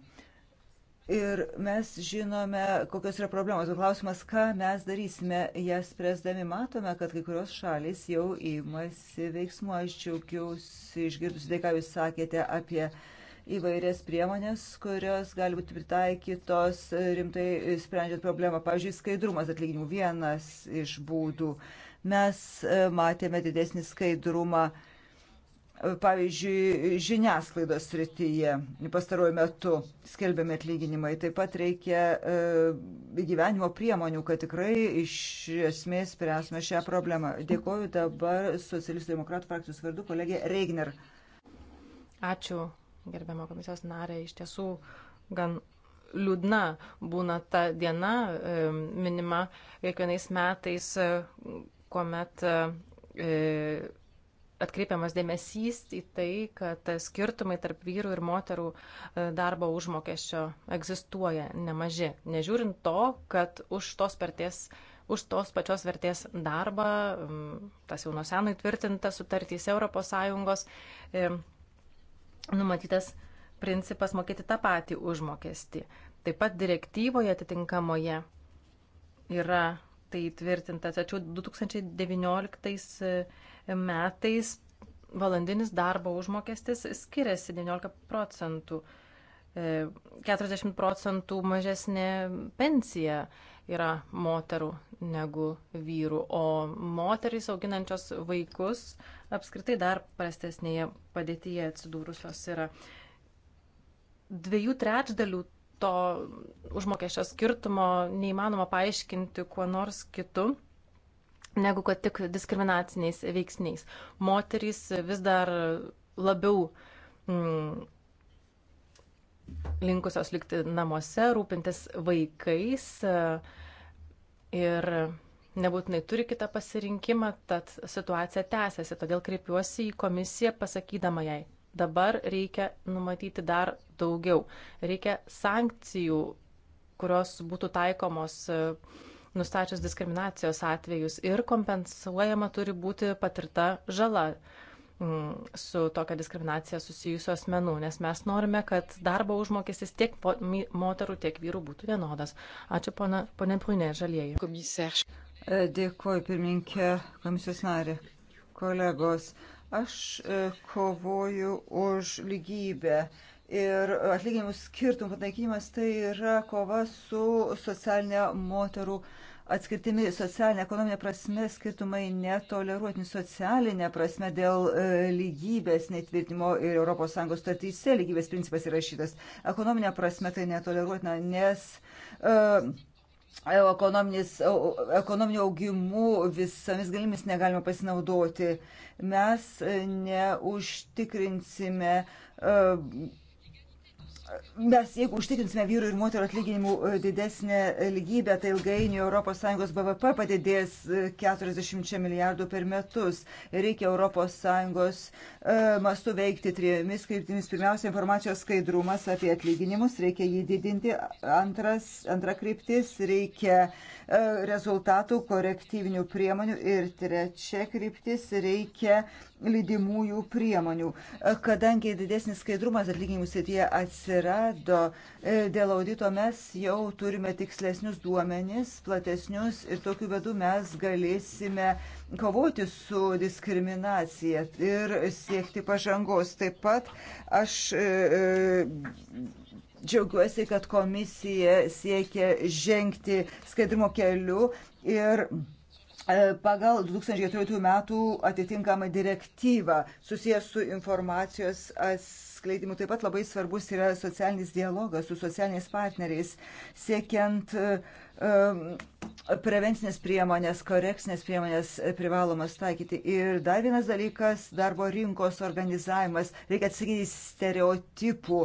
Ir mes žinome, kokios yra problemos. Klausimas, ką mes darysime, jas presdami matome, kad kai kurios šalis jau įmasi veiksmų. Aš džiaugiausi išgirdusi tai, ką jūs sakėte apie uh, įvairias priemonės, kurios gali būti pritaikytos rimtai sprendžiant problemą. Pavyzdžiui, skaidrumas atlyginimų vienas iš būdų. Mes e, matėme didesnį skaidrumą. E, pavyzdžiui, žiniasklaidos srityje pastaruoju metu skelbiami atlyginimai. Taip pat reikia e, gyvenimo priemonių, kad tikrai iš esmės spręsime šią problemą. Dėkoju dabar socialistų demokratų frakcijos vardu kolegė Reigner. Ačiū, gerbiamo komisijos narė, iš tiesų gan liūdna būna ta diena e, minima kiekvienais metais, e, kuomet e, atkreipiamas dėmesys į tai, kad skirtumai tarp vyrų ir moterų darbo užmokesčio egzistuoja nemaži. Nežiūrint to, kad už tos, perties, už tos pačios vertės darbą, tas jau nuo seno įtvirtinta sutartys ES, numatytas principas mokėti tą patį užmokestį. Taip pat direktyvoje atitinkamoje yra tai tvirtinta, tačiau 2019 e, metais valandinis darbo užmokestis skiriasi 19 procentų, 40 e, procentų mažesnė pensija yra moterų negu vyrų, o moterys auginančios vaikus apskritai dar prastesnėje padėtyje atsidūrusios yra. Dviejų trečdalių to užmokesčio skirtumo neįmanoma paaiškinti kuo nors kitu negu kad tik diskriminaciniais veiksniais. Moterys vis dar labiau mm, linkusios likti namuose, rūpintis vaikais e, ir nebūtinai turi kitą pasirinkimą, tad situacija tęsiasi. Todėl kreipiuosi į komisiją pasakydama jai, dabar reikia numatyti dar daugiau. Reikia sankcijų, kurios būtų taikomos e, nustačius diskriminacijos atvejus ir kompensuojama turi būti patirta žala. Mm, su tokia diskriminacija susijusių asmenų, nes mes norime, kad darbo užmokestis tiek moterų, tiek vyrų būtų vienodas. Ačiū, pana, ponė Prūnė, žalieji. Komisarš. E, Dėkuoju, pirmininkė, komisijos narė, kolegos. Aš e, kovoju už lygybę. Ir atlyginimų skirtumų panaikinimas tai yra kova su socialinė moterų uh, atskirtimi socialinė, ekonominė prasme skirtumai netoleruotini socialinė prasme dėl e, lygybės netvirtimo ir ES statyse lygybės principas įrašytas. Ekonominė prasme tai netoleruotina, nes uh, e, ekonominiu augimu visomis galimis negalima pasinaudoti. Mes e, neužtikrinsime uh, Mes, jeigu užtikrinsime vyrų ir moterų atlyginimų e, didesnę lygybę, tai ilgainiui ES BVP padidės 40 e, milijardų per metus. Reikia ES e, mastu veikti trijomis kryptimis. Pirmiausia, informacijos skaidrumas apie atlyginimus, reikia jį didinti. Antras, antra kryptis, reikia rezultatų, korektyvinių priemonių. Ir trečia kryptis, reikia lydimųjų priemonių. Kadangi didesnis skaidrumas atlyginimų srityje atsirado e, dėl audito, mes jau turime tikslesnius duomenis, platesnius ir tokiu vedu mes galėsime kovoti su diskriminacija ir siekti pažangos. Taip pat aš. E, e Džiaugiuosi, kad komisija siekia žengti skaidrumo keliu ir E, pagal 2004 metų atitinkamą direktyvą susijęs su informacijos atskleidimu. Taip pat labai svarbus yra socialinis dialogas su socialiniais partneriais, siekiant uh, prevencinės priemonės, korekcinės priemonės privalomas taikyti. Ir dar vienas dalykas - darbo rinkos organizavimas. Reikia atsakyti stereotipų,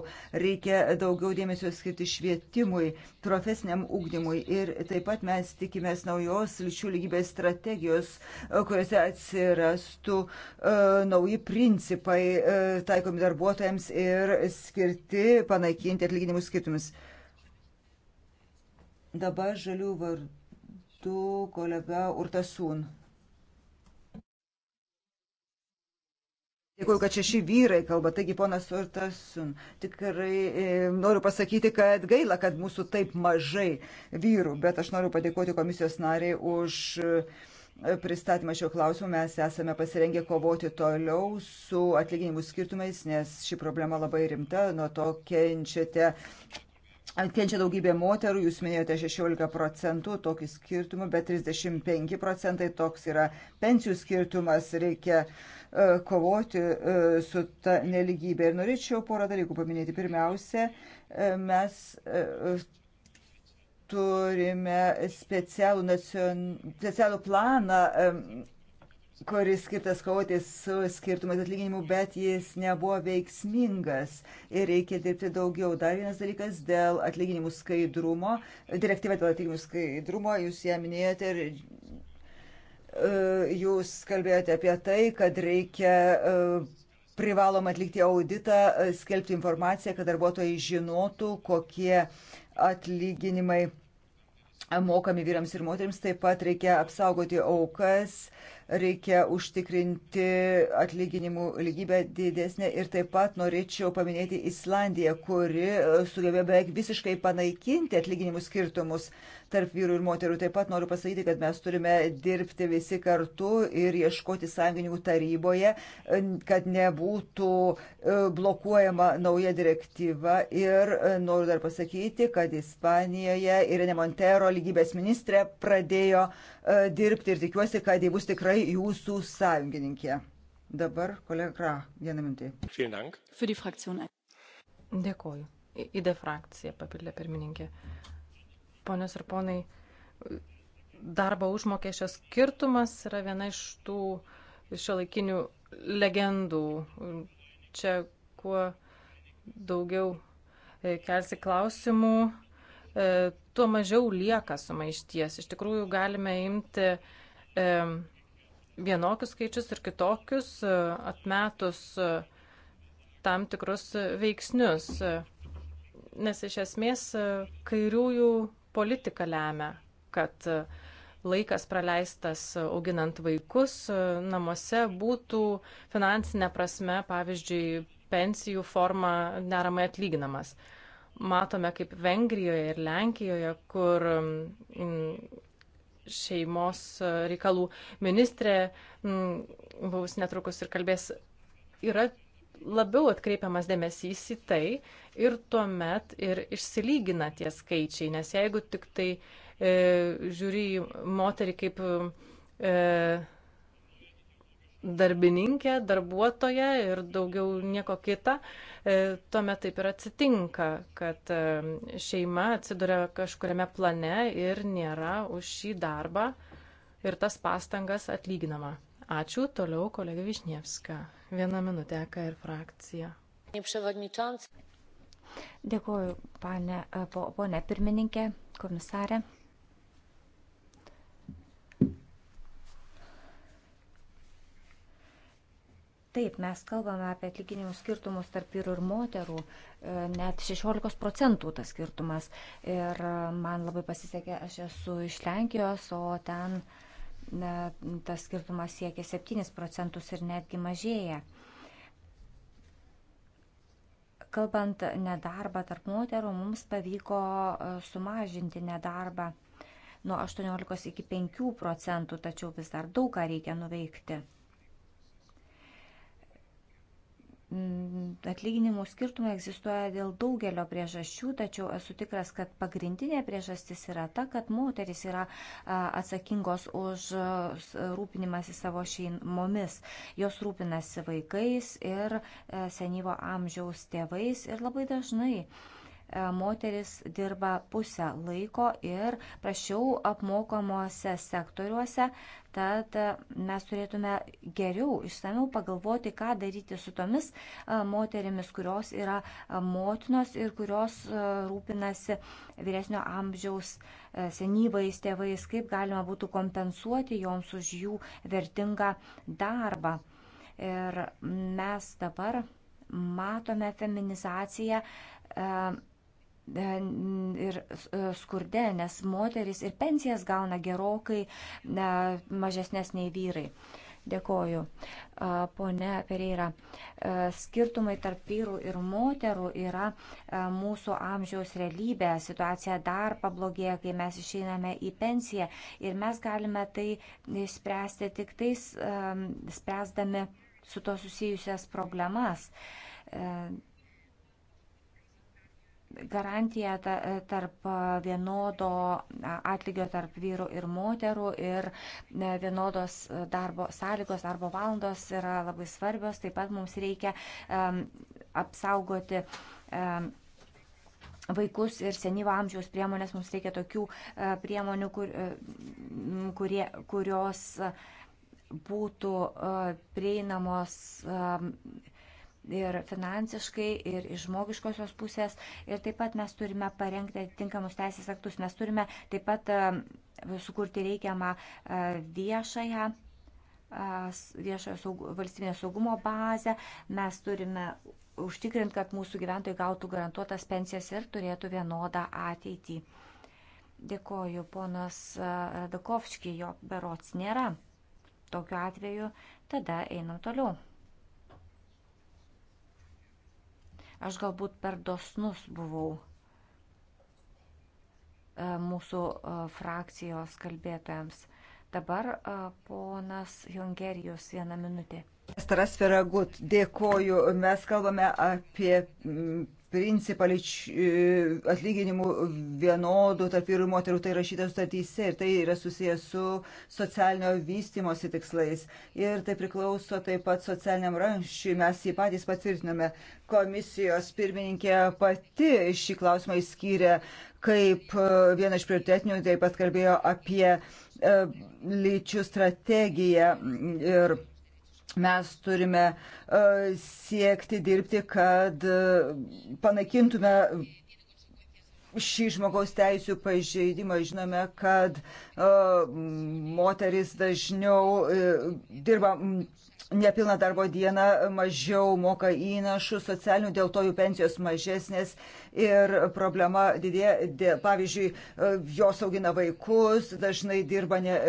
reikia daugiau dėmesio skirti švietimui, profesiniam ūkdymui. Ir taip pat mes tikimės naujos lyčių lygybės strategijos, e, kuriuose atsirastų uh, nauji principai uh, taikomi darbuotojams ir skirti panaikinti atlyginimų skirtumus. Uh, Dabar žalių vardu kolega Urtasūn. Dėkuoju, kad šeši vyrai kalba, taigi ponas Urtasun. Tikrai e, noriu pasakyti, kad gaila, kad mūsų taip mažai vyrų, bet aš noriu padėkoti komisijos nariai už e, pristatymą šio klausimu. Mes esame pasirengę kovoti toliau su atlyginimų skirtumais, nes ši problema labai rimta, nuo to kenčiate Kenčia daugybė moterų, jūs minėjote 16 procentų tokį skirtumą, bet 35 procentai toks yra pensijų skirtumas, reikia uh, kovoti uh, su ta neligybė. Ir norėčiau porą dalykų paminėti. Pirmiausia, uh, mes uh, turime specialų, nacion... specialų planą um, kuris skirtas kovoti su skirtumais atlyginimu, bet jis nebuvo veiksmingas ir reikia dirbti daugiau. Dar vienas dalykas dėl atlyginimų skaidrumo, direktyva dėl atlyginimų skaidrumo, jūs ją minėjote ir e, jūs kalbėjote apie tai, kad reikia e, privalom atlikti auditą, e, skelbti informaciją, kad darbuotojai žinotų, kokie atlyginimai mokami vyrams ir moteriams. Taip pat reikia apsaugoti aukas reikia užtikrinti atlyginimų lygybę didesnę ir taip pat norėčiau paminėti Islandiją, kuri sugebėjo beveik visiškai panaikinti atlyginimų skirtumus tarp vyrų ir moterų. Taip pat noriu pasakyti, kad mes turime dirbti visi kartu ir ieškoti sąjungininkų taryboje, kad nebūtų e, blokuojama nauja direktyva. Ir e, noriu dar pasakyti, kad Ispanijoje Irene Montero lygybės ministrė pradėjo e, dirbti ir tikiuosi, kad ji bus tikrai jūsų sąjungininkė. Dabar kolega Kra, vieną minutį. Dėkoju. Įde frakcija papildė pirmininkė ponios ir ponai, darbo užmokesčio skirtumas yra viena iš tų šio laikinių legendų. Čia kuo daugiau e, kelsi klausimų, e, tuo mažiau lieka sumaišties. Iš tikrųjų galime imti e, vienokius skaičius ir kitokius atmetus tam tikrus veiksnius. Nes iš esmės kairiųjų politika lemia, kad e, laikas praleistas auginant vaikus e, namuose būtų finansinė prasme, pavyzdžiui, pensijų forma deramai atlyginamas. Matome, kaip Vengrijoje ir Lenkijoje, kur šeimos reikalų ministrė, bus netrukus ir kalbės, yra labiau atkreipiamas dėmesys į tai ir tuomet ir išsilygina tie skaičiai, nes jeigu tik tai e, žiūri į moterį kaip e, darbininkę, darbuotoją ir daugiau nieko kita, e, tuomet taip ir atsitinka, kad e, šeima atsiduria kažkuriame plane ir nėra už šį darbą ir tas pastangas atlyginama. Ačiū. Toliau kolega Višnievska. Vieną minutę, ką ir frakcija. Dėkuoju, pane, ponė pirmininkė, komisarė. Taip, mes kalbame apie atlyginimų skirtumus tarp vyrų ir moterų, e, net 16 procentų tas skirtumas. Ir e, man labai pasisekė, aš esu iš Lenkijos, o ten uh, tas skirtumas siekia 7 procentus ir netgi mažėja. Kalbant nedarbą tarp moterų, mums pavyko e, sumažinti nedarbą nuo 18 iki 5 procentų, tačiau vis dar daug ką reikia nuveikti. Mm, atlyginimų skirtumai egzistuoja dėl daugelio priežasčių, tačiau esu tikras, kad pagrindinė priežastis yra ta, kad moteris yra atsakingos už rūpinimąsi savo šeimomis. Jos rūpinasi vaikais ir e, senyvo amžiaus tėvais ir labai dažnai uh, E, moteris dirba pusę laiko ir prašiau apmokomuose sektoriuose, tad e, mes turėtume geriau išsamiau pagalvoti, ką daryti su tomis e, moterimis, kurios yra motinos ir kurios rūpinasi vyresnio amžiaus senyvais tėvais, kaip galima būtų kompensuoti joms už jų vertingą darbą. Ir mes dabar matome feminizaciją E, ir e, skurde, nes moteris ir pensijas gauna gerokai mažesnės nei vyrai. Dėkoju. Pone Pereira, e, skirtumai tarp vyrų ir moterų yra mūsų amžiaus realybė. Situacija dar pablogėja, kai mes išeiname į pensiją ir mes galime tai spręsti tik tais spręsdami su to susijusias problemas garantija tarp vienodo atlygio tarp vyrų ir moterų ir e, vienodos darbo sąlygos, darbo valandos yra labai svarbios. Taip pat mums reikia apsaugoti vaikus ir senyvo amžiaus priemonės, mums reikia tokių e, priemonių, kur, e, kurie, kurios būtų prieinamos ir finansiškai, ir iš žmogiškosios pusės. Ir taip pat mes turime parengti atitinkamus teisės aktus. Mes turime taip pat e, sukurti reikiamą e, viešąją e, viešojo saug, valstybinio saugumo bazę. Mes turime užtikrinti, kad mūsų gyventojai gautų garantuotas pensijas ir turėtų vienodą ateitį. Dėkoju, ponas Dakovškijo, berots nėra. Tokiu atveju tada einam toliau. Aš galbūt per dosnus buvau e, mūsų e, frakcijos kalbėtojams. Dabar e, ponas Jongerijus vieną minutę. Staras Feragut, dėkoju. Mes kalbame apie principą e, atlyginimų vienodų tarp vyrų ir moterų, tai rašyta sutartyse ir tai yra susijęs su socialinio vystimosi tikslais. Ir tai priklauso taip pat socialiniam ranšiui, mes jį patys patvirtiname. Komisijos pirmininkė pati šį klausimą įskyrė kaip e, vieną iš prioritetinių, taip pat kalbėjo apie e, lyčių strategiją. Ir mes turime e, siekti dirbti, kad e, panaikintume šį žmogaus teisų pažeidimą. Žinome, kad e, moteris dažniau dirba nepilną darbo dieną, mažiau moka įnašų socialinių, dėl to jų pensijos mažesnės ir problema didėja. Pavyzdžiui, jos augina vaikus, dažnai dirba ne,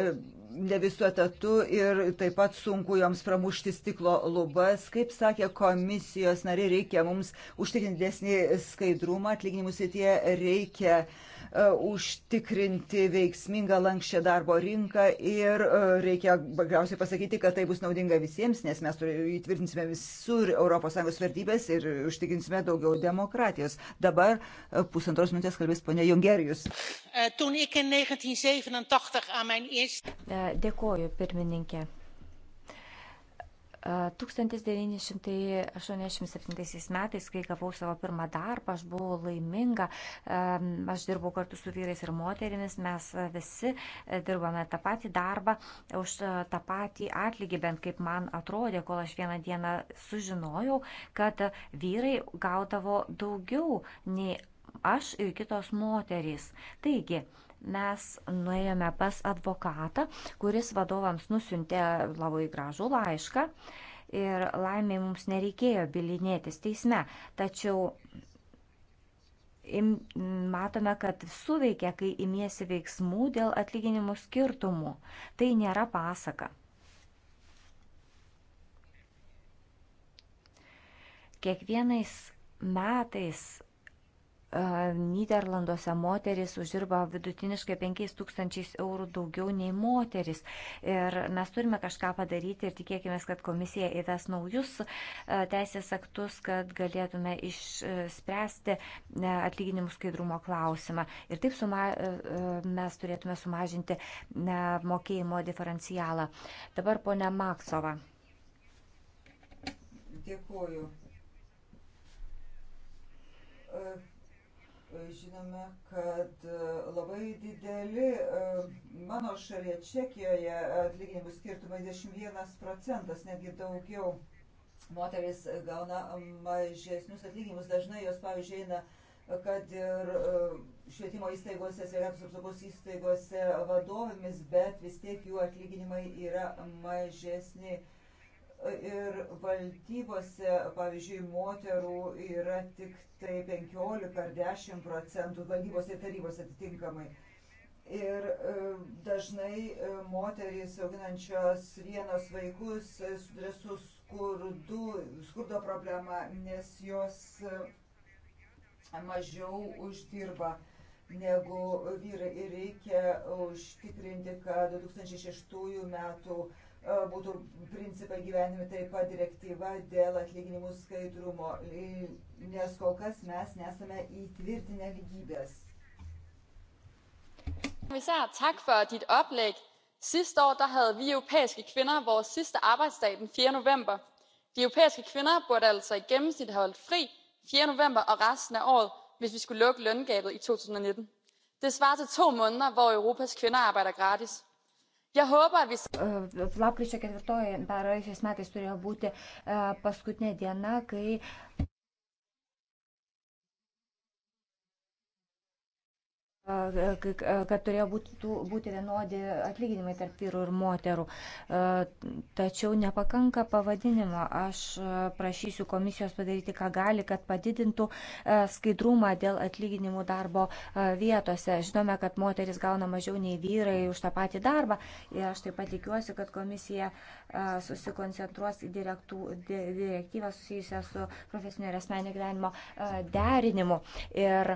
ne visų etatų ir taip pat sunku joms pramušti stiklo lubas. Kaip sakė komisijos nariai, reikia mums užtikrinti desnį skaidrumą atlyginimų srityje, reikia uh, E, užtikrinti veiksmingą lankščią darbo rinką ir e, reikia galiausiai pasakyti, kad tai bus naudinga visiems, nes mes įtvirtinsime visur ES vertybės ir užtikrinsime daugiau demokratijos. Dabar e, pusantros minutės kalbės ponė Jungerijus. Eh, eh, dėkoju, pirmininkė. 1987 metais, kai gavau savo pirmą darbą, aš buvau laiminga, aš dirbau kartu su vyrais ir moterimis, mes visi dirbame tą patį darbą už e, tą patį atlygį, bent kaip man atrodė, kol aš vieną dieną sužinojau, kad vyrai gaudavo daugiau nei aš ir kitos moterys. Taigi, mes nuėjome pas advokatą, kuris vadovams nusintė labai gražų laišką ir laimiai mums nereikėjo bilinėtis teisme. Tačiau im, matome, kad suveikia, kai imiesi veiksmų dėl atlyginimų skirtumų. Tai nėra pasaka. Kiekvienais metais Niderlanduose moteris uždirba vidutiniškai 5000 eurų daugiau nei moteris. Ir mes turime kažką padaryti ir tikėkime, kad komisija įves naujus e, teisės aktus, kad galėtume išspręsti e, atlyginimų skaidrumo klausimą. Ir taip suma, e, mes turėtume sumažinti mokėjimo diferencialą. Dabar ponia Maksova. Dėkuoju. Uh žinome, kad e, labai dideli e, mano šalyje Čekijoje e, atlyginimų skirtumai 21 procentas, netgi daugiau. Moteris gauna mažesnius atlyginimus, dažnai jos, pavyzdžiui, eina, kad ir švietimo įstaigose, sveikatos apsaugos įstaigose vadovėmis, bet vis tiek jų atlyginimai yra mažesni ir valdybose, pavyzdžiui, moterų yra tik tai 15 ar 10 procentų, valdybose ir tarybose atitinkamai. Ir e, dažnai e, moterys auginančios vienos vaikus e, suduria su skurdu, skurdo problema, nes jos mažiau uždirba negu vyrai. Ir reikia užtikrinti, kad 2006 metų E, būtų principai gyvenime taip pat direktyva dėl atlyginimų skaidrumo, nes kol kas mes nesame įtvirtinę lygybės. Kommissar, tak for dit oplæg. Sidste år der havde vi europæiske kvinder vores sidste arbejdsdag den 4. november. De europæiske kvinder burde altså i gennemsnit have holdt fri 4. november og resten af året, hvis vi skulle lukke løngabet i 2019. Det svarer til to måneder, hvor Europas kvinder arbejder gratis Lapkričio ketvirtoji peraisiais metais turėjo būti e, paskutinė diena, kai kad turėjo būti, būti vienodi atlyginimai tarp vyrų ir moterų. E, tačiau nepakanka pavadinimo. Aš prašysiu komisijos padaryti, ką gali, kad padidintų e, skaidrumą dėl atlyginimų darbo e, vietose. Žinome, kad moteris gauna mažiau nei vyrai už tą patį darbą. Ir aš taip pat tikiuosi, kad komisija susikoncentruos į direktų, direktyvą susijusią su profesinio ir asmenio gyvenimo derinimu. Ir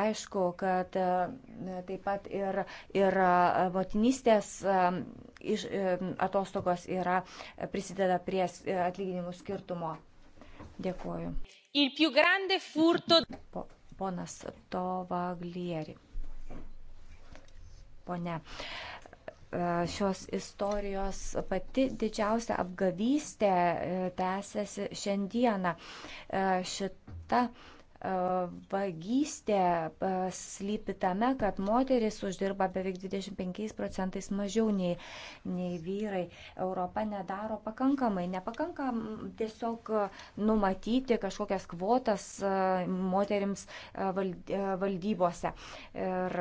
aišku, kad taip pat ir, ir motinystės iš, e, atostogos yra, prisideda prie e, atlyginimų skirtumo. Dėkuoju. Il più grande furto. Po, ponas Tovaglieri. Pone. Uh, E, šios istorijos pati didžiausia apgavystė e, tęsiasi šiandieną. E, šita vagystė e, slypi tame, kad moteris uždirba beveik 25 procentais mažiau nei, nei vyrai. Europa nedaro pakankamai. Nepakankam tiesiog e, numatyti kažkokias kvotas e, moterims valdybose. Ir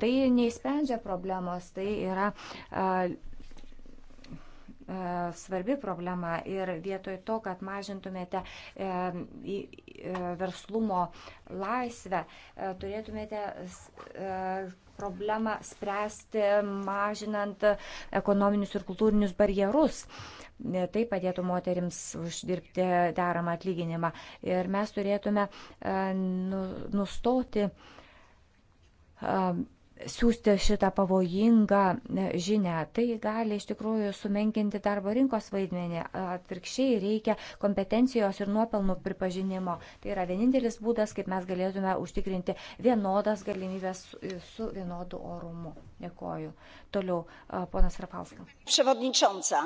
tai neįsprendžia problemos, tai yra E, svarbi problema ir vietoj to, kad mažintumėte e, e, verslumo laisvę, turėtumėte problemą spręsti mažinant ekonominius ir kultūrinius barjerus. Tai padėtų moterims uždirbti deramą atlyginimą. Ir mes turėtume nu, nustoti siūsti šitą pavojingą e, žinę. Tai gali iš tikrųjų sumenkinti darbo rinkos vaidmenį. Atvirkščiai reikia kompetencijos ir nuopelnų pripažinimo. Tai yra vienintelis būdas, kaip mes galėtume užtikrinti vienodas galimybės su vienodu orumu. Dėkoju. Toliau, e, ponas Rafalska. Przewodnicząca.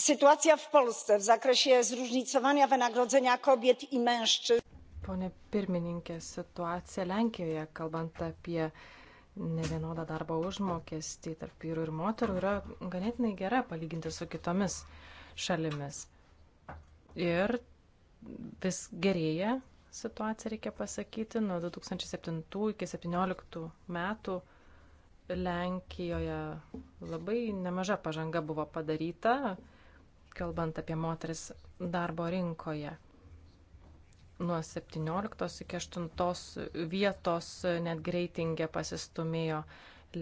Sytuacja w Polsce w zakresie zróżnicowania wynagrodzenia kobiet i mężczyzn. Pone pirmininkė, situacija Lenkijoje, kalbant apie uh, nevienodą darbo užmokestį tarp vyrų ir moterų yra ganėtinai gera palyginti su kitomis šalimis. Ir vis gerėja situacija, reikia pasakyti, nuo 2007 iki 2017 metų Lenkijoje labai nemaža pažanga buvo padaryta, kalbant apie moteris darbo rinkoje nuo 17 iki 8 vietos net greitingė pasistumėjo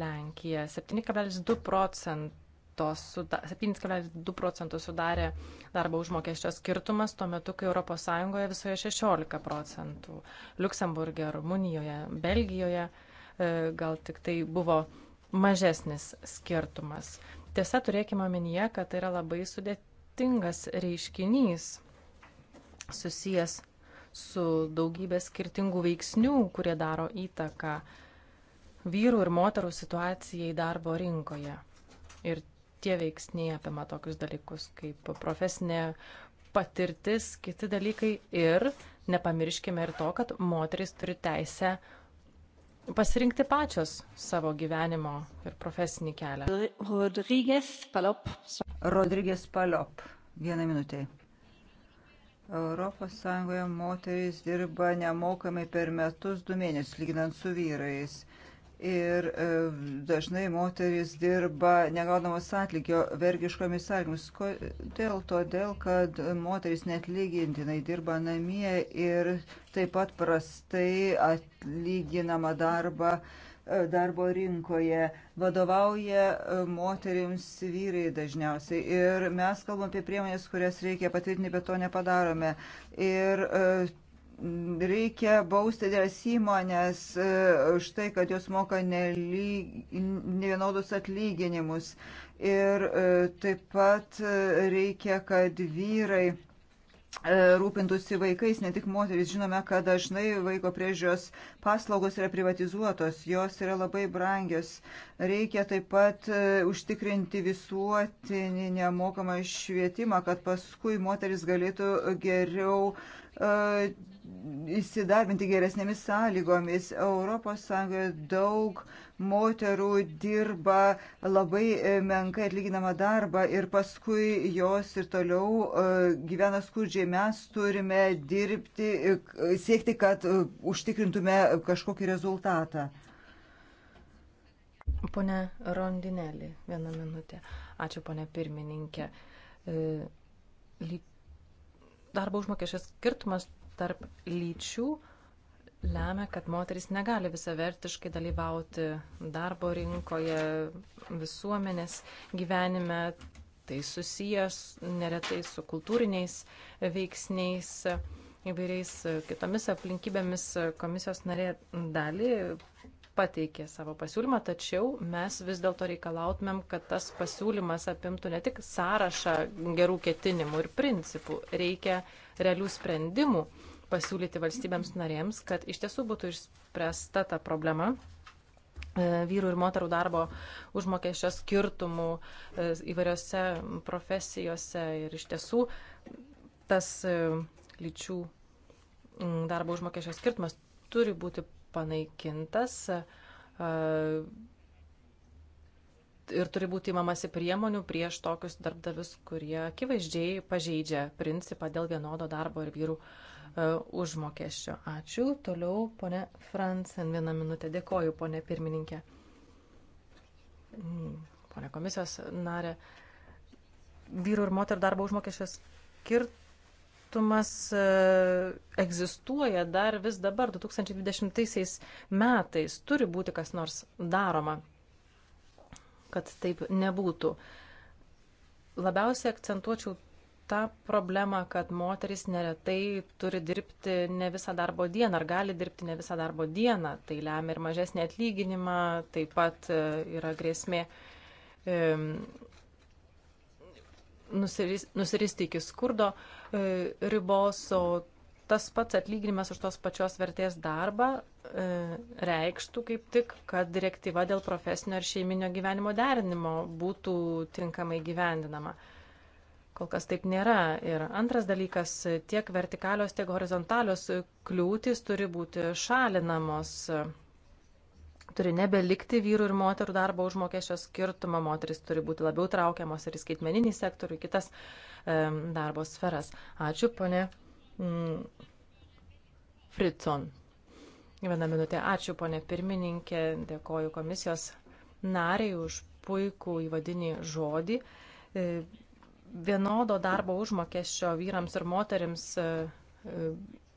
Lenkija. 7,2 procentos, 7,2 procentus sudarė darbo užmokesčio skirtumas, tuo metu, kai ES visoje 16 procentų. Luksemburgė, Rumunijoje, Belgijoje e, gal tik tai buvo mažesnis skirtumas. Tiesa, turėkime omenyje, kad tai yra labai sudėtingas reiškinys susijęs su daugybė skirtingų veiksnių, kurie daro įtaką vyrų ir moterų situacijai darbo rinkoje. Ir tie veiksniai apima tokius dalykus kaip profesinė patirtis, kiti dalykai ir nepamirškime ir to, kad moteris turi teisę pasirinkti pačios savo gyvenimo ir profesinį kelią. Rodrygės Palop. Rodrygės Palop. Vieną minutę. Europos Sąjungoje moterys dirba nemokamai per metus du mėnesius, lyginant su vyrais. Ir e, dažnai moteris dirba negaudamos atlygio vergiškomis sąlygomis. Kodėl? Todėl, kad moteris net lygintinai dirba namie ir taip pat prastai atlyginama darba. E, darbo rinkoje, vadovauja e, moterims vyrai dažniausiai. Ir mes kalbam apie priemonės, kurias reikia patvirtinti, bet to nepadarome. Ir e, reikia bausti dėl įmonės e, už tai, kad jos moka nevienodus atlyginimus. Ir taip pat reikia, kad vyrai E, rūpintųsi vaikais, ne tik moteris. Žinome, kad dažnai vaiko priežios paslaugos yra privatizuotos, jos yra labai brangios. Reikia taip pat e, užtikrinti visuotinį nemokamą švietimą, kad paskui moteris galėtų geriau e, įsidarbinti geresnėmis sąlygomis. ES daug moterų dirba labai e, menkai atlyginamą darbą ir paskui jos ir toliau e, gyvena skurdžiai. Mes turime dirbti, e, siekti, kad užtikrintume kažkokį rezultatą. Pone Rondinelį, vieną minutę. Ačiū, pone pirmininkė. Darbo užmokesčio skirtumas tarp lyčių lemia, kad moteris negali visavertiškai dalyvauti darbo rinkoje, visuomenės gyvenime. Tai susijęs neretai su kultūriniais veiksniais, įvairiais kitomis aplinkybėmis komisijos narė dalį pateikė savo pasiūlymą, tačiau mes vis dėlto reikalautumėm, kad tas pasiūlymas apimtų ne tik sąrašą gerų ketinimų ir principų, reikia realių sprendimų. Uh, pasiūlyti valstybėms narėms, kad iš tiesų būtų išspręsta ta problema e, vyrų ir moterų darbo užmokesčio skirtumų e, įvairiose profesijose ir iš tiesų tas e, lyčių darbo užmokesčio skirtumas turi būti panaikintas ir turi būti įmamasi priemonių prieš tokius darbdavius, kurie akivaizdžiai pažeidžia principą dėl vienodo darbo ir vyrų uh, E, užmokesčio. Ačiū. Toliau, ponė Fransen, vieną minutę. Dėkoju, ponė pirmininkė. Mm, pone komisijos narė, vyrų ir moterų darbo užmokesčio skirtumas e, egzistuoja dar vis dabar, 2020 metais. Turi būti kas nors daroma, kad taip nebūtų. Labiausiai akcentuočiau tą problemą, kad moteris neretai turi dirbti ne visą darbo dieną ar gali dirbti ne visą darbo dieną. Tai lemia ir mažesnį atlyginimą, taip pat e, yra grėsmė e, nusiristi iki skurdo e, ribos, o tas pats atlyginimas už tos pačios vertės darbą e, reikštų kaip tik, kad direktyva dėl profesinio ir šeiminio gyvenimo derinimo būtų tinkamai gyvendinama. E, Kol kas taip nėra. Ir antras dalykas, tiek vertikalios, tiek horizontalios kliūtis turi būti šalinamos. Turi nebelikti vyrų ir moterų darbo užmokesčio skirtumą, moteris turi būti labiau traukiamos ir į skaitmeninį sektorių, į kitas e, darbo sferas. Ačiū, ponė mm, Fritson. Vieną minutę. Ačiū, ponė pirmininkė. Dėkoju komisijos nariai už puikų įvadinį žodį. E, vienodo darbo užmokesčio vyrams ir moterims e, e,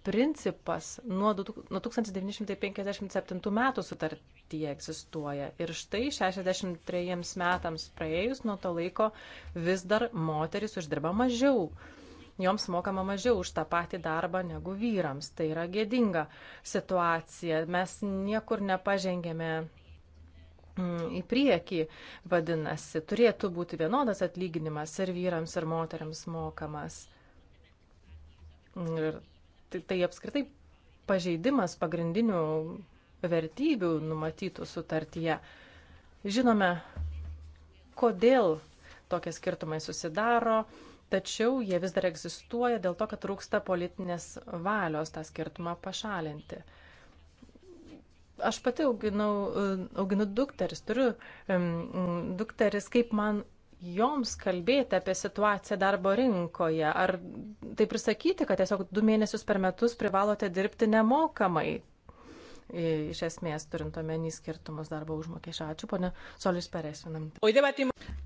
principas nuo 1957 metų sutartyje egzistuoja. Ir štai 63 metams praėjus nuo to laiko vis dar moteris uždirba mažiau. Joms mokama mažiau už tą patį darbą negu vyrams. Tai yra gėdinga situacija. Mes niekur nepažengėme Mm, į priekį. Vadinasi, turėtų būti vienodas atlyginimas ir vyrams, ir moteriams mokamas. Ir tai, tai apskritai pažeidimas pagrindinių vertybių numatytų sutartyje. Žinome, kodėl tokie skirtumai susidaro, tačiau jie vis dar egzistuoja dėl to, kad trūksta politinės valios tą skirtumą pašalinti. Aš pati auginau, e, auginu dukteris, turiu um, dukteris, kaip man joms kalbėti apie situaciją darbo rinkoje? Ar tai prisakyti, kad tiesiog du mėnesius per metus privalote dirbti nemokamai? iš esmės turint omeny skirtumus darbo užmokesčio. Ačiū, ponė Solis Peres, vienam.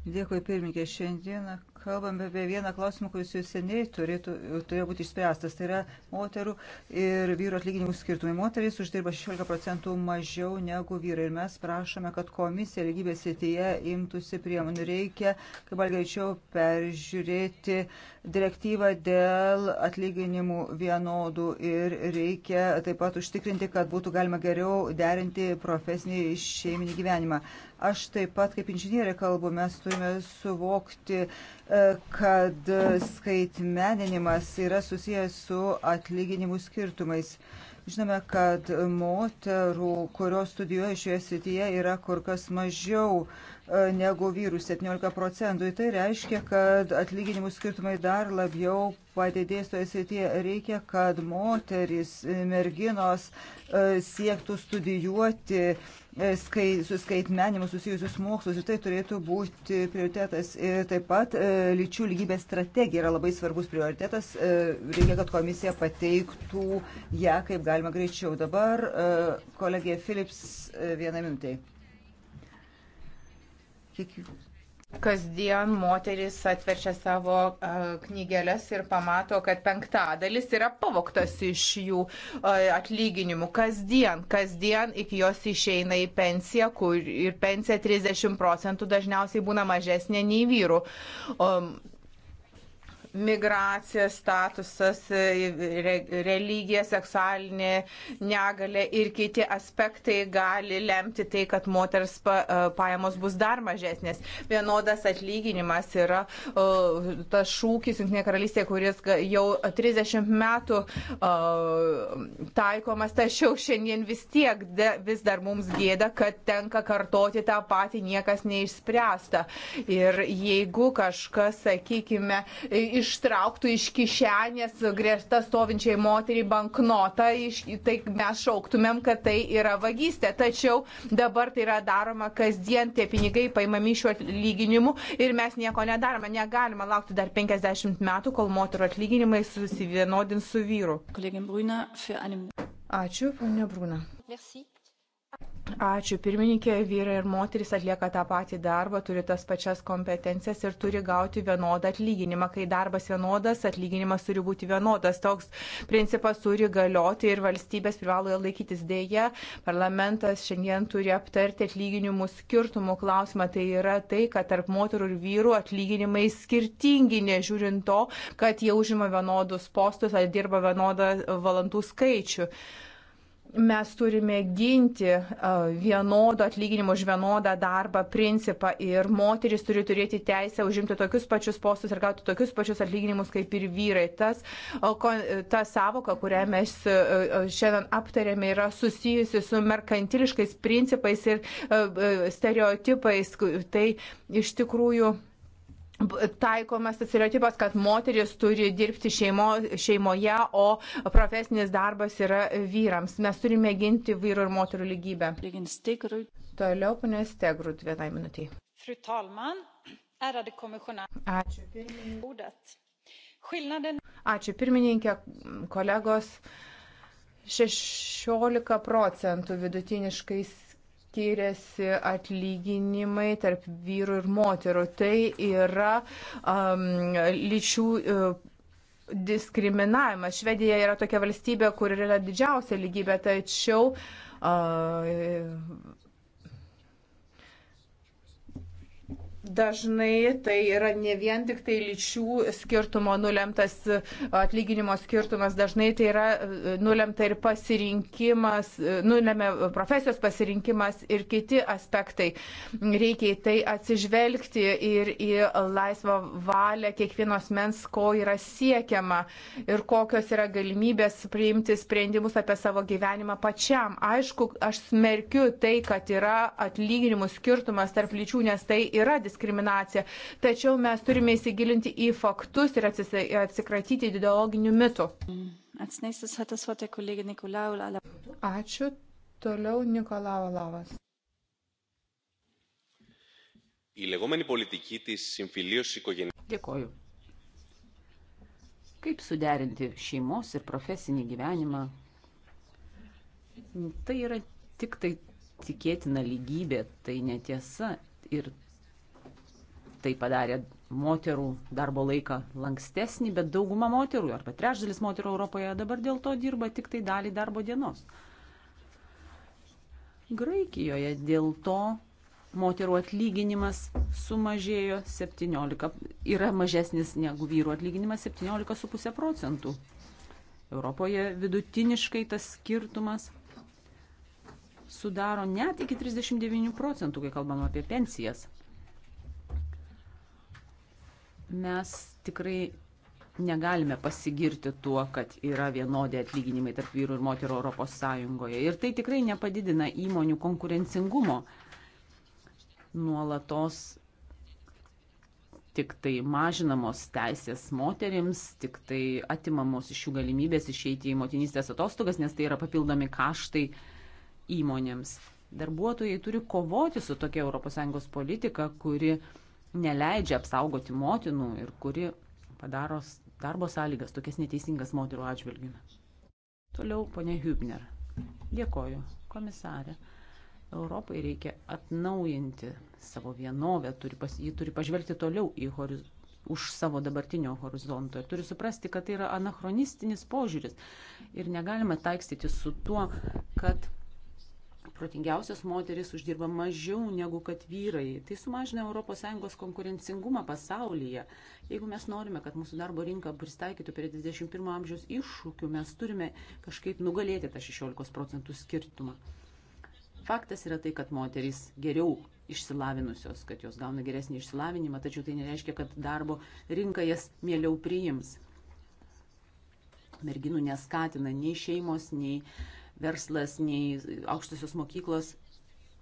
Dėkui, pirmininkė. Šiandieną kalbame apie vieną klausimą, kuris jau seniai turėtų, turėjo būti išspręstas. Tai yra moterų ir vyru atlyginimų skirtumai. Moterys uždirba 16 procentų mažiau negu vyrai. Ir mes prašome, kad komisija lygybės srityje imtųsi priemonių. Reikia, kaip greičiau, peržiūrėti direktyvą dėl atlyginimų vienodų ir reikia taip pat užtikrinti, kad būtų galima geriau derinti profesinį ir šeiminį gyvenimą. Aš taip pat kaip inžinierė kalbu, mes turime suvokti, e, kad skaitmeninimas yra susijęs su atlyginimų skirtumais. Žinome, kad moterų, kurios studijuoja šioje srityje, yra kur kas mažiau e, negu vyrų 17 procentų. Tai reiškia, kad atlyginimų skirtumai dar labiau padidės toje srityje. Reikia, kad moteris, merginos e, siektų studijuoti E, skai, su skaitmenimu susijusius mokslus ir tai turėtų būti prioritetas. Ir taip pat e, lyčių lygybės strategija yra labai svarbus prioritetas. E, reikia, kad komisija pateiktų ją kaip galima greičiau. Dabar kolegė Philips vieną minutę. Kiek kasdien moteris atverčia savo knygelės ir pamato, kad penktadalis yra pavoktas iš jų atlyginimų. Kasdien, kasdien iki jos išeina į pensiją, kur ir pensija 30 procentų dažniausiai būna mažesnė nei vyrų migracija, statusas, religija, seksualinė negalė ir kiti aspektai gali lemti tai, kad moters e, pajamos bus dar mažesnės. Vienodas atlyginimas yra e, tas šūkis Junktinė karalystė, kuris jau 30 metų e, taikomas, tačiau šiandien vis tiek vis dar mums gėda, kad tenka kartoti tą patį, niekas neišspręsta. Ir jeigu kažkas, sakykime, iš ištrauktų iš kišenės griežta stovinčiai moteriai banknotą, tai mes šauktumėm, kad tai yra vagystė. Tačiau dabar tai yra daroma kasdien, tie pinigai paimami šiuo atlyginimu ir mes nieko nedarome. Negalima laukti dar 50 metų, kol moterų atlyginimai susivienodins su vyru. Ačiū, ponia Brūna. Merci. Ačiū pirmininkė, vyrai ir moteris atlieka tą patį darbą, turi tas pačias kompetencijas ir turi gauti vienodą atlyginimą. Kai darbas vienodas, atlyginimas turi būti vienodas. Toks principas turi galioti ir valstybės privalo laikytis. Deja, parlamentas šiandien turi aptarti atlyginimų skirtumų klausimą. Tai yra tai, kad tarp moterų ir vyrų atlyginimai skirtingi, nežiūrint to, kad jie užima vienodus postus ar dirba vienodą valandų skaičių mes turime ginti vienodo atlyginimo už vienodą darbą principą ir moteris turi turėti teisę užimti tokius pačius postus ir gauti tokius pačius atlyginimus kaip ir vyrai. Tas, ta savoka, kurią mes šiandien aptarėme, yra susijusi su merkantiliškais principais ir stereotipais. Tai iš tikrųjų taikomas tas stereotipas, kad moteris turi dirbti šeimo, šeimoje, o profesinis darbas yra vyrams. Mes turime ginti vyrų ir moterų lygybę. Toliau, ponė Stegrut, vienai minutiai. Ačiū pirmininkė. Ačiū pirmininkė, kolegos. 16 procentų vidutiniškais skiriasi atlyginimai tarp vyrų ir moterų. Tai yra um, lyčių. Uh, diskriminavimas. Švedija yra tokia valstybė, kur yra didžiausia lygybė, tačiau uh, dažnai tai yra ne vien tik tai lyčių skirtumo nulemtas atlyginimo skirtumas, dažnai tai yra e, nulemta ir pasirinkimas, e, nulemia profesijos pasirinkimas ir kiti aspektai. Reikia į tai atsižvelgti ir į laisvą valią kiekvienos mens, ko yra siekiama ir kokios yra galimybės priimti sprendimus apie savo gyvenimą pačiam. Aišku, aš smerkiu tai, kad yra atlyginimų skirtumas tarp lyčių, nes tai yra diskriminacija diskriminacija. Tačiau mes turime įsigilinti į faktus ir atsikratyti ideologinių mitų. Ačiū. Toliau Nikolau Lavas. Η λεγόμενη πολιτική της συμφιλίωσης οικογενειακής... Dėkoju. Kaip suderinti šeimos ir profesinį gyvenimą? Tai yra tik tai tikėtina lygybė, tai netiesa. Ir Tai padarė moterų darbo laiką lankstesnį, bet dauguma moterų, arba trečdalis moterų Europoje dabar dėl to dirba tik tai dalį darbo dienos. Graikijoje dėl to moterų atlyginimas sumažėjo 17, yra mažesnis negu vyrų atlyginimas 17,5 procentų. Europoje vidutiniškai tas skirtumas sudaro net iki 39 procentų, kai kalbam apie pensijas mes tikrai negalime pasigirti tuo, kad yra vienodė atlyginimai tarp vyrų ir moterų Europos Sąjungoje. Ir tai tikrai nepadidina įmonių konkurencingumo. Nuolatos tik tai mažinamos teisės moterims, tik tai atimamos iš jų galimybės išeiti į motinystės atostogas, nes tai yra papildomi kaštai įmonėms. Darbuotojai turi kovoti su tokia ES politika, kuri uh, neleidžia apsaugoti motinų ir kuri padaro darbo sąlygas tokias neteisingas moterų atžvilgių. Toliau ponė Hübner. Dėkoju, komisarė. Europai reikia atnaujinti savo vienovę, turi pas, ji turi pažvelgti toliau į horizontą už savo dabartinio horizonto ir turi suprasti, kad tai yra anachronistinis požiūris ir negalima taikstyti su tuo, kad protingiausios moteris uždirba mažiau negu kad vyrai. Tai sumažina ES konkurencingumą pasaulyje. Jeigu mes norime, kad mūsų darbo rinka pristaikytų prie 21 amžiaus iššūkių, mes turime kažkaip nugalėti tą 16 procentų skirtumą. Faktas yra tai, kad moterys geriau išsilavinusios, kad jos gauna geresnį išsilavinimą, tačiau tai nereiškia, kad darbo rinka jas mieliau priims. Merginų neskatina nei šeimos, nei uh, verslas, nei aukštosios mokyklos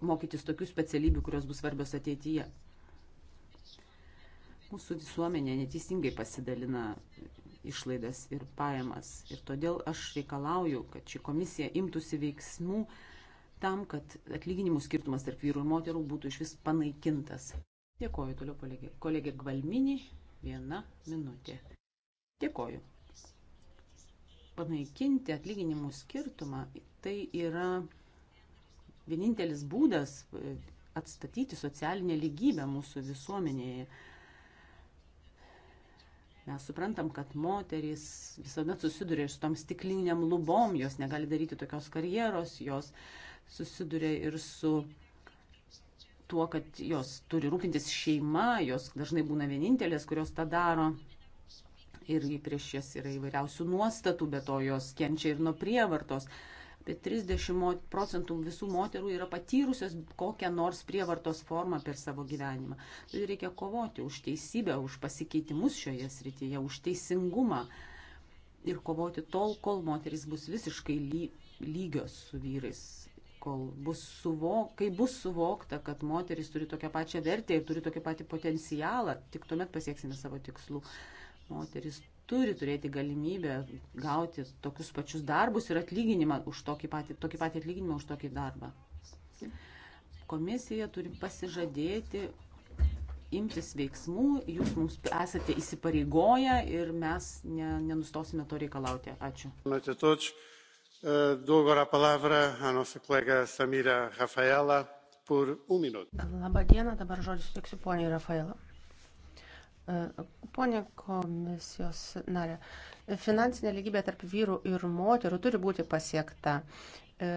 mokytis tokių specialybių, kurios bus svarbios ateityje. Mūsų visuomenė neteisingai pasidalina išlaidas ir pajamas. Ir todėl aš reikalauju, kad ši komisija imtųsi veiksmų tam, kad atlyginimų skirtumas tarp vyrų ir moterų būtų iš vis panaikintas. Dėkoju toliau kolegė, kolegė Gvalminį. Viena minutė. Dėkoju panaikinti atlyginimų skirtumą, tai yra vienintelis būdas e, atstatyti socialinę lygybę mūsų visuomenėje. Mes suprantam, kad moterys visada susiduria su tom stikliniam lubom, jos negali daryti tokios karjeros, jos susiduria ir su tuo, kad jos turi rūpintis šeima, jos dažnai būna vienintelės, kurios tą daro ir prieš jas yra įvairiausių nuostatų, bet to jos kenčia ir nuo prievartos. Apie 30 procentų visų moterų yra patyrusios kokią nors prievartos formą per savo gyvenimą. Todėl reikia kovoti už teisybę, už pasikeitimus šioje srityje, už teisingumą ir kovoti tol, kol moteris bus visiškai ly, lygios su vyrais kol bus, suvok, kai bus suvokta, kad moteris turi tokią pačią vertę ir turi tokį patį potencialą, tik tuomet pasieksime savo tikslų. Uh, Moteris turi turėti galimybę gauti tokius pačius darbus ir atlyginimą už tokį patį, tokį patį atlyginimą už tokį darbą. Komisija turi pasižadėti imtis veiksmų, jūs mums esate įsipareigoję ir mes ne, nenustosime to reikalauti. Ačiū. Eh, Labą dieną, dabar žodžiu sutiksiu poniai Rafaelą. Pone komisijos narė, finansinė lygybė tarp vyrų ir moterų turi būti pasiekta. E,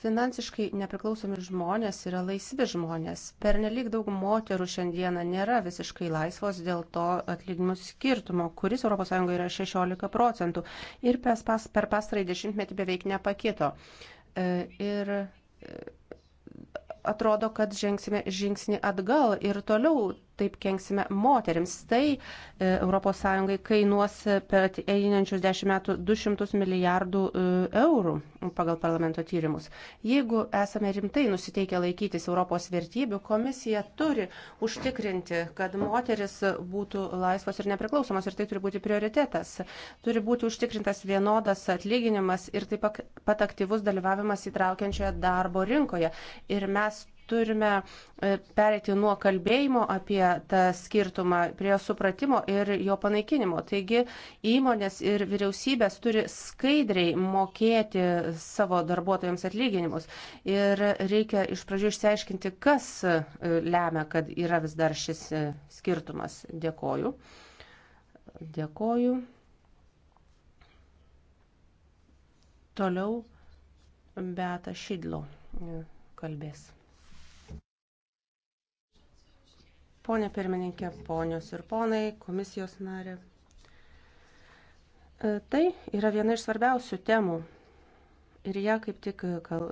finansiškai nepriklausomi žmonės yra laisvi žmonės. Per nelik daug moterų šiandieną nėra visiškai laisvos dėl to atlyginimų skirtumo, kuris ES yra 16 procentų ir per pastarąjį dešimtmetį beveik nepakito. E, ir e, atrodo, kad žengsime žingsnį atgal ir toliau taip kenksime moteriams. Tai ES kainuos per einančius 10 metų 200 milijardų e, eurų pagal parlamento tyrimus. Jeigu esame rimtai nusiteikę laikytis Europos vertybių, komisija turi užtikrinti, kad moteris būtų laisvos ir nepriklausomos ir tai turi būti prioritetas. Turi būti užtikrintas vienodas atlyginimas ir taip pat aktyvus dalyvavimas įtraukiančioje darbo rinkoje. Ir mes turime e, perėti nuo kalbėjimo apie tą skirtumą prie supratimo ir jo panaikinimo. Taigi įmonės ir vyriausybės turi skaidriai mokėti savo darbuotojams atlyginimus. Ir reikia iš pradžių išsiaiškinti, kas e, lemia, kad yra vis dar šis e, skirtumas. Dėkoju. Dėkoju. Toliau Beata Šidlo kalbės. Pone pirmininkė, ponios ir ponai, komisijos narė. E, tai yra viena iš svarbiausių temų ir ją kaip tik e, kal, e,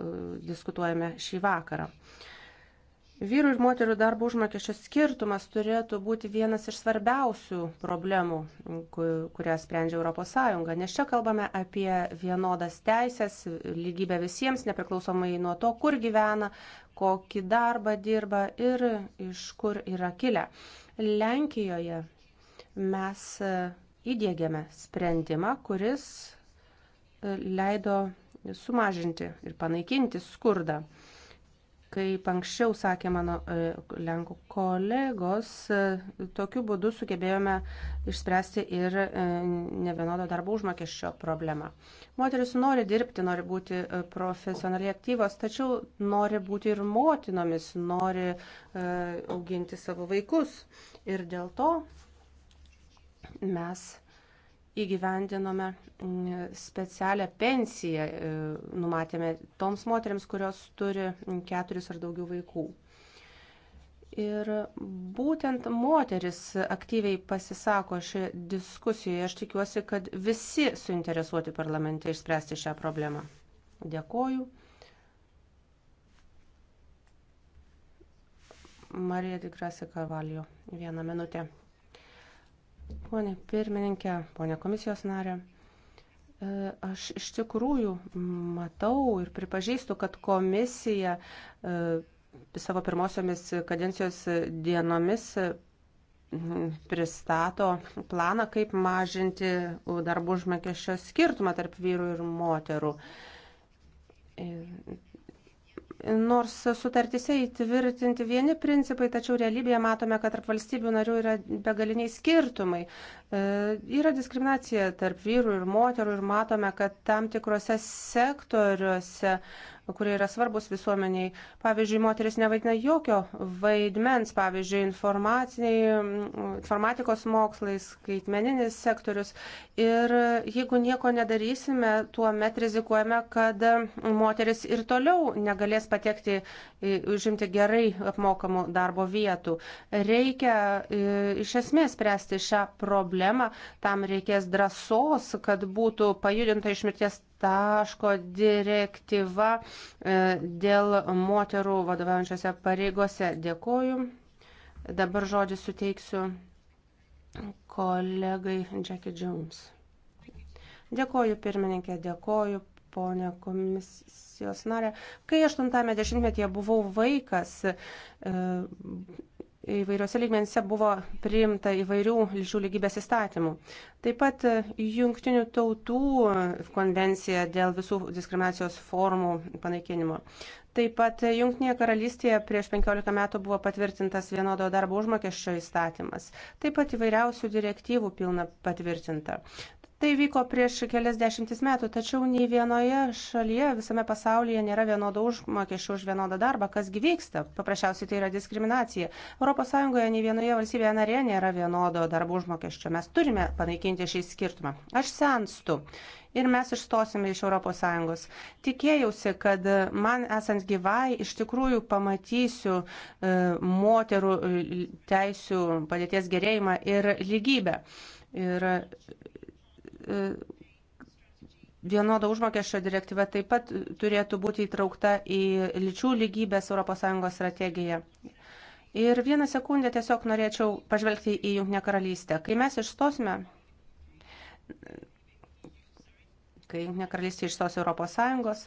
diskutuojame šį vakarą. Vyrų ir moterių darbo užmokesčio skirtumas turėtų būti vienas iš svarbiausių problemų, kurią sprendžia ES, nes čia kalbame apie vienodas teisės, lygybę visiems, nepriklausomai nuo to, kur gyvena, kokį darbą dirba ir iš kur yra kilę. Lenkijoje mes e, įdėgėme sprendimą, kuris e, leido sumažinti ir panaikinti skurdą. Kaip anksčiau sakė mano e, Lenkų kolegos, e, tokiu būdu sugebėjome išspręsti ir e, nevienodo darbo užmokesčio problemą. Moteris nori dirbti, nori būti profesionaliai aktyvos, tačiau nori būti ir motinomis, nori auginti savo vaikus. Ir dėl to mes įgyvendinome mm, specialią pensiją, e, numatėme toms moteriams, kurios turi mm, keturis ar daugiau vaikų. Ir būtent moteris aktyviai pasisako šioje diskusijoje. Aš tikiuosi, kad visi suinteresuoti parlamente išspręsti šią problemą. Dėkoju. Marija Digrasi Kavalio. Vieną minutę. Pone pirmininkė, pone komisijos narė, e, aš iš tikrųjų matau ir pripažįstu, kad komisija e, savo pirmosiomis kadencijos dienomis pristato planą, kaip mažinti darbų užmokesčio skirtumą tarp vyrų ir moterų. Nors sutartise įtvirtinti vieni principai, tačiau realybėje matome, kad tarp valstybių narių yra begaliniai skirtumai. E, yra diskriminacija tarp vyrų ir moterų ir matome, kad tam tikrose sektoriuose, kurie yra svarbus visuomeniai, pavyzdžiui, moteris nevaidina jokio vaidmens, pavyzdžiui, informatikos mokslai, skaitmeninis sektorius. Ir jeigu nieko nedarysime, tuo met rizikuojame, kad moteris ir toliau negalės patekti, užimti gerai apmokamų darbo vietų. Reikia e, iš esmės spręsti šią problemą problemą, tam reikės drąsos, kad būtų pajudinta iš mirties taško direktyva e, dėl moterų vadovaujančiose pareigose. Dėkoju. Dabar žodį suteiksiu kolegai Jackie Jones. Dėkoju pirmininkė, dėkoju ponė komisijos narė. Kai 80-metyje buvau vaikas, e, įvairiuose lygmenyse buvo priimta įvairių lyčių lygybės įstatymų. Taip pat e, jungtinių tautų e, konvencija dėl visų diskriminacijos formų panaikinimo. Taip pat e, Junktinėje karalystėje prieš 15 metų buvo patvirtintas vienodo darbo užmokesčio įstatymas. Taip pat įvairiausių direktyvų pilna patvirtinta. Tai vyko prieš kelias dešimtis metų, tačiau nei vienoje šalyje visame pasaulyje nėra vienodo užmokesčio už vienodą darbą. Kas gyvyksta? Paprasčiausiai tai yra diskriminacija. ES nei vienoje valstybėje narėje nėra vienodo darbo užmokesčio. Mes turime panaikinti šį skirtumą. Aš senstu ir mes išstosime iš ES. Tikėjausi, kad man esant gyvai iš tikrųjų pamatysiu e, moterų e, teisių padėties gerėjimą ir lygybę. Ir E, vienodo užmokesčio direktyva taip pat turėtų būti įtraukta į lyčių lygybės ES strategiją. Ir vieną sekundę tiesiog norėčiau pažvelgti į Junknę karalystę. Kai mes išstosime, kai Junknė karalystė išstos ES,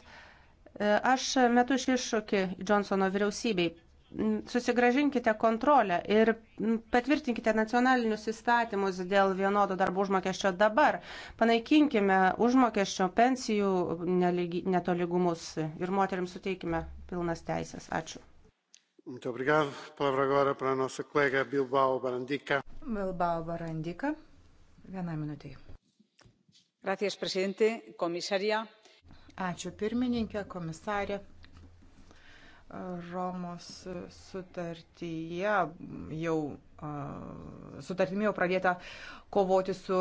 e, aš metu iš iššūkį Johnsono vyriausybei susigražinkite kontrolę ir patvirtinkite nacionalinius įstatymus dėl vienodo darbo užmokesčio dabar. Panaikinkime užmokesčio pensijų netolygumus ir moteriams suteikime pilnas teisės. Ačiū. Obrigado. Palavra agora para a nossa colega Bilbao Barandica. Bilbao Barandica. Viena minutė. Gracias, presidente, komisarija. Ačiū pirmininkė, komisarė. Romos sutartyje jau sutartimi jau pradėta kovoti su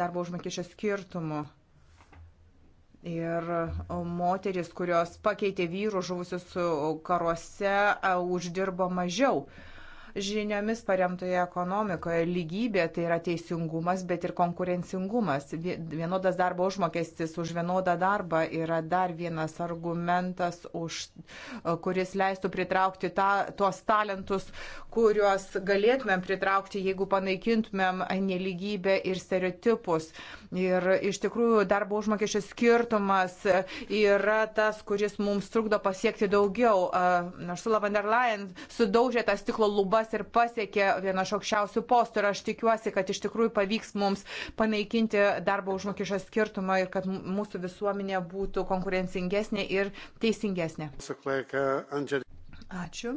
darbo užmokesčio skirtumu. Ir moteris, kurios pakeitė vyrų žuvusius karuose, uždirbo mažiau. Uh, žiniomis paremtoje ekonomikoje. Lygybė tai yra teisingumas, bet ir konkurencingumas. Vienodas darbo užmokestis už vienodą darbą yra dar vienas argumentas, už, kuris leistų pritraukti ta, tuos talentus, kuriuos galėtumėm pritraukti, jeigu panaikintumėm neligybę ir stereotipus. Ir iš tikrųjų darbo užmokesčio skirtumas yra tas, kuris mums trukdo pasiekti daugiau. Aš su Lavanderlain sudaužė tą stiklo lubą juos ir pasiekė vieną iš aukščiausių postų. Ir aš tikiuosi, kad iš tikrųjų pavyks mums panaikinti darbo užmokesčio skirtumą ir kad mūsų visuomenė būtų konkurencingesnė ir teisingesnė. Ačiū.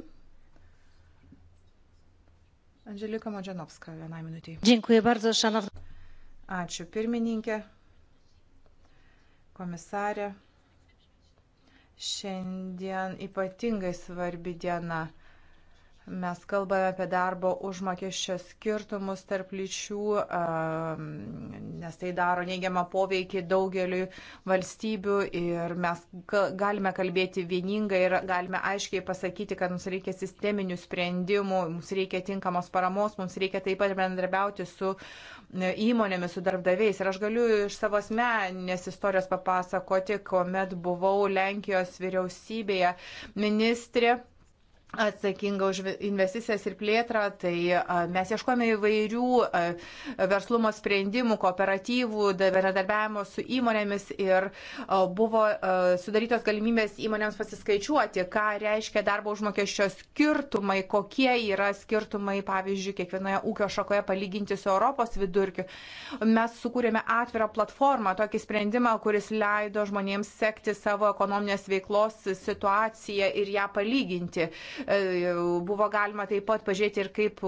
Andželika Modžianovska, vienai minutiai. Dziękuję bardzo, szanowna. Ačiū pirmininkė, komisarė. Šiandien ypatingai svarbi diena. Mes kalbame apie darbo užmokesčio skirtumus tarp lyčių, nes tai daro neigiamą poveikį daugeliu valstybių ir mes galime kalbėti vieningai ir galime aiškiai pasakyti, kad mums reikia sisteminių sprendimų, mums reikia tinkamos paramos, mums reikia taip pat bendrabiauti su e, įmonėmis, su darbdaviais. Ir aš galiu iš savo asmeninės istorijos papasakoti, kuomet buvau Lenkijos vyriausybėje ministrė atsakinga už investicijas ir plėtrą, tai mes ieškojame įvairių verslumo sprendimų, kooperatyvų, bendradarbiavimo su įmonėmis ir buvo sudarytos galimybės įmonėms pasiskaičiuoti, ką reiškia darbo užmokesčio skirtumai, kokie yra skirtumai, pavyzdžiui, kiekvienoje ūkio šakoje palyginti su Europos vidurkiu. Mes sukūrėme atvirą platformą, tokį sprendimą, kuris leido žmonėms sekti savo ekonominės veiklos situaciją ir ją palyginti. E, buvo galima taip pat pažiūrėti ir kaip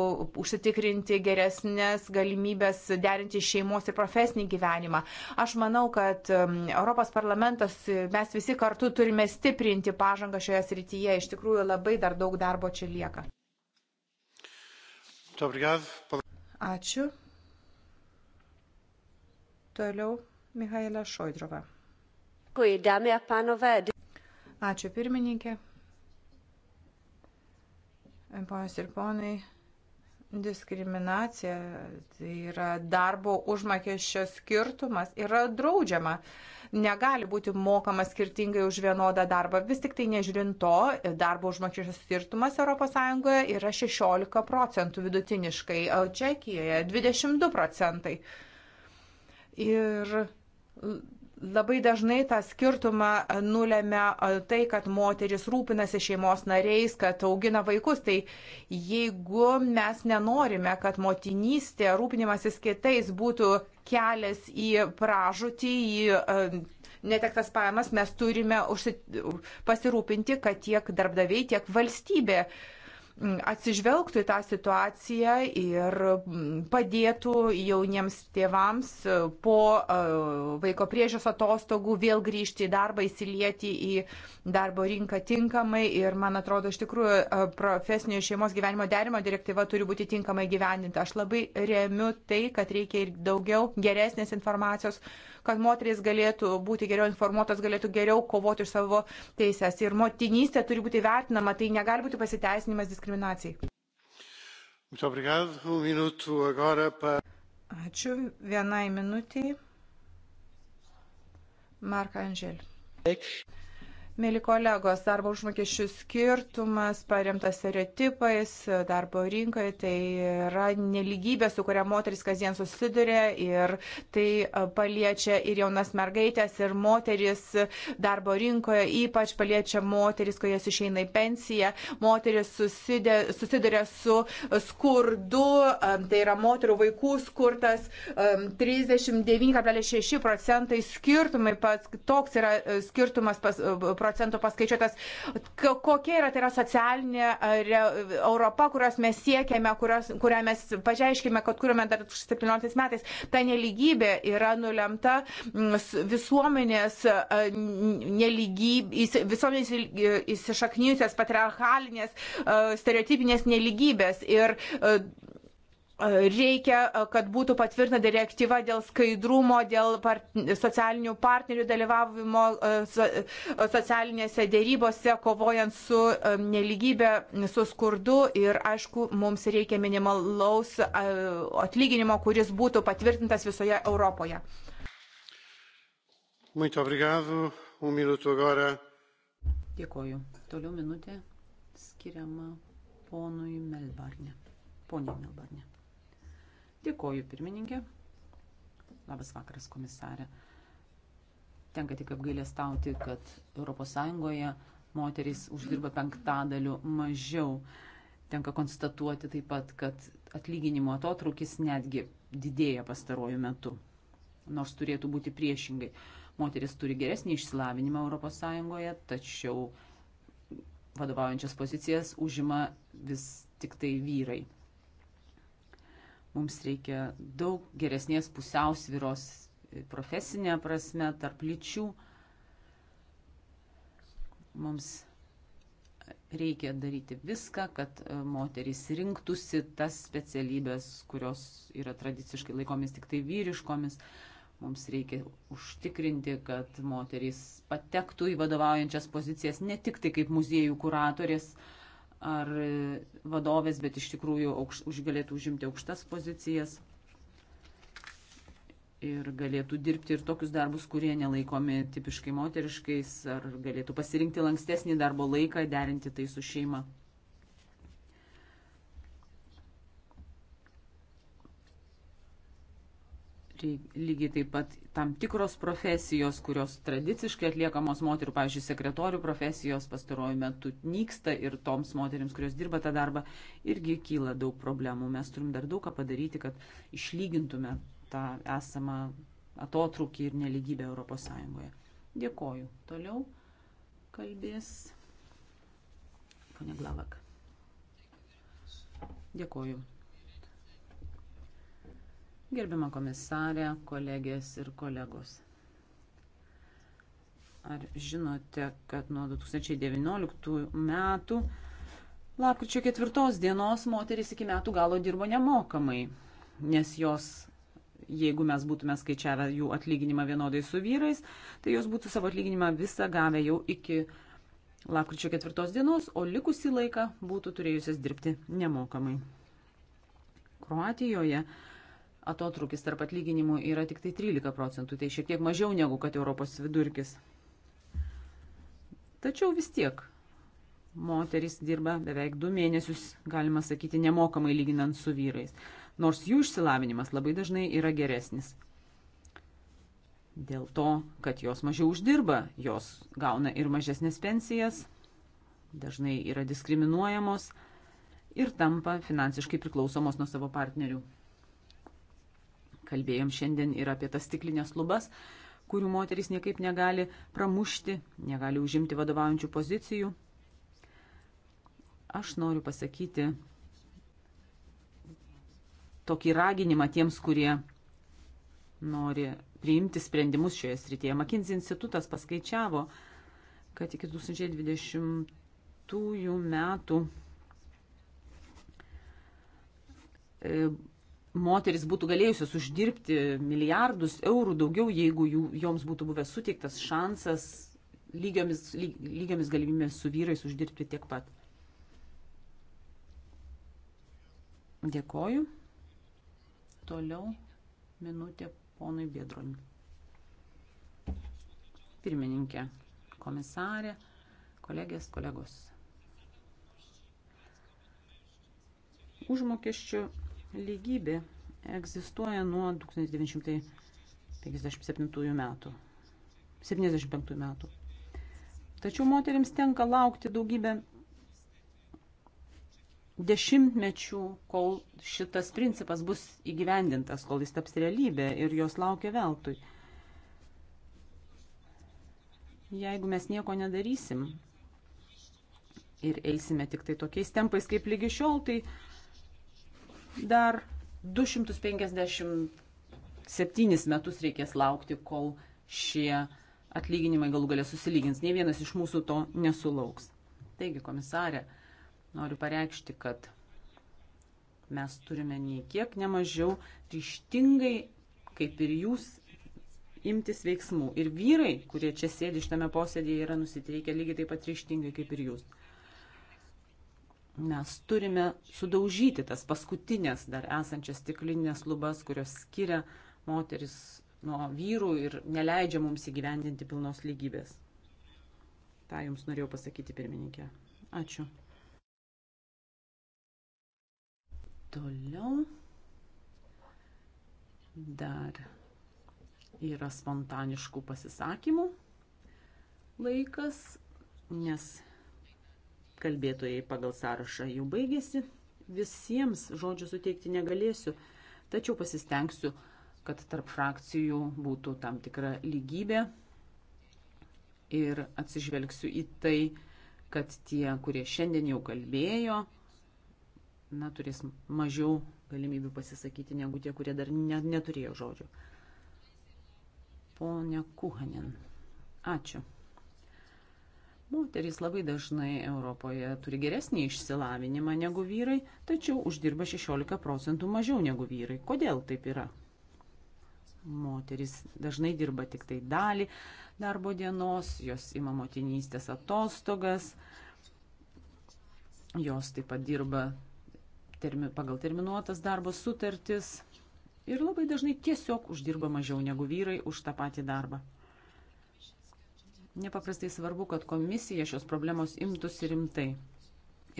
užsitikrinti geresnės galimybės derinti šeimos ir profesinį gyvenimą. Aš manau, kad Europos parlamentas, e, mes visi kartu turime stiprinti pažangą šioje srityje. Iš tikrųjų labai dar daug darbo čia lieka. Ačiū. Toliau Mihaela Šoidrova. Ačiū pirmininkė. Ponas ir ponai, diskriminacija, tai yra darbo užmokesčio skirtumas, yra draudžiama. Negali būti mokama skirtingai už vienodą darbą. Vis tik tai nežiūrint to, darbo užmokesčio skirtumas ES yra 16 procentų vidutiniškai, o Čekijoje 22 procentai. Ir Labai dažnai tą skirtumą nulėmė tai, kad moteris rūpinasi šeimos nariais, kad augina vaikus. Tai jeigu mes nenorime, kad motinystė, rūpinimasis kitais būtų kelias į pražutį, į netektas pajamas, mes turime pasirūpinti, kad tiek darbdaviai, tiek valstybė uh, atsižvelgtų į tą situaciją ir mm, padėtų jauniems tėvams e, po e, vaiko priežios atostogų vėl grįžti į darbą, įsilieti į darbo rinką tinkamai. Ir man atrodo, iš tikrųjų, e, profesinio šeimos gyvenimo derimo direktyva turi būti tinkamai gyveninta. Aš labai remiu tai, kad reikia ir daugiau geresnės informacijos kad moteris galėtų būti geriau informuotos, galėtų geriau kovoti už savo teises. Ir motinystė turi būti vertinama, tai negali būti pasiteisinimas diskriminacijai. Um Ačiū vienai minutiai. Mark Angel. Ačiū. Mėly kolegos, darbo užmokesčių skirtumas paremtas stereotipais darbo rinkoje, tai yra neligybė, su kuria moteris kasdien susiduria ir tai e, paliečia ir jaunas mergaitės, ir moteris darbo rinkoje, ypač paliečia moteris, kai jas išeina į pensiją, moteris susidė, susiduria su skurdu, e, tai yra moterų vaikų skurtas, 39,6 e, procentai skirtumai, toks yra skirtumas pas, pro, procentų paskaičiuotas. Kokia yra tai yra socialinė Europa, kurios mes siekiame, kurios, kurią mes pažeiškime, kad kuriame dar 2017 metais. Ta neligybė yra nulemta mm, visuomenės neligybės, visuomenės įsišaknyjusios patriarchalinės stereotipinės neligybės. Ir reikia, e, kad būtų patvirtinta direktyva dėl skaidrumo, dėl part, socialinių partnerių dalyvavimo e, so, e, socialinėse dėrybose, kovojant su neligybė, su skurdu ir, aišku, mums reikia minimalaus atlyginimo, kuris būtų patvirtintas visoje Europoje. Muito obrigado. Um minuto agora. Dėkoju. Toliau minutė skiriama ponui Melbarne. Poniai Melbarne. Dėkoju, pirmininkė. Labas vakaras, komisarė. Tenka tik apgailėstauti, kad ES moterys uždirba penktadaliu mažiau. Tenka konstatuoti taip pat, kad atlyginimo atotrukis netgi didėja pastaruoju metu. Nors turėtų būti priešingai. Moteris turi geresnį išsilavinimą ES, tačiau vadovaujančias pozicijas užima vis tik tai vyrai. Mums reikia daug geresnės pusiausviros profesinė prasme, tarp lyčių. Mums reikia daryti viską, kad moterys rinktųsi tas specialybės, kurios yra tradiciškai laikomis tik tai vyriškomis. Mums reikia užtikrinti, kad moterys patektų į vadovaujančias pozicijas ne tik tai kaip muziejų kuratorės, uh, ar e, vadovės, bet iš tikrųjų aukš, už, galėtų užimti aukštas pozicijas ir galėtų dirbti ir tokius darbus, kurie nelaikomi tipiškai moteriškais, ar galėtų pasirinkti lankstesnį darbo laiką, derinti tai su šeima. Tai lygiai taip pat tam tikros profesijos, kurios tradiciškai atliekamos moterų, pavyzdžiui, sekretorių profesijos pastaruoju metu nyksta ir toms moteriams, kurios dirba tą darbą, irgi kyla daug problemų. Mes turim dar daug ką padaryti, kad išlygintume tą esamą atotrukį ir neligybę ES. Dėkoju. Toliau kalbės ponia Glavak. Dėkoju. Gerbima komisarė, kolegės ir kolegos. Ar žinote, kad nuo 2019 metų lapkričio 4 dienos moteris iki metų galo dirbo nemokamai, nes jos jeigu mes būtume skaičiavę jų atlyginimą vienodai su vyrais, tai jos būtų savo atlyginimą visą gavę jau iki lapkričio ketvirtos dienos, o likusį laiką būtų turėjusios dirbti nemokamai. Kroatijoje atotrukis tarp atlyginimų yra tik tai 13 procentų, tai šiek tiek mažiau negu kad Europos vidurkis. Tačiau vis tiek moteris dirba beveik du mėnesius, galima sakyti, nemokamai lyginant su vyrais, nors jų išsilavinimas labai dažnai yra geresnis. Dėl to, kad jos mažiau uždirba, jos gauna ir mažesnės pensijas, dažnai yra diskriminuojamos ir tampa finansiškai priklausomos nuo savo partnerių. Kalbėjom šiandien ir apie tas stiklinės lubas, kurių moterys niekaip negali pramušti, negali užimti vadovaujančių pozicijų. Aš noriu pasakyti tokį raginimą tiems, kurie nori priimti sprendimus šioje srityje. McKinsey institutas paskaičiavo, kad iki 2020 metų e, moteris būtų galėjusios uždirbti milijardus eurų daugiau, jeigu jų, joms būtų buvęs suteiktas šansas lygiomis, lyg, lygiomis galimybėmis su vyrais uždirbti tiek pat. Dėkoju. Toliau minutė ponui Biedronui. Pirmininkė, komisarė, kolegės, kolegos. Užmokesčių lygybė egzistuoja nuo 1957 metų. 75 metų. Tačiau moteriams tenka laukti daugybę dešimtmečių, kol šitas principas bus įgyvendintas, kol jis taps realybė ir jos laukia veltui. Jeigu mes nieko nedarysim ir eisime tik tai tokiais tempais kaip lygi šiol, tai dar 257 metus reikės laukti, kol šie atlyginimai galų galę susilygins. Ne vienas iš mūsų to nesulauks. Taigi, komisarė, noriu pareikšti, kad mes turime nei kiek nemažiau ryštingai, kaip ir jūs, imtis veiksmų. Ir vyrai, kurie čia sėdi šitame posėdėje, yra nusiteikę lygiai taip pat ryštingai kaip ir jūs. Mes turime sudaužyti tas paskutinės dar esančias stiklinės lubas, kurios skiria moteris nuo vyrų ir neleidžia mums įgyvendinti pilnos lygybės. Ta jums norėjau pasakyti, pirmininkė. Ačiū. Toliau dar yra spontaniškų pasisakymų laikas, nes Kalbėtojai pagal sąrašą jau baigėsi. Visiems žodžių suteikti negalėsiu, tačiau pasistengsiu, kad tarp frakcijų būtų tam tikra lygybė ir atsižvelgsiu į tai, kad tie, kurie šiandien jau kalbėjo, na, turės mažiau galimybių pasisakyti negu tie, kurie dar ne, neturėjo žodžių. Pone Kuhanen. Ačiū. Moterys labai dažnai Europoje turi geresnį išsilavinimą negu vyrai, tačiau uždirba 16 procentų mažiau negu vyrai. Kodėl taip yra? Moterys dažnai dirba tik tai dalį darbo dienos, jos ima motinystės atostogas, jos taip pat dirba termi, pagal terminuotas darbo sutartis ir labai dažnai tiesiog uždirba mažiau negu vyrai už tą patį darbą. Nepaprastai svarbu, kad komisija šios problemos imtųsi rimtai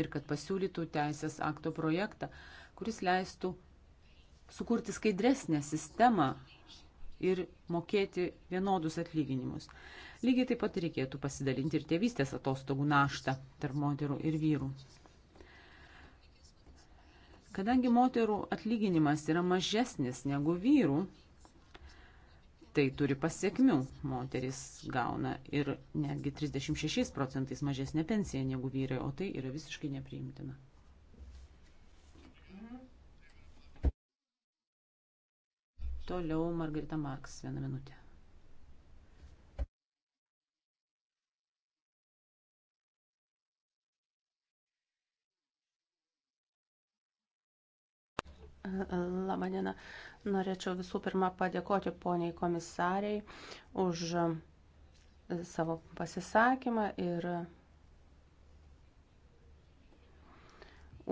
ir kad pasiūlytų teisės akto projektą, kuris leistų sukurti skaidresnę sistemą ir mokėti vienodus atlyginimus. Lygiai taip pat reikėtų pasidalinti ir tėvystės atostogų naštą tarp moterų ir vyrų. Kadangi moterų atlyginimas yra mažesnis negu vyrų, tai turi pasiekmių. Moteris gauna ir netgi 36 procentais mažesnę pensiją negu vyrai, o tai yra visiškai nepriimtina. Toliau Margarita Marks, vieną minutę. Labą dieną. Norėčiau visų pirma padėkoti poniai komisariai už e, savo pasisakymą ir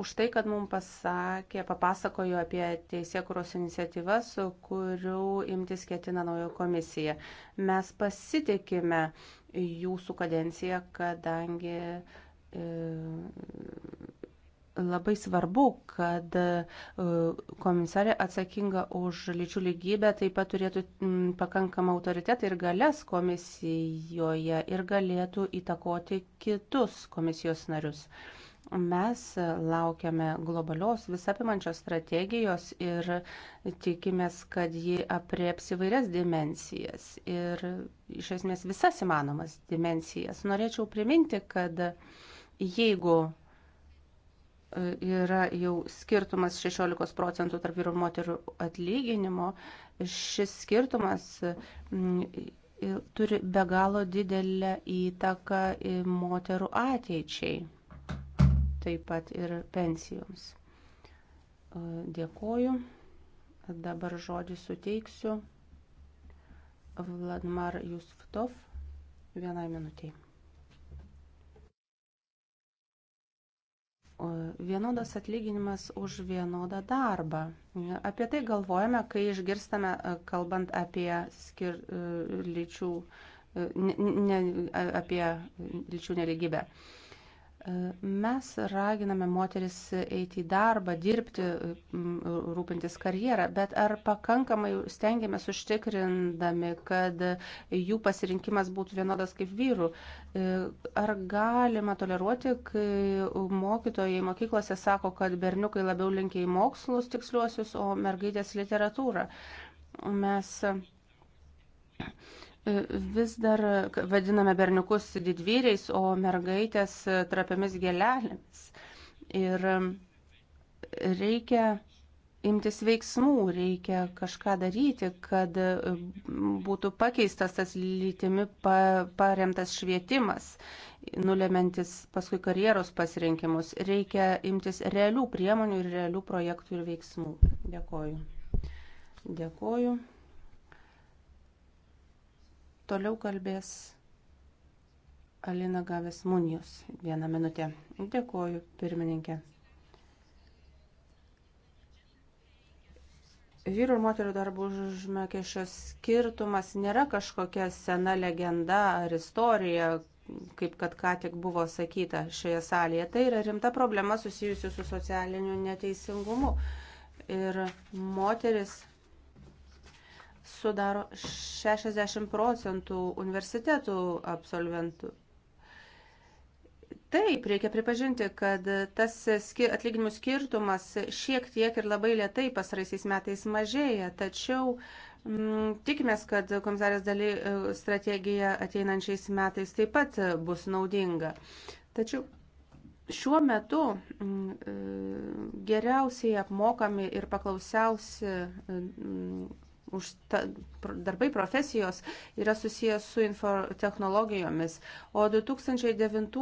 už tai, kad mums pasakė, papasakojo apie teisėkuros iniciatyvas, kurių imtis ketina naujo komisija. Mes pasitikime jūsų kadenciją, kadangi e, labai svarbu, kad e, komisarė atsakinga už lyčių lygybę taip pat turėtų pakankamą autoritetą ir galės komisijoje ir galėtų įtakoti kitus komisijos narius. Mes laukiame globalios visapimančios strategijos ir tikimės, kad ji aprieps įvairias dimensijas ir iš esmės visas įmanomas dimensijas. Norėčiau priminti, kad jeigu yra jau skirtumas 16 procentų tarp vyrų ir moterų atlyginimo. Šis skirtumas mm, turi be galo didelę įtaką moterų ateičiai, taip pat ir pensijoms. E, dėkoju. Dabar žodį suteiksiu Vladimar Jusftov vienai minutėjai. Vienodas atlyginimas už vienodą darbą. Apie tai galvojame, kai išgirstame, e, kalbant apie skir, e, lyčių, e, ne, ne, apie lyčių neligybę. Mes raginame moteris eiti į darbą, dirbti, rūpintis karjerą, bet ar pakankamai stengiamės užtikrindami, kad jų pasirinkimas būtų vienodas kaip vyrų? E, ar galima toleruoti, kai mokytojai mokyklose sako, kad berniukai labiau linkia į mokslus tiksliuosius, o mergaitės literatūrą? Mes vis dar vadiname berniukus didvyriais, o mergaitės trapiamis gelelėmis. Ir reikia imtis veiksmų, reikia kažką daryti, kad būtų pakeistas tas lytimi paremtas švietimas, nulemantis paskui karjeros pasirinkimus. Reikia imtis realių priemonių ir realių projektų ir veiksmų. Dėkoju. Dėkoju. Toliau kalbės Alina Gavės Munijos. Vieną minutę. Dėkuoju, pirmininkė. Vyru ir moterio darbų užmokesčio skirtumas nėra kažkokia sena legenda ar istorija, kaip kad ką tik buvo sakyta šioje salėje. Tai yra rimta problema susijusi su socialiniu neteisingumu. Ir moteris sudaro 60 procentų universitetų absolventų. Taip, reikia pripažinti, kad tas atlyginimų skirtumas šiek tiek ir labai lietai pasraisiais metais mažėja, tačiau m, mm, tikimės, kad komisarės daly e, strategija ateinančiais metais taip pat bus naudinga. Tačiau šiuo metu m, mm, e, geriausiai apmokami ir paklausiausi e, m, mm, už ta, darbai profesijos yra susijęs su infotechnologijomis. O 2009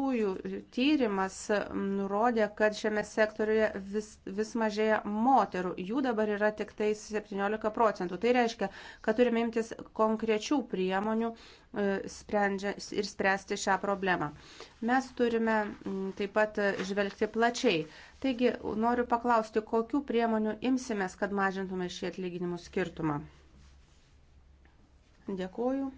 tyrimas nurodė, kad šiame sektoriuje vis, vis mažėja moterų. Jų dabar yra tik tai 17 procentų. Tai reiškia, kad turime imtis konkrečių priemonių e, sprendžia, ir spręsti šią problemą. Mes turime taip pat žvelgti plačiai. Taigi noriu paklausti, kokių priemonių imsimės, kad mažintume šį atlyginimų skirtumą. Dėkuoju.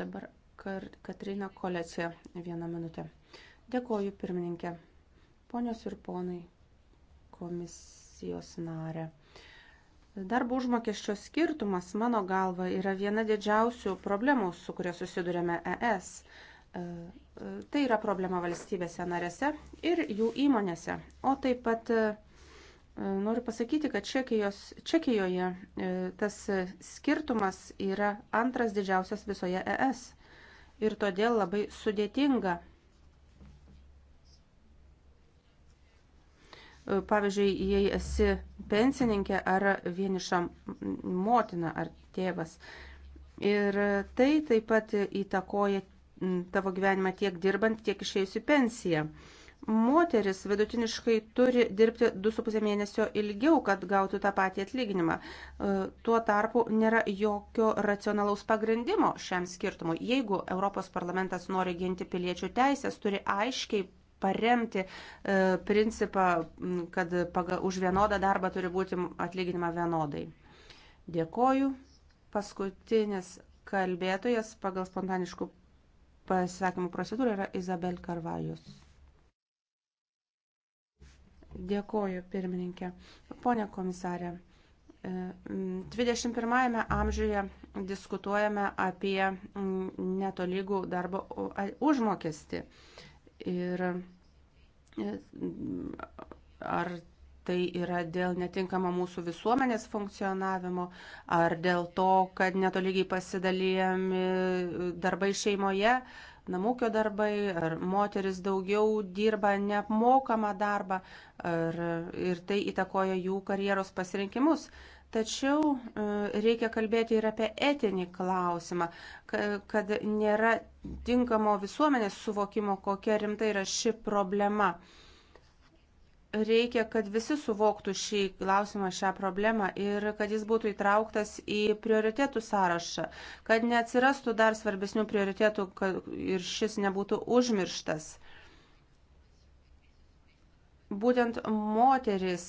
Dabar Katrina Kolecija vieną minutę. Dėkuoju pirmininkė. Ponios ir ponai, komisijos narė. Darbo užmokesčio skirtumas, mano galva, yra viena didžiausių problemų, su kuria susidurėme ES. E, e, tai yra problema valstybėse narėse ir jų įmonėse. O taip pat e, noriu pasakyti, kad Čekijos, Čekijoje tas skirtumas yra antras didžiausias visoje ES. Ir todėl labai sudėtinga pavyzdžiui, jei esi pensininkė ar vieniša motina ar tėvas. Ir tai taip pat įtakoja tavo gyvenimą tiek dirbant, tiek išėjusi pensiją. Moteris vidutiniškai turi dirbti 2,5 mėnesio ilgiau, kad gautų tą patį atlyginimą. E, tuo tarpu nėra jokio racionalaus pagrindimo šiam skirtumui. Jeigu Europos parlamentas nori ginti piliečių teisės, turi aiškiai paremti e, principą, kad paga, už vienodą darbą turi būti atlyginima vienodai. Dėkoju. Paskutinis kalbėtojas pagal spontaniškų pasisakymų procedūrą yra Izabel Karvajus. Dėkoju, pirmininkė. Pone komisarė, 21 e, amžiuje diskutuojame apie netolygų darbo užmokestį ir e, ar tai yra dėl netinkamo mūsų visuomenės funkcionavimo, ar dėl to, kad netolygiai pasidalijami darbai šeimoje, namūkio darbai, ar moteris daugiau dirba neapmokamą darbą, ar, ir tai įtakoja jų karjeros pasirinkimus. Tačiau e, reikia kalbėti ir apie etinį klausimą, kad nėra tinkamo visuomenės suvokimo, kokia rimta yra ši problema. Reikia, kad visi suvoktų šį klausimą, šią problemą ir kad jis būtų įtrauktas į prioritėtų sąrašą, kad neatsirastų dar svarbesnių prioritėtų ir šis nebūtų užmirštas. Būtent moteris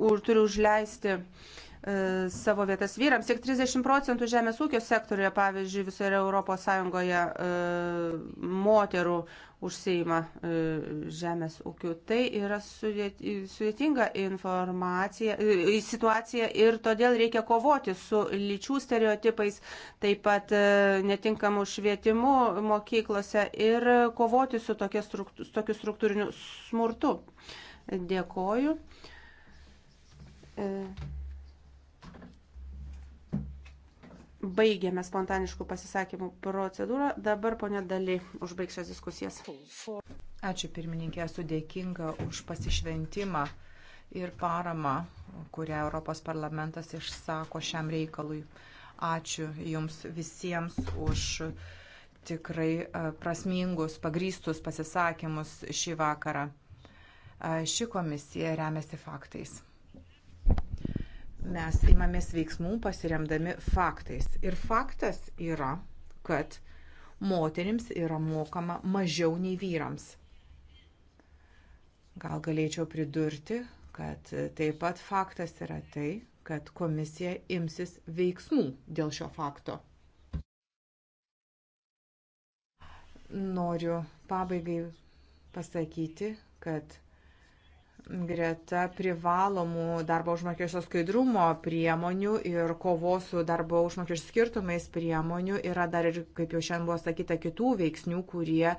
uh, turi užleisti e, savo vietas vyrams. Tik 30 procentų žemės ūkio sektorija, pavyzdžiui, visoje Europos Sąjungoje e, moterų užseima žemės ūkiu. Tai yra sudėtinga informacija, situacija ir todėl reikia kovoti su lyčių stereotipais, taip pat netinkamu švietimu mokyklose ir kovoti su, su tokiu struktūriniu smurtu. Dėkoju. E, baigėme spontaniškų pasisakymų procedūrą. Dabar ponė Dali užbaigs šias diskusijas. Ačiū pirmininkė, esu dėkinga už pasišventimą ir paramą, kurią Europos parlamentas išsako šiam reikalui. Ačiū Jums visiems už tikrai e, prasmingus, pagrystus pasisakymus šį vakarą ši komisija remiasi faktais. Mes imamės veiksmų pasiremdami faktais. Ir faktas yra, kad moterims yra mokama mažiau nei vyrams. Gal galėčiau pridurti, kad taip pat faktas yra tai, kad komisija imsis veiksmų dėl šio fakto. Noriu pabaigai pasakyti, kad greta privalomų darbo užmokesčio skaidrumo priemonių ir kovos su darbo užmokesčio skirtumais priemonių yra dar ir, kaip jau šiandien buvo sakyta, kitų veiksnių, kurie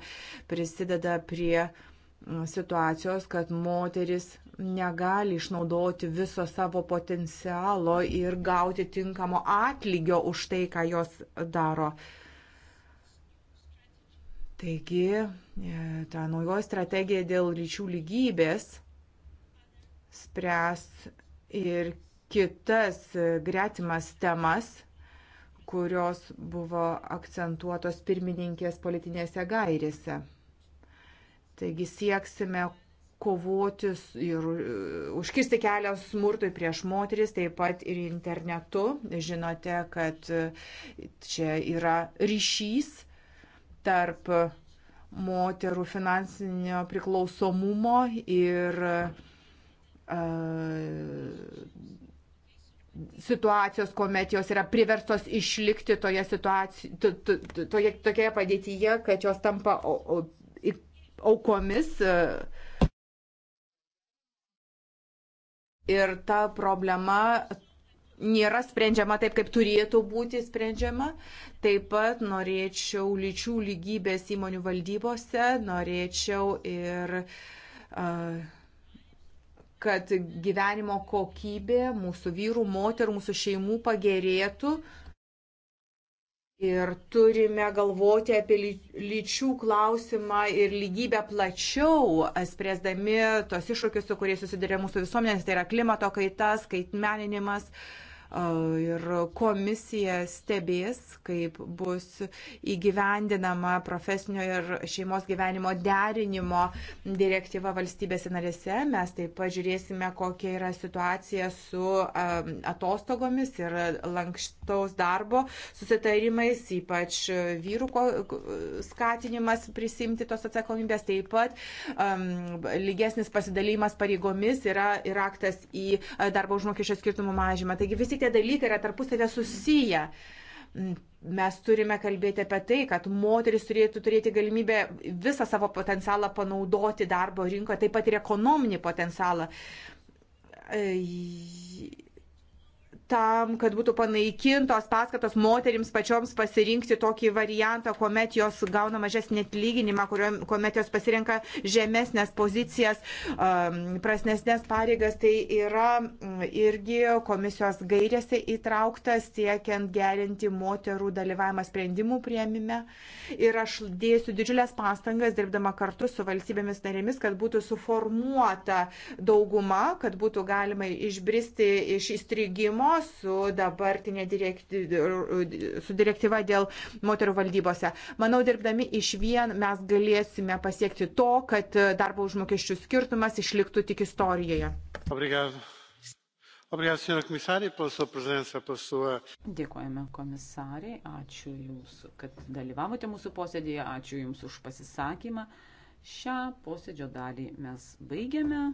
prisideda prie mm, situacijos, kad moteris negali išnaudoti viso savo potencialo ir gauti tinkamo atlygio už tai, ką jos daro. Taigi, e, ta naujoji strategija dėl lyčių lygybės spręs ir kitas gretimas temas, kurios buvo akcentuotos pirmininkės politinėse gairėse. Taigi sieksime kovoti ir e, užkirsti kelią smurtui prieš moteris, taip pat ir internetu. Žinote, kad e, čia yra ryšys tarp moterų finansinio priklausomumo ir uh, E, situacijos, kuomet jos yra priverstos išlikti toje situacijoje, toje, tokioje padėtyje, kad jos tampa aukomis. E. Ir ta problema nėra sprendžiama taip, kaip turėtų būti sprendžiama. Taip pat norėčiau lyčių lygybės įmonių valdybose, norėčiau ir uh, kad gyvenimo kokybė mūsų vyrų, moterų, mūsų šeimų pagerėtų. Ir turime galvoti apie lyčių klausimą ir lygybę plačiau, spręsdami tos iššūkius, su kuriais susiduria mūsų visuomenės, tai yra klimato kaita, skaitmeninimas. Uh, ir komisija stebės, kaip bus įgyvendinama profesinio ir šeimos gyvenimo derinimo direktyva valstybėse narėse. Mes taip pat žiūrėsime, kokia yra situacija su atostogomis ir lankštaus darbo susitarimais, ypač vyrų skatinimas prisimti tos atsakomybės, taip pat um, lygesnis pasidalymas pareigomis yra ir aktas į darbo užmokesčio skirtumų mažymą. Taigi visi visi tie dalykai yra tarpusavę susiję mm, mes turime kalbėti apie tai, kad moteris turėtų turėti galimybę visą savo potencialą panaudoti darbo rinkoje, taip pat ir ekonominį potencialą. E, tam, kad būtų panaikintos paskatos moterims pačioms pasirinkti tokį variantą, kuomet jos gauna mažesnį atlyginimą, kuomet jos pasirenka žemesnės pozicijas, um, prasnesnės pareigas, tai yra mm, irgi komisijos gairėse įtrauktas siekiant gerinti moterų dalyvavimą sprendimų prieimime. Ir aš dėsiu didžiulės pastangas, dirbdama kartu su valstybėmis narėmis, kad būtų suformuota dauguma, kad būtų galima išbristi iš įstrigimo su dabartinė direktyva, su direktyva dėl moterų valdybose. Manau, dirbdami iš vien mes galėsime pasiekti to, kad darbo užmokesčių skirtumas išliktų tik istorijoje. Obrigado. Obrigado, senhora comissária, pela sua presença, pela sua... Dėkojame komisariai, ačiū Jums, kad dalyvavote mūsų posėdėje, ačiū Jums už pasisakymą. Šią posėdžio dalį mes baigiame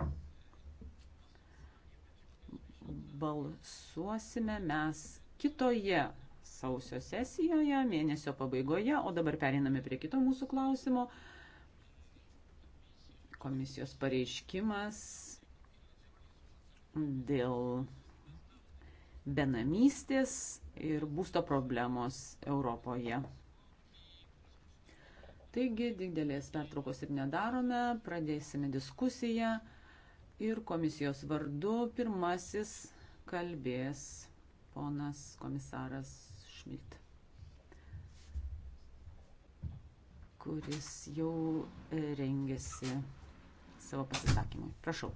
balsuosime mes kitoje sausio sesijoje, mėnesio pabaigoje, o dabar periname prie kito mūsų klausimo. Komisijos pareiškimas dėl benamystės ir būsto problemos Europoje. Taigi didelės pertraukos ir nedarome, pradėsime diskusiją ir komisijos vardu pirmasis kalbės ponas komisaras Šmit, kuris jau rengėsi savo pasisakymui. Prašau.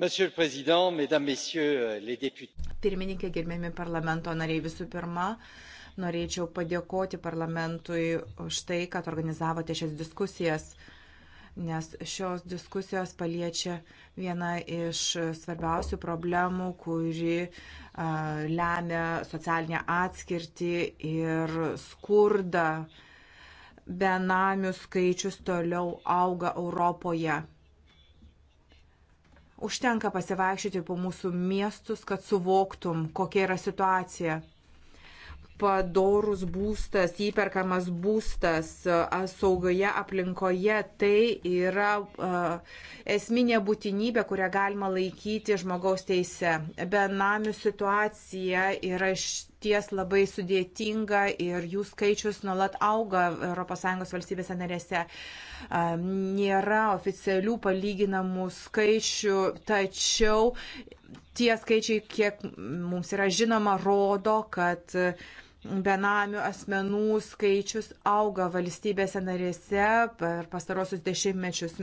Euh, Pirmininkė, gerbėmi parlamento nariai, visų pirma, norėčiau padėkoti parlamentui už tai, kad organizavote šias diskusijas nes šios diskusijos paliečia vieną iš svarbiausių problemų, kuri uh, lemia socialinę atskirtį ir skurdą. Benamių skaičius toliau auga Europoje. Užtenka pasivaikščioti po mūsų miestus, kad suvoktum, kokia yra situacija. Padorus būstas, įperkamas būstas saugioje aplinkoje - tai yra uh, esminė būtinybė, kurią galima laikyti žmogaus teise. Benamių situacija yra iš ties labai sudėtinga ir jų skaičius nuolat auga ES valstybėse narėse. Nėra oficialių palyginamų skaičių, tačiau tie skaičiai, kiek mums yra žinoma, rodo, kad benamių asmenų skaičius auga valstybėse narėse per pastarosius dešimtmečius.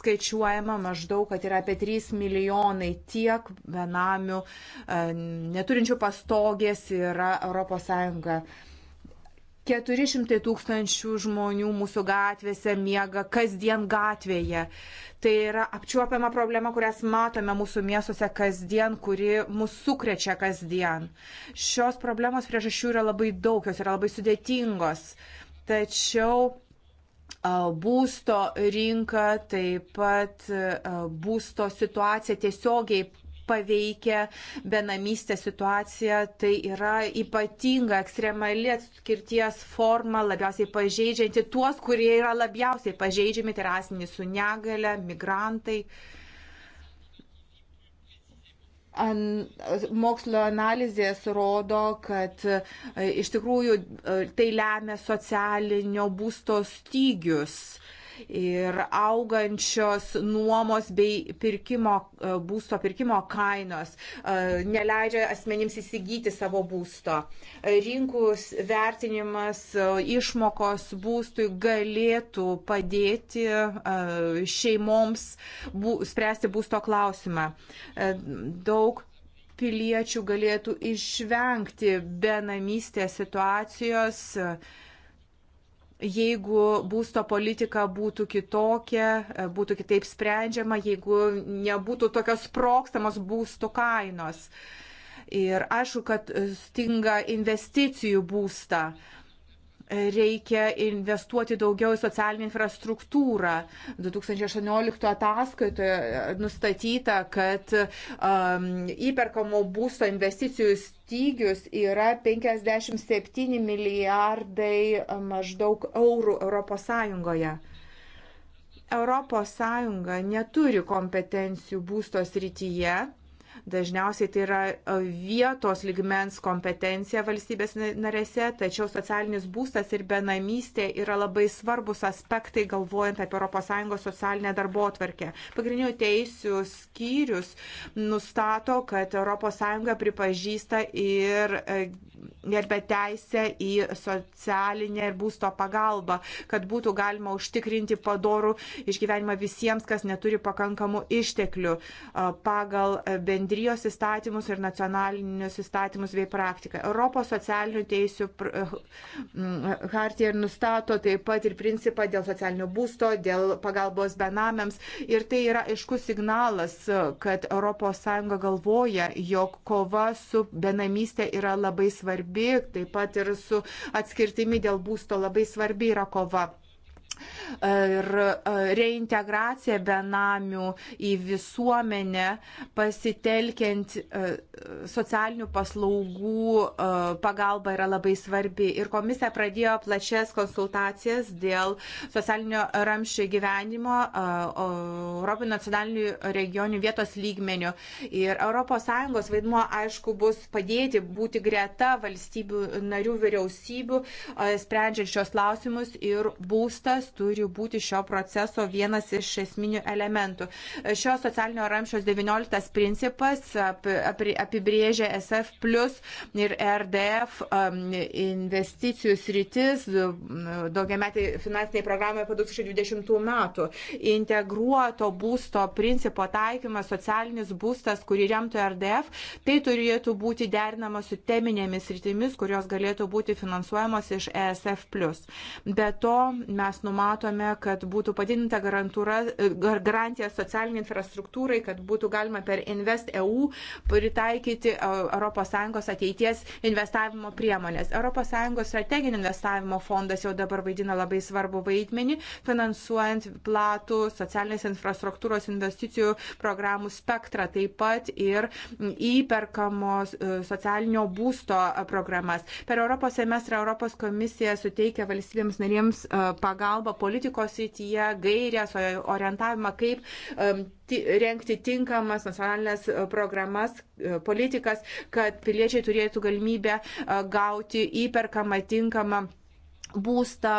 Skaičiuojama maždaug, kad yra apie 3 milijonai tiek benamių e, neturinčių pastogės yra ES. 400 tūkstančių žmonių mūsų gatvėse miega kasdien gatvėje. Tai yra apčiuopiama problema, kurias matome mūsų miestuose kasdien, kuri mūsų sukrečia kasdien. Šios problemos priežasčių yra labai daug, jos yra labai sudėtingos. Tačiau būsto rinka, taip pat būsto situacija tiesiogiai paveikia benamystė situacija. Tai yra ypatinga ekstremali atskirties forma, labiausiai pažeidžianti tuos, kurie yra labiausiai pažeidžiami, tai yra asmenys su negale, migrantai. An, mokslo analizės rodo, kad e, iš tikrųjų e, tai lemia socialinio būsto stygius. Uh, ir augančios nuomos bei pirkimo, e, būsto pirkimo kainos e, neleidžia asmenims įsigyti savo būsto. E, Rinkus vertinimas išmokos būstui galėtų padėti šeimoms bū, spręsti būsto klausimą. Daug piliečių galėtų išvengti benamystės situacijos, uh, jeigu būsto politika būtų kitokia, e, būtų kitaip sprendžiama, jeigu nebūtų tokios sprokstamos būsto kainos. Ir aišku, kad stinga investicijų būstą reikia investuoti daugiau į socialinį infrastruktūrą. 2018 ataskaitoje e, nustatyta, kad um, įperkamo būsto investicijų stygius yra 57 milijardai e, maždaug eurų ES. ES neturi kompetencijų būsto srityje Dažniausiai tai yra e, vietos ligmens kompetencija valstybės narėse, tačiau socialinis būstas ir benamystė yra labai svarbus aspektai galvojant apie ES socialinę darbo atvarkę. Pagrindinių teisių skyrius nustato, kad ES pripažįsta ir e, gerbia teisę į socialinę ir būsto pagalbą, kad būtų galima užtikrinti padorų išgyvenimą visiems, kas neturi pakankamų išteklių pagal bendrijos įstatymus ir nacionalinius įstatymus bei praktiką. Europos socialinių teisių hartija ir nustato taip pat ir principą dėl socialinio būsto, dėl pagalbos benamiams ir tai yra aiškus signalas, kad ES galvoja, jog kova su benamystė yra labai svarbi svarbi, taip pat ir su atskirtimi dėl būsto labai svarbi yra kova ir e, reintegracija benamių į visuomenę, pasitelkiant e, socialinių paslaugų e, pagalba yra labai svarbi. Ir komisija pradėjo plačias konsultacijas dėl socialinio ramščio gyvenimo Europos nacionalinių regionių vietos lygmenių. Ir ES vaidmuo, aišku, bus padėti būti greta valstybių narių vyriausybių, sprendžiant šios klausimus ir būstas Skaidrumas turi būti šio proceso vienas iš esminių elementų. Šio socialinio ramščios 19 principas apibrėžia SF plus ir RDF um, investicijų sritis daugiametį finansiniai programai po 2020 metų. Integruoto būsto principo taikymas, socialinis būstas, kurį remtų RDF, tai turėtų būti derinama su teminėmis rytimis, kurios galėtų būti finansuojamos iš ESF. Be to, mes mes numatome, kad būtų padidinta garantija socialiniai infrastruktūrai, kad būtų galima per Invest EU pritaikyti e, ES ateities investavimo priemonės. ES strateginio investavimo fondas jau dabar vaidina labai svarbu vaidmenį, finansuojant platų socialinės infrastruktūros investicijų programų spektrą, taip pat ir įperkamos e, socialinio būsto programas. Per Europos semestrą Europos komisija suteikia valstybėms narėms e, pagalbą pagalbą politikos įtyje, gairės, orientavimą, kaip um, renkti tinkamas nacionalinės e, programas, e, politikas, kad piliečiai turėtų galimybę e, gauti įperkamą tinkamą būstą,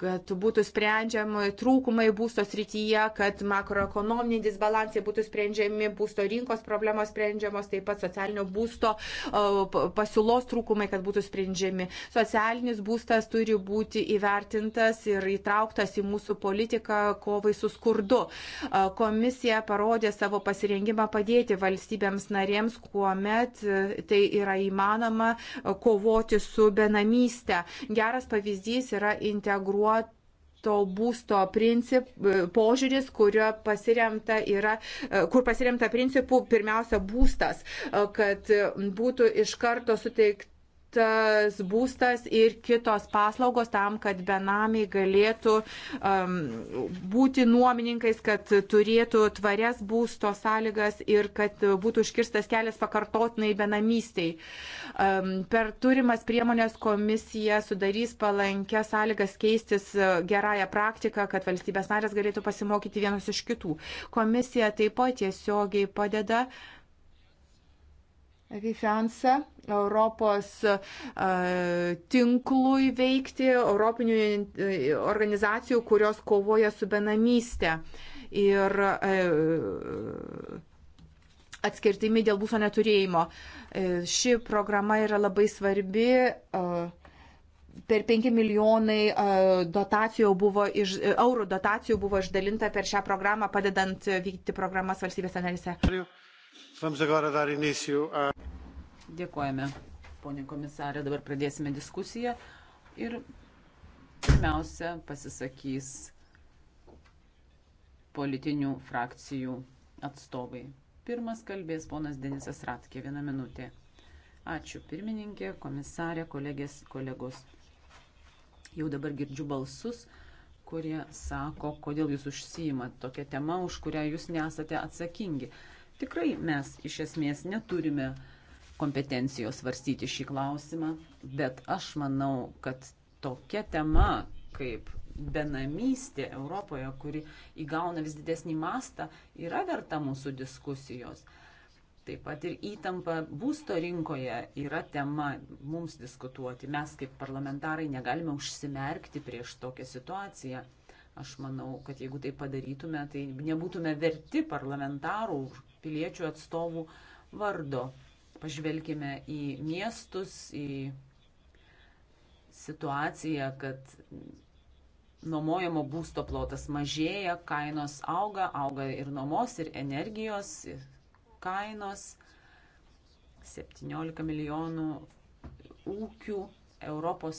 kad būtų sprendžiami trūkumai būsto srityje, kad makroekonominiai disbalansai būtų sprendžiami, būsto rinkos problemos sprendžiamos, taip pat socialinio būsto pasiūlos trūkumai, kad būtų sprendžiami. Socialinis būstas turi būti įvertintas ir įtrauktas į mūsų politiką kovai su skurdu. Komisija parodė savo pasirengimą padėti valstybėms narėms, kuomet e, tai yra įmanoma kovoti su benamyste. Geras pavyzdys pavyzdys yra integruot to būsto princip, e, požiūris, pasiremta yra, e, kur pasiremta principų pirmiausia būstas, e, kad būtų iš karto suteikta tas būstas ir kitos paslaugos tam, kad benamiai galėtų um, būti nuomininkais, kad turėtų tvarias būsto sąlygas ir kad būtų užkirstas kelias pakartotinai benamystiai. Um, per turimas priemonės komisija sudarys palankę sąlygas keistis uh, gerąją praktiką, kad valstybės narės galėtų pasimokyti vienus iš kitų. Komisija taip pat tiesiogiai padeda uh, Fiansa, Europos e, tinklui veikti, Europinių e, organizacijų, kurios kovoja su benamystė. Ir e, atskirtimi dėl būso neturėjimo. Ši programa yra labai svarbi per 5 milijonai dotacijų buvo iš, eurų dotacijų buvo išdalinta per šią programą, padedant vykdyti programas valstybėse narėse. Dėkojame, ponė komisarė. Dabar pradėsime diskusiją. Ir pirmiausia, pasisakys politinių frakcijų atstovai. Pirmas kalbės ponas Denisas Ratkė. Vieną minutę. Ačiū pirmininkė, komisarė, kolegės, kolegos. Jau dabar girdžiu balsus, kurie sako, kodėl jūs užsijimat tokią temą, už kurią jūs nesate atsakingi. Tikrai mes iš esmės neturime kompetencijos svarstyti šį klausimą, bet aš manau, kad tokia tema kaip benamystė Europoje, kuri įgauna vis didesnį mastą, yra verta mūsų diskusijos. Taip pat ir įtampa būsto rinkoje yra tema mums diskutuoti. Mes kaip parlamentarai negalime užsimerkti prieš tokią situaciją. Aš manau, kad jeigu tai padarytume, tai nebūtume verti parlamentarų, piliečių atstovų vardo. Pažvelkime į miestus, į situaciją, kad nuomojamo būsto plotas mažėja, kainos auga, auga ir nuomos, ir energijos ir kainos. 17 milijonų ūkių ES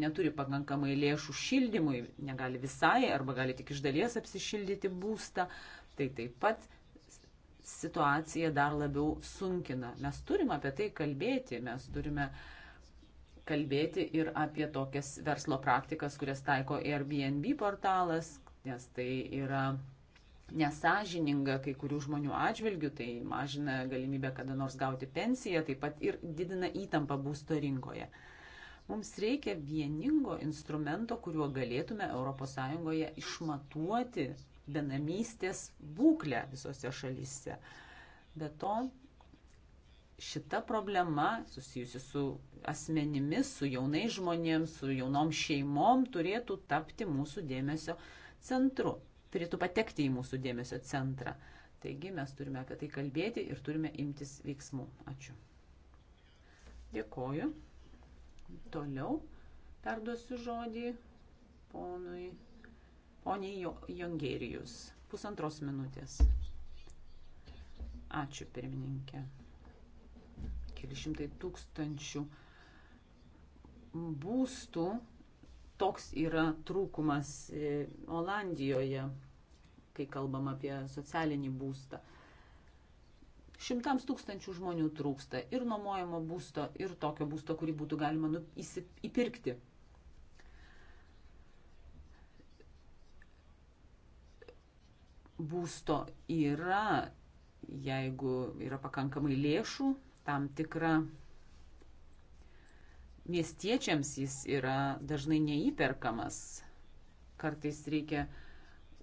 neturi pakankamai lėšų šildymui, negali visai arba gali tik iš dalies apsišildyti būstą. Tai taip pat situaciją dar labiau sunkina. Mes turime apie tai kalbėti, mes turime kalbėti ir apie tokias verslo praktikas, kurias taiko Airbnb portalas, nes tai yra nesažininga kai kurių žmonių atžvilgių, tai mažina galimybę kada nors gauti pensiją, taip pat ir didina įtampą būsto rinkoje. Mums reikia vieningo instrumento, kuriuo galėtume ES išmatuoti benamystės būklę visose šalyse. Be to, šita problema susijusi su asmenimis, su jaunais žmonėms, su jaunom šeimom turėtų tapti mūsų dėmesio centru, turėtų patekti į mūsų dėmesio centrą. Taigi mes turime apie tai kalbėti ir turime imtis veiksmų. Ačiū. Dėkoju. Toliau perduosiu žodį ponui Poniai Jongerijus, pusantros minutės. Ačiū, pirmininkė. Keli šimtai tūkstančių būstų. Toks yra trūkumas e, Olandijoje, kai kalbam apie socialinį būstą. Šimtams tūkstančių žmonių trūksta ir nuomojamo būsto, ir tokio būsto, kurį būtų galima nu, įsipirkti. būsto yra, jeigu yra pakankamai lėšų, tam tikra miestiečiams jis yra dažnai neįperkamas. Kartais reikia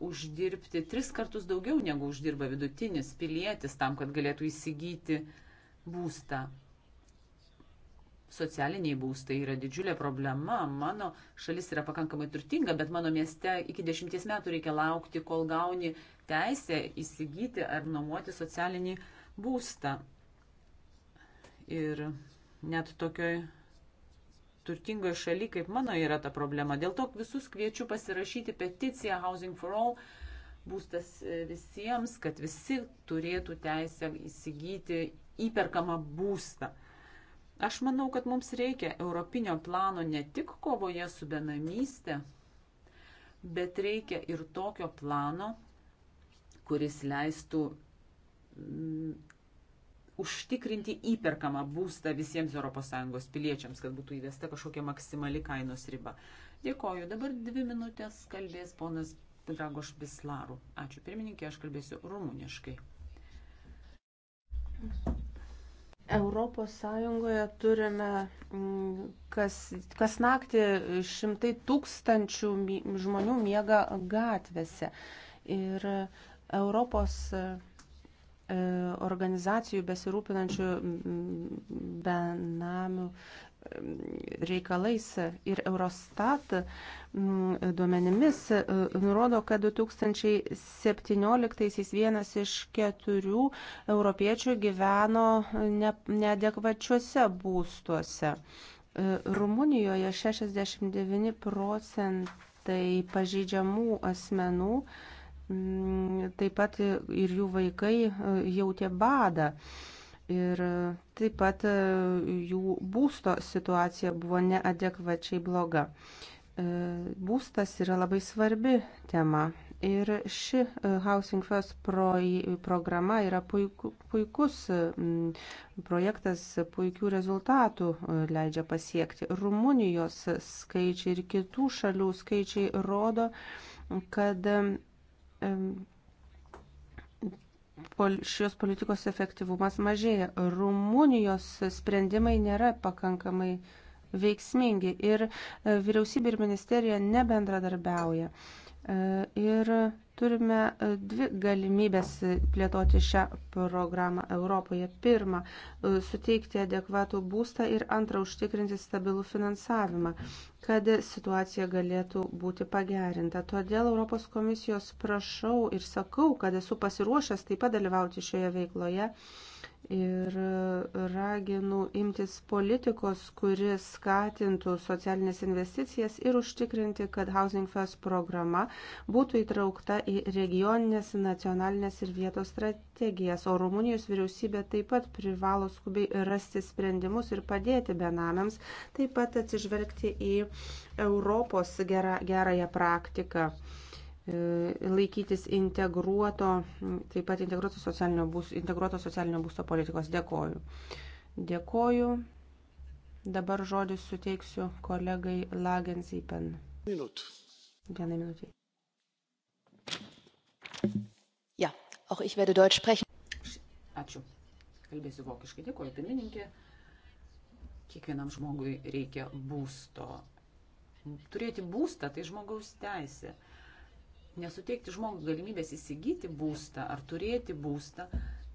uždirbti tris kartus daugiau negu uždirba vidutinis pilietis tam, kad galėtų įsigyti būstą. Socialiniai būstai yra didžiulė problema. Mano šalis yra pakankamai turtinga, bet mano mieste iki dešimties metų reikia laukti, kol gauni teisę įsigyti ar nuomoti socialinį būstą. Ir net tokioj turtingoje šalyje kaip mano yra ta problema. Dėl to visus kviečiu pasirašyti peticiją Housing for All, būstas e, visiems, kad visi turėtų teisę įsigyti įperkamą būstą. Aš manau, kad mums reikia europinio plano ne tik kovoje su benamyste, bet reikia ir tokio plano, kuris leistų mm, užtikrinti įperkamą būstą visiems ES piliečiams, kad būtų įvesta kažkokia maksimali kainos riba. Dėkoju. Dabar dvi minutės kalbės ponas Dragoš Bislaru. Ačiū pirmininkė, aš kalbėsiu rumuniškai. Europos Sąjungoje turime mm, kas, kas naktį šimtai tūkstančių žmonių miega gatvėse. Ir uh, Europos e, organizacijų besirūpinančių benamių e, reikalais ir Eurostat duomenimis e, nurodo, kad 2017-aisiais vienas iš keturių europiečių gyveno ne, neadekvačiuose būstuose. Rumunijoje 69 procentai pažydžiamų asmenų Mm, taip pat ir jų vaikai e, jautė badą. Ir e, taip pat e, jų būsto situacija buvo neadekvačiai bloga. Būstas yra labai svarbi tema. Ir ši Housing First pro, programa yra puiku, puikus projektas, puikių rezultatų leidžia pasiekti. Rumunijos skaičiai ir kitų šalių skaičiai rodo, kad šios politikos efektyvumas mažėja. Rumunijos sprendimai nėra pakankamai veiksmingi ir e, vyriausybė ir ministerija nebendradarbiauja. E, ir turime e, dvi galimybės plėtoti šią programą Europoje. Pirma, e, suteikti adekvatų būstą ir antra, užtikrinti stabilų finansavimą, kad situacija galėtų būti pagerinta. Todėl Europos komisijos prašau ir sakau, kad esu pasiruošęs taip pat dalyvauti šioje veikloje ir raginu imtis politikos, kuris skatintų socialinės investicijas ir užtikrinti, kad Housing First programa būtų įtraukta į regioninės, nacionalinės ir vietos strategijas, o Rumunijos vyriausybė taip pat privalo skubiai rasti sprendimus ir padėti benamiams, taip pat atsižvelgti į Europos gerą, gerąją praktiką. E, laikytis integruoto, taip pat integruoto socialinio būsto, integruoto socialinio būsto politikos. Dėkoju. Dėkoju. Dabar žodis suteiksiu kolegai Lagensypen. Minut. Vieną minutį. Ja, auch ich werde Deutsch sprechen. Ačiū. Kalbėsiu vokiškai. Dėkoju, pirmininkė. Kiekvienam žmogui reikia būsto. Turėti būstą tai žmogaus teisė nesuteikti žmogui galimybės įsigyti būstą ar turėti būstą,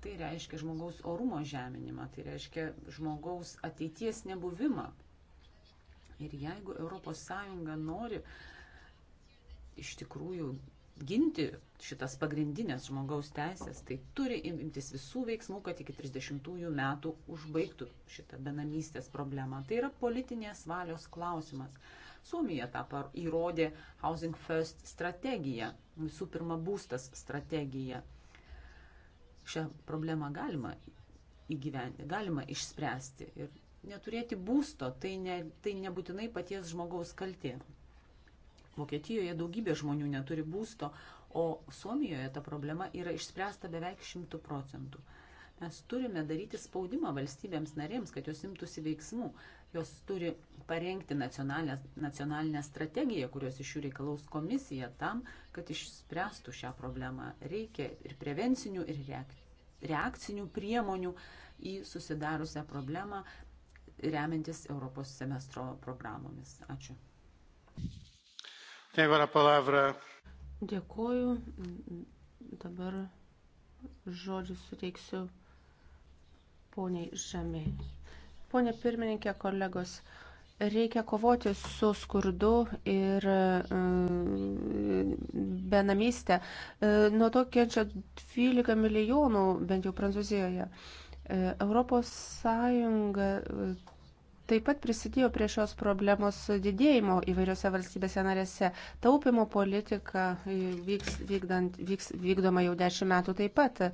tai reiškia žmogaus orumo žeminimą, tai reiškia žmogaus ateities nebuvimą. Ir jeigu ES nori iš tikrųjų ginti šitas pagrindinės žmogaus teisės, tai turi imtis visų veiksmų, kad iki 30 metų užbaigtų šitą benamystės problemą. Tai yra politinės valios klausimas. Suomija tą įrodė Housing First strategija, visų pirma būstas strategija. Šią problemą galima įgyventi, galima išspręsti ir neturėti būsto, tai, ne, tai nebūtinai paties žmogaus kaltė. Vokietijoje daugybė žmonių neturi būsto, o Suomijoje ta problema yra išspręsta beveik šimtų procentų. Mes turime daryti spaudimą valstybėms narėms, kad jos imtųsi veiksmų. Jos turi parengti nacionalinę, nacionalinę strategiją, kurios iš jų reikalaus komisija tam, kad išspręstų šią problemą. Reikia ir prevencinių, ir reakcinių priemonių į susidariusią problemą, remiantis Europos semestro programomis. Ačiū. Dėkuoju. Dabar žodžius suteiksiu poniai Žemėjai. Pone pirmininkė, kolegos, reikia kovoti su skurdu ir e, benamyste. Nuo to kenčia 12 milijonų, bent jau Prancūzijoje. E, Europos Sąjunga e, taip pat prisidėjo prie šios problemos didėjimo įvairiose valstybėse narėse. Taupimo politika vyks, vykdant, vyks, vykdoma jau dešimt metų taip pat.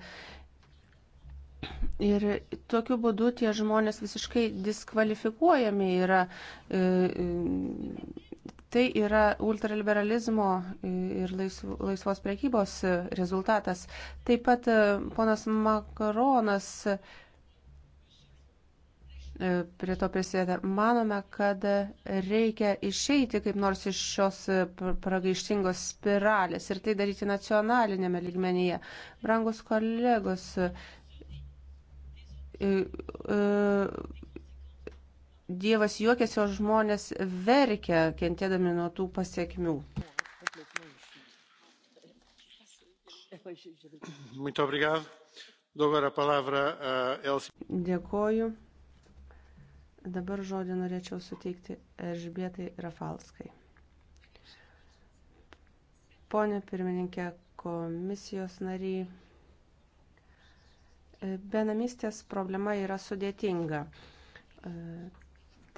Ir tokiu būdu tie žmonės visiškai diskvalifikuojami yra. E, e, tai yra ultraliberalizmo ir laisvos prekybos rezultatas. Taip pat e, ponas Makaronas prie to prisideda. Manome, kad reikia išeiti kaip nors iš šios pragaištingos spiralės ir tai daryti nacionalinėme lygmenyje. Brangus kolegos, E, e, Dievas juokiasi, o žmonės verkia, kentėdami nuo tų pasiekmių. Dėkoju. Dabar žodį norėčiau suteikti Elžbietai Rafalskai. Pone pirmininkė, komisijos nariai. Benamystės problema yra sudėtinga. E,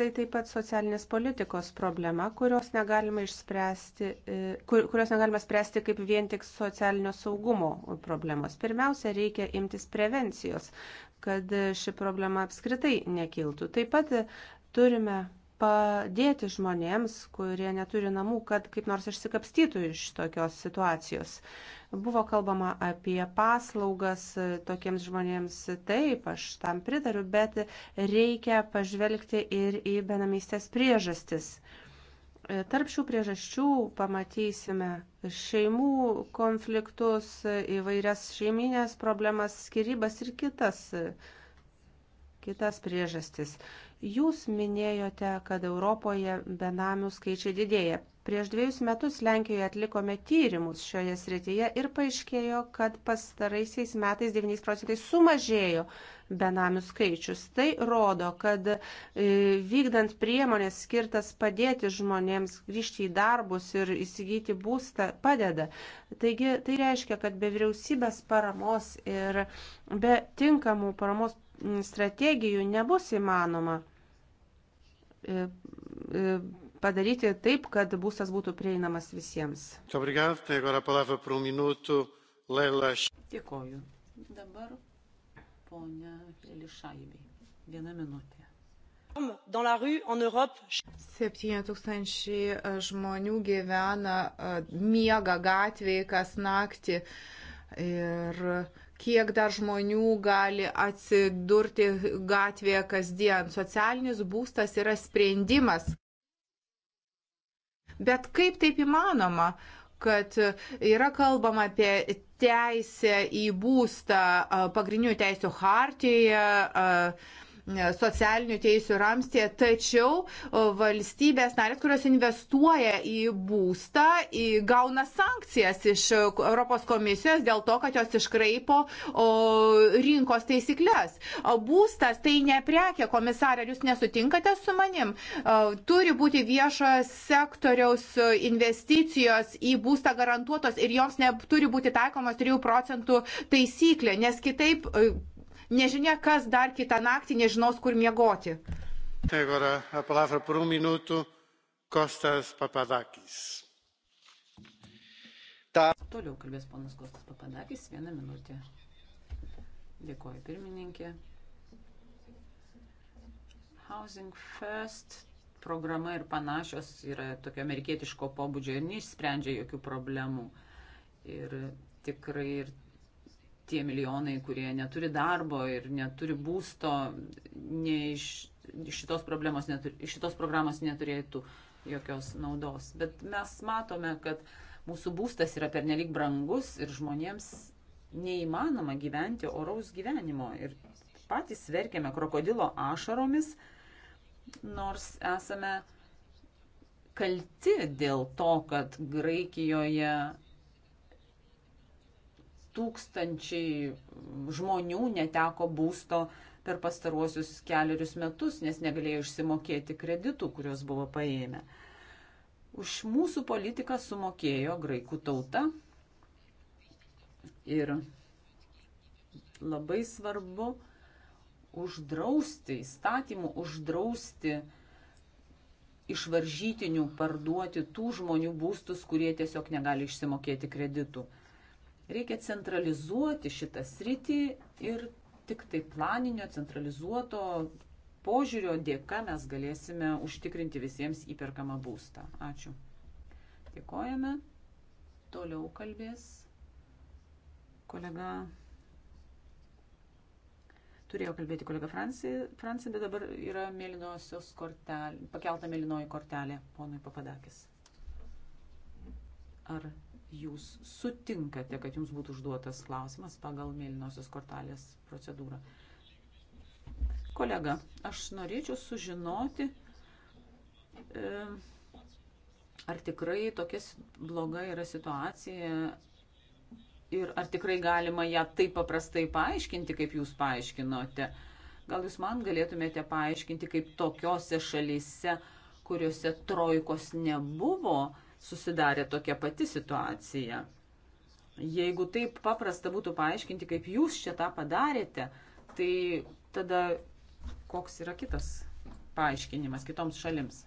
tai taip pat socialinės politikos problema, kurios negalima, išspręsti, e, kur, kurios negalima spręsti kaip vien tik socialinio saugumo problemos. Pirmiausia, reikia imtis prevencijos, kad ši problema apskritai nekiltų. Taip pat turime padėti žmonėms, kurie neturi namų, kad kaip nors išsikapstytų iš tokios situacijos. Buvo kalbama apie paslaugas tokiems žmonėms, taip, aš tam pritariu, bet reikia pažvelgti ir į benamystės priežastis. Tarp šių priežasčių pamatysime šeimų konfliktus, įvairias šeiminės problemas, skirybas ir kitas, kitas priežastis. Jūs minėjote, kad Europoje benamių skaičiai didėja. Prieš dviejus metus Lenkijoje atlikome tyrimus šioje srityje ir paaiškėjo, kad pastaraisiais metais 9 procentai sumažėjo benamių skaičius. Tai rodo, kad e, vykdant priemonės skirtas padėti žmonėms grįžti į darbus ir įsigyti būstą padeda. Taigi tai reiškia, kad be vyriausybės paramos ir be tinkamų paramos strategijų nebus įmanoma E, e, padaryti taip, kad būstas būtų prieinamas visiems. Um Dėkoju. Dabar ponia Lelišaibė. Viena minutė. 7000 e, žmonių gyvena, miega gatvėje kas naktį ir uh, kiek dar žmonių gali atsidurti gatvėje kasdien. Socialinis būstas yra sprendimas. Bet kaip taip įmanoma, kad yra kalbama apie teisę į būstą pagrindinių teisų hartijoje, socialinių teisių ramstėje, tačiau valstybės narės, kurios investuoja į būstą, į, gauna sankcijas iš Europos komisijos dėl to, kad jos iškraipo o, rinkos taisyklės. O būstas tai ne prekė, komisarė, jūs nesutinkate su manim. O, turi būti viešo sektoriaus investicijos į būstą garantuotos ir joms neturi būti taikomas 3 procentų taisyklė, nes kitaip Nežinia, kas dar kitą naktį nežinos, kur miegoti. Tegora, apalafra per un minutų, Kostas Papadakis. Ta. Toliau kalbės ponas Kostas Papadakis, vieną minutę. Dėkuoju pirmininkė. Housing First programa ir panašios yra tokio amerikietiško pobūdžio ir neišsprendžia jokių problemų. Ir tikrai ir tie milijonai, kurie neturi darbo ir neturi būsto, iš, šitos, neturi, iš šitos programos neturėtų jokios naudos. Bet mes matome, kad mūsų būstas yra pernelik brangus ir žmonėms neįmanoma gyventi oraus gyvenimo. Ir patys verkiame krokodilo ašaromis, nors esame kalti dėl to, kad Graikijoje tūkstančiai žmonių neteko būsto per pastaruosius keliarius metus, nes negalėjo išsimokėti kreditų, kuriuos buvo paėmę. Už mūsų politiką sumokėjo graikų tauta ir labai svarbu uždrausti, įstatymų uždrausti išvaržytinių parduoti tų žmonių būstus, kurie tiesiog negali išsimokėti kreditų. Reikia centralizuoti šitą sritį ir tik tai planinio, centralizuoto požiūrio dėka mes galėsime užtikrinti visiems įperkamą būstą. Ačiū. Dėkojame. Toliau kalbės kolega turėjo kalbėti kolega Francija, Francija bet dabar yra mėlynosios kortelė, pakelta mėlynoji kortelė ponui Papadakis. Ar jūs sutinkate, kad jums būtų užduotas klausimas pagal mėlynosios kortelės procedūrą. Kolega, aš norėčiau sužinoti, e, ar tikrai tokia bloga yra situacija ir ar tikrai galima ją taip paprastai paaiškinti, kaip jūs paaiškinote. Gal jūs man galėtumėte paaiškinti, kaip tokiose šalyse, kuriuose trojkos nebuvo, susidarė tokia pati situacija. Jeigu taip paprasta būtų paaiškinti, kaip jūs čia tą padarėte, tai tada koks yra kitas paaiškinimas kitoms šalims?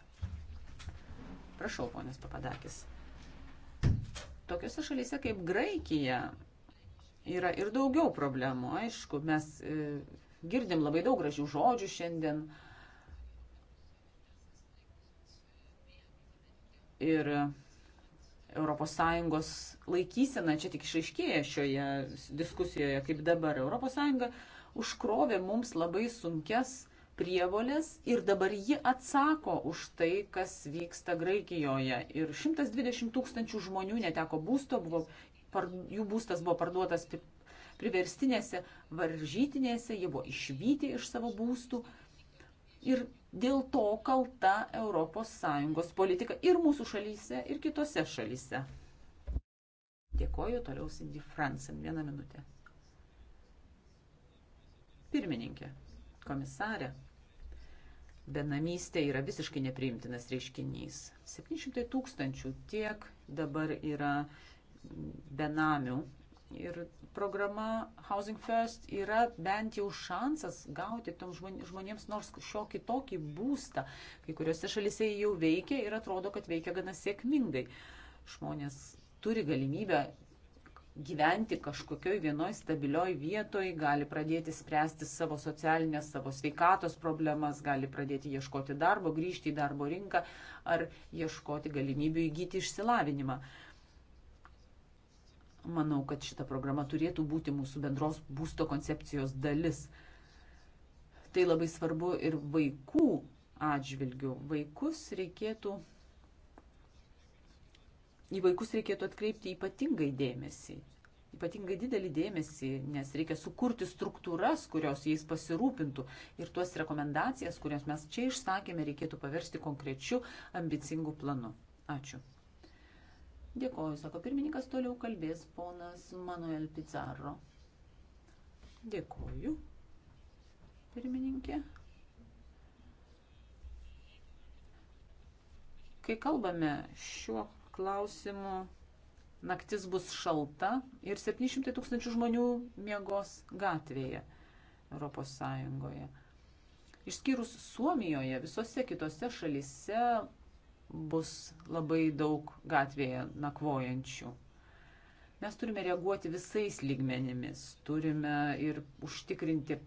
Prašau, ponės papadakis. Tokiose šalyse kaip Graikija yra ir daugiau problemų. Aišku, mes e, girdim labai daug gražių žodžių šiandien. Ir ES laikysena čia tik išaiškėja šioje diskusijoje, kaip dabar ES užkrovė mums labai sunkes prievolės ir dabar ji atsako už tai, kas vyksta Graikijoje. Ir 120 tūkstančių žmonių neteko būsto, buvo, par, jų būstas buvo parduotas priverstinėse varžytinėse, jie buvo išvykti iš savo būstų ir dėl to kalta ES politika ir mūsų šalyse, ir kitose šalyse. Dėkoju toliau Cindy Fransen. Vieną minutę. Pirmininkė, komisarė, benamystė yra visiškai nepriimtinas reiškinys. 700 tūkstančių tiek dabar yra benamių Ir programa Housing First yra bent jau šansas gauti tom žmonėms nors šiokį tokį būstą. Kai kuriuose šalise jau veikia ir atrodo, kad veikia gana sėkmingai. Žmonės turi galimybę gyventi kažkokioj vienoj stabilioj vietoj, gali pradėti spręsti savo socialinės, savo sveikatos problemas, gali pradėti ieškoti darbo, grįžti į darbo rinką ar ieškoti galimybių įgyti išsilavinimą. Uh, Manau, kad šita programa turėtų būti mūsų bendros būsto koncepcijos dalis. Tai labai svarbu ir vaikų atžvilgių. Vaikus reikėtų, į vaikus reikėtų atkreipti ypatingai dėmesį. Ypatingai didelį dėmesį, nes reikia sukurti struktūras, kurios jais pasirūpintų. Ir tuos rekomendacijas, kurias mes čia išsakėme, reikėtų paversti konkrečiu ambicingu planu. Ačiū. Dėkoju, sako pirmininkas, toliau kalbės ponas Manuel Pizarro. Dėkoju, pirmininkė. Kai kalbame šiuo klausimu, naktis bus šalta ir 700 tūkstančių žmonių miegos gatvėje Europos Sąjungoje. Išskyrus Suomijoje, visose kitose šalise bus labai daug gatvėje nakvojančių. Mes turime reaguoti visais lygmenimis, turime ir užtikrinti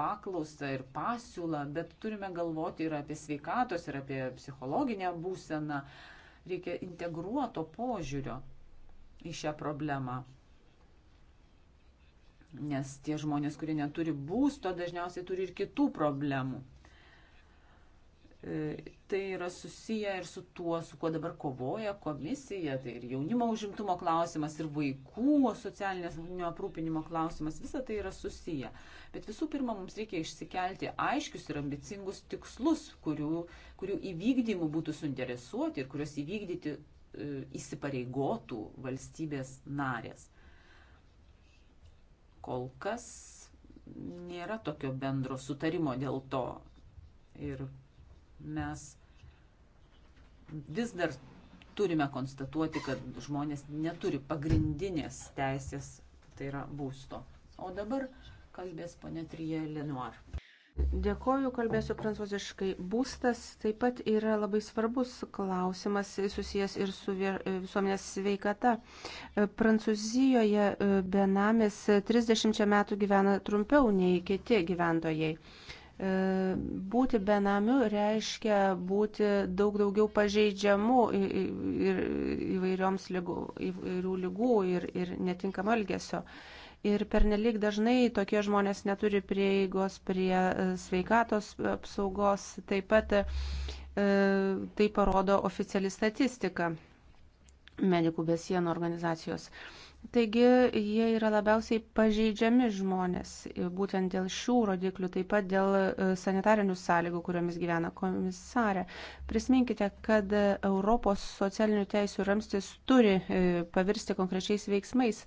paklausą ir pasiūlą, bet turime galvoti ir apie sveikatos, ir apie psichologinę būseną. Reikia integruoto požiūrio į šią problemą. Nes tie žmonės, kurie neturi būsto, dažniausiai turi ir kitų problemų. E, tai yra susiję ir su tuo, su kuo dabar kovoja komisija, tai ir jaunimo užimtumo klausimas, ir vaikų socialinio aprūpinimo klausimas, visa tai yra susiję. Bet visų pirma, mums reikia išsikelti aiškius ir ambicingus tikslus, kurių, kurių įvykdymų būtų suinteresuoti ir kuriuos įvykdyti e, įsipareigotų valstybės narės. Kol kas nėra tokio bendro sutarimo dėl to. Ir Mes vis dar turime konstatuoti, kad žmonės neturi pagrindinės teisės, tai yra būsto. O dabar kalbės ponė Trija Lenoir. Dėkoju, kalbėsiu prancūziškai. Būstas taip pat yra labai svarbus klausimas susijęs ir su visuomenės sveikata. Prancūzijoje e, benamis 30 metų gyvena trumpiau nei kiti gyventojai. E, būti benamiu reiškia būti daug daugiau pažeidžiamu ir įvairioms lygų, įvairių lygų ir, ir netinkamo elgesio. Ir pernelyg dažnai tokie žmonės neturi prieigos prie e, sveikatos apsaugos. Taip pat e, tai parodo oficiali statistika medikų besienų organizacijos. E, Taigi jie yra labiausiai pažeidžiami žmonės, būtent dėl šių rodiklių, taip pat dėl e, sanitarinių sąlygų, kuriomis gyvena komisarė. Prisiminkite, kad Europos socialinių teisų ramstis turi e, pavirsti konkrečiais veiksmais.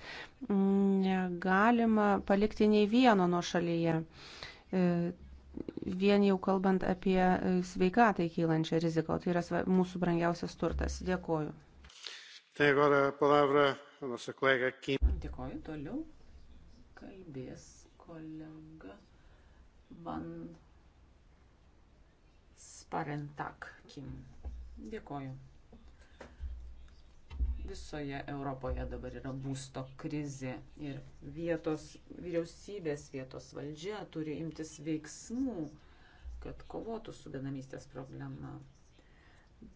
Negalima palikti nei vieno nuo šalyje. E, vien jau kalbant apie sveikatai kylančią riziką, tai yra mūsų brangiausias turtas. Dėkoju. Tai agora a palavra Dėkoju. Toliau kalbės kolega Van Sparentak Kim. Dėkoju. Visoje Europoje dabar yra būsto krizė ir vietos vyriausybės, vietos valdžia turi imtis veiksmų, kad kovotų su benamystės problema.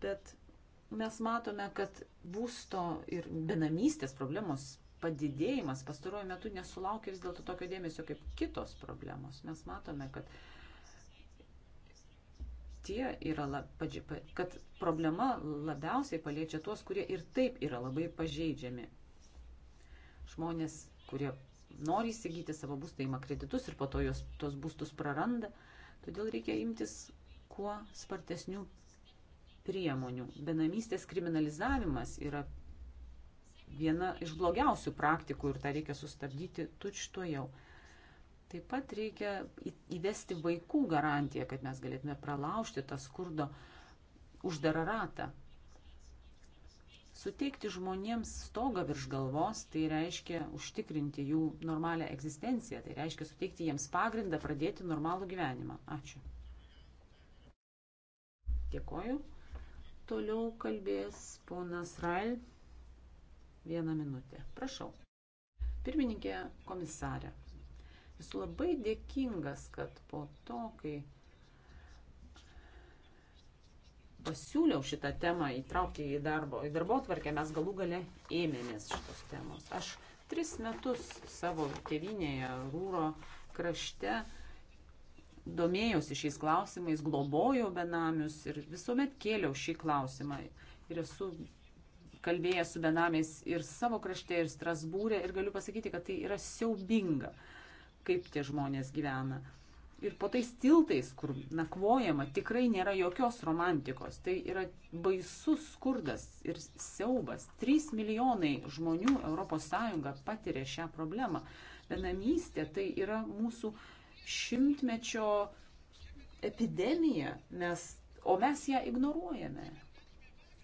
Bet mes matome, kad būsto ir benamystės problemos padidėjimas pastaruoju metu nesulaukia vis dėlto tokio dėmesio kaip kitos problemos. Mes matome, kad tie yra, lab, kad problema labiausiai paliečia tuos, kurie ir taip yra labai pažeidžiami. Žmonės, kurie nori įsigyti savo būstą, ima kreditus ir po to jos, tos būstus praranda. Todėl reikia imtis kuo spartesnių priemonių. Benamystės kriminalizavimas yra viena iš blogiausių praktikų ir tą reikia sustabdyti tučtojau. Taip pat reikia įvesti vaikų garantiją, kad mes galėtume pralaužti tą skurdo uždarą ratą. Suteikti žmonėms stogą virš galvos, tai reiškia užtikrinti jų normalią egzistenciją, tai reiškia suteikti jiems pagrindą pradėti normalų gyvenimą. Ačiū. Dėkoju. Toliau kalbės ponas Rail. Vieną minutę. Prašau. Pirmininkė komisarė. Esu labai dėkingas, kad po to, kai pasiūliau šitą temą įtraukti į darbo, į darbo tvarkę, mes galų gale ėmėmės šitos temos. Aš tris metus savo tėvinėje Rūro krašte uh, domėjausi šiais klausimais, globojau benamius ir visuomet kėliau šį klausimą. Ir esu kalbėjęs su benamiais ir savo krašte, ir Strasbūrė, ir galiu pasakyti, kad tai yra siaubinga, kaip tie žmonės gyvena. Ir po tais tiltais, kur nakvojama, tikrai nėra jokios romantikos. Tai yra baisus skurdas ir siaubas. 3 milijonai žmonių ES patiria šią problemą. Benamystė tai yra mūsų uh, šimtmečio epidemiją, mes, o mes ją ignoruojame.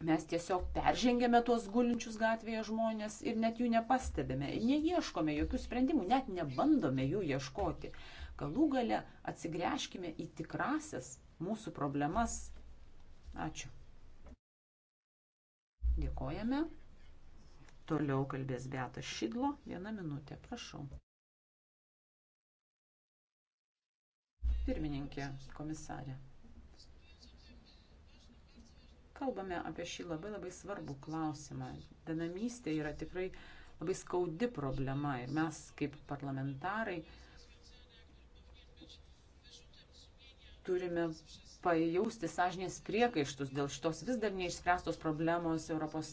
Mes tiesiog peržengėme tuos gulinčius gatvėje žmonės ir net jų nepastebėme. Neieškome jokių sprendimų, net nebandome jų ieškoti. Galų gale atsigręžkime į tikrasias mūsų problemas. Ačiū. Dėkojame. Toliau kalbės Beata Šidlo. Vieną minutę, prašau. Pirmininkė, komisarė. Kalbame apie šį labai labai svarbų klausimą. Dinamystė yra tikrai labai skaudi problema ir mes kaip parlamentarai turime pajausti sąžinės priekaištus dėl šitos vis dar neišspręstos problemos ES.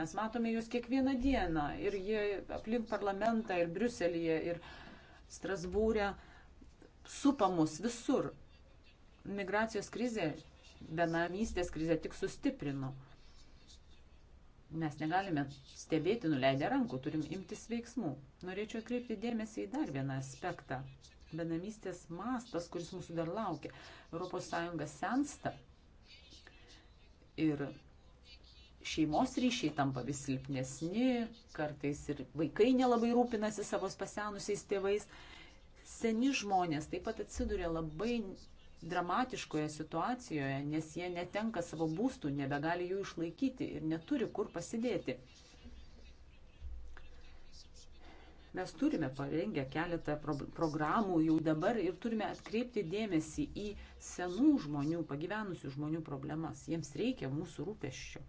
Mes matome juos kiekvieną dieną ir jie aplink parlamentą ir Briuselėje ir Strasbūrė. E supa mus visur. Migracijos krizė, benamystės krizė tik sustiprino. Mes negalime stebėti nuleidę rankų, turim imtis veiksmų. Norėčiau kreipti dėmesį į dar vieną aspektą. Benamystės mastas, kuris mūsų dar laukia. ES sensta ir šeimos ryšiai tampa vis silpnesni, kartais ir vaikai nelabai rūpinasi savo pasenusiais tėvais seni žmonės taip pat atsiduria labai dramatiškoje situacijoje, nes jie netenka savo būstų, nebegali jų išlaikyti ir neturi kur pasidėti. Mes turime parengę keletą pro programų jau dabar ir turime atkreipti dėmesį į senų žmonių, pagyvenusių žmonių problemas. Jiems reikia mūsų rūpeščių.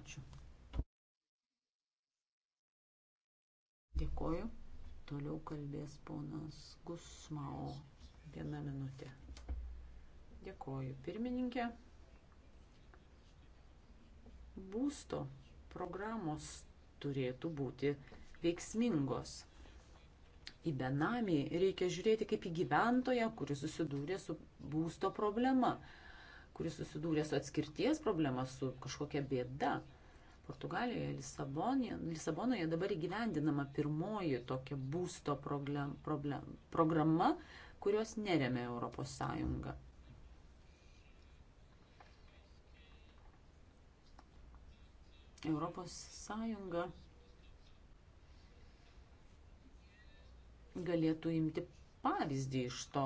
Ačiū. Dėkoju. Toliau kalbės ponas Gusmao. Viena minutė. Dėkoju, pirmininkė. Būsto programos turėtų būti veiksmingos. Į benamį reikia žiūrėti kaip į gyventoją, kuris susidūrė su būsto problema, kuris susidūrė su atskirties problema, su kažkokia bėda. Portugalijoje, Lisabonė, Lisabonoje dabar įgyvendinama pirmoji tokia būsto problem, problem, programa, kurios neremia Europos Sąjunga. Europos Sąjunga galėtų imti pavyzdį iš to,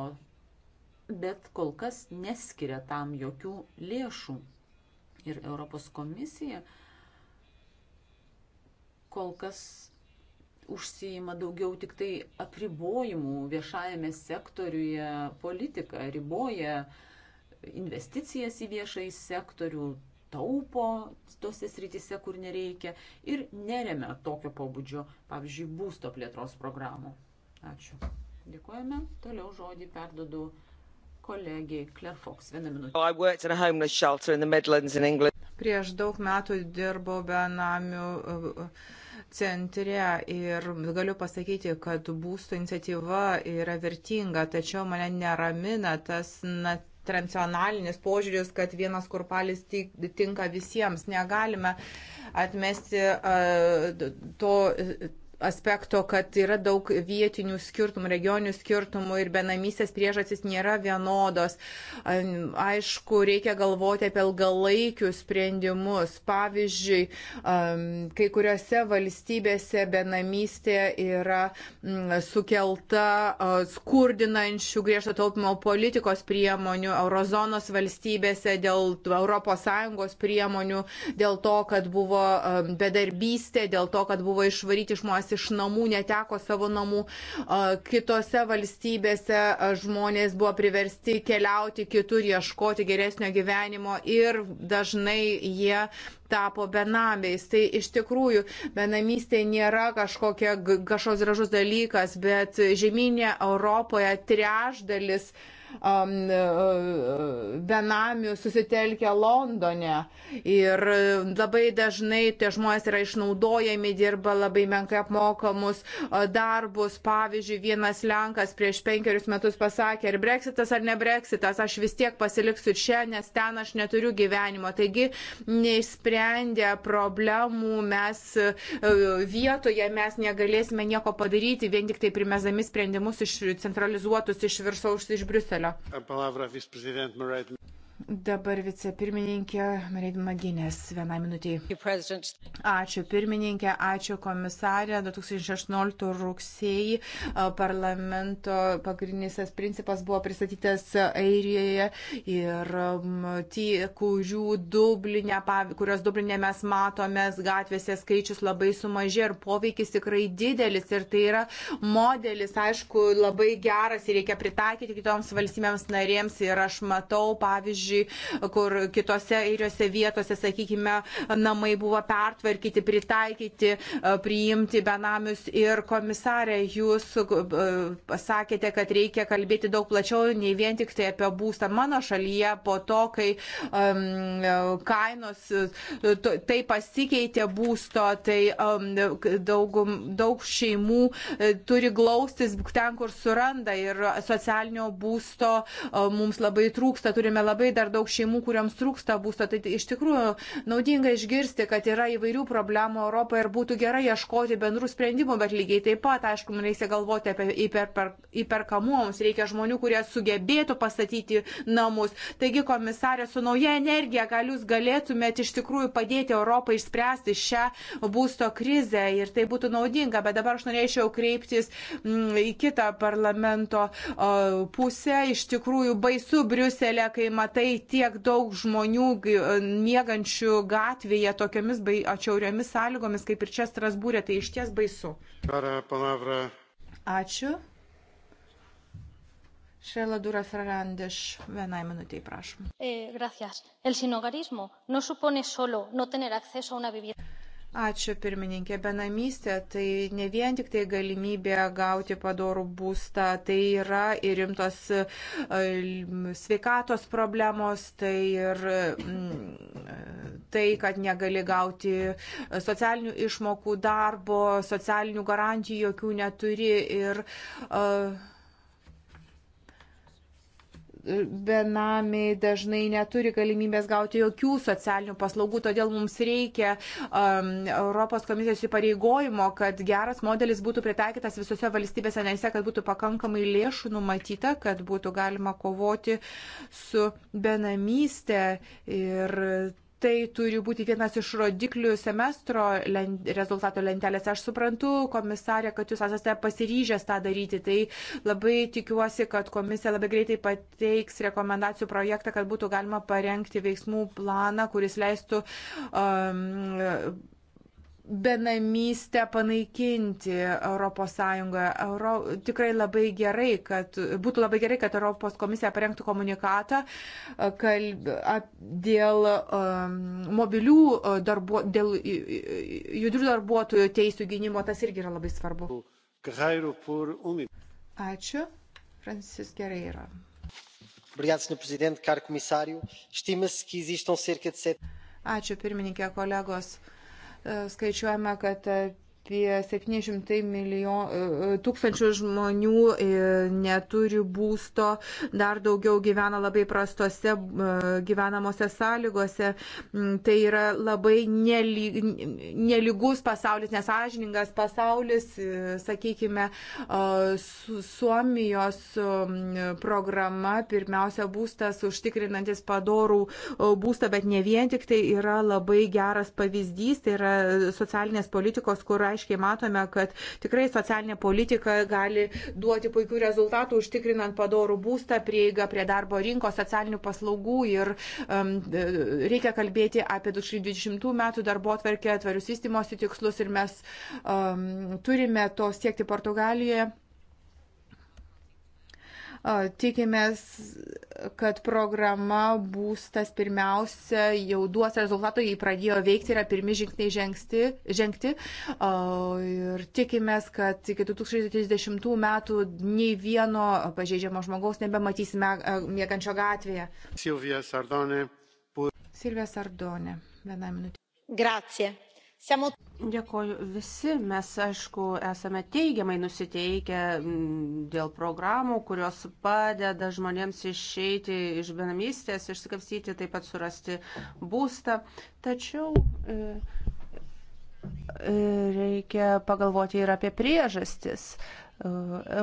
bet kol kas neskiria tam jokių lėšų. Ir Europos komisija uh, kol kas užsijima daugiau tik tai apribojimų viešajame sektoriuje, politika riboja investicijas į viešąjį sektorių, taupo tose srityse, kur nereikia ir neremia tokio pobūdžio, pavyzdžiui, būsto plėtros programų. Ačiū. Dėkojame. Toliau žodį perdodu kolegiai Claire Fox. Vieną minutę. Prieš daug metų dirbau benamių centre ir galiu pasakyti, kad būsto iniciatyva yra vertinga, tačiau mane neramina tas na, transnacionalinis požiūris, kad vienas kurpalis tinka visiems. Negalime atmesti uh, to aspekto, kad yra daug vietinių skirtumų, regionių skirtumų ir benamysės priežastys nėra vienodos. Aišku, reikia galvoti apie ilgalaikius sprendimus. Pavyzdžiui, kai kuriuose valstybėse benamystė yra sukelta skurdinančių griežto taupimo politikos priemonių, eurozonos valstybėse dėl ES priemonių, dėl to, kad buvo bedarbystė, dėl to, kad buvo išvaryti žmonės išvaromas iš namų, neteko savo namų. Kitose valstybėse žmonės buvo priversti keliauti kitur, ieškoti geresnio gyvenimo ir dažnai jie tapo benamiais. Tai iš tikrųjų benamystė nėra kažkokia, kažkoks gražus dalykas, bet žemynė Europoje trešdalis uh, E, benamių susitelkę Londone. Ir labai dažnai tie žmonės yra išnaudojami, dirba labai menkai apmokamus e, darbus. Pavyzdžiui, vienas Lenkas prieš penkerius metus pasakė, ar breksitas ar ne breksitas, aš vis tiek pasiliksiu čia, nes ten aš neturiu gyvenimo. Taigi, neišsprendę problemų mes e, vietoje mes negalėsime nieko padaryti, vien tik tai primesdami sprendimus iš centralizuotus iš viršaus, iš Briuselio portfelio. Dabar vicepirmininkė Marija Maginės, vieną minutį. Ačiū pirmininkė, ačiū komisarė. 2016 rugsėjį parlamento pagrindinis principas buvo pristatytas Airijoje ir tie, dublinė, kurios dublinė mes matome, gatvėse skaičius labai sumažė ir poveikis tikrai didelis. Ir tai yra modelis, aišku, labai geras ir reikia pritaikyti kitoms valstybėms narėms. Ir aš matau, pavyzdžiui, pavyzdžiui, kur kitose airiose vietose, sakykime, namai buvo pertvarkyti, pritaikyti, e, priimti benamius. Ir komisarė, jūs e, pasakėte, kad reikia kalbėti daug plačiau, nei vien tik tai apie būstą mano šalyje po to, kai um, kainos tai pasikeitė būsto, tai um, daug, daug šeimų turi glaustis ten, kur suranda ir socialinio būsto um, mums labai trūksta, turime labai dar daug šeimų, kuriams trūksta būsto. Tai iš tikrųjų naudinga išgirsti, kad yra įvairių problemų Europoje ir būtų gerai ieškoti bendrų sprendimų, bet lygiai taip pat, aišku, mums reikia galvoti apie įperkamumą, mums reikia žmonių, kurie sugebėtų pastatyti namus. Taigi, komisarė, su nauja energija gal jūs galėtumėte iš tikrųjų padėti Europai išspręsti šią būsto krizę ir tai būtų naudinga, bet dabar aš norėčiau kreiptis mm, į kitą parlamento pusę. Iš tikrųjų baisu Briuselė, kai matai Štai tiek daug žmonių miegančių gatvėje tokiamis bai, atšiauriomis sąlygomis, kaip ir čia Strasbūrė, tai iš ties baisu. Ačiū. Šela Dura Ferrandes, vienai minutiai, prašom. Eh, gracias. El sinogarismo no supone solo no tener acceso a una vivienda. Ačiū pirmininkė. Benamystė tai ne vien tik tai galimybė gauti padorų būstą, tai yra ir rimtos e, sveikatos problemos, tai ir mm, e, tai, kad negali gauti e, socialinių išmokų darbo, socialinių garantijų jokių neturi. Ir, uh, benamiai dažnai neturi galimybės gauti jokių socialinių paslaugų, todėl mums reikia um, Europos komisijos įpareigojimo, kad geras modelis būtų pritaikytas visose valstybėse, nes kad būtų pakankamai lėšų numatyta, kad būtų galima kovoti su benamystė ir tai turi būti vienas iš rodiklių semestro len, rezultato lentelėse. Aš suprantu, komisarė, kad jūs esate pasiryžęs tą daryti. Tai labai tikiuosi, kad komisija labai greitai pateiks rekomendacijų projektą, kad būtų galima parengti veiksmų planą, kuris leistų um, benamystę panaikinti ES. Euro, tikrai labai gerai, kad būtų labai gerai, kad Europos komisija parengtų komunikatą e, kalb, ap, dėl um, mobilių e, darbuo, dėl judrių darbuotojų teisų gynimo. Tas irgi yra labai svarbu. Ačiū. Francis Guerreiro. Obrigado, Sr. Presidente, caro Comissário. Estima-se que existam cerca de sete. Ačiū, pirmininkė, kolegos. Uh, skaičiuojame, kad apie 700 milijon, e, e, tūkstančių žmonių e, neturi būsto, dar daugiau gyvena labai prastose gyvenamosiose sąlygose. Mm, tai yra labai nelyg, nelygus pasaulis, nesažiningas pasaulis, sakykime, Suomijos programa, pirmiausia būstas užtikrinantis padorų būstą, bet ne vien tik tai yra labai geras pavyzdys, tai yra socialinės politikos, kur aiškiai matome, kad tikrai socialinė politika gali duoti puikių rezultatų, užtikrinant padorų būstą, prieigą prie darbo rinkos, socialinių paslaugų ir um, reikia kalbėti apie 2020 metų darbo atverkę, tvarius įstymosi tikslus ir mes um, turime to siekti Portugalijoje. Tikimės, kad programa būstas pirmiausia jau duos rezultatų, jį pradėjo veikti, yra pirmi žingsniai žengsti, žengti. Ir tikimės, kad iki 2030 metų nei vieno pažeidžiamo žmogaus nebematysime miegančio gatvėje. Silvija Sardonė. Silvija Sardonė. Viena minutė. Grazie Siamo... Dėkoju visi, mes aišku esame teigiamai nusiteikę dėl programų, kurios padeda žmonėms išeiti iš benamystės, išsikapstyti, taip pat surasti būstą. Tačiau e, e, reikia pagalvoti ir apie priežastis. E,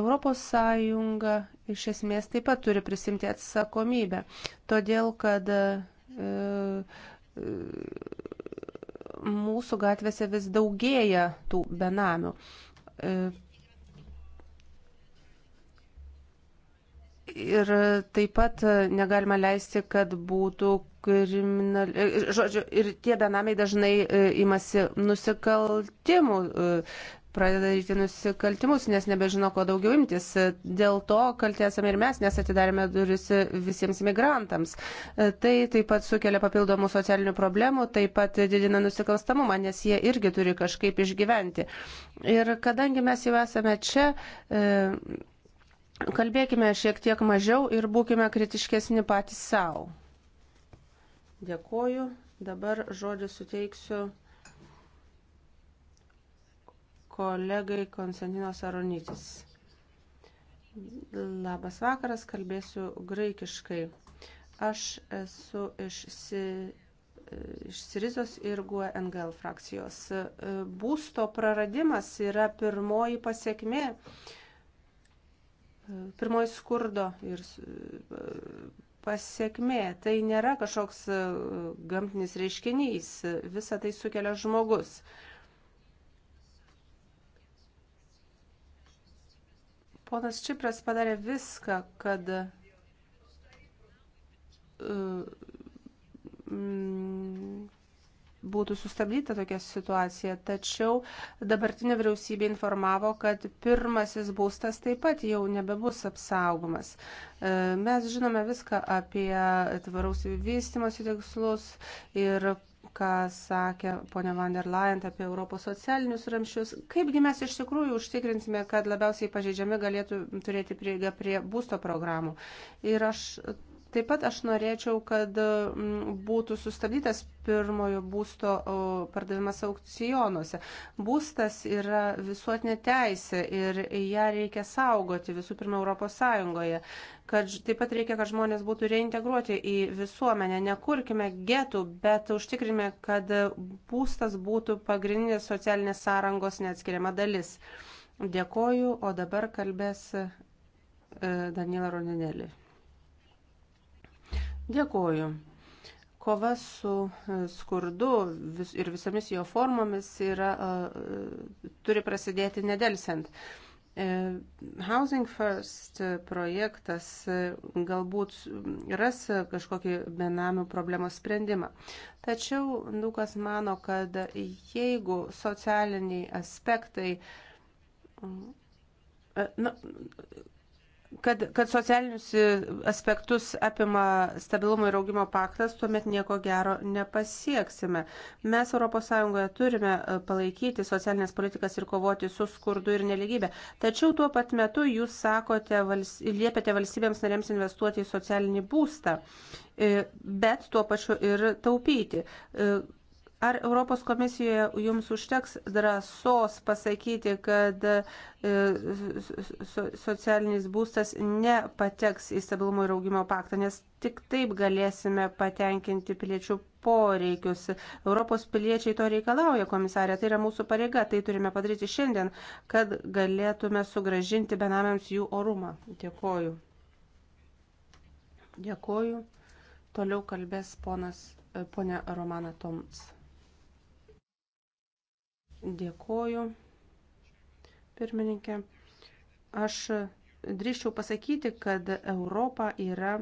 Europos Sąjunga iš esmės taip pat turi prisimti atsakomybę, todėl kad mūsų gatvėse vis daugėja tų benamių. E, ir taip pat negalima leisti, kad būtų kriminali... E, žodžiu, ir tie benamiai dažnai e, imasi nusikaltimų, pradeda daryti nusikaltimus, nes nebežino, ko daugiau imtis. Dėl to kalti esame ir mes, nes atidarėme duris visiems migrantams. Tai taip pat sukelia papildomų socialinių problemų, taip pat didina nusikalstamumą, nes jie irgi turi kažkaip išgyventi. Ir kadangi mes jau esame čia, e, kalbėkime šiek tiek mažiau ir būkime kritiškesni patys savo. Dėkoju. Dabar žodį suteiksiu kolegai Konstantinos Aronytis. Labas vakaras, kalbėsiu graikiškai. Aš esu iš, si, iš Sirizos ir GUE NGL frakcijos. Būsto praradimas yra pirmoji pasiekmė, pirmoji skurdo ir pasiekmė. Tai nėra kažkoks gamtinis reiškinys, visą tai sukelia žmogus. Ponas Čipras padarė viską, kad e, mm, būtų sustabdyta tokia situacija. Tačiau dabartinė vyriausybė informavo, kad pirmasis būstas taip pat jau nebebus apsaugomas. E, mes žinome viską apie tvaraus vystimosi tikslus ir ką sakė ponia van der Leyen apie Europos socialinius ramščius. Kaipgi mes iš tikrųjų užtikrinsime, kad labiausiai pažeidžiami galėtų turėti prieigą prie būsto programų. Ir aš Taip pat aš norėčiau, kad mm, būtų sustabdytas pirmojo būsto pardavimas aukcionuose. Būstas yra visuotinė teisė ir ją reikia saugoti visų pirma Europos Sąjungoje. Kad, taip pat reikia, kad žmonės būtų reintegruoti į visuomenę. Nekurkime getų, bet užtikrime, kad būstas būtų pagrindinė socialinės sąrangos neatskiriama dalis. Dėkoju, o dabar kalbės e, Daniela Roninelė. Dėkuoju. Kova su e, skurdu vis, ir visomis jo formomis yra, e, turi prasidėti nedelsiant. E, Housing First projektas galbūt ras kažkokį benamių problemos sprendimą. Tačiau Dukas mano, kad jeigu socialiniai aspektai, na, nu, kad, kad socialinius aspektus apima stabilumo ir augimo paktas, tuomet nieko gero nepasieksime. Mes ES turime e, palaikyti socialinės politikas ir kovoti su skurdu ir neligybė. Tačiau tuo pat metu jūs sakote, vals, liepiate valstybėms narėms investuoti į socialinį būstą, e, bet tuo pačiu ir taupyti. E, Ar Europos komisijoje jums užteks drąsos pasakyti, kad e, socialinis būstas nepateks į stabilumo ir augimo paktą, nes tik taip galėsime patenkinti piliečių poreikius. Europos piliečiai to reikalauja, komisarė, tai yra mūsų pareiga, tai turime padaryti šiandien, kad galėtume sugražinti benamiams jų orumą. Dėkoju. Dėkoju. Toliau kalbės ponas, e, ponia Romana Toms. Dėkoju, pirmininkė. Aš drįščiau pasakyti, kad Europa yra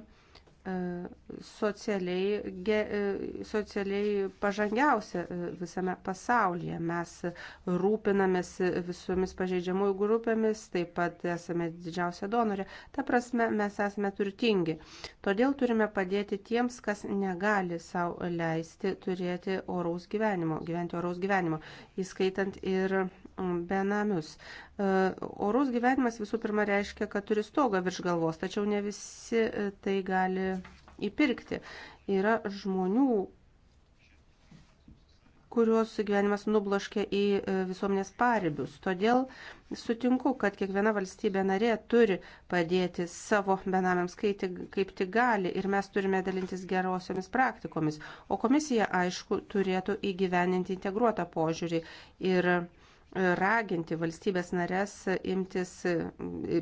E, socialiai, ge, e, socialiai pažangiausia e, visame pasaulyje. Mes rūpinamės visomis pažeidžiamųjų grupėmis, taip pat esame didžiausia donorė. Ta prasme, mes esame turtingi. Todėl turime padėti tiems, kas negali savo leisti turėti oraus gyvenimo, gyventi oraus gyvenimo, įskaitant ir benamius. E, orus gyvenimas visų pirma reiškia, kad turi stogą virš galvos, tačiau ne visi e, tai gali įpirkti. Yra žmonių, kuriuos gyvenimas nubloškia į e, visuomenės paribius. Todėl sutinku, kad kiekviena valstybė narė turi padėti savo benamiams, kai tik, kaip tik gali, ir mes turime dalintis gerosiomis praktikomis. O komisija, aišku, turėtų įgyveninti integruotą požiūrį ir raginti valstybės narės imtis,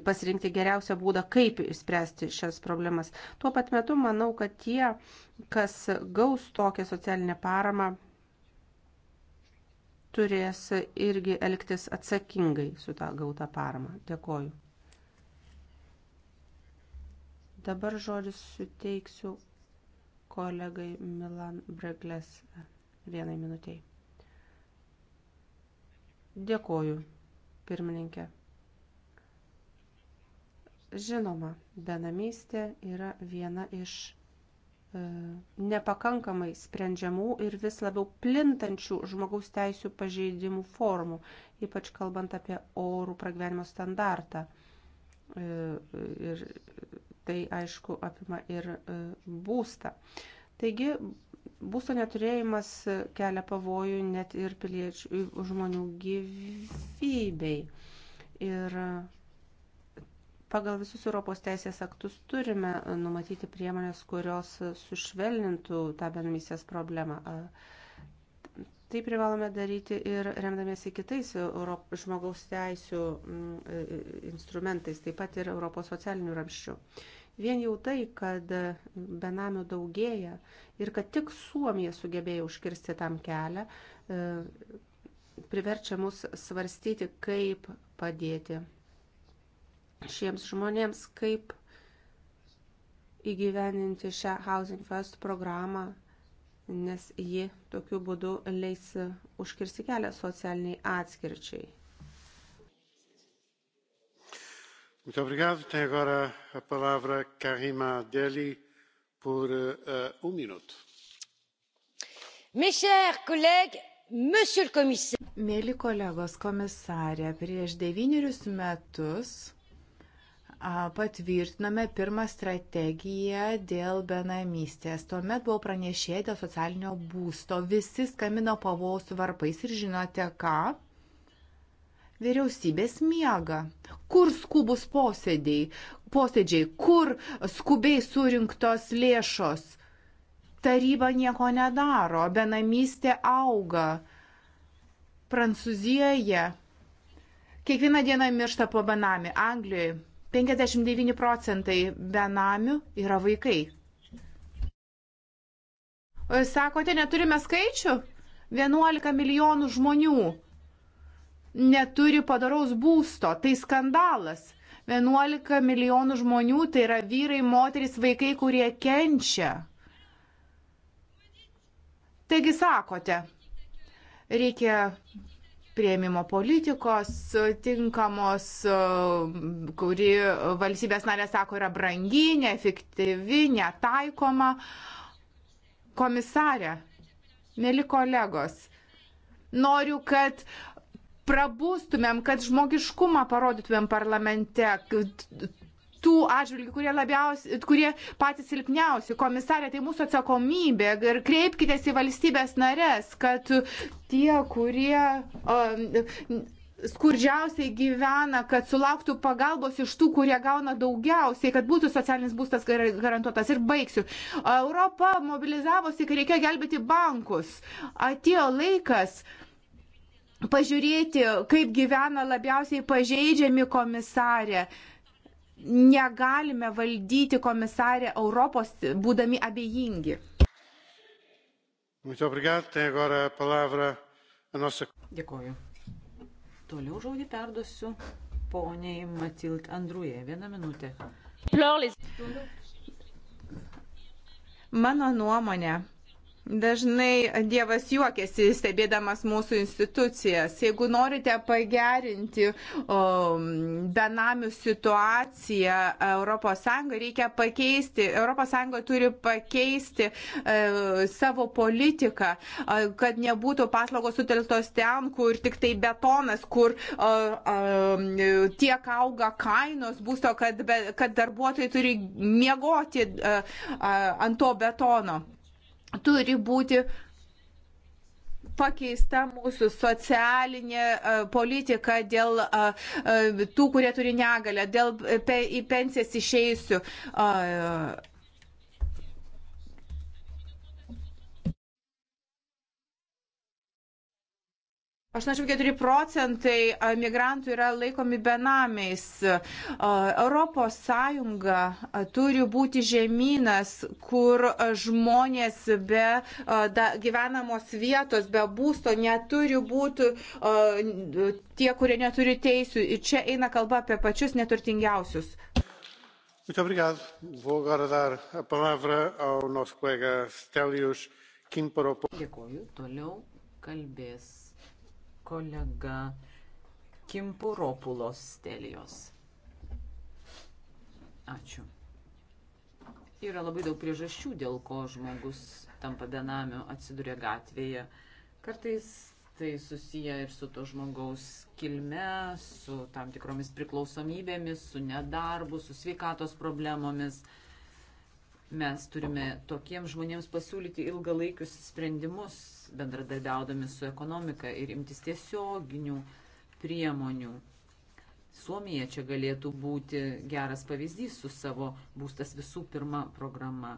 pasirinkti geriausią būdą, kaip išspręsti šias problemas. Tuo pat metu manau, kad tie, kas gaus tokią socialinę paramą, turės irgi elgtis atsakingai su tą gautą paramą. Dėkoju. Dabar žodis suteiksiu kolegai Milan Bregles vienai minutėjai. Dėkoju, pirmininkė. Žinoma, benamystė yra viena iš e, nepakankamai sprendžiamų ir vis labiau plintančių žmogaus teisų pažeidimų formų, ypač kalbant apie orų pragyvenimo standartą. E, ir tai, aišku, apima ir e, būstą. Taigi, Būsto neturėjimas kelia pavojų net ir piliečių žmonių gyvybei. Ir pagal visus Europos teisės aktus turime numatyti priemonės, kurios sušvelnintų tą bendrystės problemą. Tai privalome daryti ir remdamiesi kitais Europ, žmogaus teisų mm, instrumentais, taip pat ir Europos socialinių ramščių. Vien jau tai, kad benamių daugėja ir kad tik Suomija sugebėjo užkirsti tam kelią, e, priverčia mus svarstyti, kaip padėti šiems žmonėms, kaip įgyveninti šią Housing First programą, nes ji tokiu būdu leis užkirsti kelią socialiniai atskirčiai. Muito obrigado. Tem agora a palavra Karima Deli pour uh, eh, um minuto. Mes chers collègues, monsieur le commissaire. Mėly kolegos komisarė, prieš devynerius metus patvirtinome pirmą strategiją dėl benamystės. Tuomet buvo pranešė dėl socialinio būsto. Visi skamino pavojaus varpais ir žinote ką? vyriausybės miega. Kur skubus posėdžiai, posėdžiai kur skubiai surinktos lėšos. Taryba nieko nedaro, benamystė auga. Prancūzijoje kiekvieną dieną miršta po benami. Anglijoje 59 procentai benamių yra vaikai. Sakote, neturime skaičių? 11 milijonų žmonių neturi padaraus būsto. Tai skandalas. 11 milijonų žmonių, tai yra vyrai, moteris, vaikai, kurie kenčia. Taigi sakote, reikia prieimimo politikos tinkamos, kuri valstybės narė sako yra brangi, neefektyvi, netaikoma. Komisarė, mėly kolegos, noriu, kad prabūstumėm, kad žmogiškumą parodytumėm parlamente, tų atžvilgių, kurie, labiausiai, kurie patys silpniausi. Komisarė, tai mūsų atsakomybė ir kreipkite į valstybės narės, kad tie, kurie um, skurdžiausiai gyvena, kad sulauktų pagalbos iš tų, kurie gauna daugiausiai, kad būtų socialinis būstas garantuotas. Ir baigsiu. Europa mobilizavosi, kai reikėjo gelbėti bankus. Atėjo laikas pažiūrėti, kaip gyvena labiausiai pažeidžiami komisarė. Negalime valdyti komisarė Europos, būdami abejingi. Dėkuoju. Toliau žodį perduosiu poniai Matilt Andruje. Vieną minutę. Mano nuomonė, Dažnai Dievas juokiasi, stebėdamas mūsų institucijas. Jeigu norite pagerinti o, um, benamių situaciją ES, reikia pakeisti, ES turi pakeisti e, savo politiką, e, kad nebūtų paslaugos sutelktos ten, kur tik tai betonas, kur e, e, tiek auga kainos būsto, kad, be, kad darbuotojai turi miegoti e, e, ant to betono turi būti pakeista mūsų socialinė e, politika dėl e, e, tų, kurie turi negalę, dėl į pensijas išeisių. 84 procentai migrantų yra laikomi benamiais. Europos Sąjunga turi būti žemynas, kur žmonės be gyvenamos vietos, be būsto neturi būti tie, kurie neturi teisų. Ir čia eina kalba apie pačius neturtingiausius. Muito obrigado. Vou agora dar a palavra ao nosso colega Stelios Kinparopoulos. Dėkoju. Toliau kalbės kolega Kimpuropulos Stelijos. Ačiū. Yra labai daug priežasčių, dėl ko žmogus tampa benamiu, atsiduria gatvėje. Kartais tai susiję ir su to žmogaus kilme, su tam tikromis priklausomybėmis, su nedarbu, su sveikatos problemomis. Uh, Mes turime tokiems žmonėms pasiūlyti ilgalaikius sprendimus, bendradarbiaudami su ekonomika ir imtis tiesioginių priemonių. Suomija čia galėtų būti geras pavyzdys su savo būstas visų pirma programa.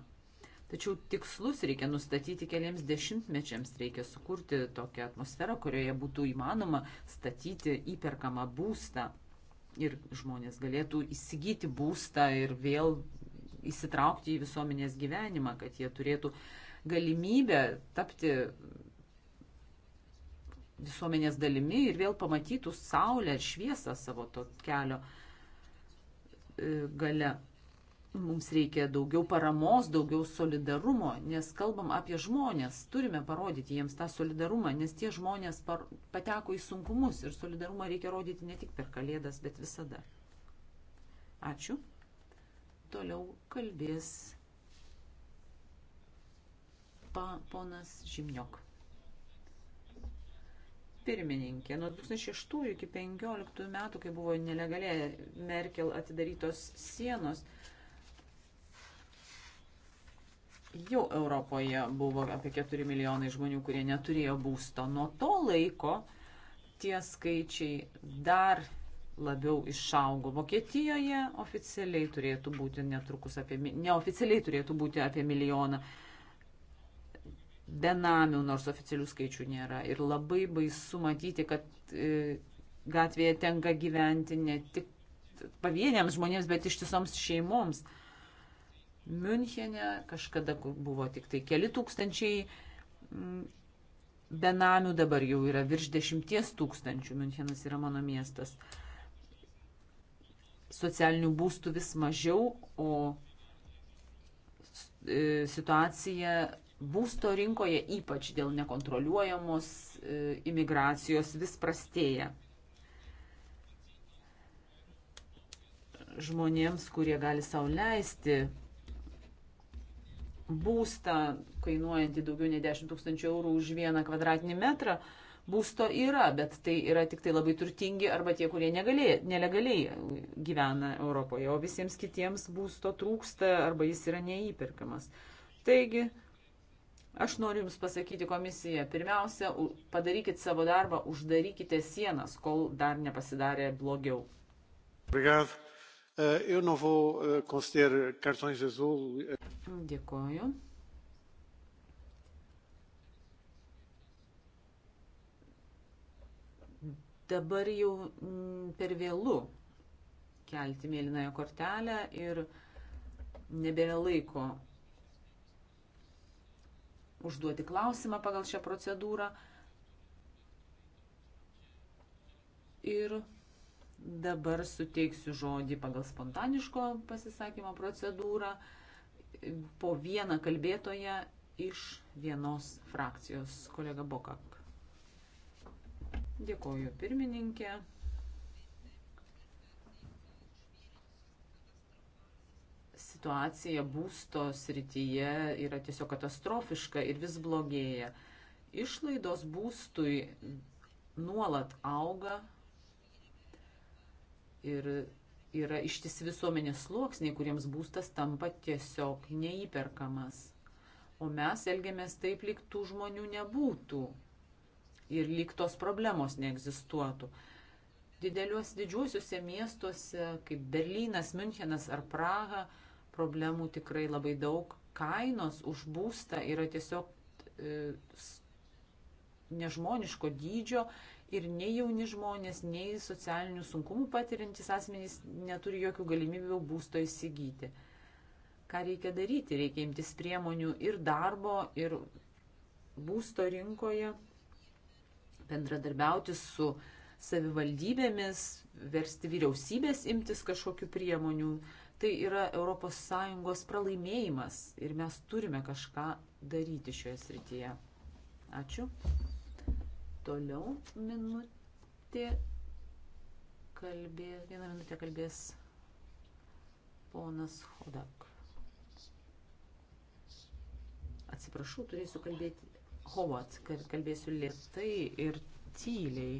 Tačiau tikslus reikia nustatyti keliams dešimtmečiams, reikia sukurti tokią atmosferą, kurioje būtų įmanoma statyti įperkamą būstą ir žmonės galėtų įsigyti būstą ir vėl įsitraukti į visuomenės gyvenimą, kad jie turėtų galimybę tapti visuomenės dalimi ir vėl pamatytų saulę ir šviesą savo to kelio e, gale. Mums reikia daugiau paramos, daugiau solidarumo, nes kalbam apie žmonės, turime parodyti jiems tą solidarumą, nes tie žmonės par, pateko į sunkumus ir solidarumą reikia rodyti ne tik per Kalėdas, bet visada. Ačiū. Toliau kalbės pa, ponas Žimniok. Pirmininkė, nuo 2006 iki 2015 metų, kai buvo nelegaliai Merkel atidarytos sienos, jau Europoje buvo apie 4 milijonai žmonių, kurie neturėjo būsto. Nuo to laiko tie skaičiai dar labiau išaugo. Vokietijoje oficialiai turėtų būti netrukus apie, neoficialiai turėtų būti apie milijoną benamių, nors oficialių skaičių nėra. Ir labai baisu matyti, kad e, gatvėje tenka gyventi ne tik pavieniams žmonėms, bet ištisoms šeimoms. Münchene kažkada buvo tik tai keli tūkstančiai mm, benamių, dabar jau yra virš dešimties tūkstančių. Münchenas yra mano miestas. Uh, socialinių būstų vis mažiau, o e, situacija būsto rinkoje, ypač dėl nekontroliuojamos e, imigracijos, vis prastėja. Žmonėms, kurie gali sauliaisti būstą, kainuojantį daugiau nei 10 tūkstančių eurų už vieną kvadratinį metrą, būsto yra, bet tai yra tik tai labai turtingi arba tie, kurie negalė, nelegaliai gyvena Europoje, o visiems kitiems būsto trūksta arba jis yra neįperkamas. Taigi, aš noriu Jums pasakyti komisiją, pirmiausia, padarykit savo darbą, uždarykite sienas, kol dar nepasidarė blogiau. Obrigado. Eh, eu não vou eh, conceder cartões azul. Dėkoju. dabar jau mm, per vėlų kelti mėlynąją kortelę ir nebėra laiko užduoti klausimą pagal šią procedūrą. Ir dabar suteiksiu žodį pagal spontaniško pasisakymo procedūrą po vieną kalbėtoją iš vienos frakcijos, kolega Boka. Dėkoju pirmininkė. Situacija būsto srityje yra tiesiog katastrofiška ir vis blogėja. Išlaidos būstui nuolat auga ir yra ištisi visuomenės sluoksniai, kuriems būstas tampa tiesiog neįperkamas. O mes elgiamės taip, lyg tų žmonių nebūtų ir lyg tos problemos neegzistuotų. Dideliuos didžiuosiuose miestuose, kaip Berlynas, Münchenas ar Praha, problemų tikrai labai daug. Kainos už būstą yra tiesiog e, nežmoniško dydžio ir nei jauni žmonės, nei socialinių sunkumų patiriantis asmenys neturi jokių galimybių būsto įsigyti. Ką reikia daryti? Reikia imtis priemonių ir darbo, ir būsto rinkoje, bendradarbiauti su savivaldybėmis, versti vyriausybės imtis kažkokių priemonių. Tai yra ES pralaimėjimas ir mes turime kažką daryti šioje srityje. Ačiū. Toliau minutė kalbės, vieną minutę kalbės ponas Hodak. Atsiprašau, turėsiu kalbėti Howard, kad kalbėsiu lėtai ir tyliai.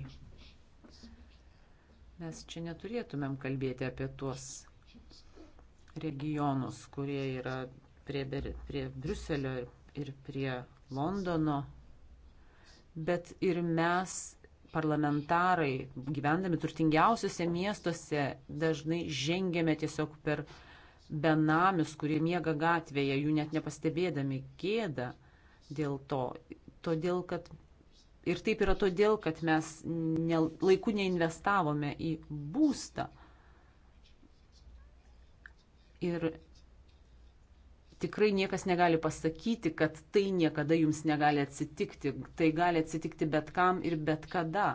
Mes čia neturėtumėm kalbėti apie tuos regionus, kurie yra prie, prie Briuselio ir, ir prie Londono, bet ir mes, parlamentarai, gyvendami turtingiausiuose miestuose, dažnai žengėme tiesiog per benamius, kurie miega gatvėje, jų net nepastebėdami gėdą dėl to. Todėl, kad ir taip yra todėl, kad mes ne, laiku neinvestavome į būstą. Ir tikrai niekas negali pasakyti, kad tai niekada jums negali atsitikti. Tai gali atsitikti bet kam ir bet kada.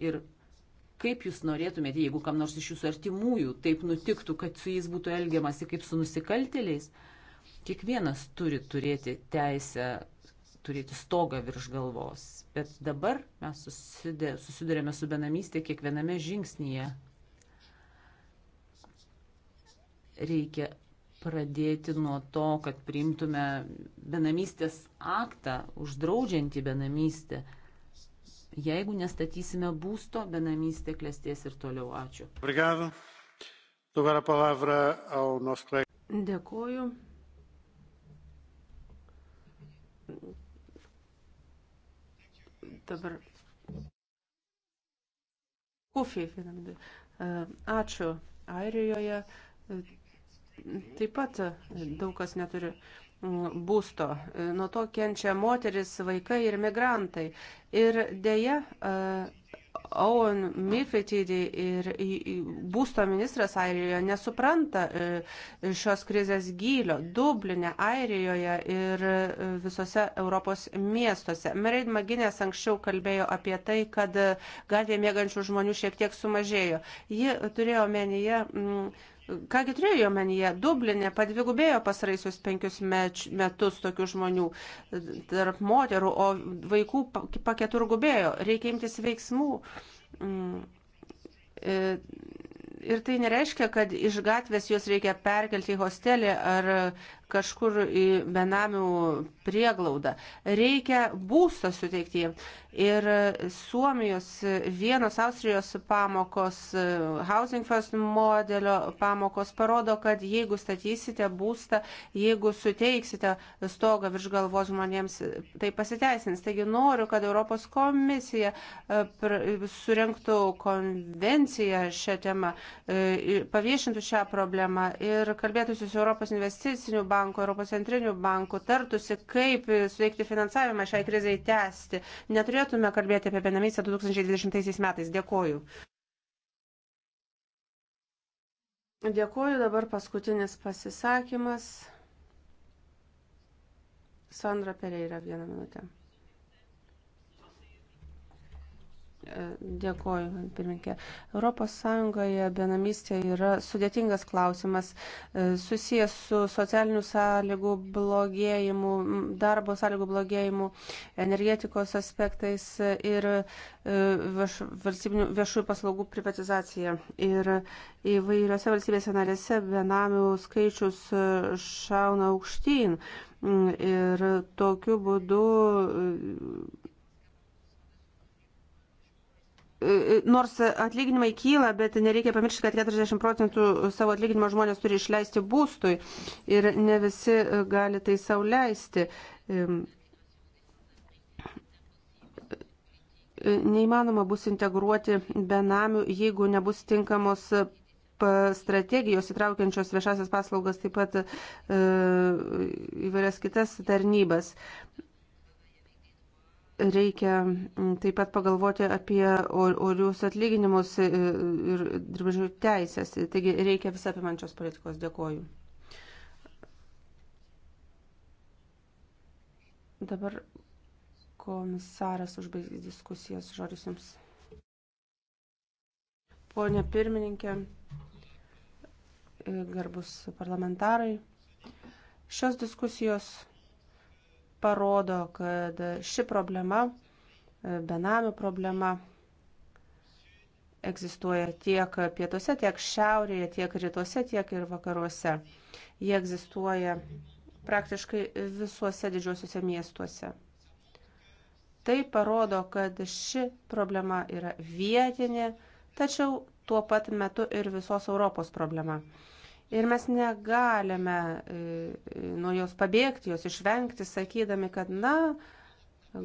Ir kaip jūs norėtumėte, jeigu kam nors iš jūsų artimųjų taip nutiktų, kad su jais būtų elgiamasi kaip su nusikaltėliais, kiekvienas turi turėti teisę turėti stogą virš galvos. Bet dabar mes susidurėme su benamystė kiekviename žingsnyje. Reikia pradėti nuo to, kad priimtume benamystės aktą, uždraudžiantį benamystę. Jeigu nestatysime būsto, benamystė klestės ir toliau. Ačiū. Dėkoju. Dabar. Kufį. E, ačiū. Airijoje e, taip pat e, daug kas neturi būsto. Nuo to kenčia moteris, vaikai ir migrantai. Ir dėja, Owen Mifetidį ir būsto ministras Airijoje nesupranta e, šios krizės gylio Dublinė, Airijoje ir e, visose Europos miestuose. Merid Maginės anksčiau kalbėjo apie tai, kad e, gatvėje mėgančių žmonių šiek tiek sumažėjo. Ji turėjo omenyje Kągi turėjo omenyje, Dublinė padvigubėjo pasraisius penkius meč, metus tokių žmonių tarp moterų, o vaikų paketurgubėjo. Reikia imtis veiksmų. Mm. E, ir tai nereiškia, kad iš gatvės juos reikia perkelti į hostelį ar kažkur į benamių prieglaudą. Reikia būstą suteikti jiems. Ir Suomijos vienos Austrijos pamokos, Housing First modelio pamokos parodo, kad jeigu statysite būstą, jeigu suteiksite stogą virš galvos žmonėms, tai pasiteisins. Taigi noriu, kad Europos komisija e, surinktų konvenciją šią temą, e, paviešintų šią problemą ir kalbėtųsi su Europos investiciniu banku banko, Europos centrinių bankų tartusi, kaip suveikti finansavimą šiai krizai tęsti. Neturėtume kalbėti apie benamystę 2020 metais. Dėkoju. Dėkoju, dabar paskutinis pasisakymas. Sandra Pereira, vieną minutę. Dėkoju, pirminkė. Europos Sąjungoje benamystė yra sudėtingas klausimas, e, susijęs su socialinių sąlygų blogėjimu, darbo sąlygų blogėjimu, energetikos aspektais ir e, vieš, viešųjų paslaugų privatizacija. Ir įvairiose valstybėse narėse benamių skaičius e, šauna aukštyn. Mm, ir tokiu būdu nors atlyginimai kyla, bet nereikia pamiršti, kad 40 procentų savo atlyginimo žmonės turi išleisti būstui ir ne visi gali tai sauliaisti. Neįmanoma bus integruoti benamių, jeigu nebus tinkamos strategijos įtraukiančios viešasias paslaugas, taip pat e, įvairias kitas tarnybas reikia mm, taip pat pagalvoti apie orius atlyginimus e, ir dirbažių teisės. Taigi reikia visapimančios politikos. Dėkoju. Dabar komisaras užbaigs diskusijas. Žodis jums. Pone pirmininkė, e, garbus parlamentarai, šios diskusijos parodo, kad ši problema, benamių problema, egzistuoja tiek pietuose, tiek šiaurėje, tiek rytuose, tiek ir vakaruose. Jie egzistuoja praktiškai visuose didžiuosiuose miestuose. Tai parodo, kad ši problema yra vietinė, tačiau tuo pat metu ir visos Europos problema. Ir mes negalime e, e, nuo jos pabėgti, jos išvengti, sakydami, kad, na,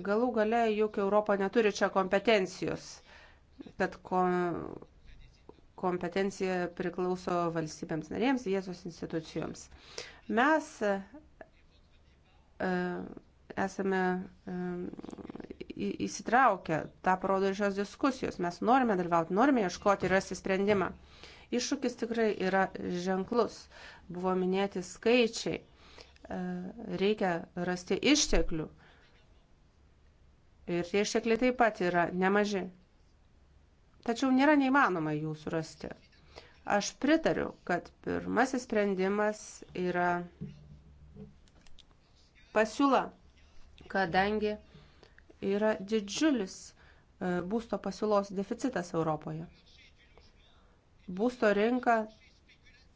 galų gale juk Europa neturi čia kompetencijos, kad kom, kompetencija priklauso valstybėms narėms, vietos institucijoms. Mes e, esame įsitraukę, tą parodo ir šios diskusijos. Mes norime dalyvauti, norime ieškoti ir rasti sprendimą. Iššūkis tikrai yra ženklus. Buvo minėti skaičiai. E, reikia rasti išteklių. Ir tie ištekliai taip pat yra nemaži. Tačiau nėra neįmanoma jų surasti. Aš pritariu, kad pirmasis sprendimas yra pasiūla, kadangi yra didžiulis e, būsto pasiūlos deficitas Europoje. Būsto rinka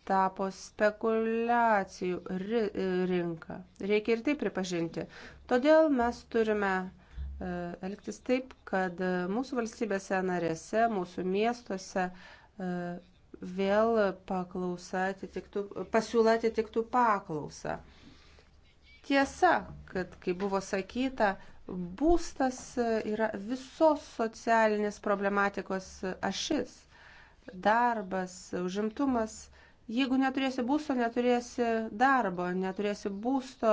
tapo spekulacijų rinka. Reikia ir tai pripažinti. Todėl mes turime e, elgtis taip, kad mūsų valstybėse narėse, mūsų miestuose e, vėl paklausa atitiktų, pasiūla atitiktų paklausą. Tiesa, kad, kaip buvo sakyta, būstas yra visos socialinės problematikos ašis darbas, užimtumas. Jeigu neturėsi būsto, neturėsi darbo, neturėsi būsto,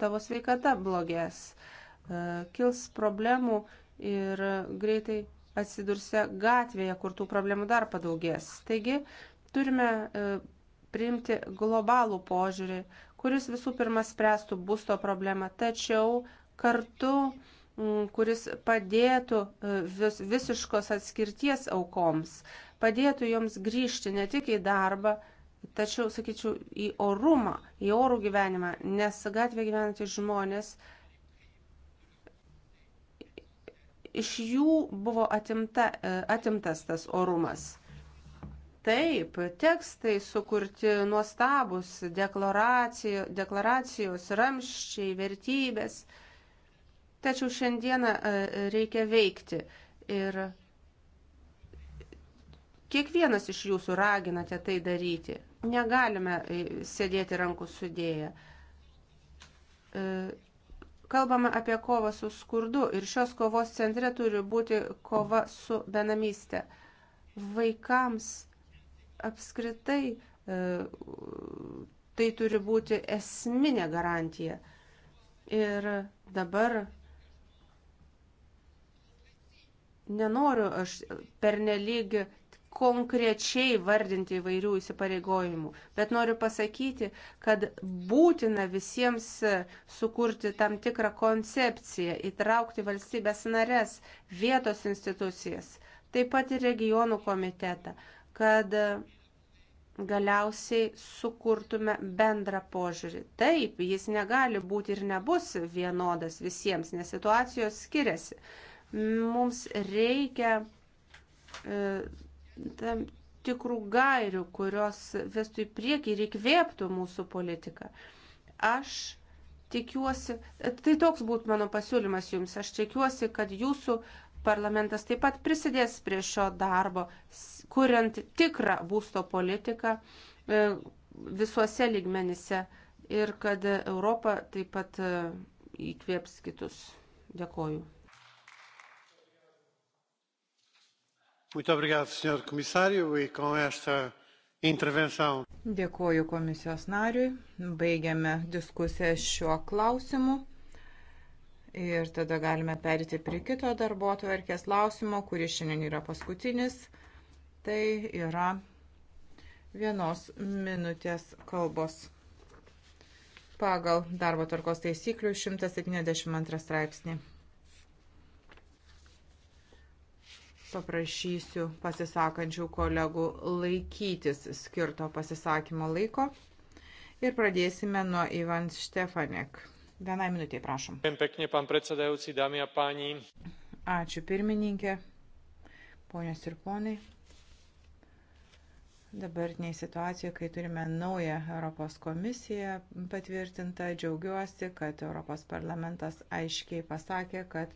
tavo sveikata blogės, e, kils problemų ir greitai atsidursia gatvėje, kur tų problemų dar padaugės. Taigi turime e, priimti globalų požiūrį, kuris visų pirma spręstų būsto problemą, tačiau kartu kuris padėtų e, vis, visiškos atskirties aukoms. Uh, padėtų joms grįžti ne tik į darbą, tačiau, sakyčiau, į orumą, į orų gyvenimą, nes gatvė gyvenantys žmonės iš jų buvo atimta, e, atimtas tas orumas. Taip, tekstai sukurti nuostabus, deklaracijos, deklaracijos ramščiai, vertybės. Tačiau šiandieną e, reikia veikti ir Kiekvienas iš jūsų raginate tai daryti. Negalime e, sėdėti rankų sudėję. E, kalbame apie kovą su skurdu ir šios kovos centre turi būti kova su benamyste. Vaikams apskritai e, tai turi būti esminė garantija. Ir dabar nenoriu aš pernelyg konkrečiai vardinti įvairių įsipareigojimų, bet noriu pasakyti, kad būtina visiems sukurti tam tikrą koncepciją, įtraukti valstybės nares, vietos institucijas, taip pat ir regionų komitetą, kad galiausiai sukurtume bendrą požiūrį. Taip, jis negali būti ir nebus vienodas visiems, nes situacijos skiriasi. Mums reikia e, tam tikrų gairių, kurios vestų į priekį ir įkvėptų mūsų politiką. Aš tikiuosi, tai toks būtų mano pasiūlymas jums, aš tikiuosi, kad jūsų parlamentas taip pat prisidės prie šio darbo, kuriant tikrą būsto politiką e, visuose lygmenyse ir kad Europa taip pat e, įkvėps kitus. Dėkoju. Muito obrigado, senhor komisariu, e com esta intervenção. Dėkuoju komisijos nariui. Baigiame diskusiją šiuo klausimu. Ir tada galime perėti prie kito darbo atverkės klausimo, kuris šiandien yra paskutinis. Tai yra vienos minutės kalbos. Pagal darbo tvarkos taisyklių 172 straipsnį. paprašysiu pasisakančių kolegų laikytis skirto pasisakymo laiko. Ir pradėsime nuo Ivan Štefanek. Vienai minutė, prašom. Ačiū pirmininkė, ponios ir ponai dabartiniai situacijoje, kai turime naują Europos komisiją patvirtintą, džiaugiuosi, kad Europos parlamentas aiškiai pasakė, kad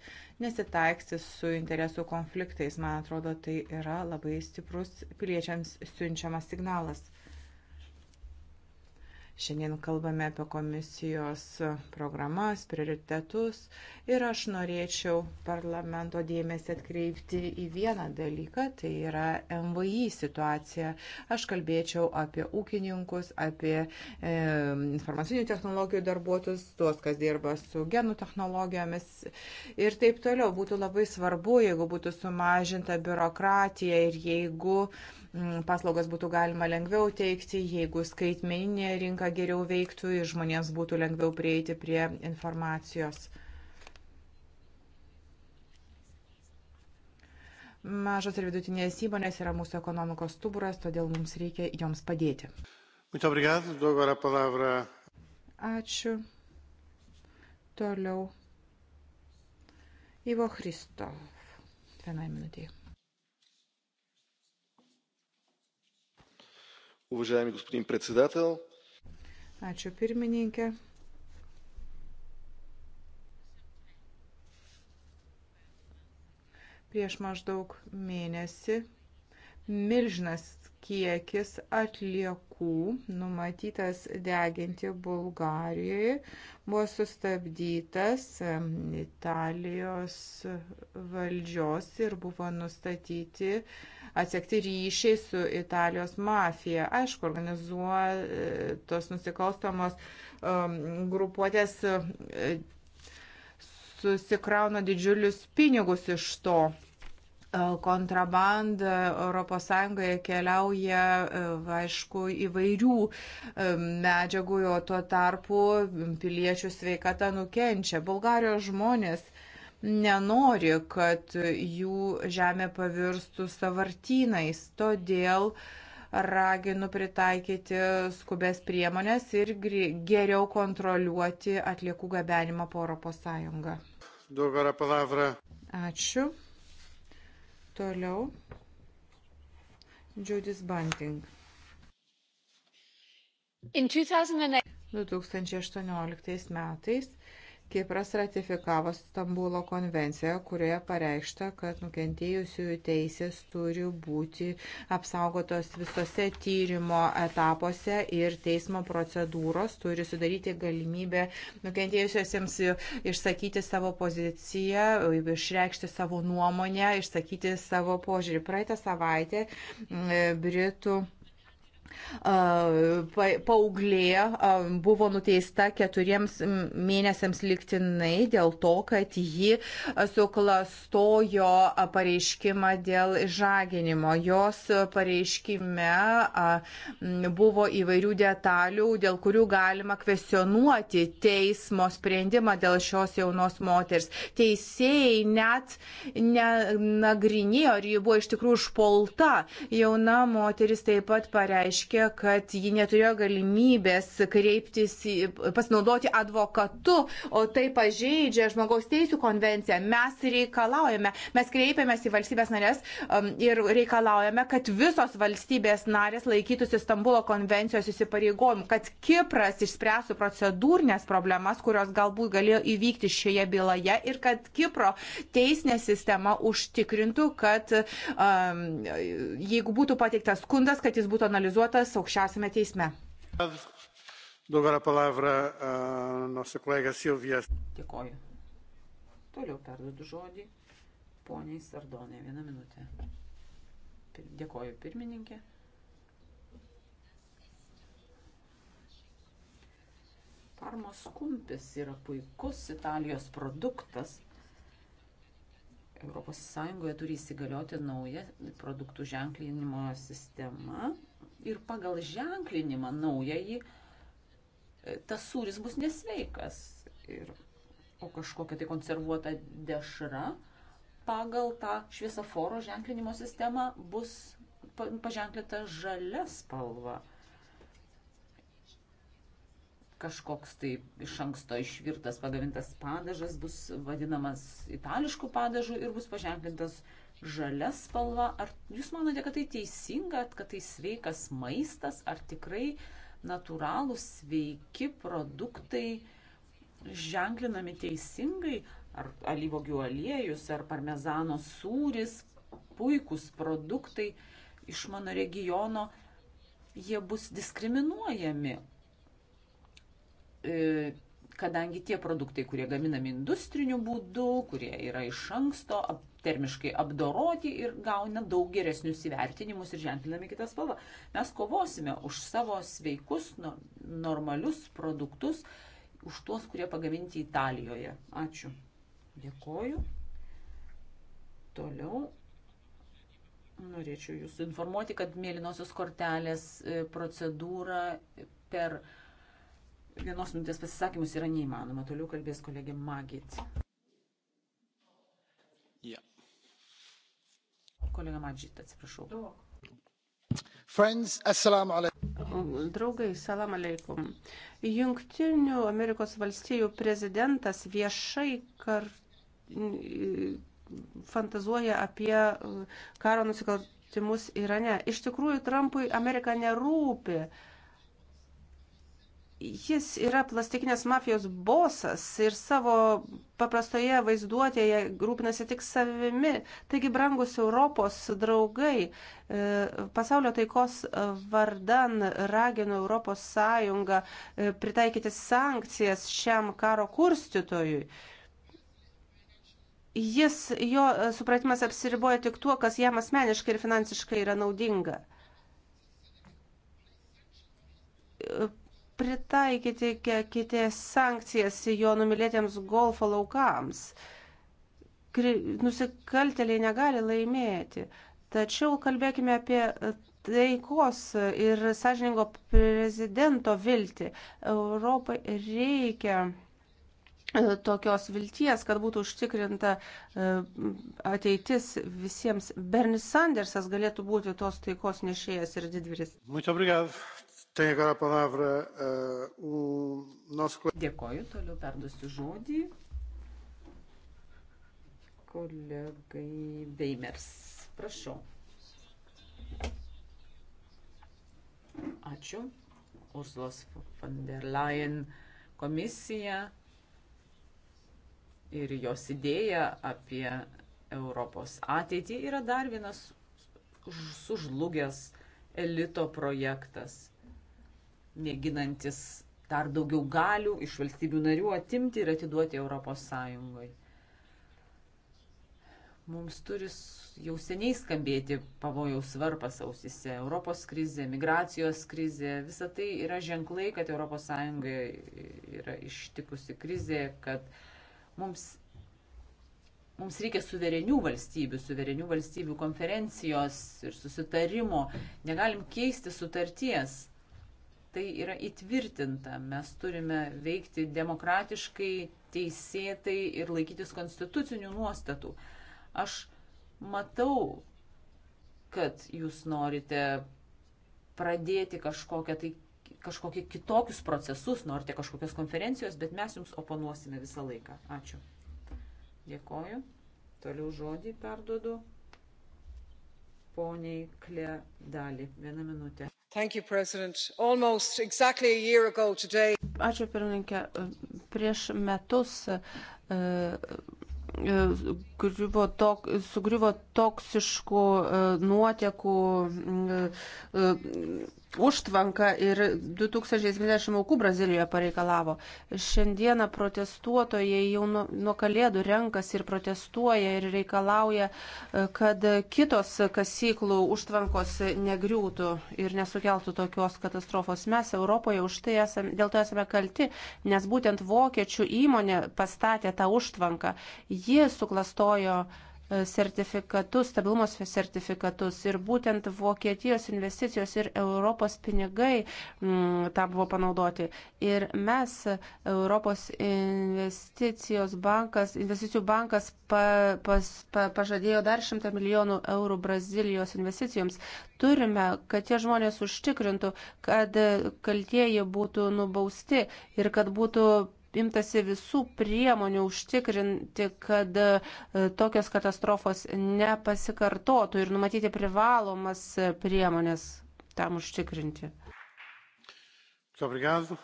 nesitaiksis su interesų konfliktais. Man atrodo, tai yra labai stiprus piliečiams siunčiamas signalas. Šiandien kalbame apie komisijos programas, prioritetus ir aš norėčiau parlamento dėmesį atkreipti į vieną dalyką, tai yra MVI situacija. Aš kalbėčiau apie ūkininkus, apie e, informacinių technologijų darbuotojus, tuos, kas dirba su genų technologijomis ir taip toliau. Būtų labai svarbu, jeigu būtų sumažinta biurokratija ir jeigu e, Mm, paslaugas būtų galima lengviau teikti, jeigu skaitmeninė rinka geriau veiktų ir žmonėms būtų lengviau prieiti prie informacijos. Mažos ir vidutinės įmonės yra mūsų ekonomikos stuburas, todėl mums reikia joms padėti. Ačiū. Toliau. Ivo Kristov. Vienai minutėjai. Уважаеми господин председател. Ačiū pirmininkė. Prieš maždaug mėnesį milžinas kiekis atliekų numatytas deginti Bulgarijoje buvo sustabdytas Italijos valdžios ir buvo nustatyti atsekti ryšiai su Italijos mafija. Aišku, organizuotos nusikalstamos um, grupuotės susikrauna didžiulius pinigus iš to kontrabanda ES keliauja, e, aišku, įvairių e, medžiagų, o tuo tarpu piliečių sveikata nukenčia. Bulgarijos žmonės nenori, kad jų žemė pavirstų savartynais, todėl raginu pritaikyti skubės priemonės ir geriau kontroliuoti atliekų gabenimą po Europos Sąjungą. Ačiū. Toliau. Judith Bunting. 2018 metais Kipras ratifikavo Stambulo konvenciją, kurioje pareikšta, kad nukentėjusiųjų teisės turi būti apsaugotos visose tyrimo etapuose ir teismo procedūros turi sudaryti galimybę nukentėjusiesiems išsakyti savo poziciją, išreikšti savo nuomonę, išsakyti savo požiūrį. Praeitą savaitę Britų. E, paauglė buvo nuteista keturiems mėnesiams liktinai dėl to, kad ji suklastojo pareiškimą dėl žaginimo. Jos pareiškime buvo įvairių detalių, dėl kurių galima kvesionuoti teismo sprendimą dėl šios jaunos moters. Teisėjai net nenagrinėjo, ar ji buvo iš tikrųjų užpolta. Jauna moteris taip pat pareiškė reiškia, kad ji neturėjo galimybės kreiptis, pasinaudoti advokatu, o tai pažeidžia žmogaus teisų konvenciją. Mes reikalaujame, mes kreipiamės į valstybės narės um, ir reikalaujame, kad visos valstybės narės laikytųsi Stambulo konvencijos įsipareigojimų, kad Kipras išspręstų procedūrinės problemas, kurios galbūt galėjo įvykti šioje byloje ir kad Kipro teisinė sistema užtikrintų, kad um, jeigu būtų pateiktas skundas, kad jis būtų analizuotas advokatas aukščiausiame teisme. Dėkoju. Toliau perduodu žodį poniai Sardonė. Vieną minutę. Dėkoju pirmininkė. Parmos kumpis yra puikus Italijos produktas. ES turi įsigalioti nauja produktų ženklinimo sistema ir pagal ženklinimą naująjį e, tas sūris bus nesveikas. Ir, o kažkokia tai konservuota dešra pagal tą šviesoforo ženklinimo sistemą bus paženklinta žalia spalva. Kažkoks tai iš anksto išvirtas pagamintas padažas bus vadinamas itališku padažu ir bus paženklintas žalia žalia spalva. Ar jūs manote, kad tai teisinga, kad tai sveikas maistas, ar tikrai natūralūs sveiki produktai ženklinami teisingai, ar alyvogių aliejus, ar parmezano sūris, puikūs produktai iš mano regiono, jie bus diskriminuojami. E, kadangi tie produktai, kurie gaminami industriniu būdu, kurie yra iš anksto termiškai apdoroti ir gauna daug geresnius įvertinimus ir ženklinami kitą spalvą. Mes kovosime už savo sveikus, normalius produktus, už tuos, kurie pagaminti Italijoje. Ačiū. Dėkoju. Toliau. Norėčiau Jūsų informuoti, kad mėlynosios kortelės e, procedūra per vienos minutės pasisakymus yra neįmanoma. Toliau kalbės kolegė Magit. Yeah. Kolega Madžit, atsiprašau. Friends, assalamu alaikum. Draugai, salam alaikum. Jungtinių Amerikos valstijų prezidentas viešai kar... fantazuoja apie e, karo nusikaltimus Irane. Iš tikrųjų, Trumpui Amerika nerūpi. Uh, Jis yra plastikinės mafijos bosas ir savo paprastoje vaizduotėje rūpinasi tik savimi. Taigi, brangus Europos draugai, e, pasaulio taikos vardan ragino Europos Sąjungą e, pritaikyti sankcijas šiam karo kurstytojui. Jis, jo e, supratimas apsiriboja tik tuo, kas jam asmeniškai ir finansiškai yra naudinga pritaikyti kiti sankcijas jo numylėtiems golfo laukams. Nusikalteliai negali laimėti. Tačiau kalbėkime apie taikos ir sąžiningo prezidento viltį. Europai reikia e, tokios vilties, kad būtų užtikrinta e, ateitis visiems. Bernis Sandersas galėtų būti tos taikos nešėjas ir didvyris. Eh, Dėkoju, toliau perduosiu žodį kolegai Beimers. Prašau. Ačiū. Ursulos von der Leyen komisija ir jos idėja apie Europos ateitį yra dar vienas sužlugęs elito projektas mėginantis dar daugiau galių iš valstybių narių atimti ir atiduoti Europos Sąjungai. Mums turi jau seniai skambėti pavojaus varpas ausise. Europos krizė, migracijos krizė, visa tai yra ženklai, kad ES yra ištikusi krizė, kad mums, mums reikia suverenių valstybių, suverenių valstybių konferencijos ir susitarimo. Negalim keisti sutarties tai yra įtvirtinta. Mes turime veikti demokratiškai, teisėtai ir laikytis konstitucinių nuostatų. Aš matau, kad jūs norite pradėti kažkokią tai kažkokie kitokius procesus, norite kažkokios konferencijos, bet mes jums oponuosime visą laiką. Ačiū. Dėkoju. Toliau žodį perduodu poniai Kle dalį. Vieną minutę. You, exactly Ačiū pirmininkė. Prieš metus e, e, griuvo tok, sugriuvo toksiškų e, nuotekų užtvanką ir 2070 aukų Brazilijoje pareikalavo. Šiandieną protestuotojai jau nuo, nuo kalėdų renkas ir protestuoja ir reikalauja, e, kad kitos kasyklų užtvankos negriūtų ir nesukeltų tokios katastrofos. Mes Europoje už tai esame, dėl to esame kalti, nes būtent vokiečių įmonė pastatė tą užtvanką. Ji suklastojo uh, sertifikatus, stabilumo sertifikatus. Ir būtent Vokietijos investicijos ir Europos pinigai m, mm, tam buvo panaudoti. Ir mes, Europos investicijos bankas, investicijų bankas pa, pas, pa, pažadėjo dar 100 milijonų eurų Brazilijos investicijoms. Turime, kad tie žmonės užtikrintų, kad kaltieji būtų nubausti ir kad būtų imtasi visų priemonių užtikrinti, kad e, tokios katastrofos nepasikartotų ir numatyti privalomas priemonės tam užtikrinti. Obrigado.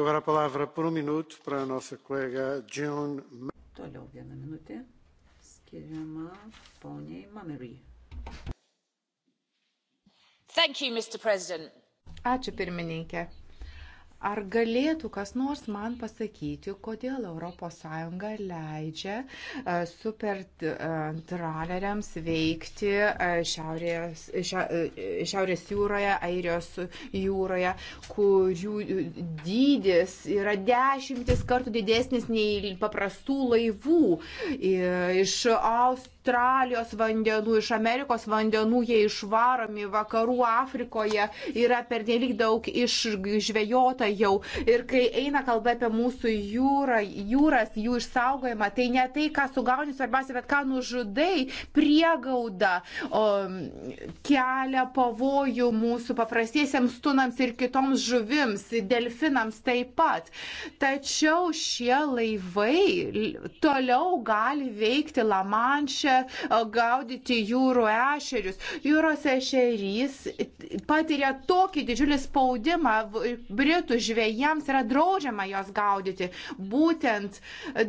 Agora a palavra por um minuto para a nossa colega June. Toliau vieną minutę skiriama poniai Mamery. Thank you, Mr. President. Ačiū pirmininkė. Ar galėtų kas nors man pasakyti, kodėl ES leidžia e, super e, traleriams veikti e, šiaurės, šiaurės jūroje, Airijos jūroje, kurių dydis yra dešimtis kartų didesnis nei paprastų laivų iš Austrijos? Australijos vandenų, iš Amerikos vandenų jie išvaromi, vakarų Afrikoje yra pernelyg daug išžvejota jau. Ir kai eina kalba apie mūsų jūrą, jūras, jų išsaugojimą, tai ne tai, ką sugauni svarbiausia, bet ką nužudai, priegauda o, kelia pavojų mūsų paprastiesiems tunams ir kitoms žuvims, delfinams taip pat. Tačiau šie laivai toliau gali veikti Lamanšę kviečia gaudyti jūrų ešerius. Jūros ešerys patiria tokį didžiulį spaudimą, britų žvėjams yra draudžiama jos gaudyti. Būtent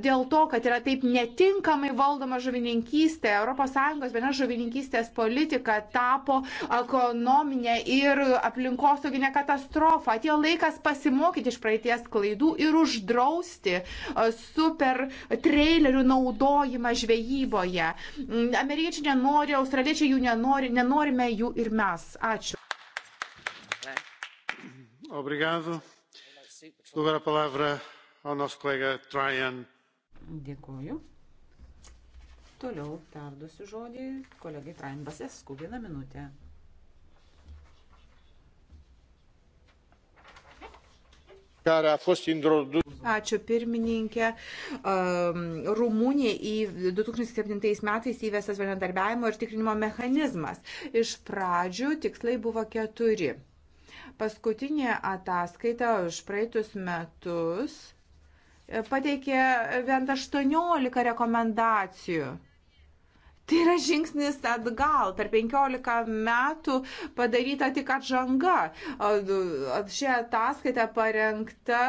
dėl to, kad yra taip netinkamai valdoma žuvininkystė, ES viena žuvininkystės politika tapo ekonominė ir aplinkosauginė katastrofa. Atėjo laikas pasimokyti iš praeities klaidų ir uždrausti super trailerių naudojimą žvejyboje. Mm, amerikiečiai nenori, australiečiai jų nenori, nenorime jų ir mes. Ačiū. Obrigado. Agora a palavra ao nosso colega Traian. Dėkuoju. Toliau perduosiu žodį kolegai Traian Basesku. Vieną minutę. care a fost introdus. Ačiū pirmininkė. Um, Rumunija į 2007 metais įvestas bendradarbiavimo ir tikrinimo mechanizmas. Iš pradžių tikslai buvo keturi. Paskutinė ataskaita už praeitus metus e, pateikė bent 18 rekomendacijų Tai yra žingsnis atgal. Per 15 metų padaryta tik atžanga. Šią ataskaitą parengta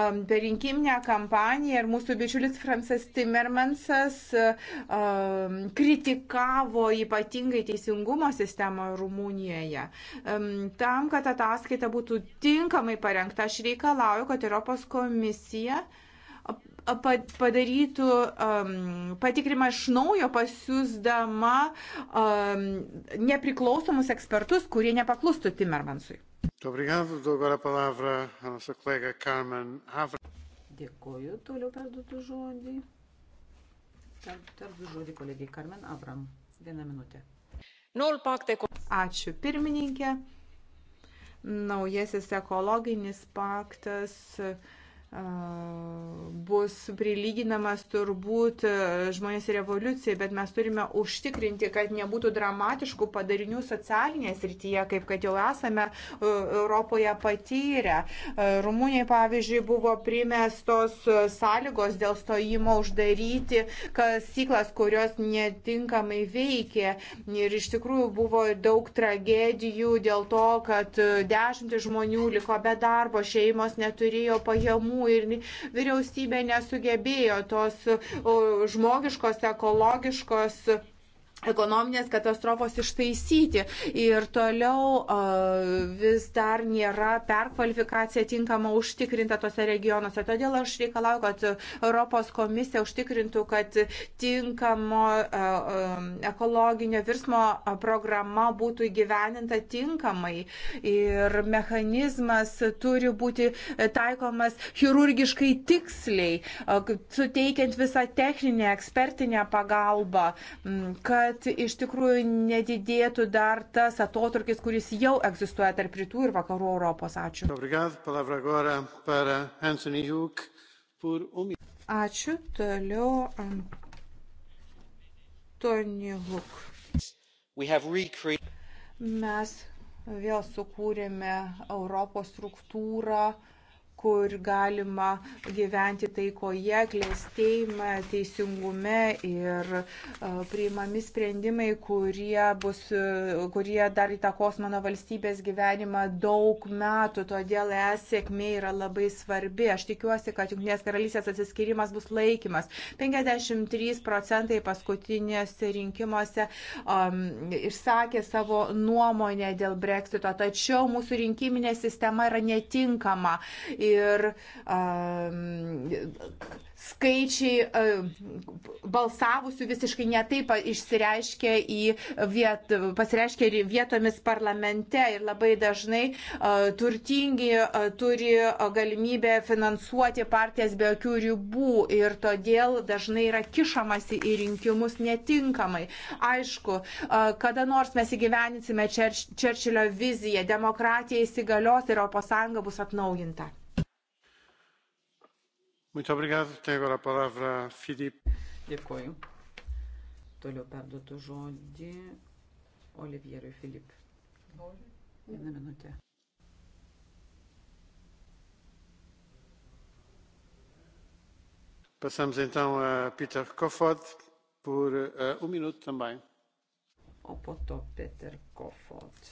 um, per rinkiminę kampaniją ir mūsų bičiulis Francis Timmermansas um, kritikavo ypatingai teisingumo sistemą Rumunijoje. Um, tam, kad ataskaita būtų tinkamai parengta, aš reikalauju, kad Europos komisija Yeah padarytų um, patikrimą iš naujo, pasiūsdama um, nepriklausomus ekspertus, kurie nepaklustų Timmermansui. Dėkuoju, toliau perduotų žodį. Perduotų žodį kolegijai Carmen Abram. Vieną minutę. Ačiū pirmininkė. Naujasis ekologinis paktas. Uh, bus prilyginamas turbūt e, žmonės revoliucijai, bet mes turime užtikrinti, kad nebūtų dramatiškų padarinių socialinėje srityje, kaip kad jau esame e, Europoje patyrę. E, Rumunijai, pavyzdžiui, buvo primestos sąlygos dėl stojimo uždaryti kasyklas, kurios netinkamai veikė. Ir iš tikrųjų buvo daug tragedijų dėl to, kad dešimtis žmonių liko be darbo, šeimos neturėjo pajamų sunkumų ir vyriausybė nesugebėjo tos žmogiškos, ekologiškos ekonominės katastrofos ištaisyti. Ir toliau vis dar nėra perkvalifikacija tinkama užtikrinta tose regionuose. Todėl aš reikalauju, kad Europos komisija užtikrintų, kad tinkamo ekologinio virsmo programa būtų įgyveninta tinkamai. Ir mechanizmas turi būti taikomas chirurgiškai tiksliai, suteikiant visą techninę, ekspertinę pagalbą, kad kad iš tikrųjų nedidėtų dar tas atotrukis, kuris jau egzistuoja tarp rytų ir vakarų Europos. Ačiū. Um Ačiū. Toliau Antoni Huk. Mes vėl sukūrėme Europos struktūrą kur galima gyventi taikoje, klėstėjime, teisingume ir e, priimami sprendimai, kurie, bus, e, kurie dar įtakos mano valstybės gyvenimą daug metų. Todėl es sėkmė yra labai svarbi. Aš tikiuosi, kad Junktinės karalystės atsiskirimas bus laikimas. 53 procentai paskutinėse rinkimuose um, išsakė savo nuomonę dėl breksito, tačiau mūsų rinkiminė sistema yra netinkama. Ir ir um, skaičiai um, balsavusių visiškai netaip išsireiškia į viet, pasireiškia ir vietomis parlamente ir labai dažnai uh, turtingi uh, turi galimybę finansuoti partijas be jokių ribų ir todėl dažnai yra kišamasi į rinkimus netinkamai. Aišku, uh, kada nors mes įgyveninsime Čerčilio viziją, demokratija įsigalios ir ES bus atnaujinta. Muito obrigado. Tem agora a palavra Filipe. Dėkuoju. Toliau perduotų žodį Olivierui Filip. Vieną minutę. Passamos então a Peter Kofod por uh, um minuto também. O poto Peter Kofod.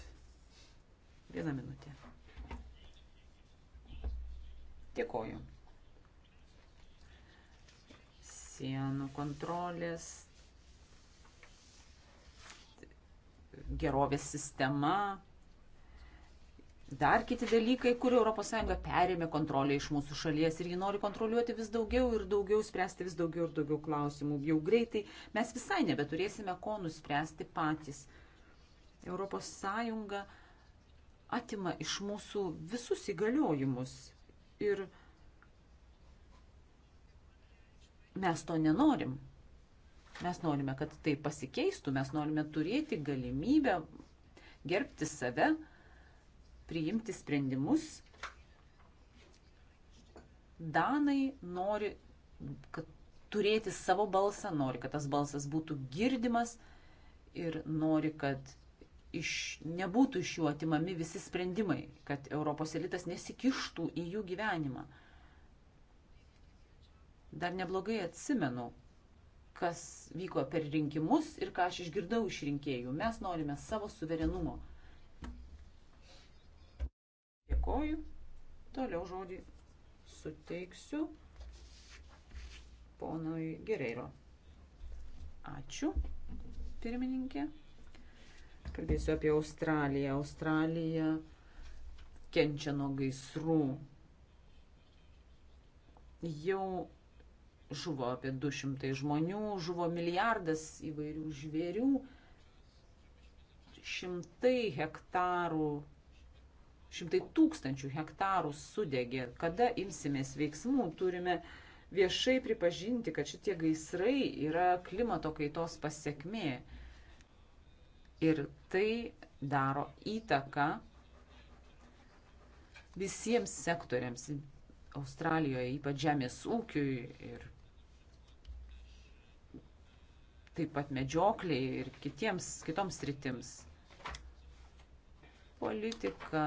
Vieną minutę. Dėkoju. sienų kontrolės, gerovės sistema, dar kiti dalykai, kur ES perėmė kontrolę iš mūsų šalies ir ji nori kontroliuoti vis daugiau ir daugiau, spręsti vis daugiau ir daugiau klausimų. Jau greitai mes visai nebeturėsime ko nuspręsti patys. ES atima iš mūsų visus įgaliojimus ir įgaliojimus Mes to nenorim. Mes norime, kad tai pasikeistų, mes norime turėti galimybę gerbti save, priimti sprendimus. Danai nori kad turėti savo balsą, nori, kad tas balsas būtų girdimas ir nori, kad iš, nebūtų iš jų atimami visi sprendimai, kad Europos elitas nesikištų į jų gyvenimą. Dar neblogai atsimenu, kas vyko per rinkimus ir ką aš išgirdau iš rinkėjų. Mes norime savo suverenumo. Dėkoju. Toliau žodį suteiksiu ponui Gereiro. Ačiū, pirmininkė. Kalbėsiu apie Australiją. Australija kenčia nuo gaisrų. Jau žuvo apie 200 žmonių, žuvo milijardas įvairių žvėrių, šimtai hektarų, šimtai tūkstančių hektarų sudegė. Kada imsimės veiksmų, turime viešai pripažinti, kad šitie gaisrai yra klimato kaitos pasiekmė. Ir tai daro įtaką visiems sektoriams, Australijoje, ypač žemės ūkiui ir taip pat medžiokliai ir kitiems, kitoms rytims. Politika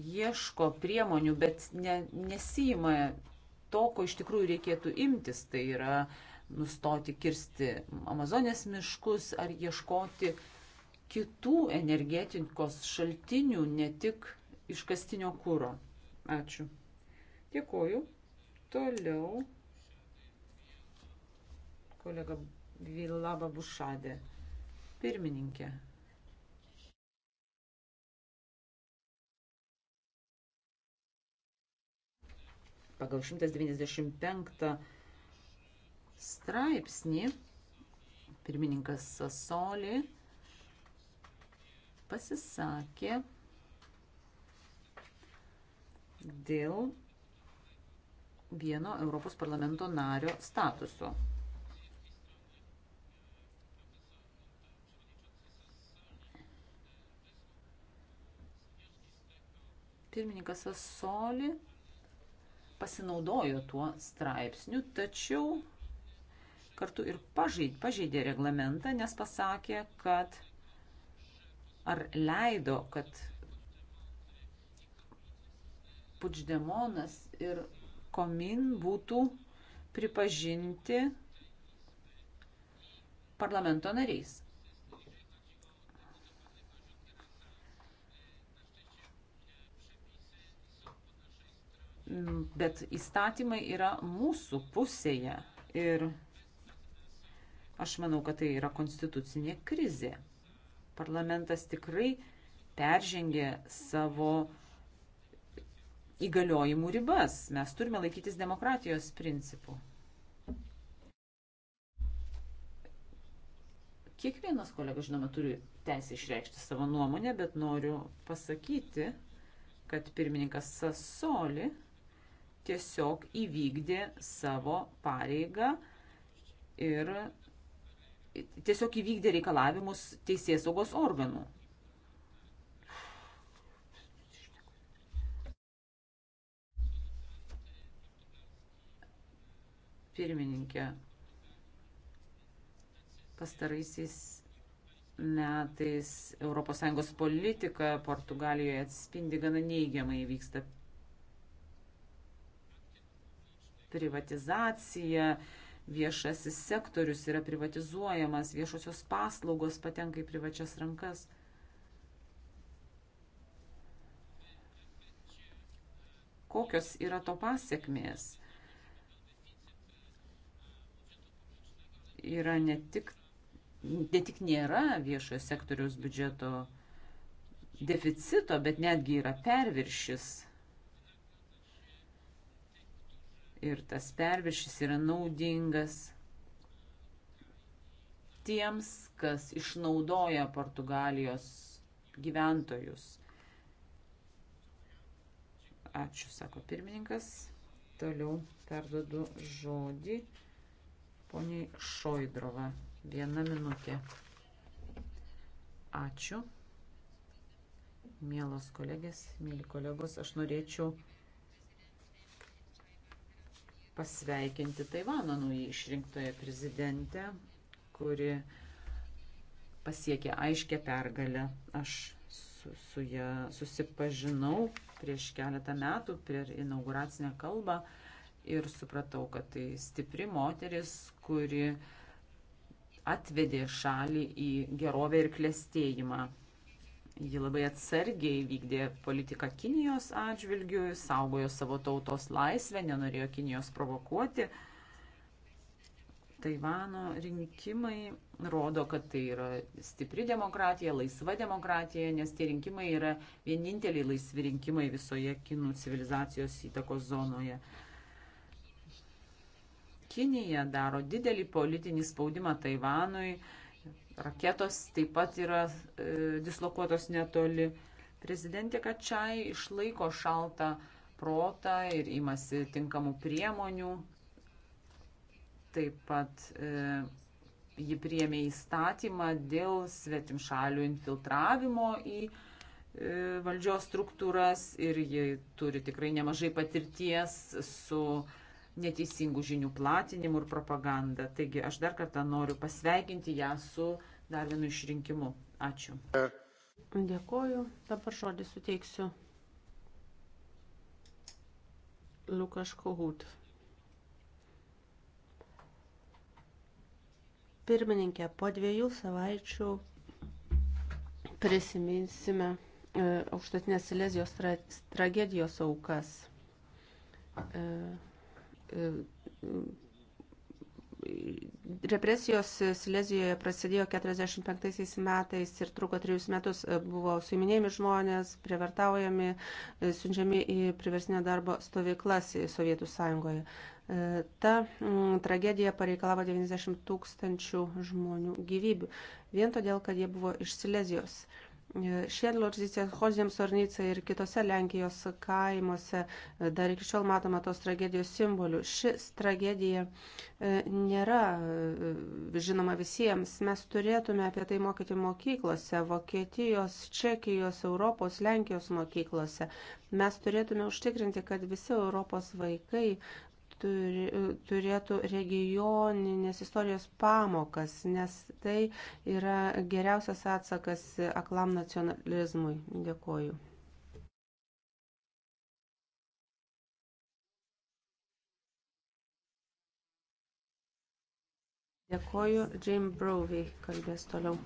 ieško priemonių, bet ne, nesijima to, ko iš tikrųjų reikėtų imtis. Tai yra nustoti kirsti Amazonės miškus ar ieškoti kitų energetikos šaltinių, ne tik iškastinio kūro. Ačiū. Dėkuoju. Toliau kolega Vilaba Bušadė. Pirmininkė. Pagal 195 straipsnį pirmininkas Sasoli pasisakė dėl vieno Europos parlamento nario statuso. Pirmininkas Asoli pasinaudojo tuo straipsniu, tačiau kartu ir pažeidė, pažeidė reglamentą, nes pasakė, kad ar leido, kad Pučdemonas ir Komin būtų pripažinti parlamento nariais. bet įstatymai yra mūsų pusėje ir aš manau, kad tai yra konstitucinė krizė. Parlamentas tikrai peržengė savo įgaliojimų ribas. Mes turime laikytis demokratijos principų. Kiekvienas kolega, žinoma, turi teisę išreikšti savo nuomonę, bet noriu pasakyti, kad pirmininkas Sasoli tiesiog įvykdė savo pareigą ir tiesiog įvykdė reikalavimus teisės saugos organų. Pirmininkė, pastaraisiais metais ES politika Portugalijoje atspindi gana neigiamai vyksta privatizacija, viešasis sektorius yra privatizuojamas, viešosios paslaugos patenka į privačias rankas. Kokios yra to pasiekmės? Yra ne tik, ne tik nėra viešojo sektoriaus biudžeto deficito, bet netgi yra perviršis ir tas perviršis yra naudingas tiems, kas išnaudoja Portugalijos gyventojus. Ačiū, sako pirmininkas. Toliau perdodu žodį poniai Šoidrova. Viena minutė. Ačiū. Mielos kolegės, mėly kolegos, aš norėčiau pasveikinti Taivano naujai išrinktoje prezidentę, kuri pasiekė aiškę pergalę. Aš su, su ją susipažinau prieš keletą metų per inauguracinę kalbą ir supratau, kad tai stipri moteris, kuri atvedė šalį į gerovę ir klėstėjimą. Ji labai atsargiai vykdė politiką Kinijos atžvilgių, saugojo savo tautos laisvę, nenorėjo Kinijos provokuoti. Taivano rinkimai rodo, kad tai yra stipri demokratija, laisva demokratija, nes tie rinkimai yra vieninteliai laisvi rinkimai visoje kinų civilizacijos įtakos zonoje. Kinija daro didelį politinį spaudimą Taivanui Raketos taip pat yra e, dislokuotos netoli. Prezidentė Kačiai išlaiko šaltą protą ir imasi tinkamų priemonių. Taip pat e, ji priemė įstatymą dėl svetimšalių infiltravimo į e, valdžios struktūras ir ji turi tikrai nemažai patirties su e, neteisingų žinių platinimu ir propaganda. Taigi aš dar kartą noriu pasveikinti ją su dar vienu išrinkimu. Ačiū. Dėkoju. Dabar žodį suteiksiu Lukas Kohut. Pirmininkė, po dviejų savaičių prisiminsime e, aukštatinės Silezijos tra tragedijos aukas. E, E, represijos Silezijoje prasidėjo 45 metais ir truko trejus metus. E, buvo suiminėjami žmonės, prievartaujami, e, siunčiami į priversinę darbo stovyklas Sovietų sąjungoje. Ta tragedija pareikalavo 90 tūkstančių žmonių gyvybių, vien todėl, kad jie buvo iš Silezijos. Šedloržyse, Hožemsornice ir kitose Lenkijos kaimuose dar iki šiol matoma tos tragedijos simbolių. Šis tragedija e, nėra e, žinoma visiems. Mes turėtume apie tai mokyti mokyklose, Vokietijos, Čekijos, Europos, Lenkijos mokyklose. Mes turėtume užtikrinti, kad visi Europos vaikai turi, turėtų regioninės istorijos pamokas, nes tai yra geriausias atsakas aklam nacionalizmui. Dėkoju. Dėkoju, Jim Brovey kalbės toliau.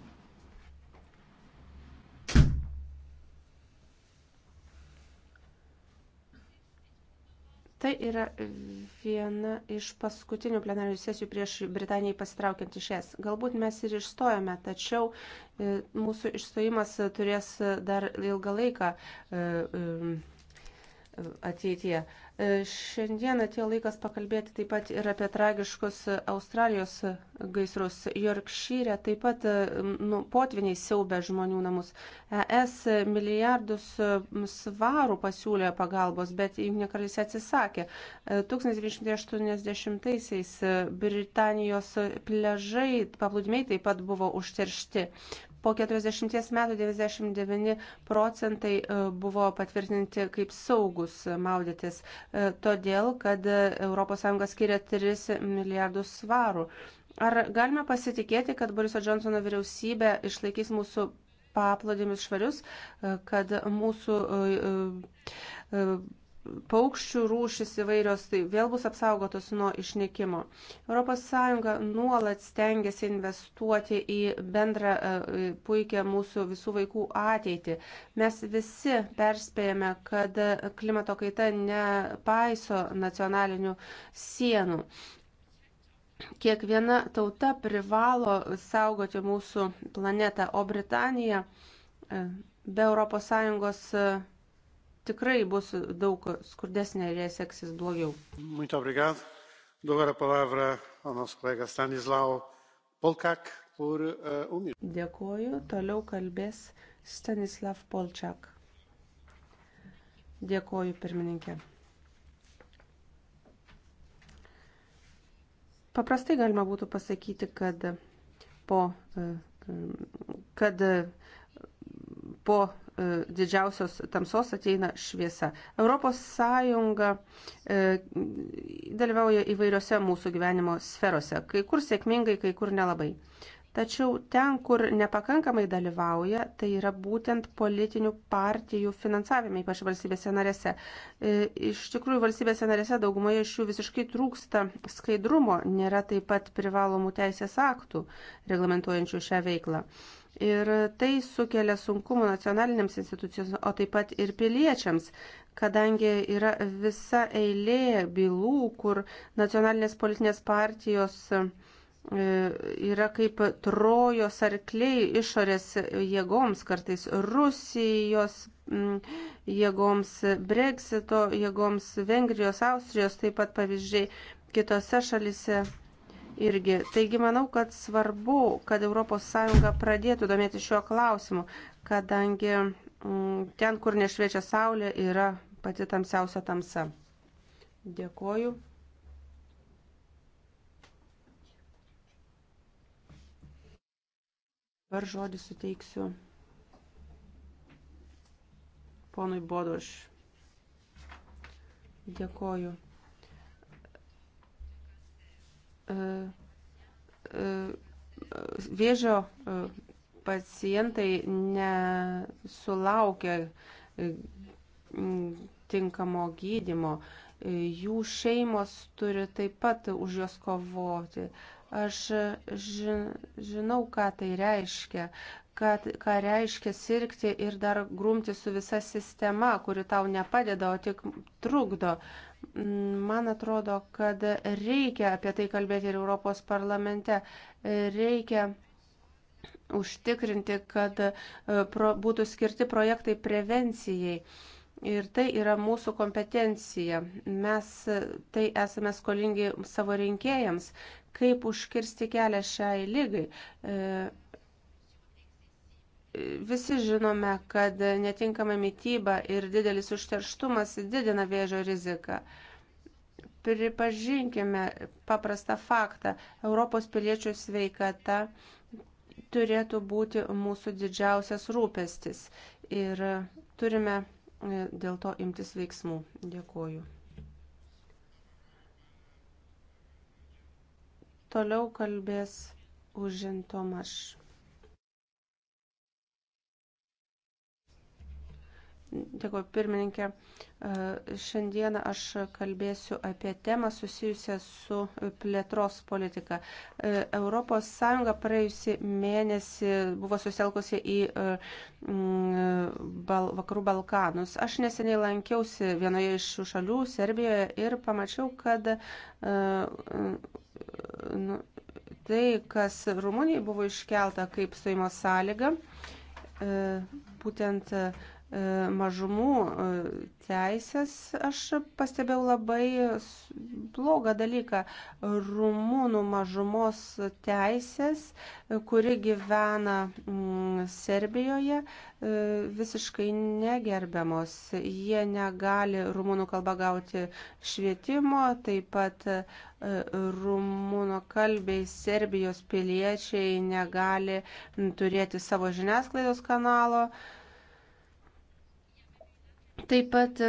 Tai yra viena iš paskutinių plenarių sesijų prieš Britanijai pasitraukiant iš es. Galbūt mes ir išstojame, tačiau e, mūsų išstojimas turės dar ilgą laiką e, e, ateityje. E, Šiandien atėjo laikas pakalbėti taip pat ir apie tragiškus Australijos gaisrus. Jorkšyre taip pat e, nu, potviniai siaubė žmonių namus. ES milijardus svarų pasiūlė pagalbos, bet jungtinė karalystė atsisakė. 1980-aisiais e, Britanijos pležai, paplūdimiai taip pat buvo užteršti po 40 metų 99 procentai e, buvo patvirtinti kaip saugus maudytis, e, todėl kad ES skiria 3 milijardus svarų. Ar galime pasitikėti, kad Boriso Johnsono vyriausybė išlaikys mūsų paplodėmis švarius, e, kad mūsų paukščių rūšis įvairios tai vėl bus apsaugotos nuo išnykimo. ES nuolat stengiasi investuoti į bendrą e, puikią mūsų visų vaikų ateitį. Mes visi perspėjame, kad klimato kaita nepaiso nacionalinių sienų. Kiekviena tauta privalo saugoti mūsų planetą, o Britanija e, be ES tikrai bus daug skurdesnė ir jie seksis blogiau. Muito obrigado. Dou a palavra ao nosso colega Stanislau Polkak por uh, um minuto. Dėkuoju. Toliau kalbės Stanislav Polčak. Dėkuoju, pirmininkė. Paprastai galima būtų pasakyti, kad po eh, kad eh, po e, didžiausios tamsos ateina šviesa. Europos Sąjunga e, dalyvauja įvairiose mūsų gyvenimo sferose, kai kur sėkmingai, kai kur nelabai. Tačiau ten, kur nepakankamai dalyvauja, tai yra būtent politinių partijų finansavime, ypač valstybėse narėse. E, iš tikrųjų, valstybėse narėse daugumoje iš jų visiškai trūksta skaidrumo, nėra taip pat privalomų teisės aktų reglamentuojančių šią veiklą. Ir tai sukelia sunkumų nacionalinėms institucijoms, o taip pat ir piliečiams, kadangi yra visa eilė bylų, kur nacionalinės politinės partijos e, yra kaip trojos arkliai išorės jėgoms, kartais Rusijos jėgoms, Brexito jėgoms, Vengrijos, Austrijos, taip pat pavyzdžiai kitose šalise irgi. Taigi manau, kad svarbu, kad ES pradėtų domėti šiuo klausimu, kadangi mm, ten, kur nešviečia saulė, yra pati tamsiausia tamsa. Dėkoju. Dabar žodį suteiksiu ponui Bodoš. Dėkoju. E, e, vėžio e, pacientai nesulaukia tinkamo gydimo. Jų šeimos turi taip pat už juos kovoti. Aš žinau, ką tai reiškia, kad, ką reiškia sirgti ir dar grumti su visa sistema, kuri tau nepadeda, o tik trukdo. Uh, Man atrodo, kad reikia apie tai kalbėti ir Europos parlamente. Reikia užtikrinti, kad e, pro, būtų skirti projektai prevencijai. Ir tai yra mūsų kompetencija. Mes e, tai esame skolingi savo rinkėjams, kaip užkirsti kelią šiai lygai. E, visi žinome, kad netinkama mytyba ir didelis užterštumas didina vėžio riziką. Pripažinkime paprastą faktą. Europos piliečių sveikata turėtų būti mūsų didžiausias rūpestis ir turime e, dėl to imtis veiksmų. Dėkuoju. Toliau kalbės užimtomaš. Už Dėkui, pirmininkė. E, šiandieną aš kalbėsiu apie temą susijusią su plėtros politika. ES praėjusi mėnesį buvo susitelkusi į e, Bal Vakarų Balkanus. Aš neseniai lankiausi vienoje iš šių šalių, Serbijoje, ir pamačiau, kad e, nu, tai, kas Rumunijai buvo iškelta kaip stojimo sąlyga, būtent E, mažumų e, teisės, aš pastebėjau labai blogą dalyką. Rumunų mažumos teisės, kuri gyvena mm, Serbijoje, e, visiškai negerbiamos. Jie negali rumunų kalbą gauti švietimo, taip pat rumunų kalbiai Serbijos piliečiai negali turėti savo žiniasklaidos kanalo. Uh, Taip pat e,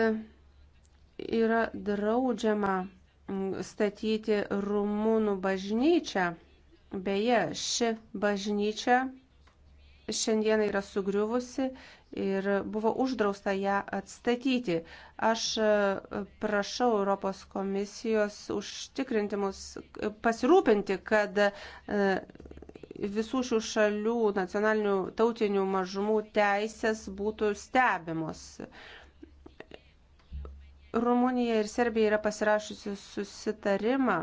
yra draudžiama statyti rumūnų bažnyčią. Beje, ši bažnyčia šiandien yra sugriuvusi ir buvo uždrausta ją atstatyti. Aš e, prašau Europos komisijos užtikrinti mus, pasirūpinti, kad e, visų šių šalių nacionalinių tautinių mažumų teisės būtų stebimos. Rumunija ir Serbija yra pasirašusi susitarimą,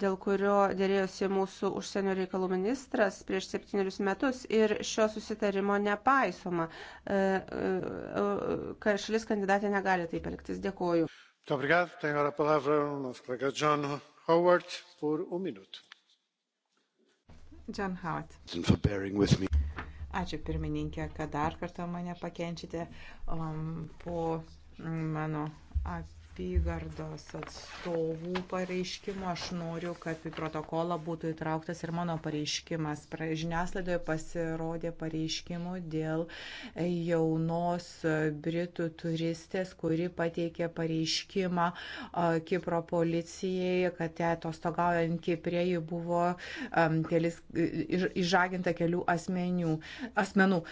dėl kurio dėrėjosi mūsų užsienio reikalų ministras prieš septynerius metus ir šio susitarimo nepaisoma. E, e, e, šalis kandidatė negali taip elgtis. Dėkoju. John Howard. Um Ačiū pirmininkė, kad dar kartą mane pakenčiate um, po mm, mano Ačiū apygardos atstovų pareiškimo. Aš noriu, kad į protokolą būtų įtrauktas ir mano pareiškimas. Žiniaslaidoje pasirodė pareiškimų dėl jaunos Britų turistės, kuri pateikė pareiškimą Kipro policijai, kad atostogaujant Kiprieji buvo kelis, išžaginta kelių asmenių, asmenų.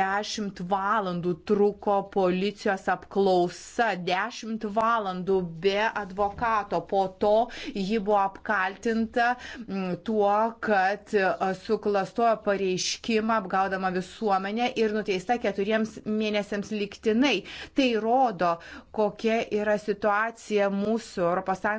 Dešimt valandų truko policijos apklausa. Dešimt valandų valandų be advokato. Po to ji buvo apkaltinta mm, tuo, kad e, suklastojo pareiškimą apgaudama visuomenę ir nuteista keturiems mėnesiams liktinai. Tai rodo, kokia yra situacija mūsų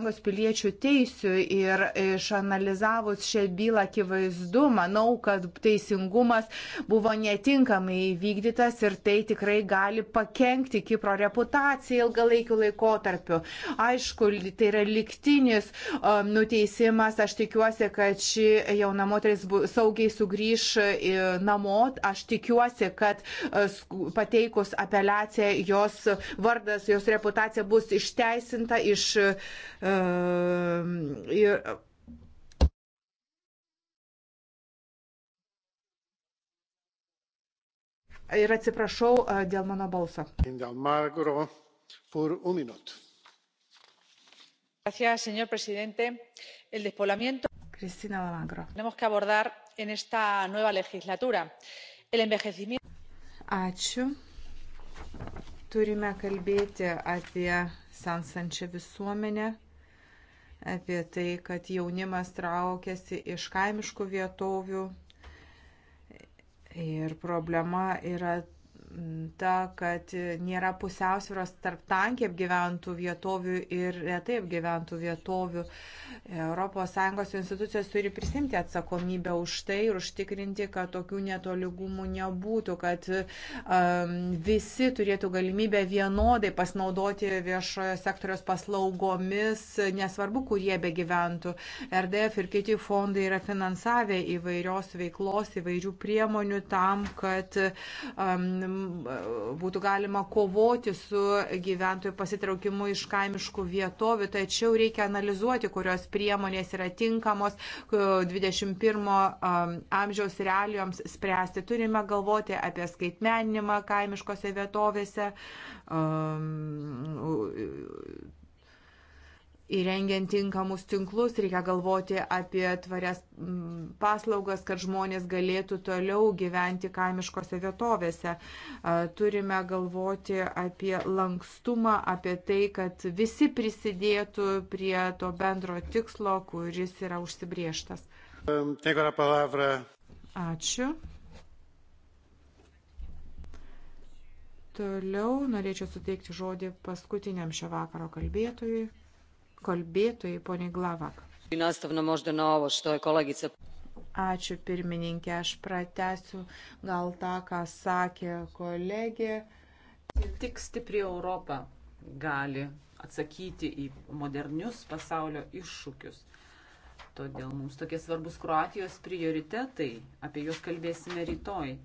ES piliečių teisių ir išanalizavus šią bylą akivaizdu, manau, kad teisingumas buvo netinkamai įvykdytas ir tai tikrai gali pakenkti Kipro reputacijai ilgalaikiu laikotarpiu laikotarpiu. Aišku, tai yra liktinis um, nuteisimas. Aš tikiuosi, kad ši jauna moteris saugiai sugrįž e, namo. Aš tikiuosi, kad e, pateikus apeliaciją jos vardas, jos reputacija bus išteisinta iš. Uh, ir, ir atsiprašau dėl mano balso señor presidente el despoblamiento es uno de los grandes retos que tenemos que abordar en esta nueva legislatura. el envejecimiento. ačiū. Turime kalbėti apie sensančią visuomenę, apie tai, kad jaunimas traukiasi iš kaimiškų vietovių. Ir problema yra ta, kad nėra pusiausvėros tarp tankiai apgyventų vietovių ir retai apgyventų vietovių. ES institucijos turi prisimti atsakomybę už tai ir užtikrinti, kad tokių netoligumų nebūtų, kad um, visi turėtų galimybę vienodai pasinaudoti viešojo sektoriaus paslaugomis, nesvarbu, kurie begyventų. RDF ir kiti fondai yra finansavę įvairios veiklos, įvairių priemonių tam, kad um, būtų galima kovoti su gyventojų pasitraukimu iš kaimiškų vietovių, tačiau reikia analizuoti, kurios priemonės yra tinkamos 21 amžiaus realijoms spręsti. Turime galvoti apie skaitmeninimą kaimiškose vietovėse įrengiant tinkamus tinklus, reikia galvoti apie tvarias paslaugas, kad žmonės galėtų toliau gyventi kaimiškose vietovėse. Turime galvoti apie lankstumą, apie tai, kad visi prisidėtų prie to bendro tikslo, kuris yra užsibrieštas. Ačiū. Toliau norėčiau suteikti žodį paskutiniam šio vakaro kalbėtojui kalbėtojai, poniai Glavak. Ačiū pirmininkė, aš pratesiu gal tą, ką sakė kolegė. Tik stipri Europa gali atsakyti į modernius pasaulio iššūkius. Todėl mums tokie svarbus Kroatijos prioritetai, apie juos kalbėsime rytoj.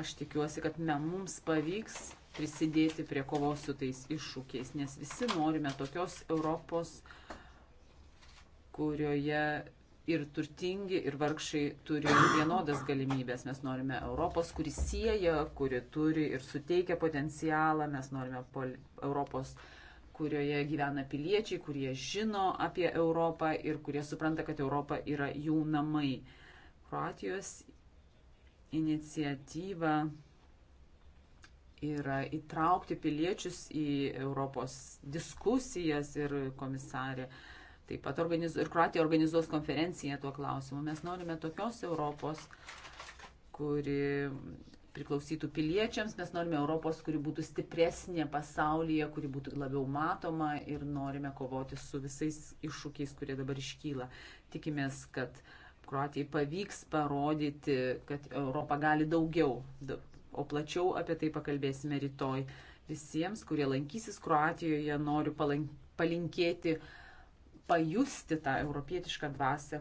Aš tikiuosi, kad ne, mums pavyks prisidėti prie kovos su tais iššūkiais, nes visi norime tokios Europos, kurioje ir turtingi, ir vargšai turi vienodas galimybės. Mes norime Europos, kuri sieja, kuri turi ir suteikia potencialą. Mes norime Europos, kurioje gyvena piliečiai, kurie žino apie Europą ir kurie supranta, kad Europa yra jų namai. Kroatijos iniciatyva yra įtraukti piliečius į Europos diskusijas ir komisarė. Taip pat organizu, ir Kroatija organizuos konferenciją tuo klausimu. Mes norime tokios Europos, kuri priklausytų piliečiams, mes norime Europos, kuri būtų stipresnė pasaulyje, kuri būtų labiau matoma ir norime kovoti su visais iššūkiais, kurie dabar iškyla. Tikimės, kad Kroatijai pavyks parodyti, kad Europa gali daugiau, o plačiau apie tai pakalbėsime rytoj. Visiems, kurie lankysis Kroatijoje, noriu palinkėti pajusti tą europietišką dvasę,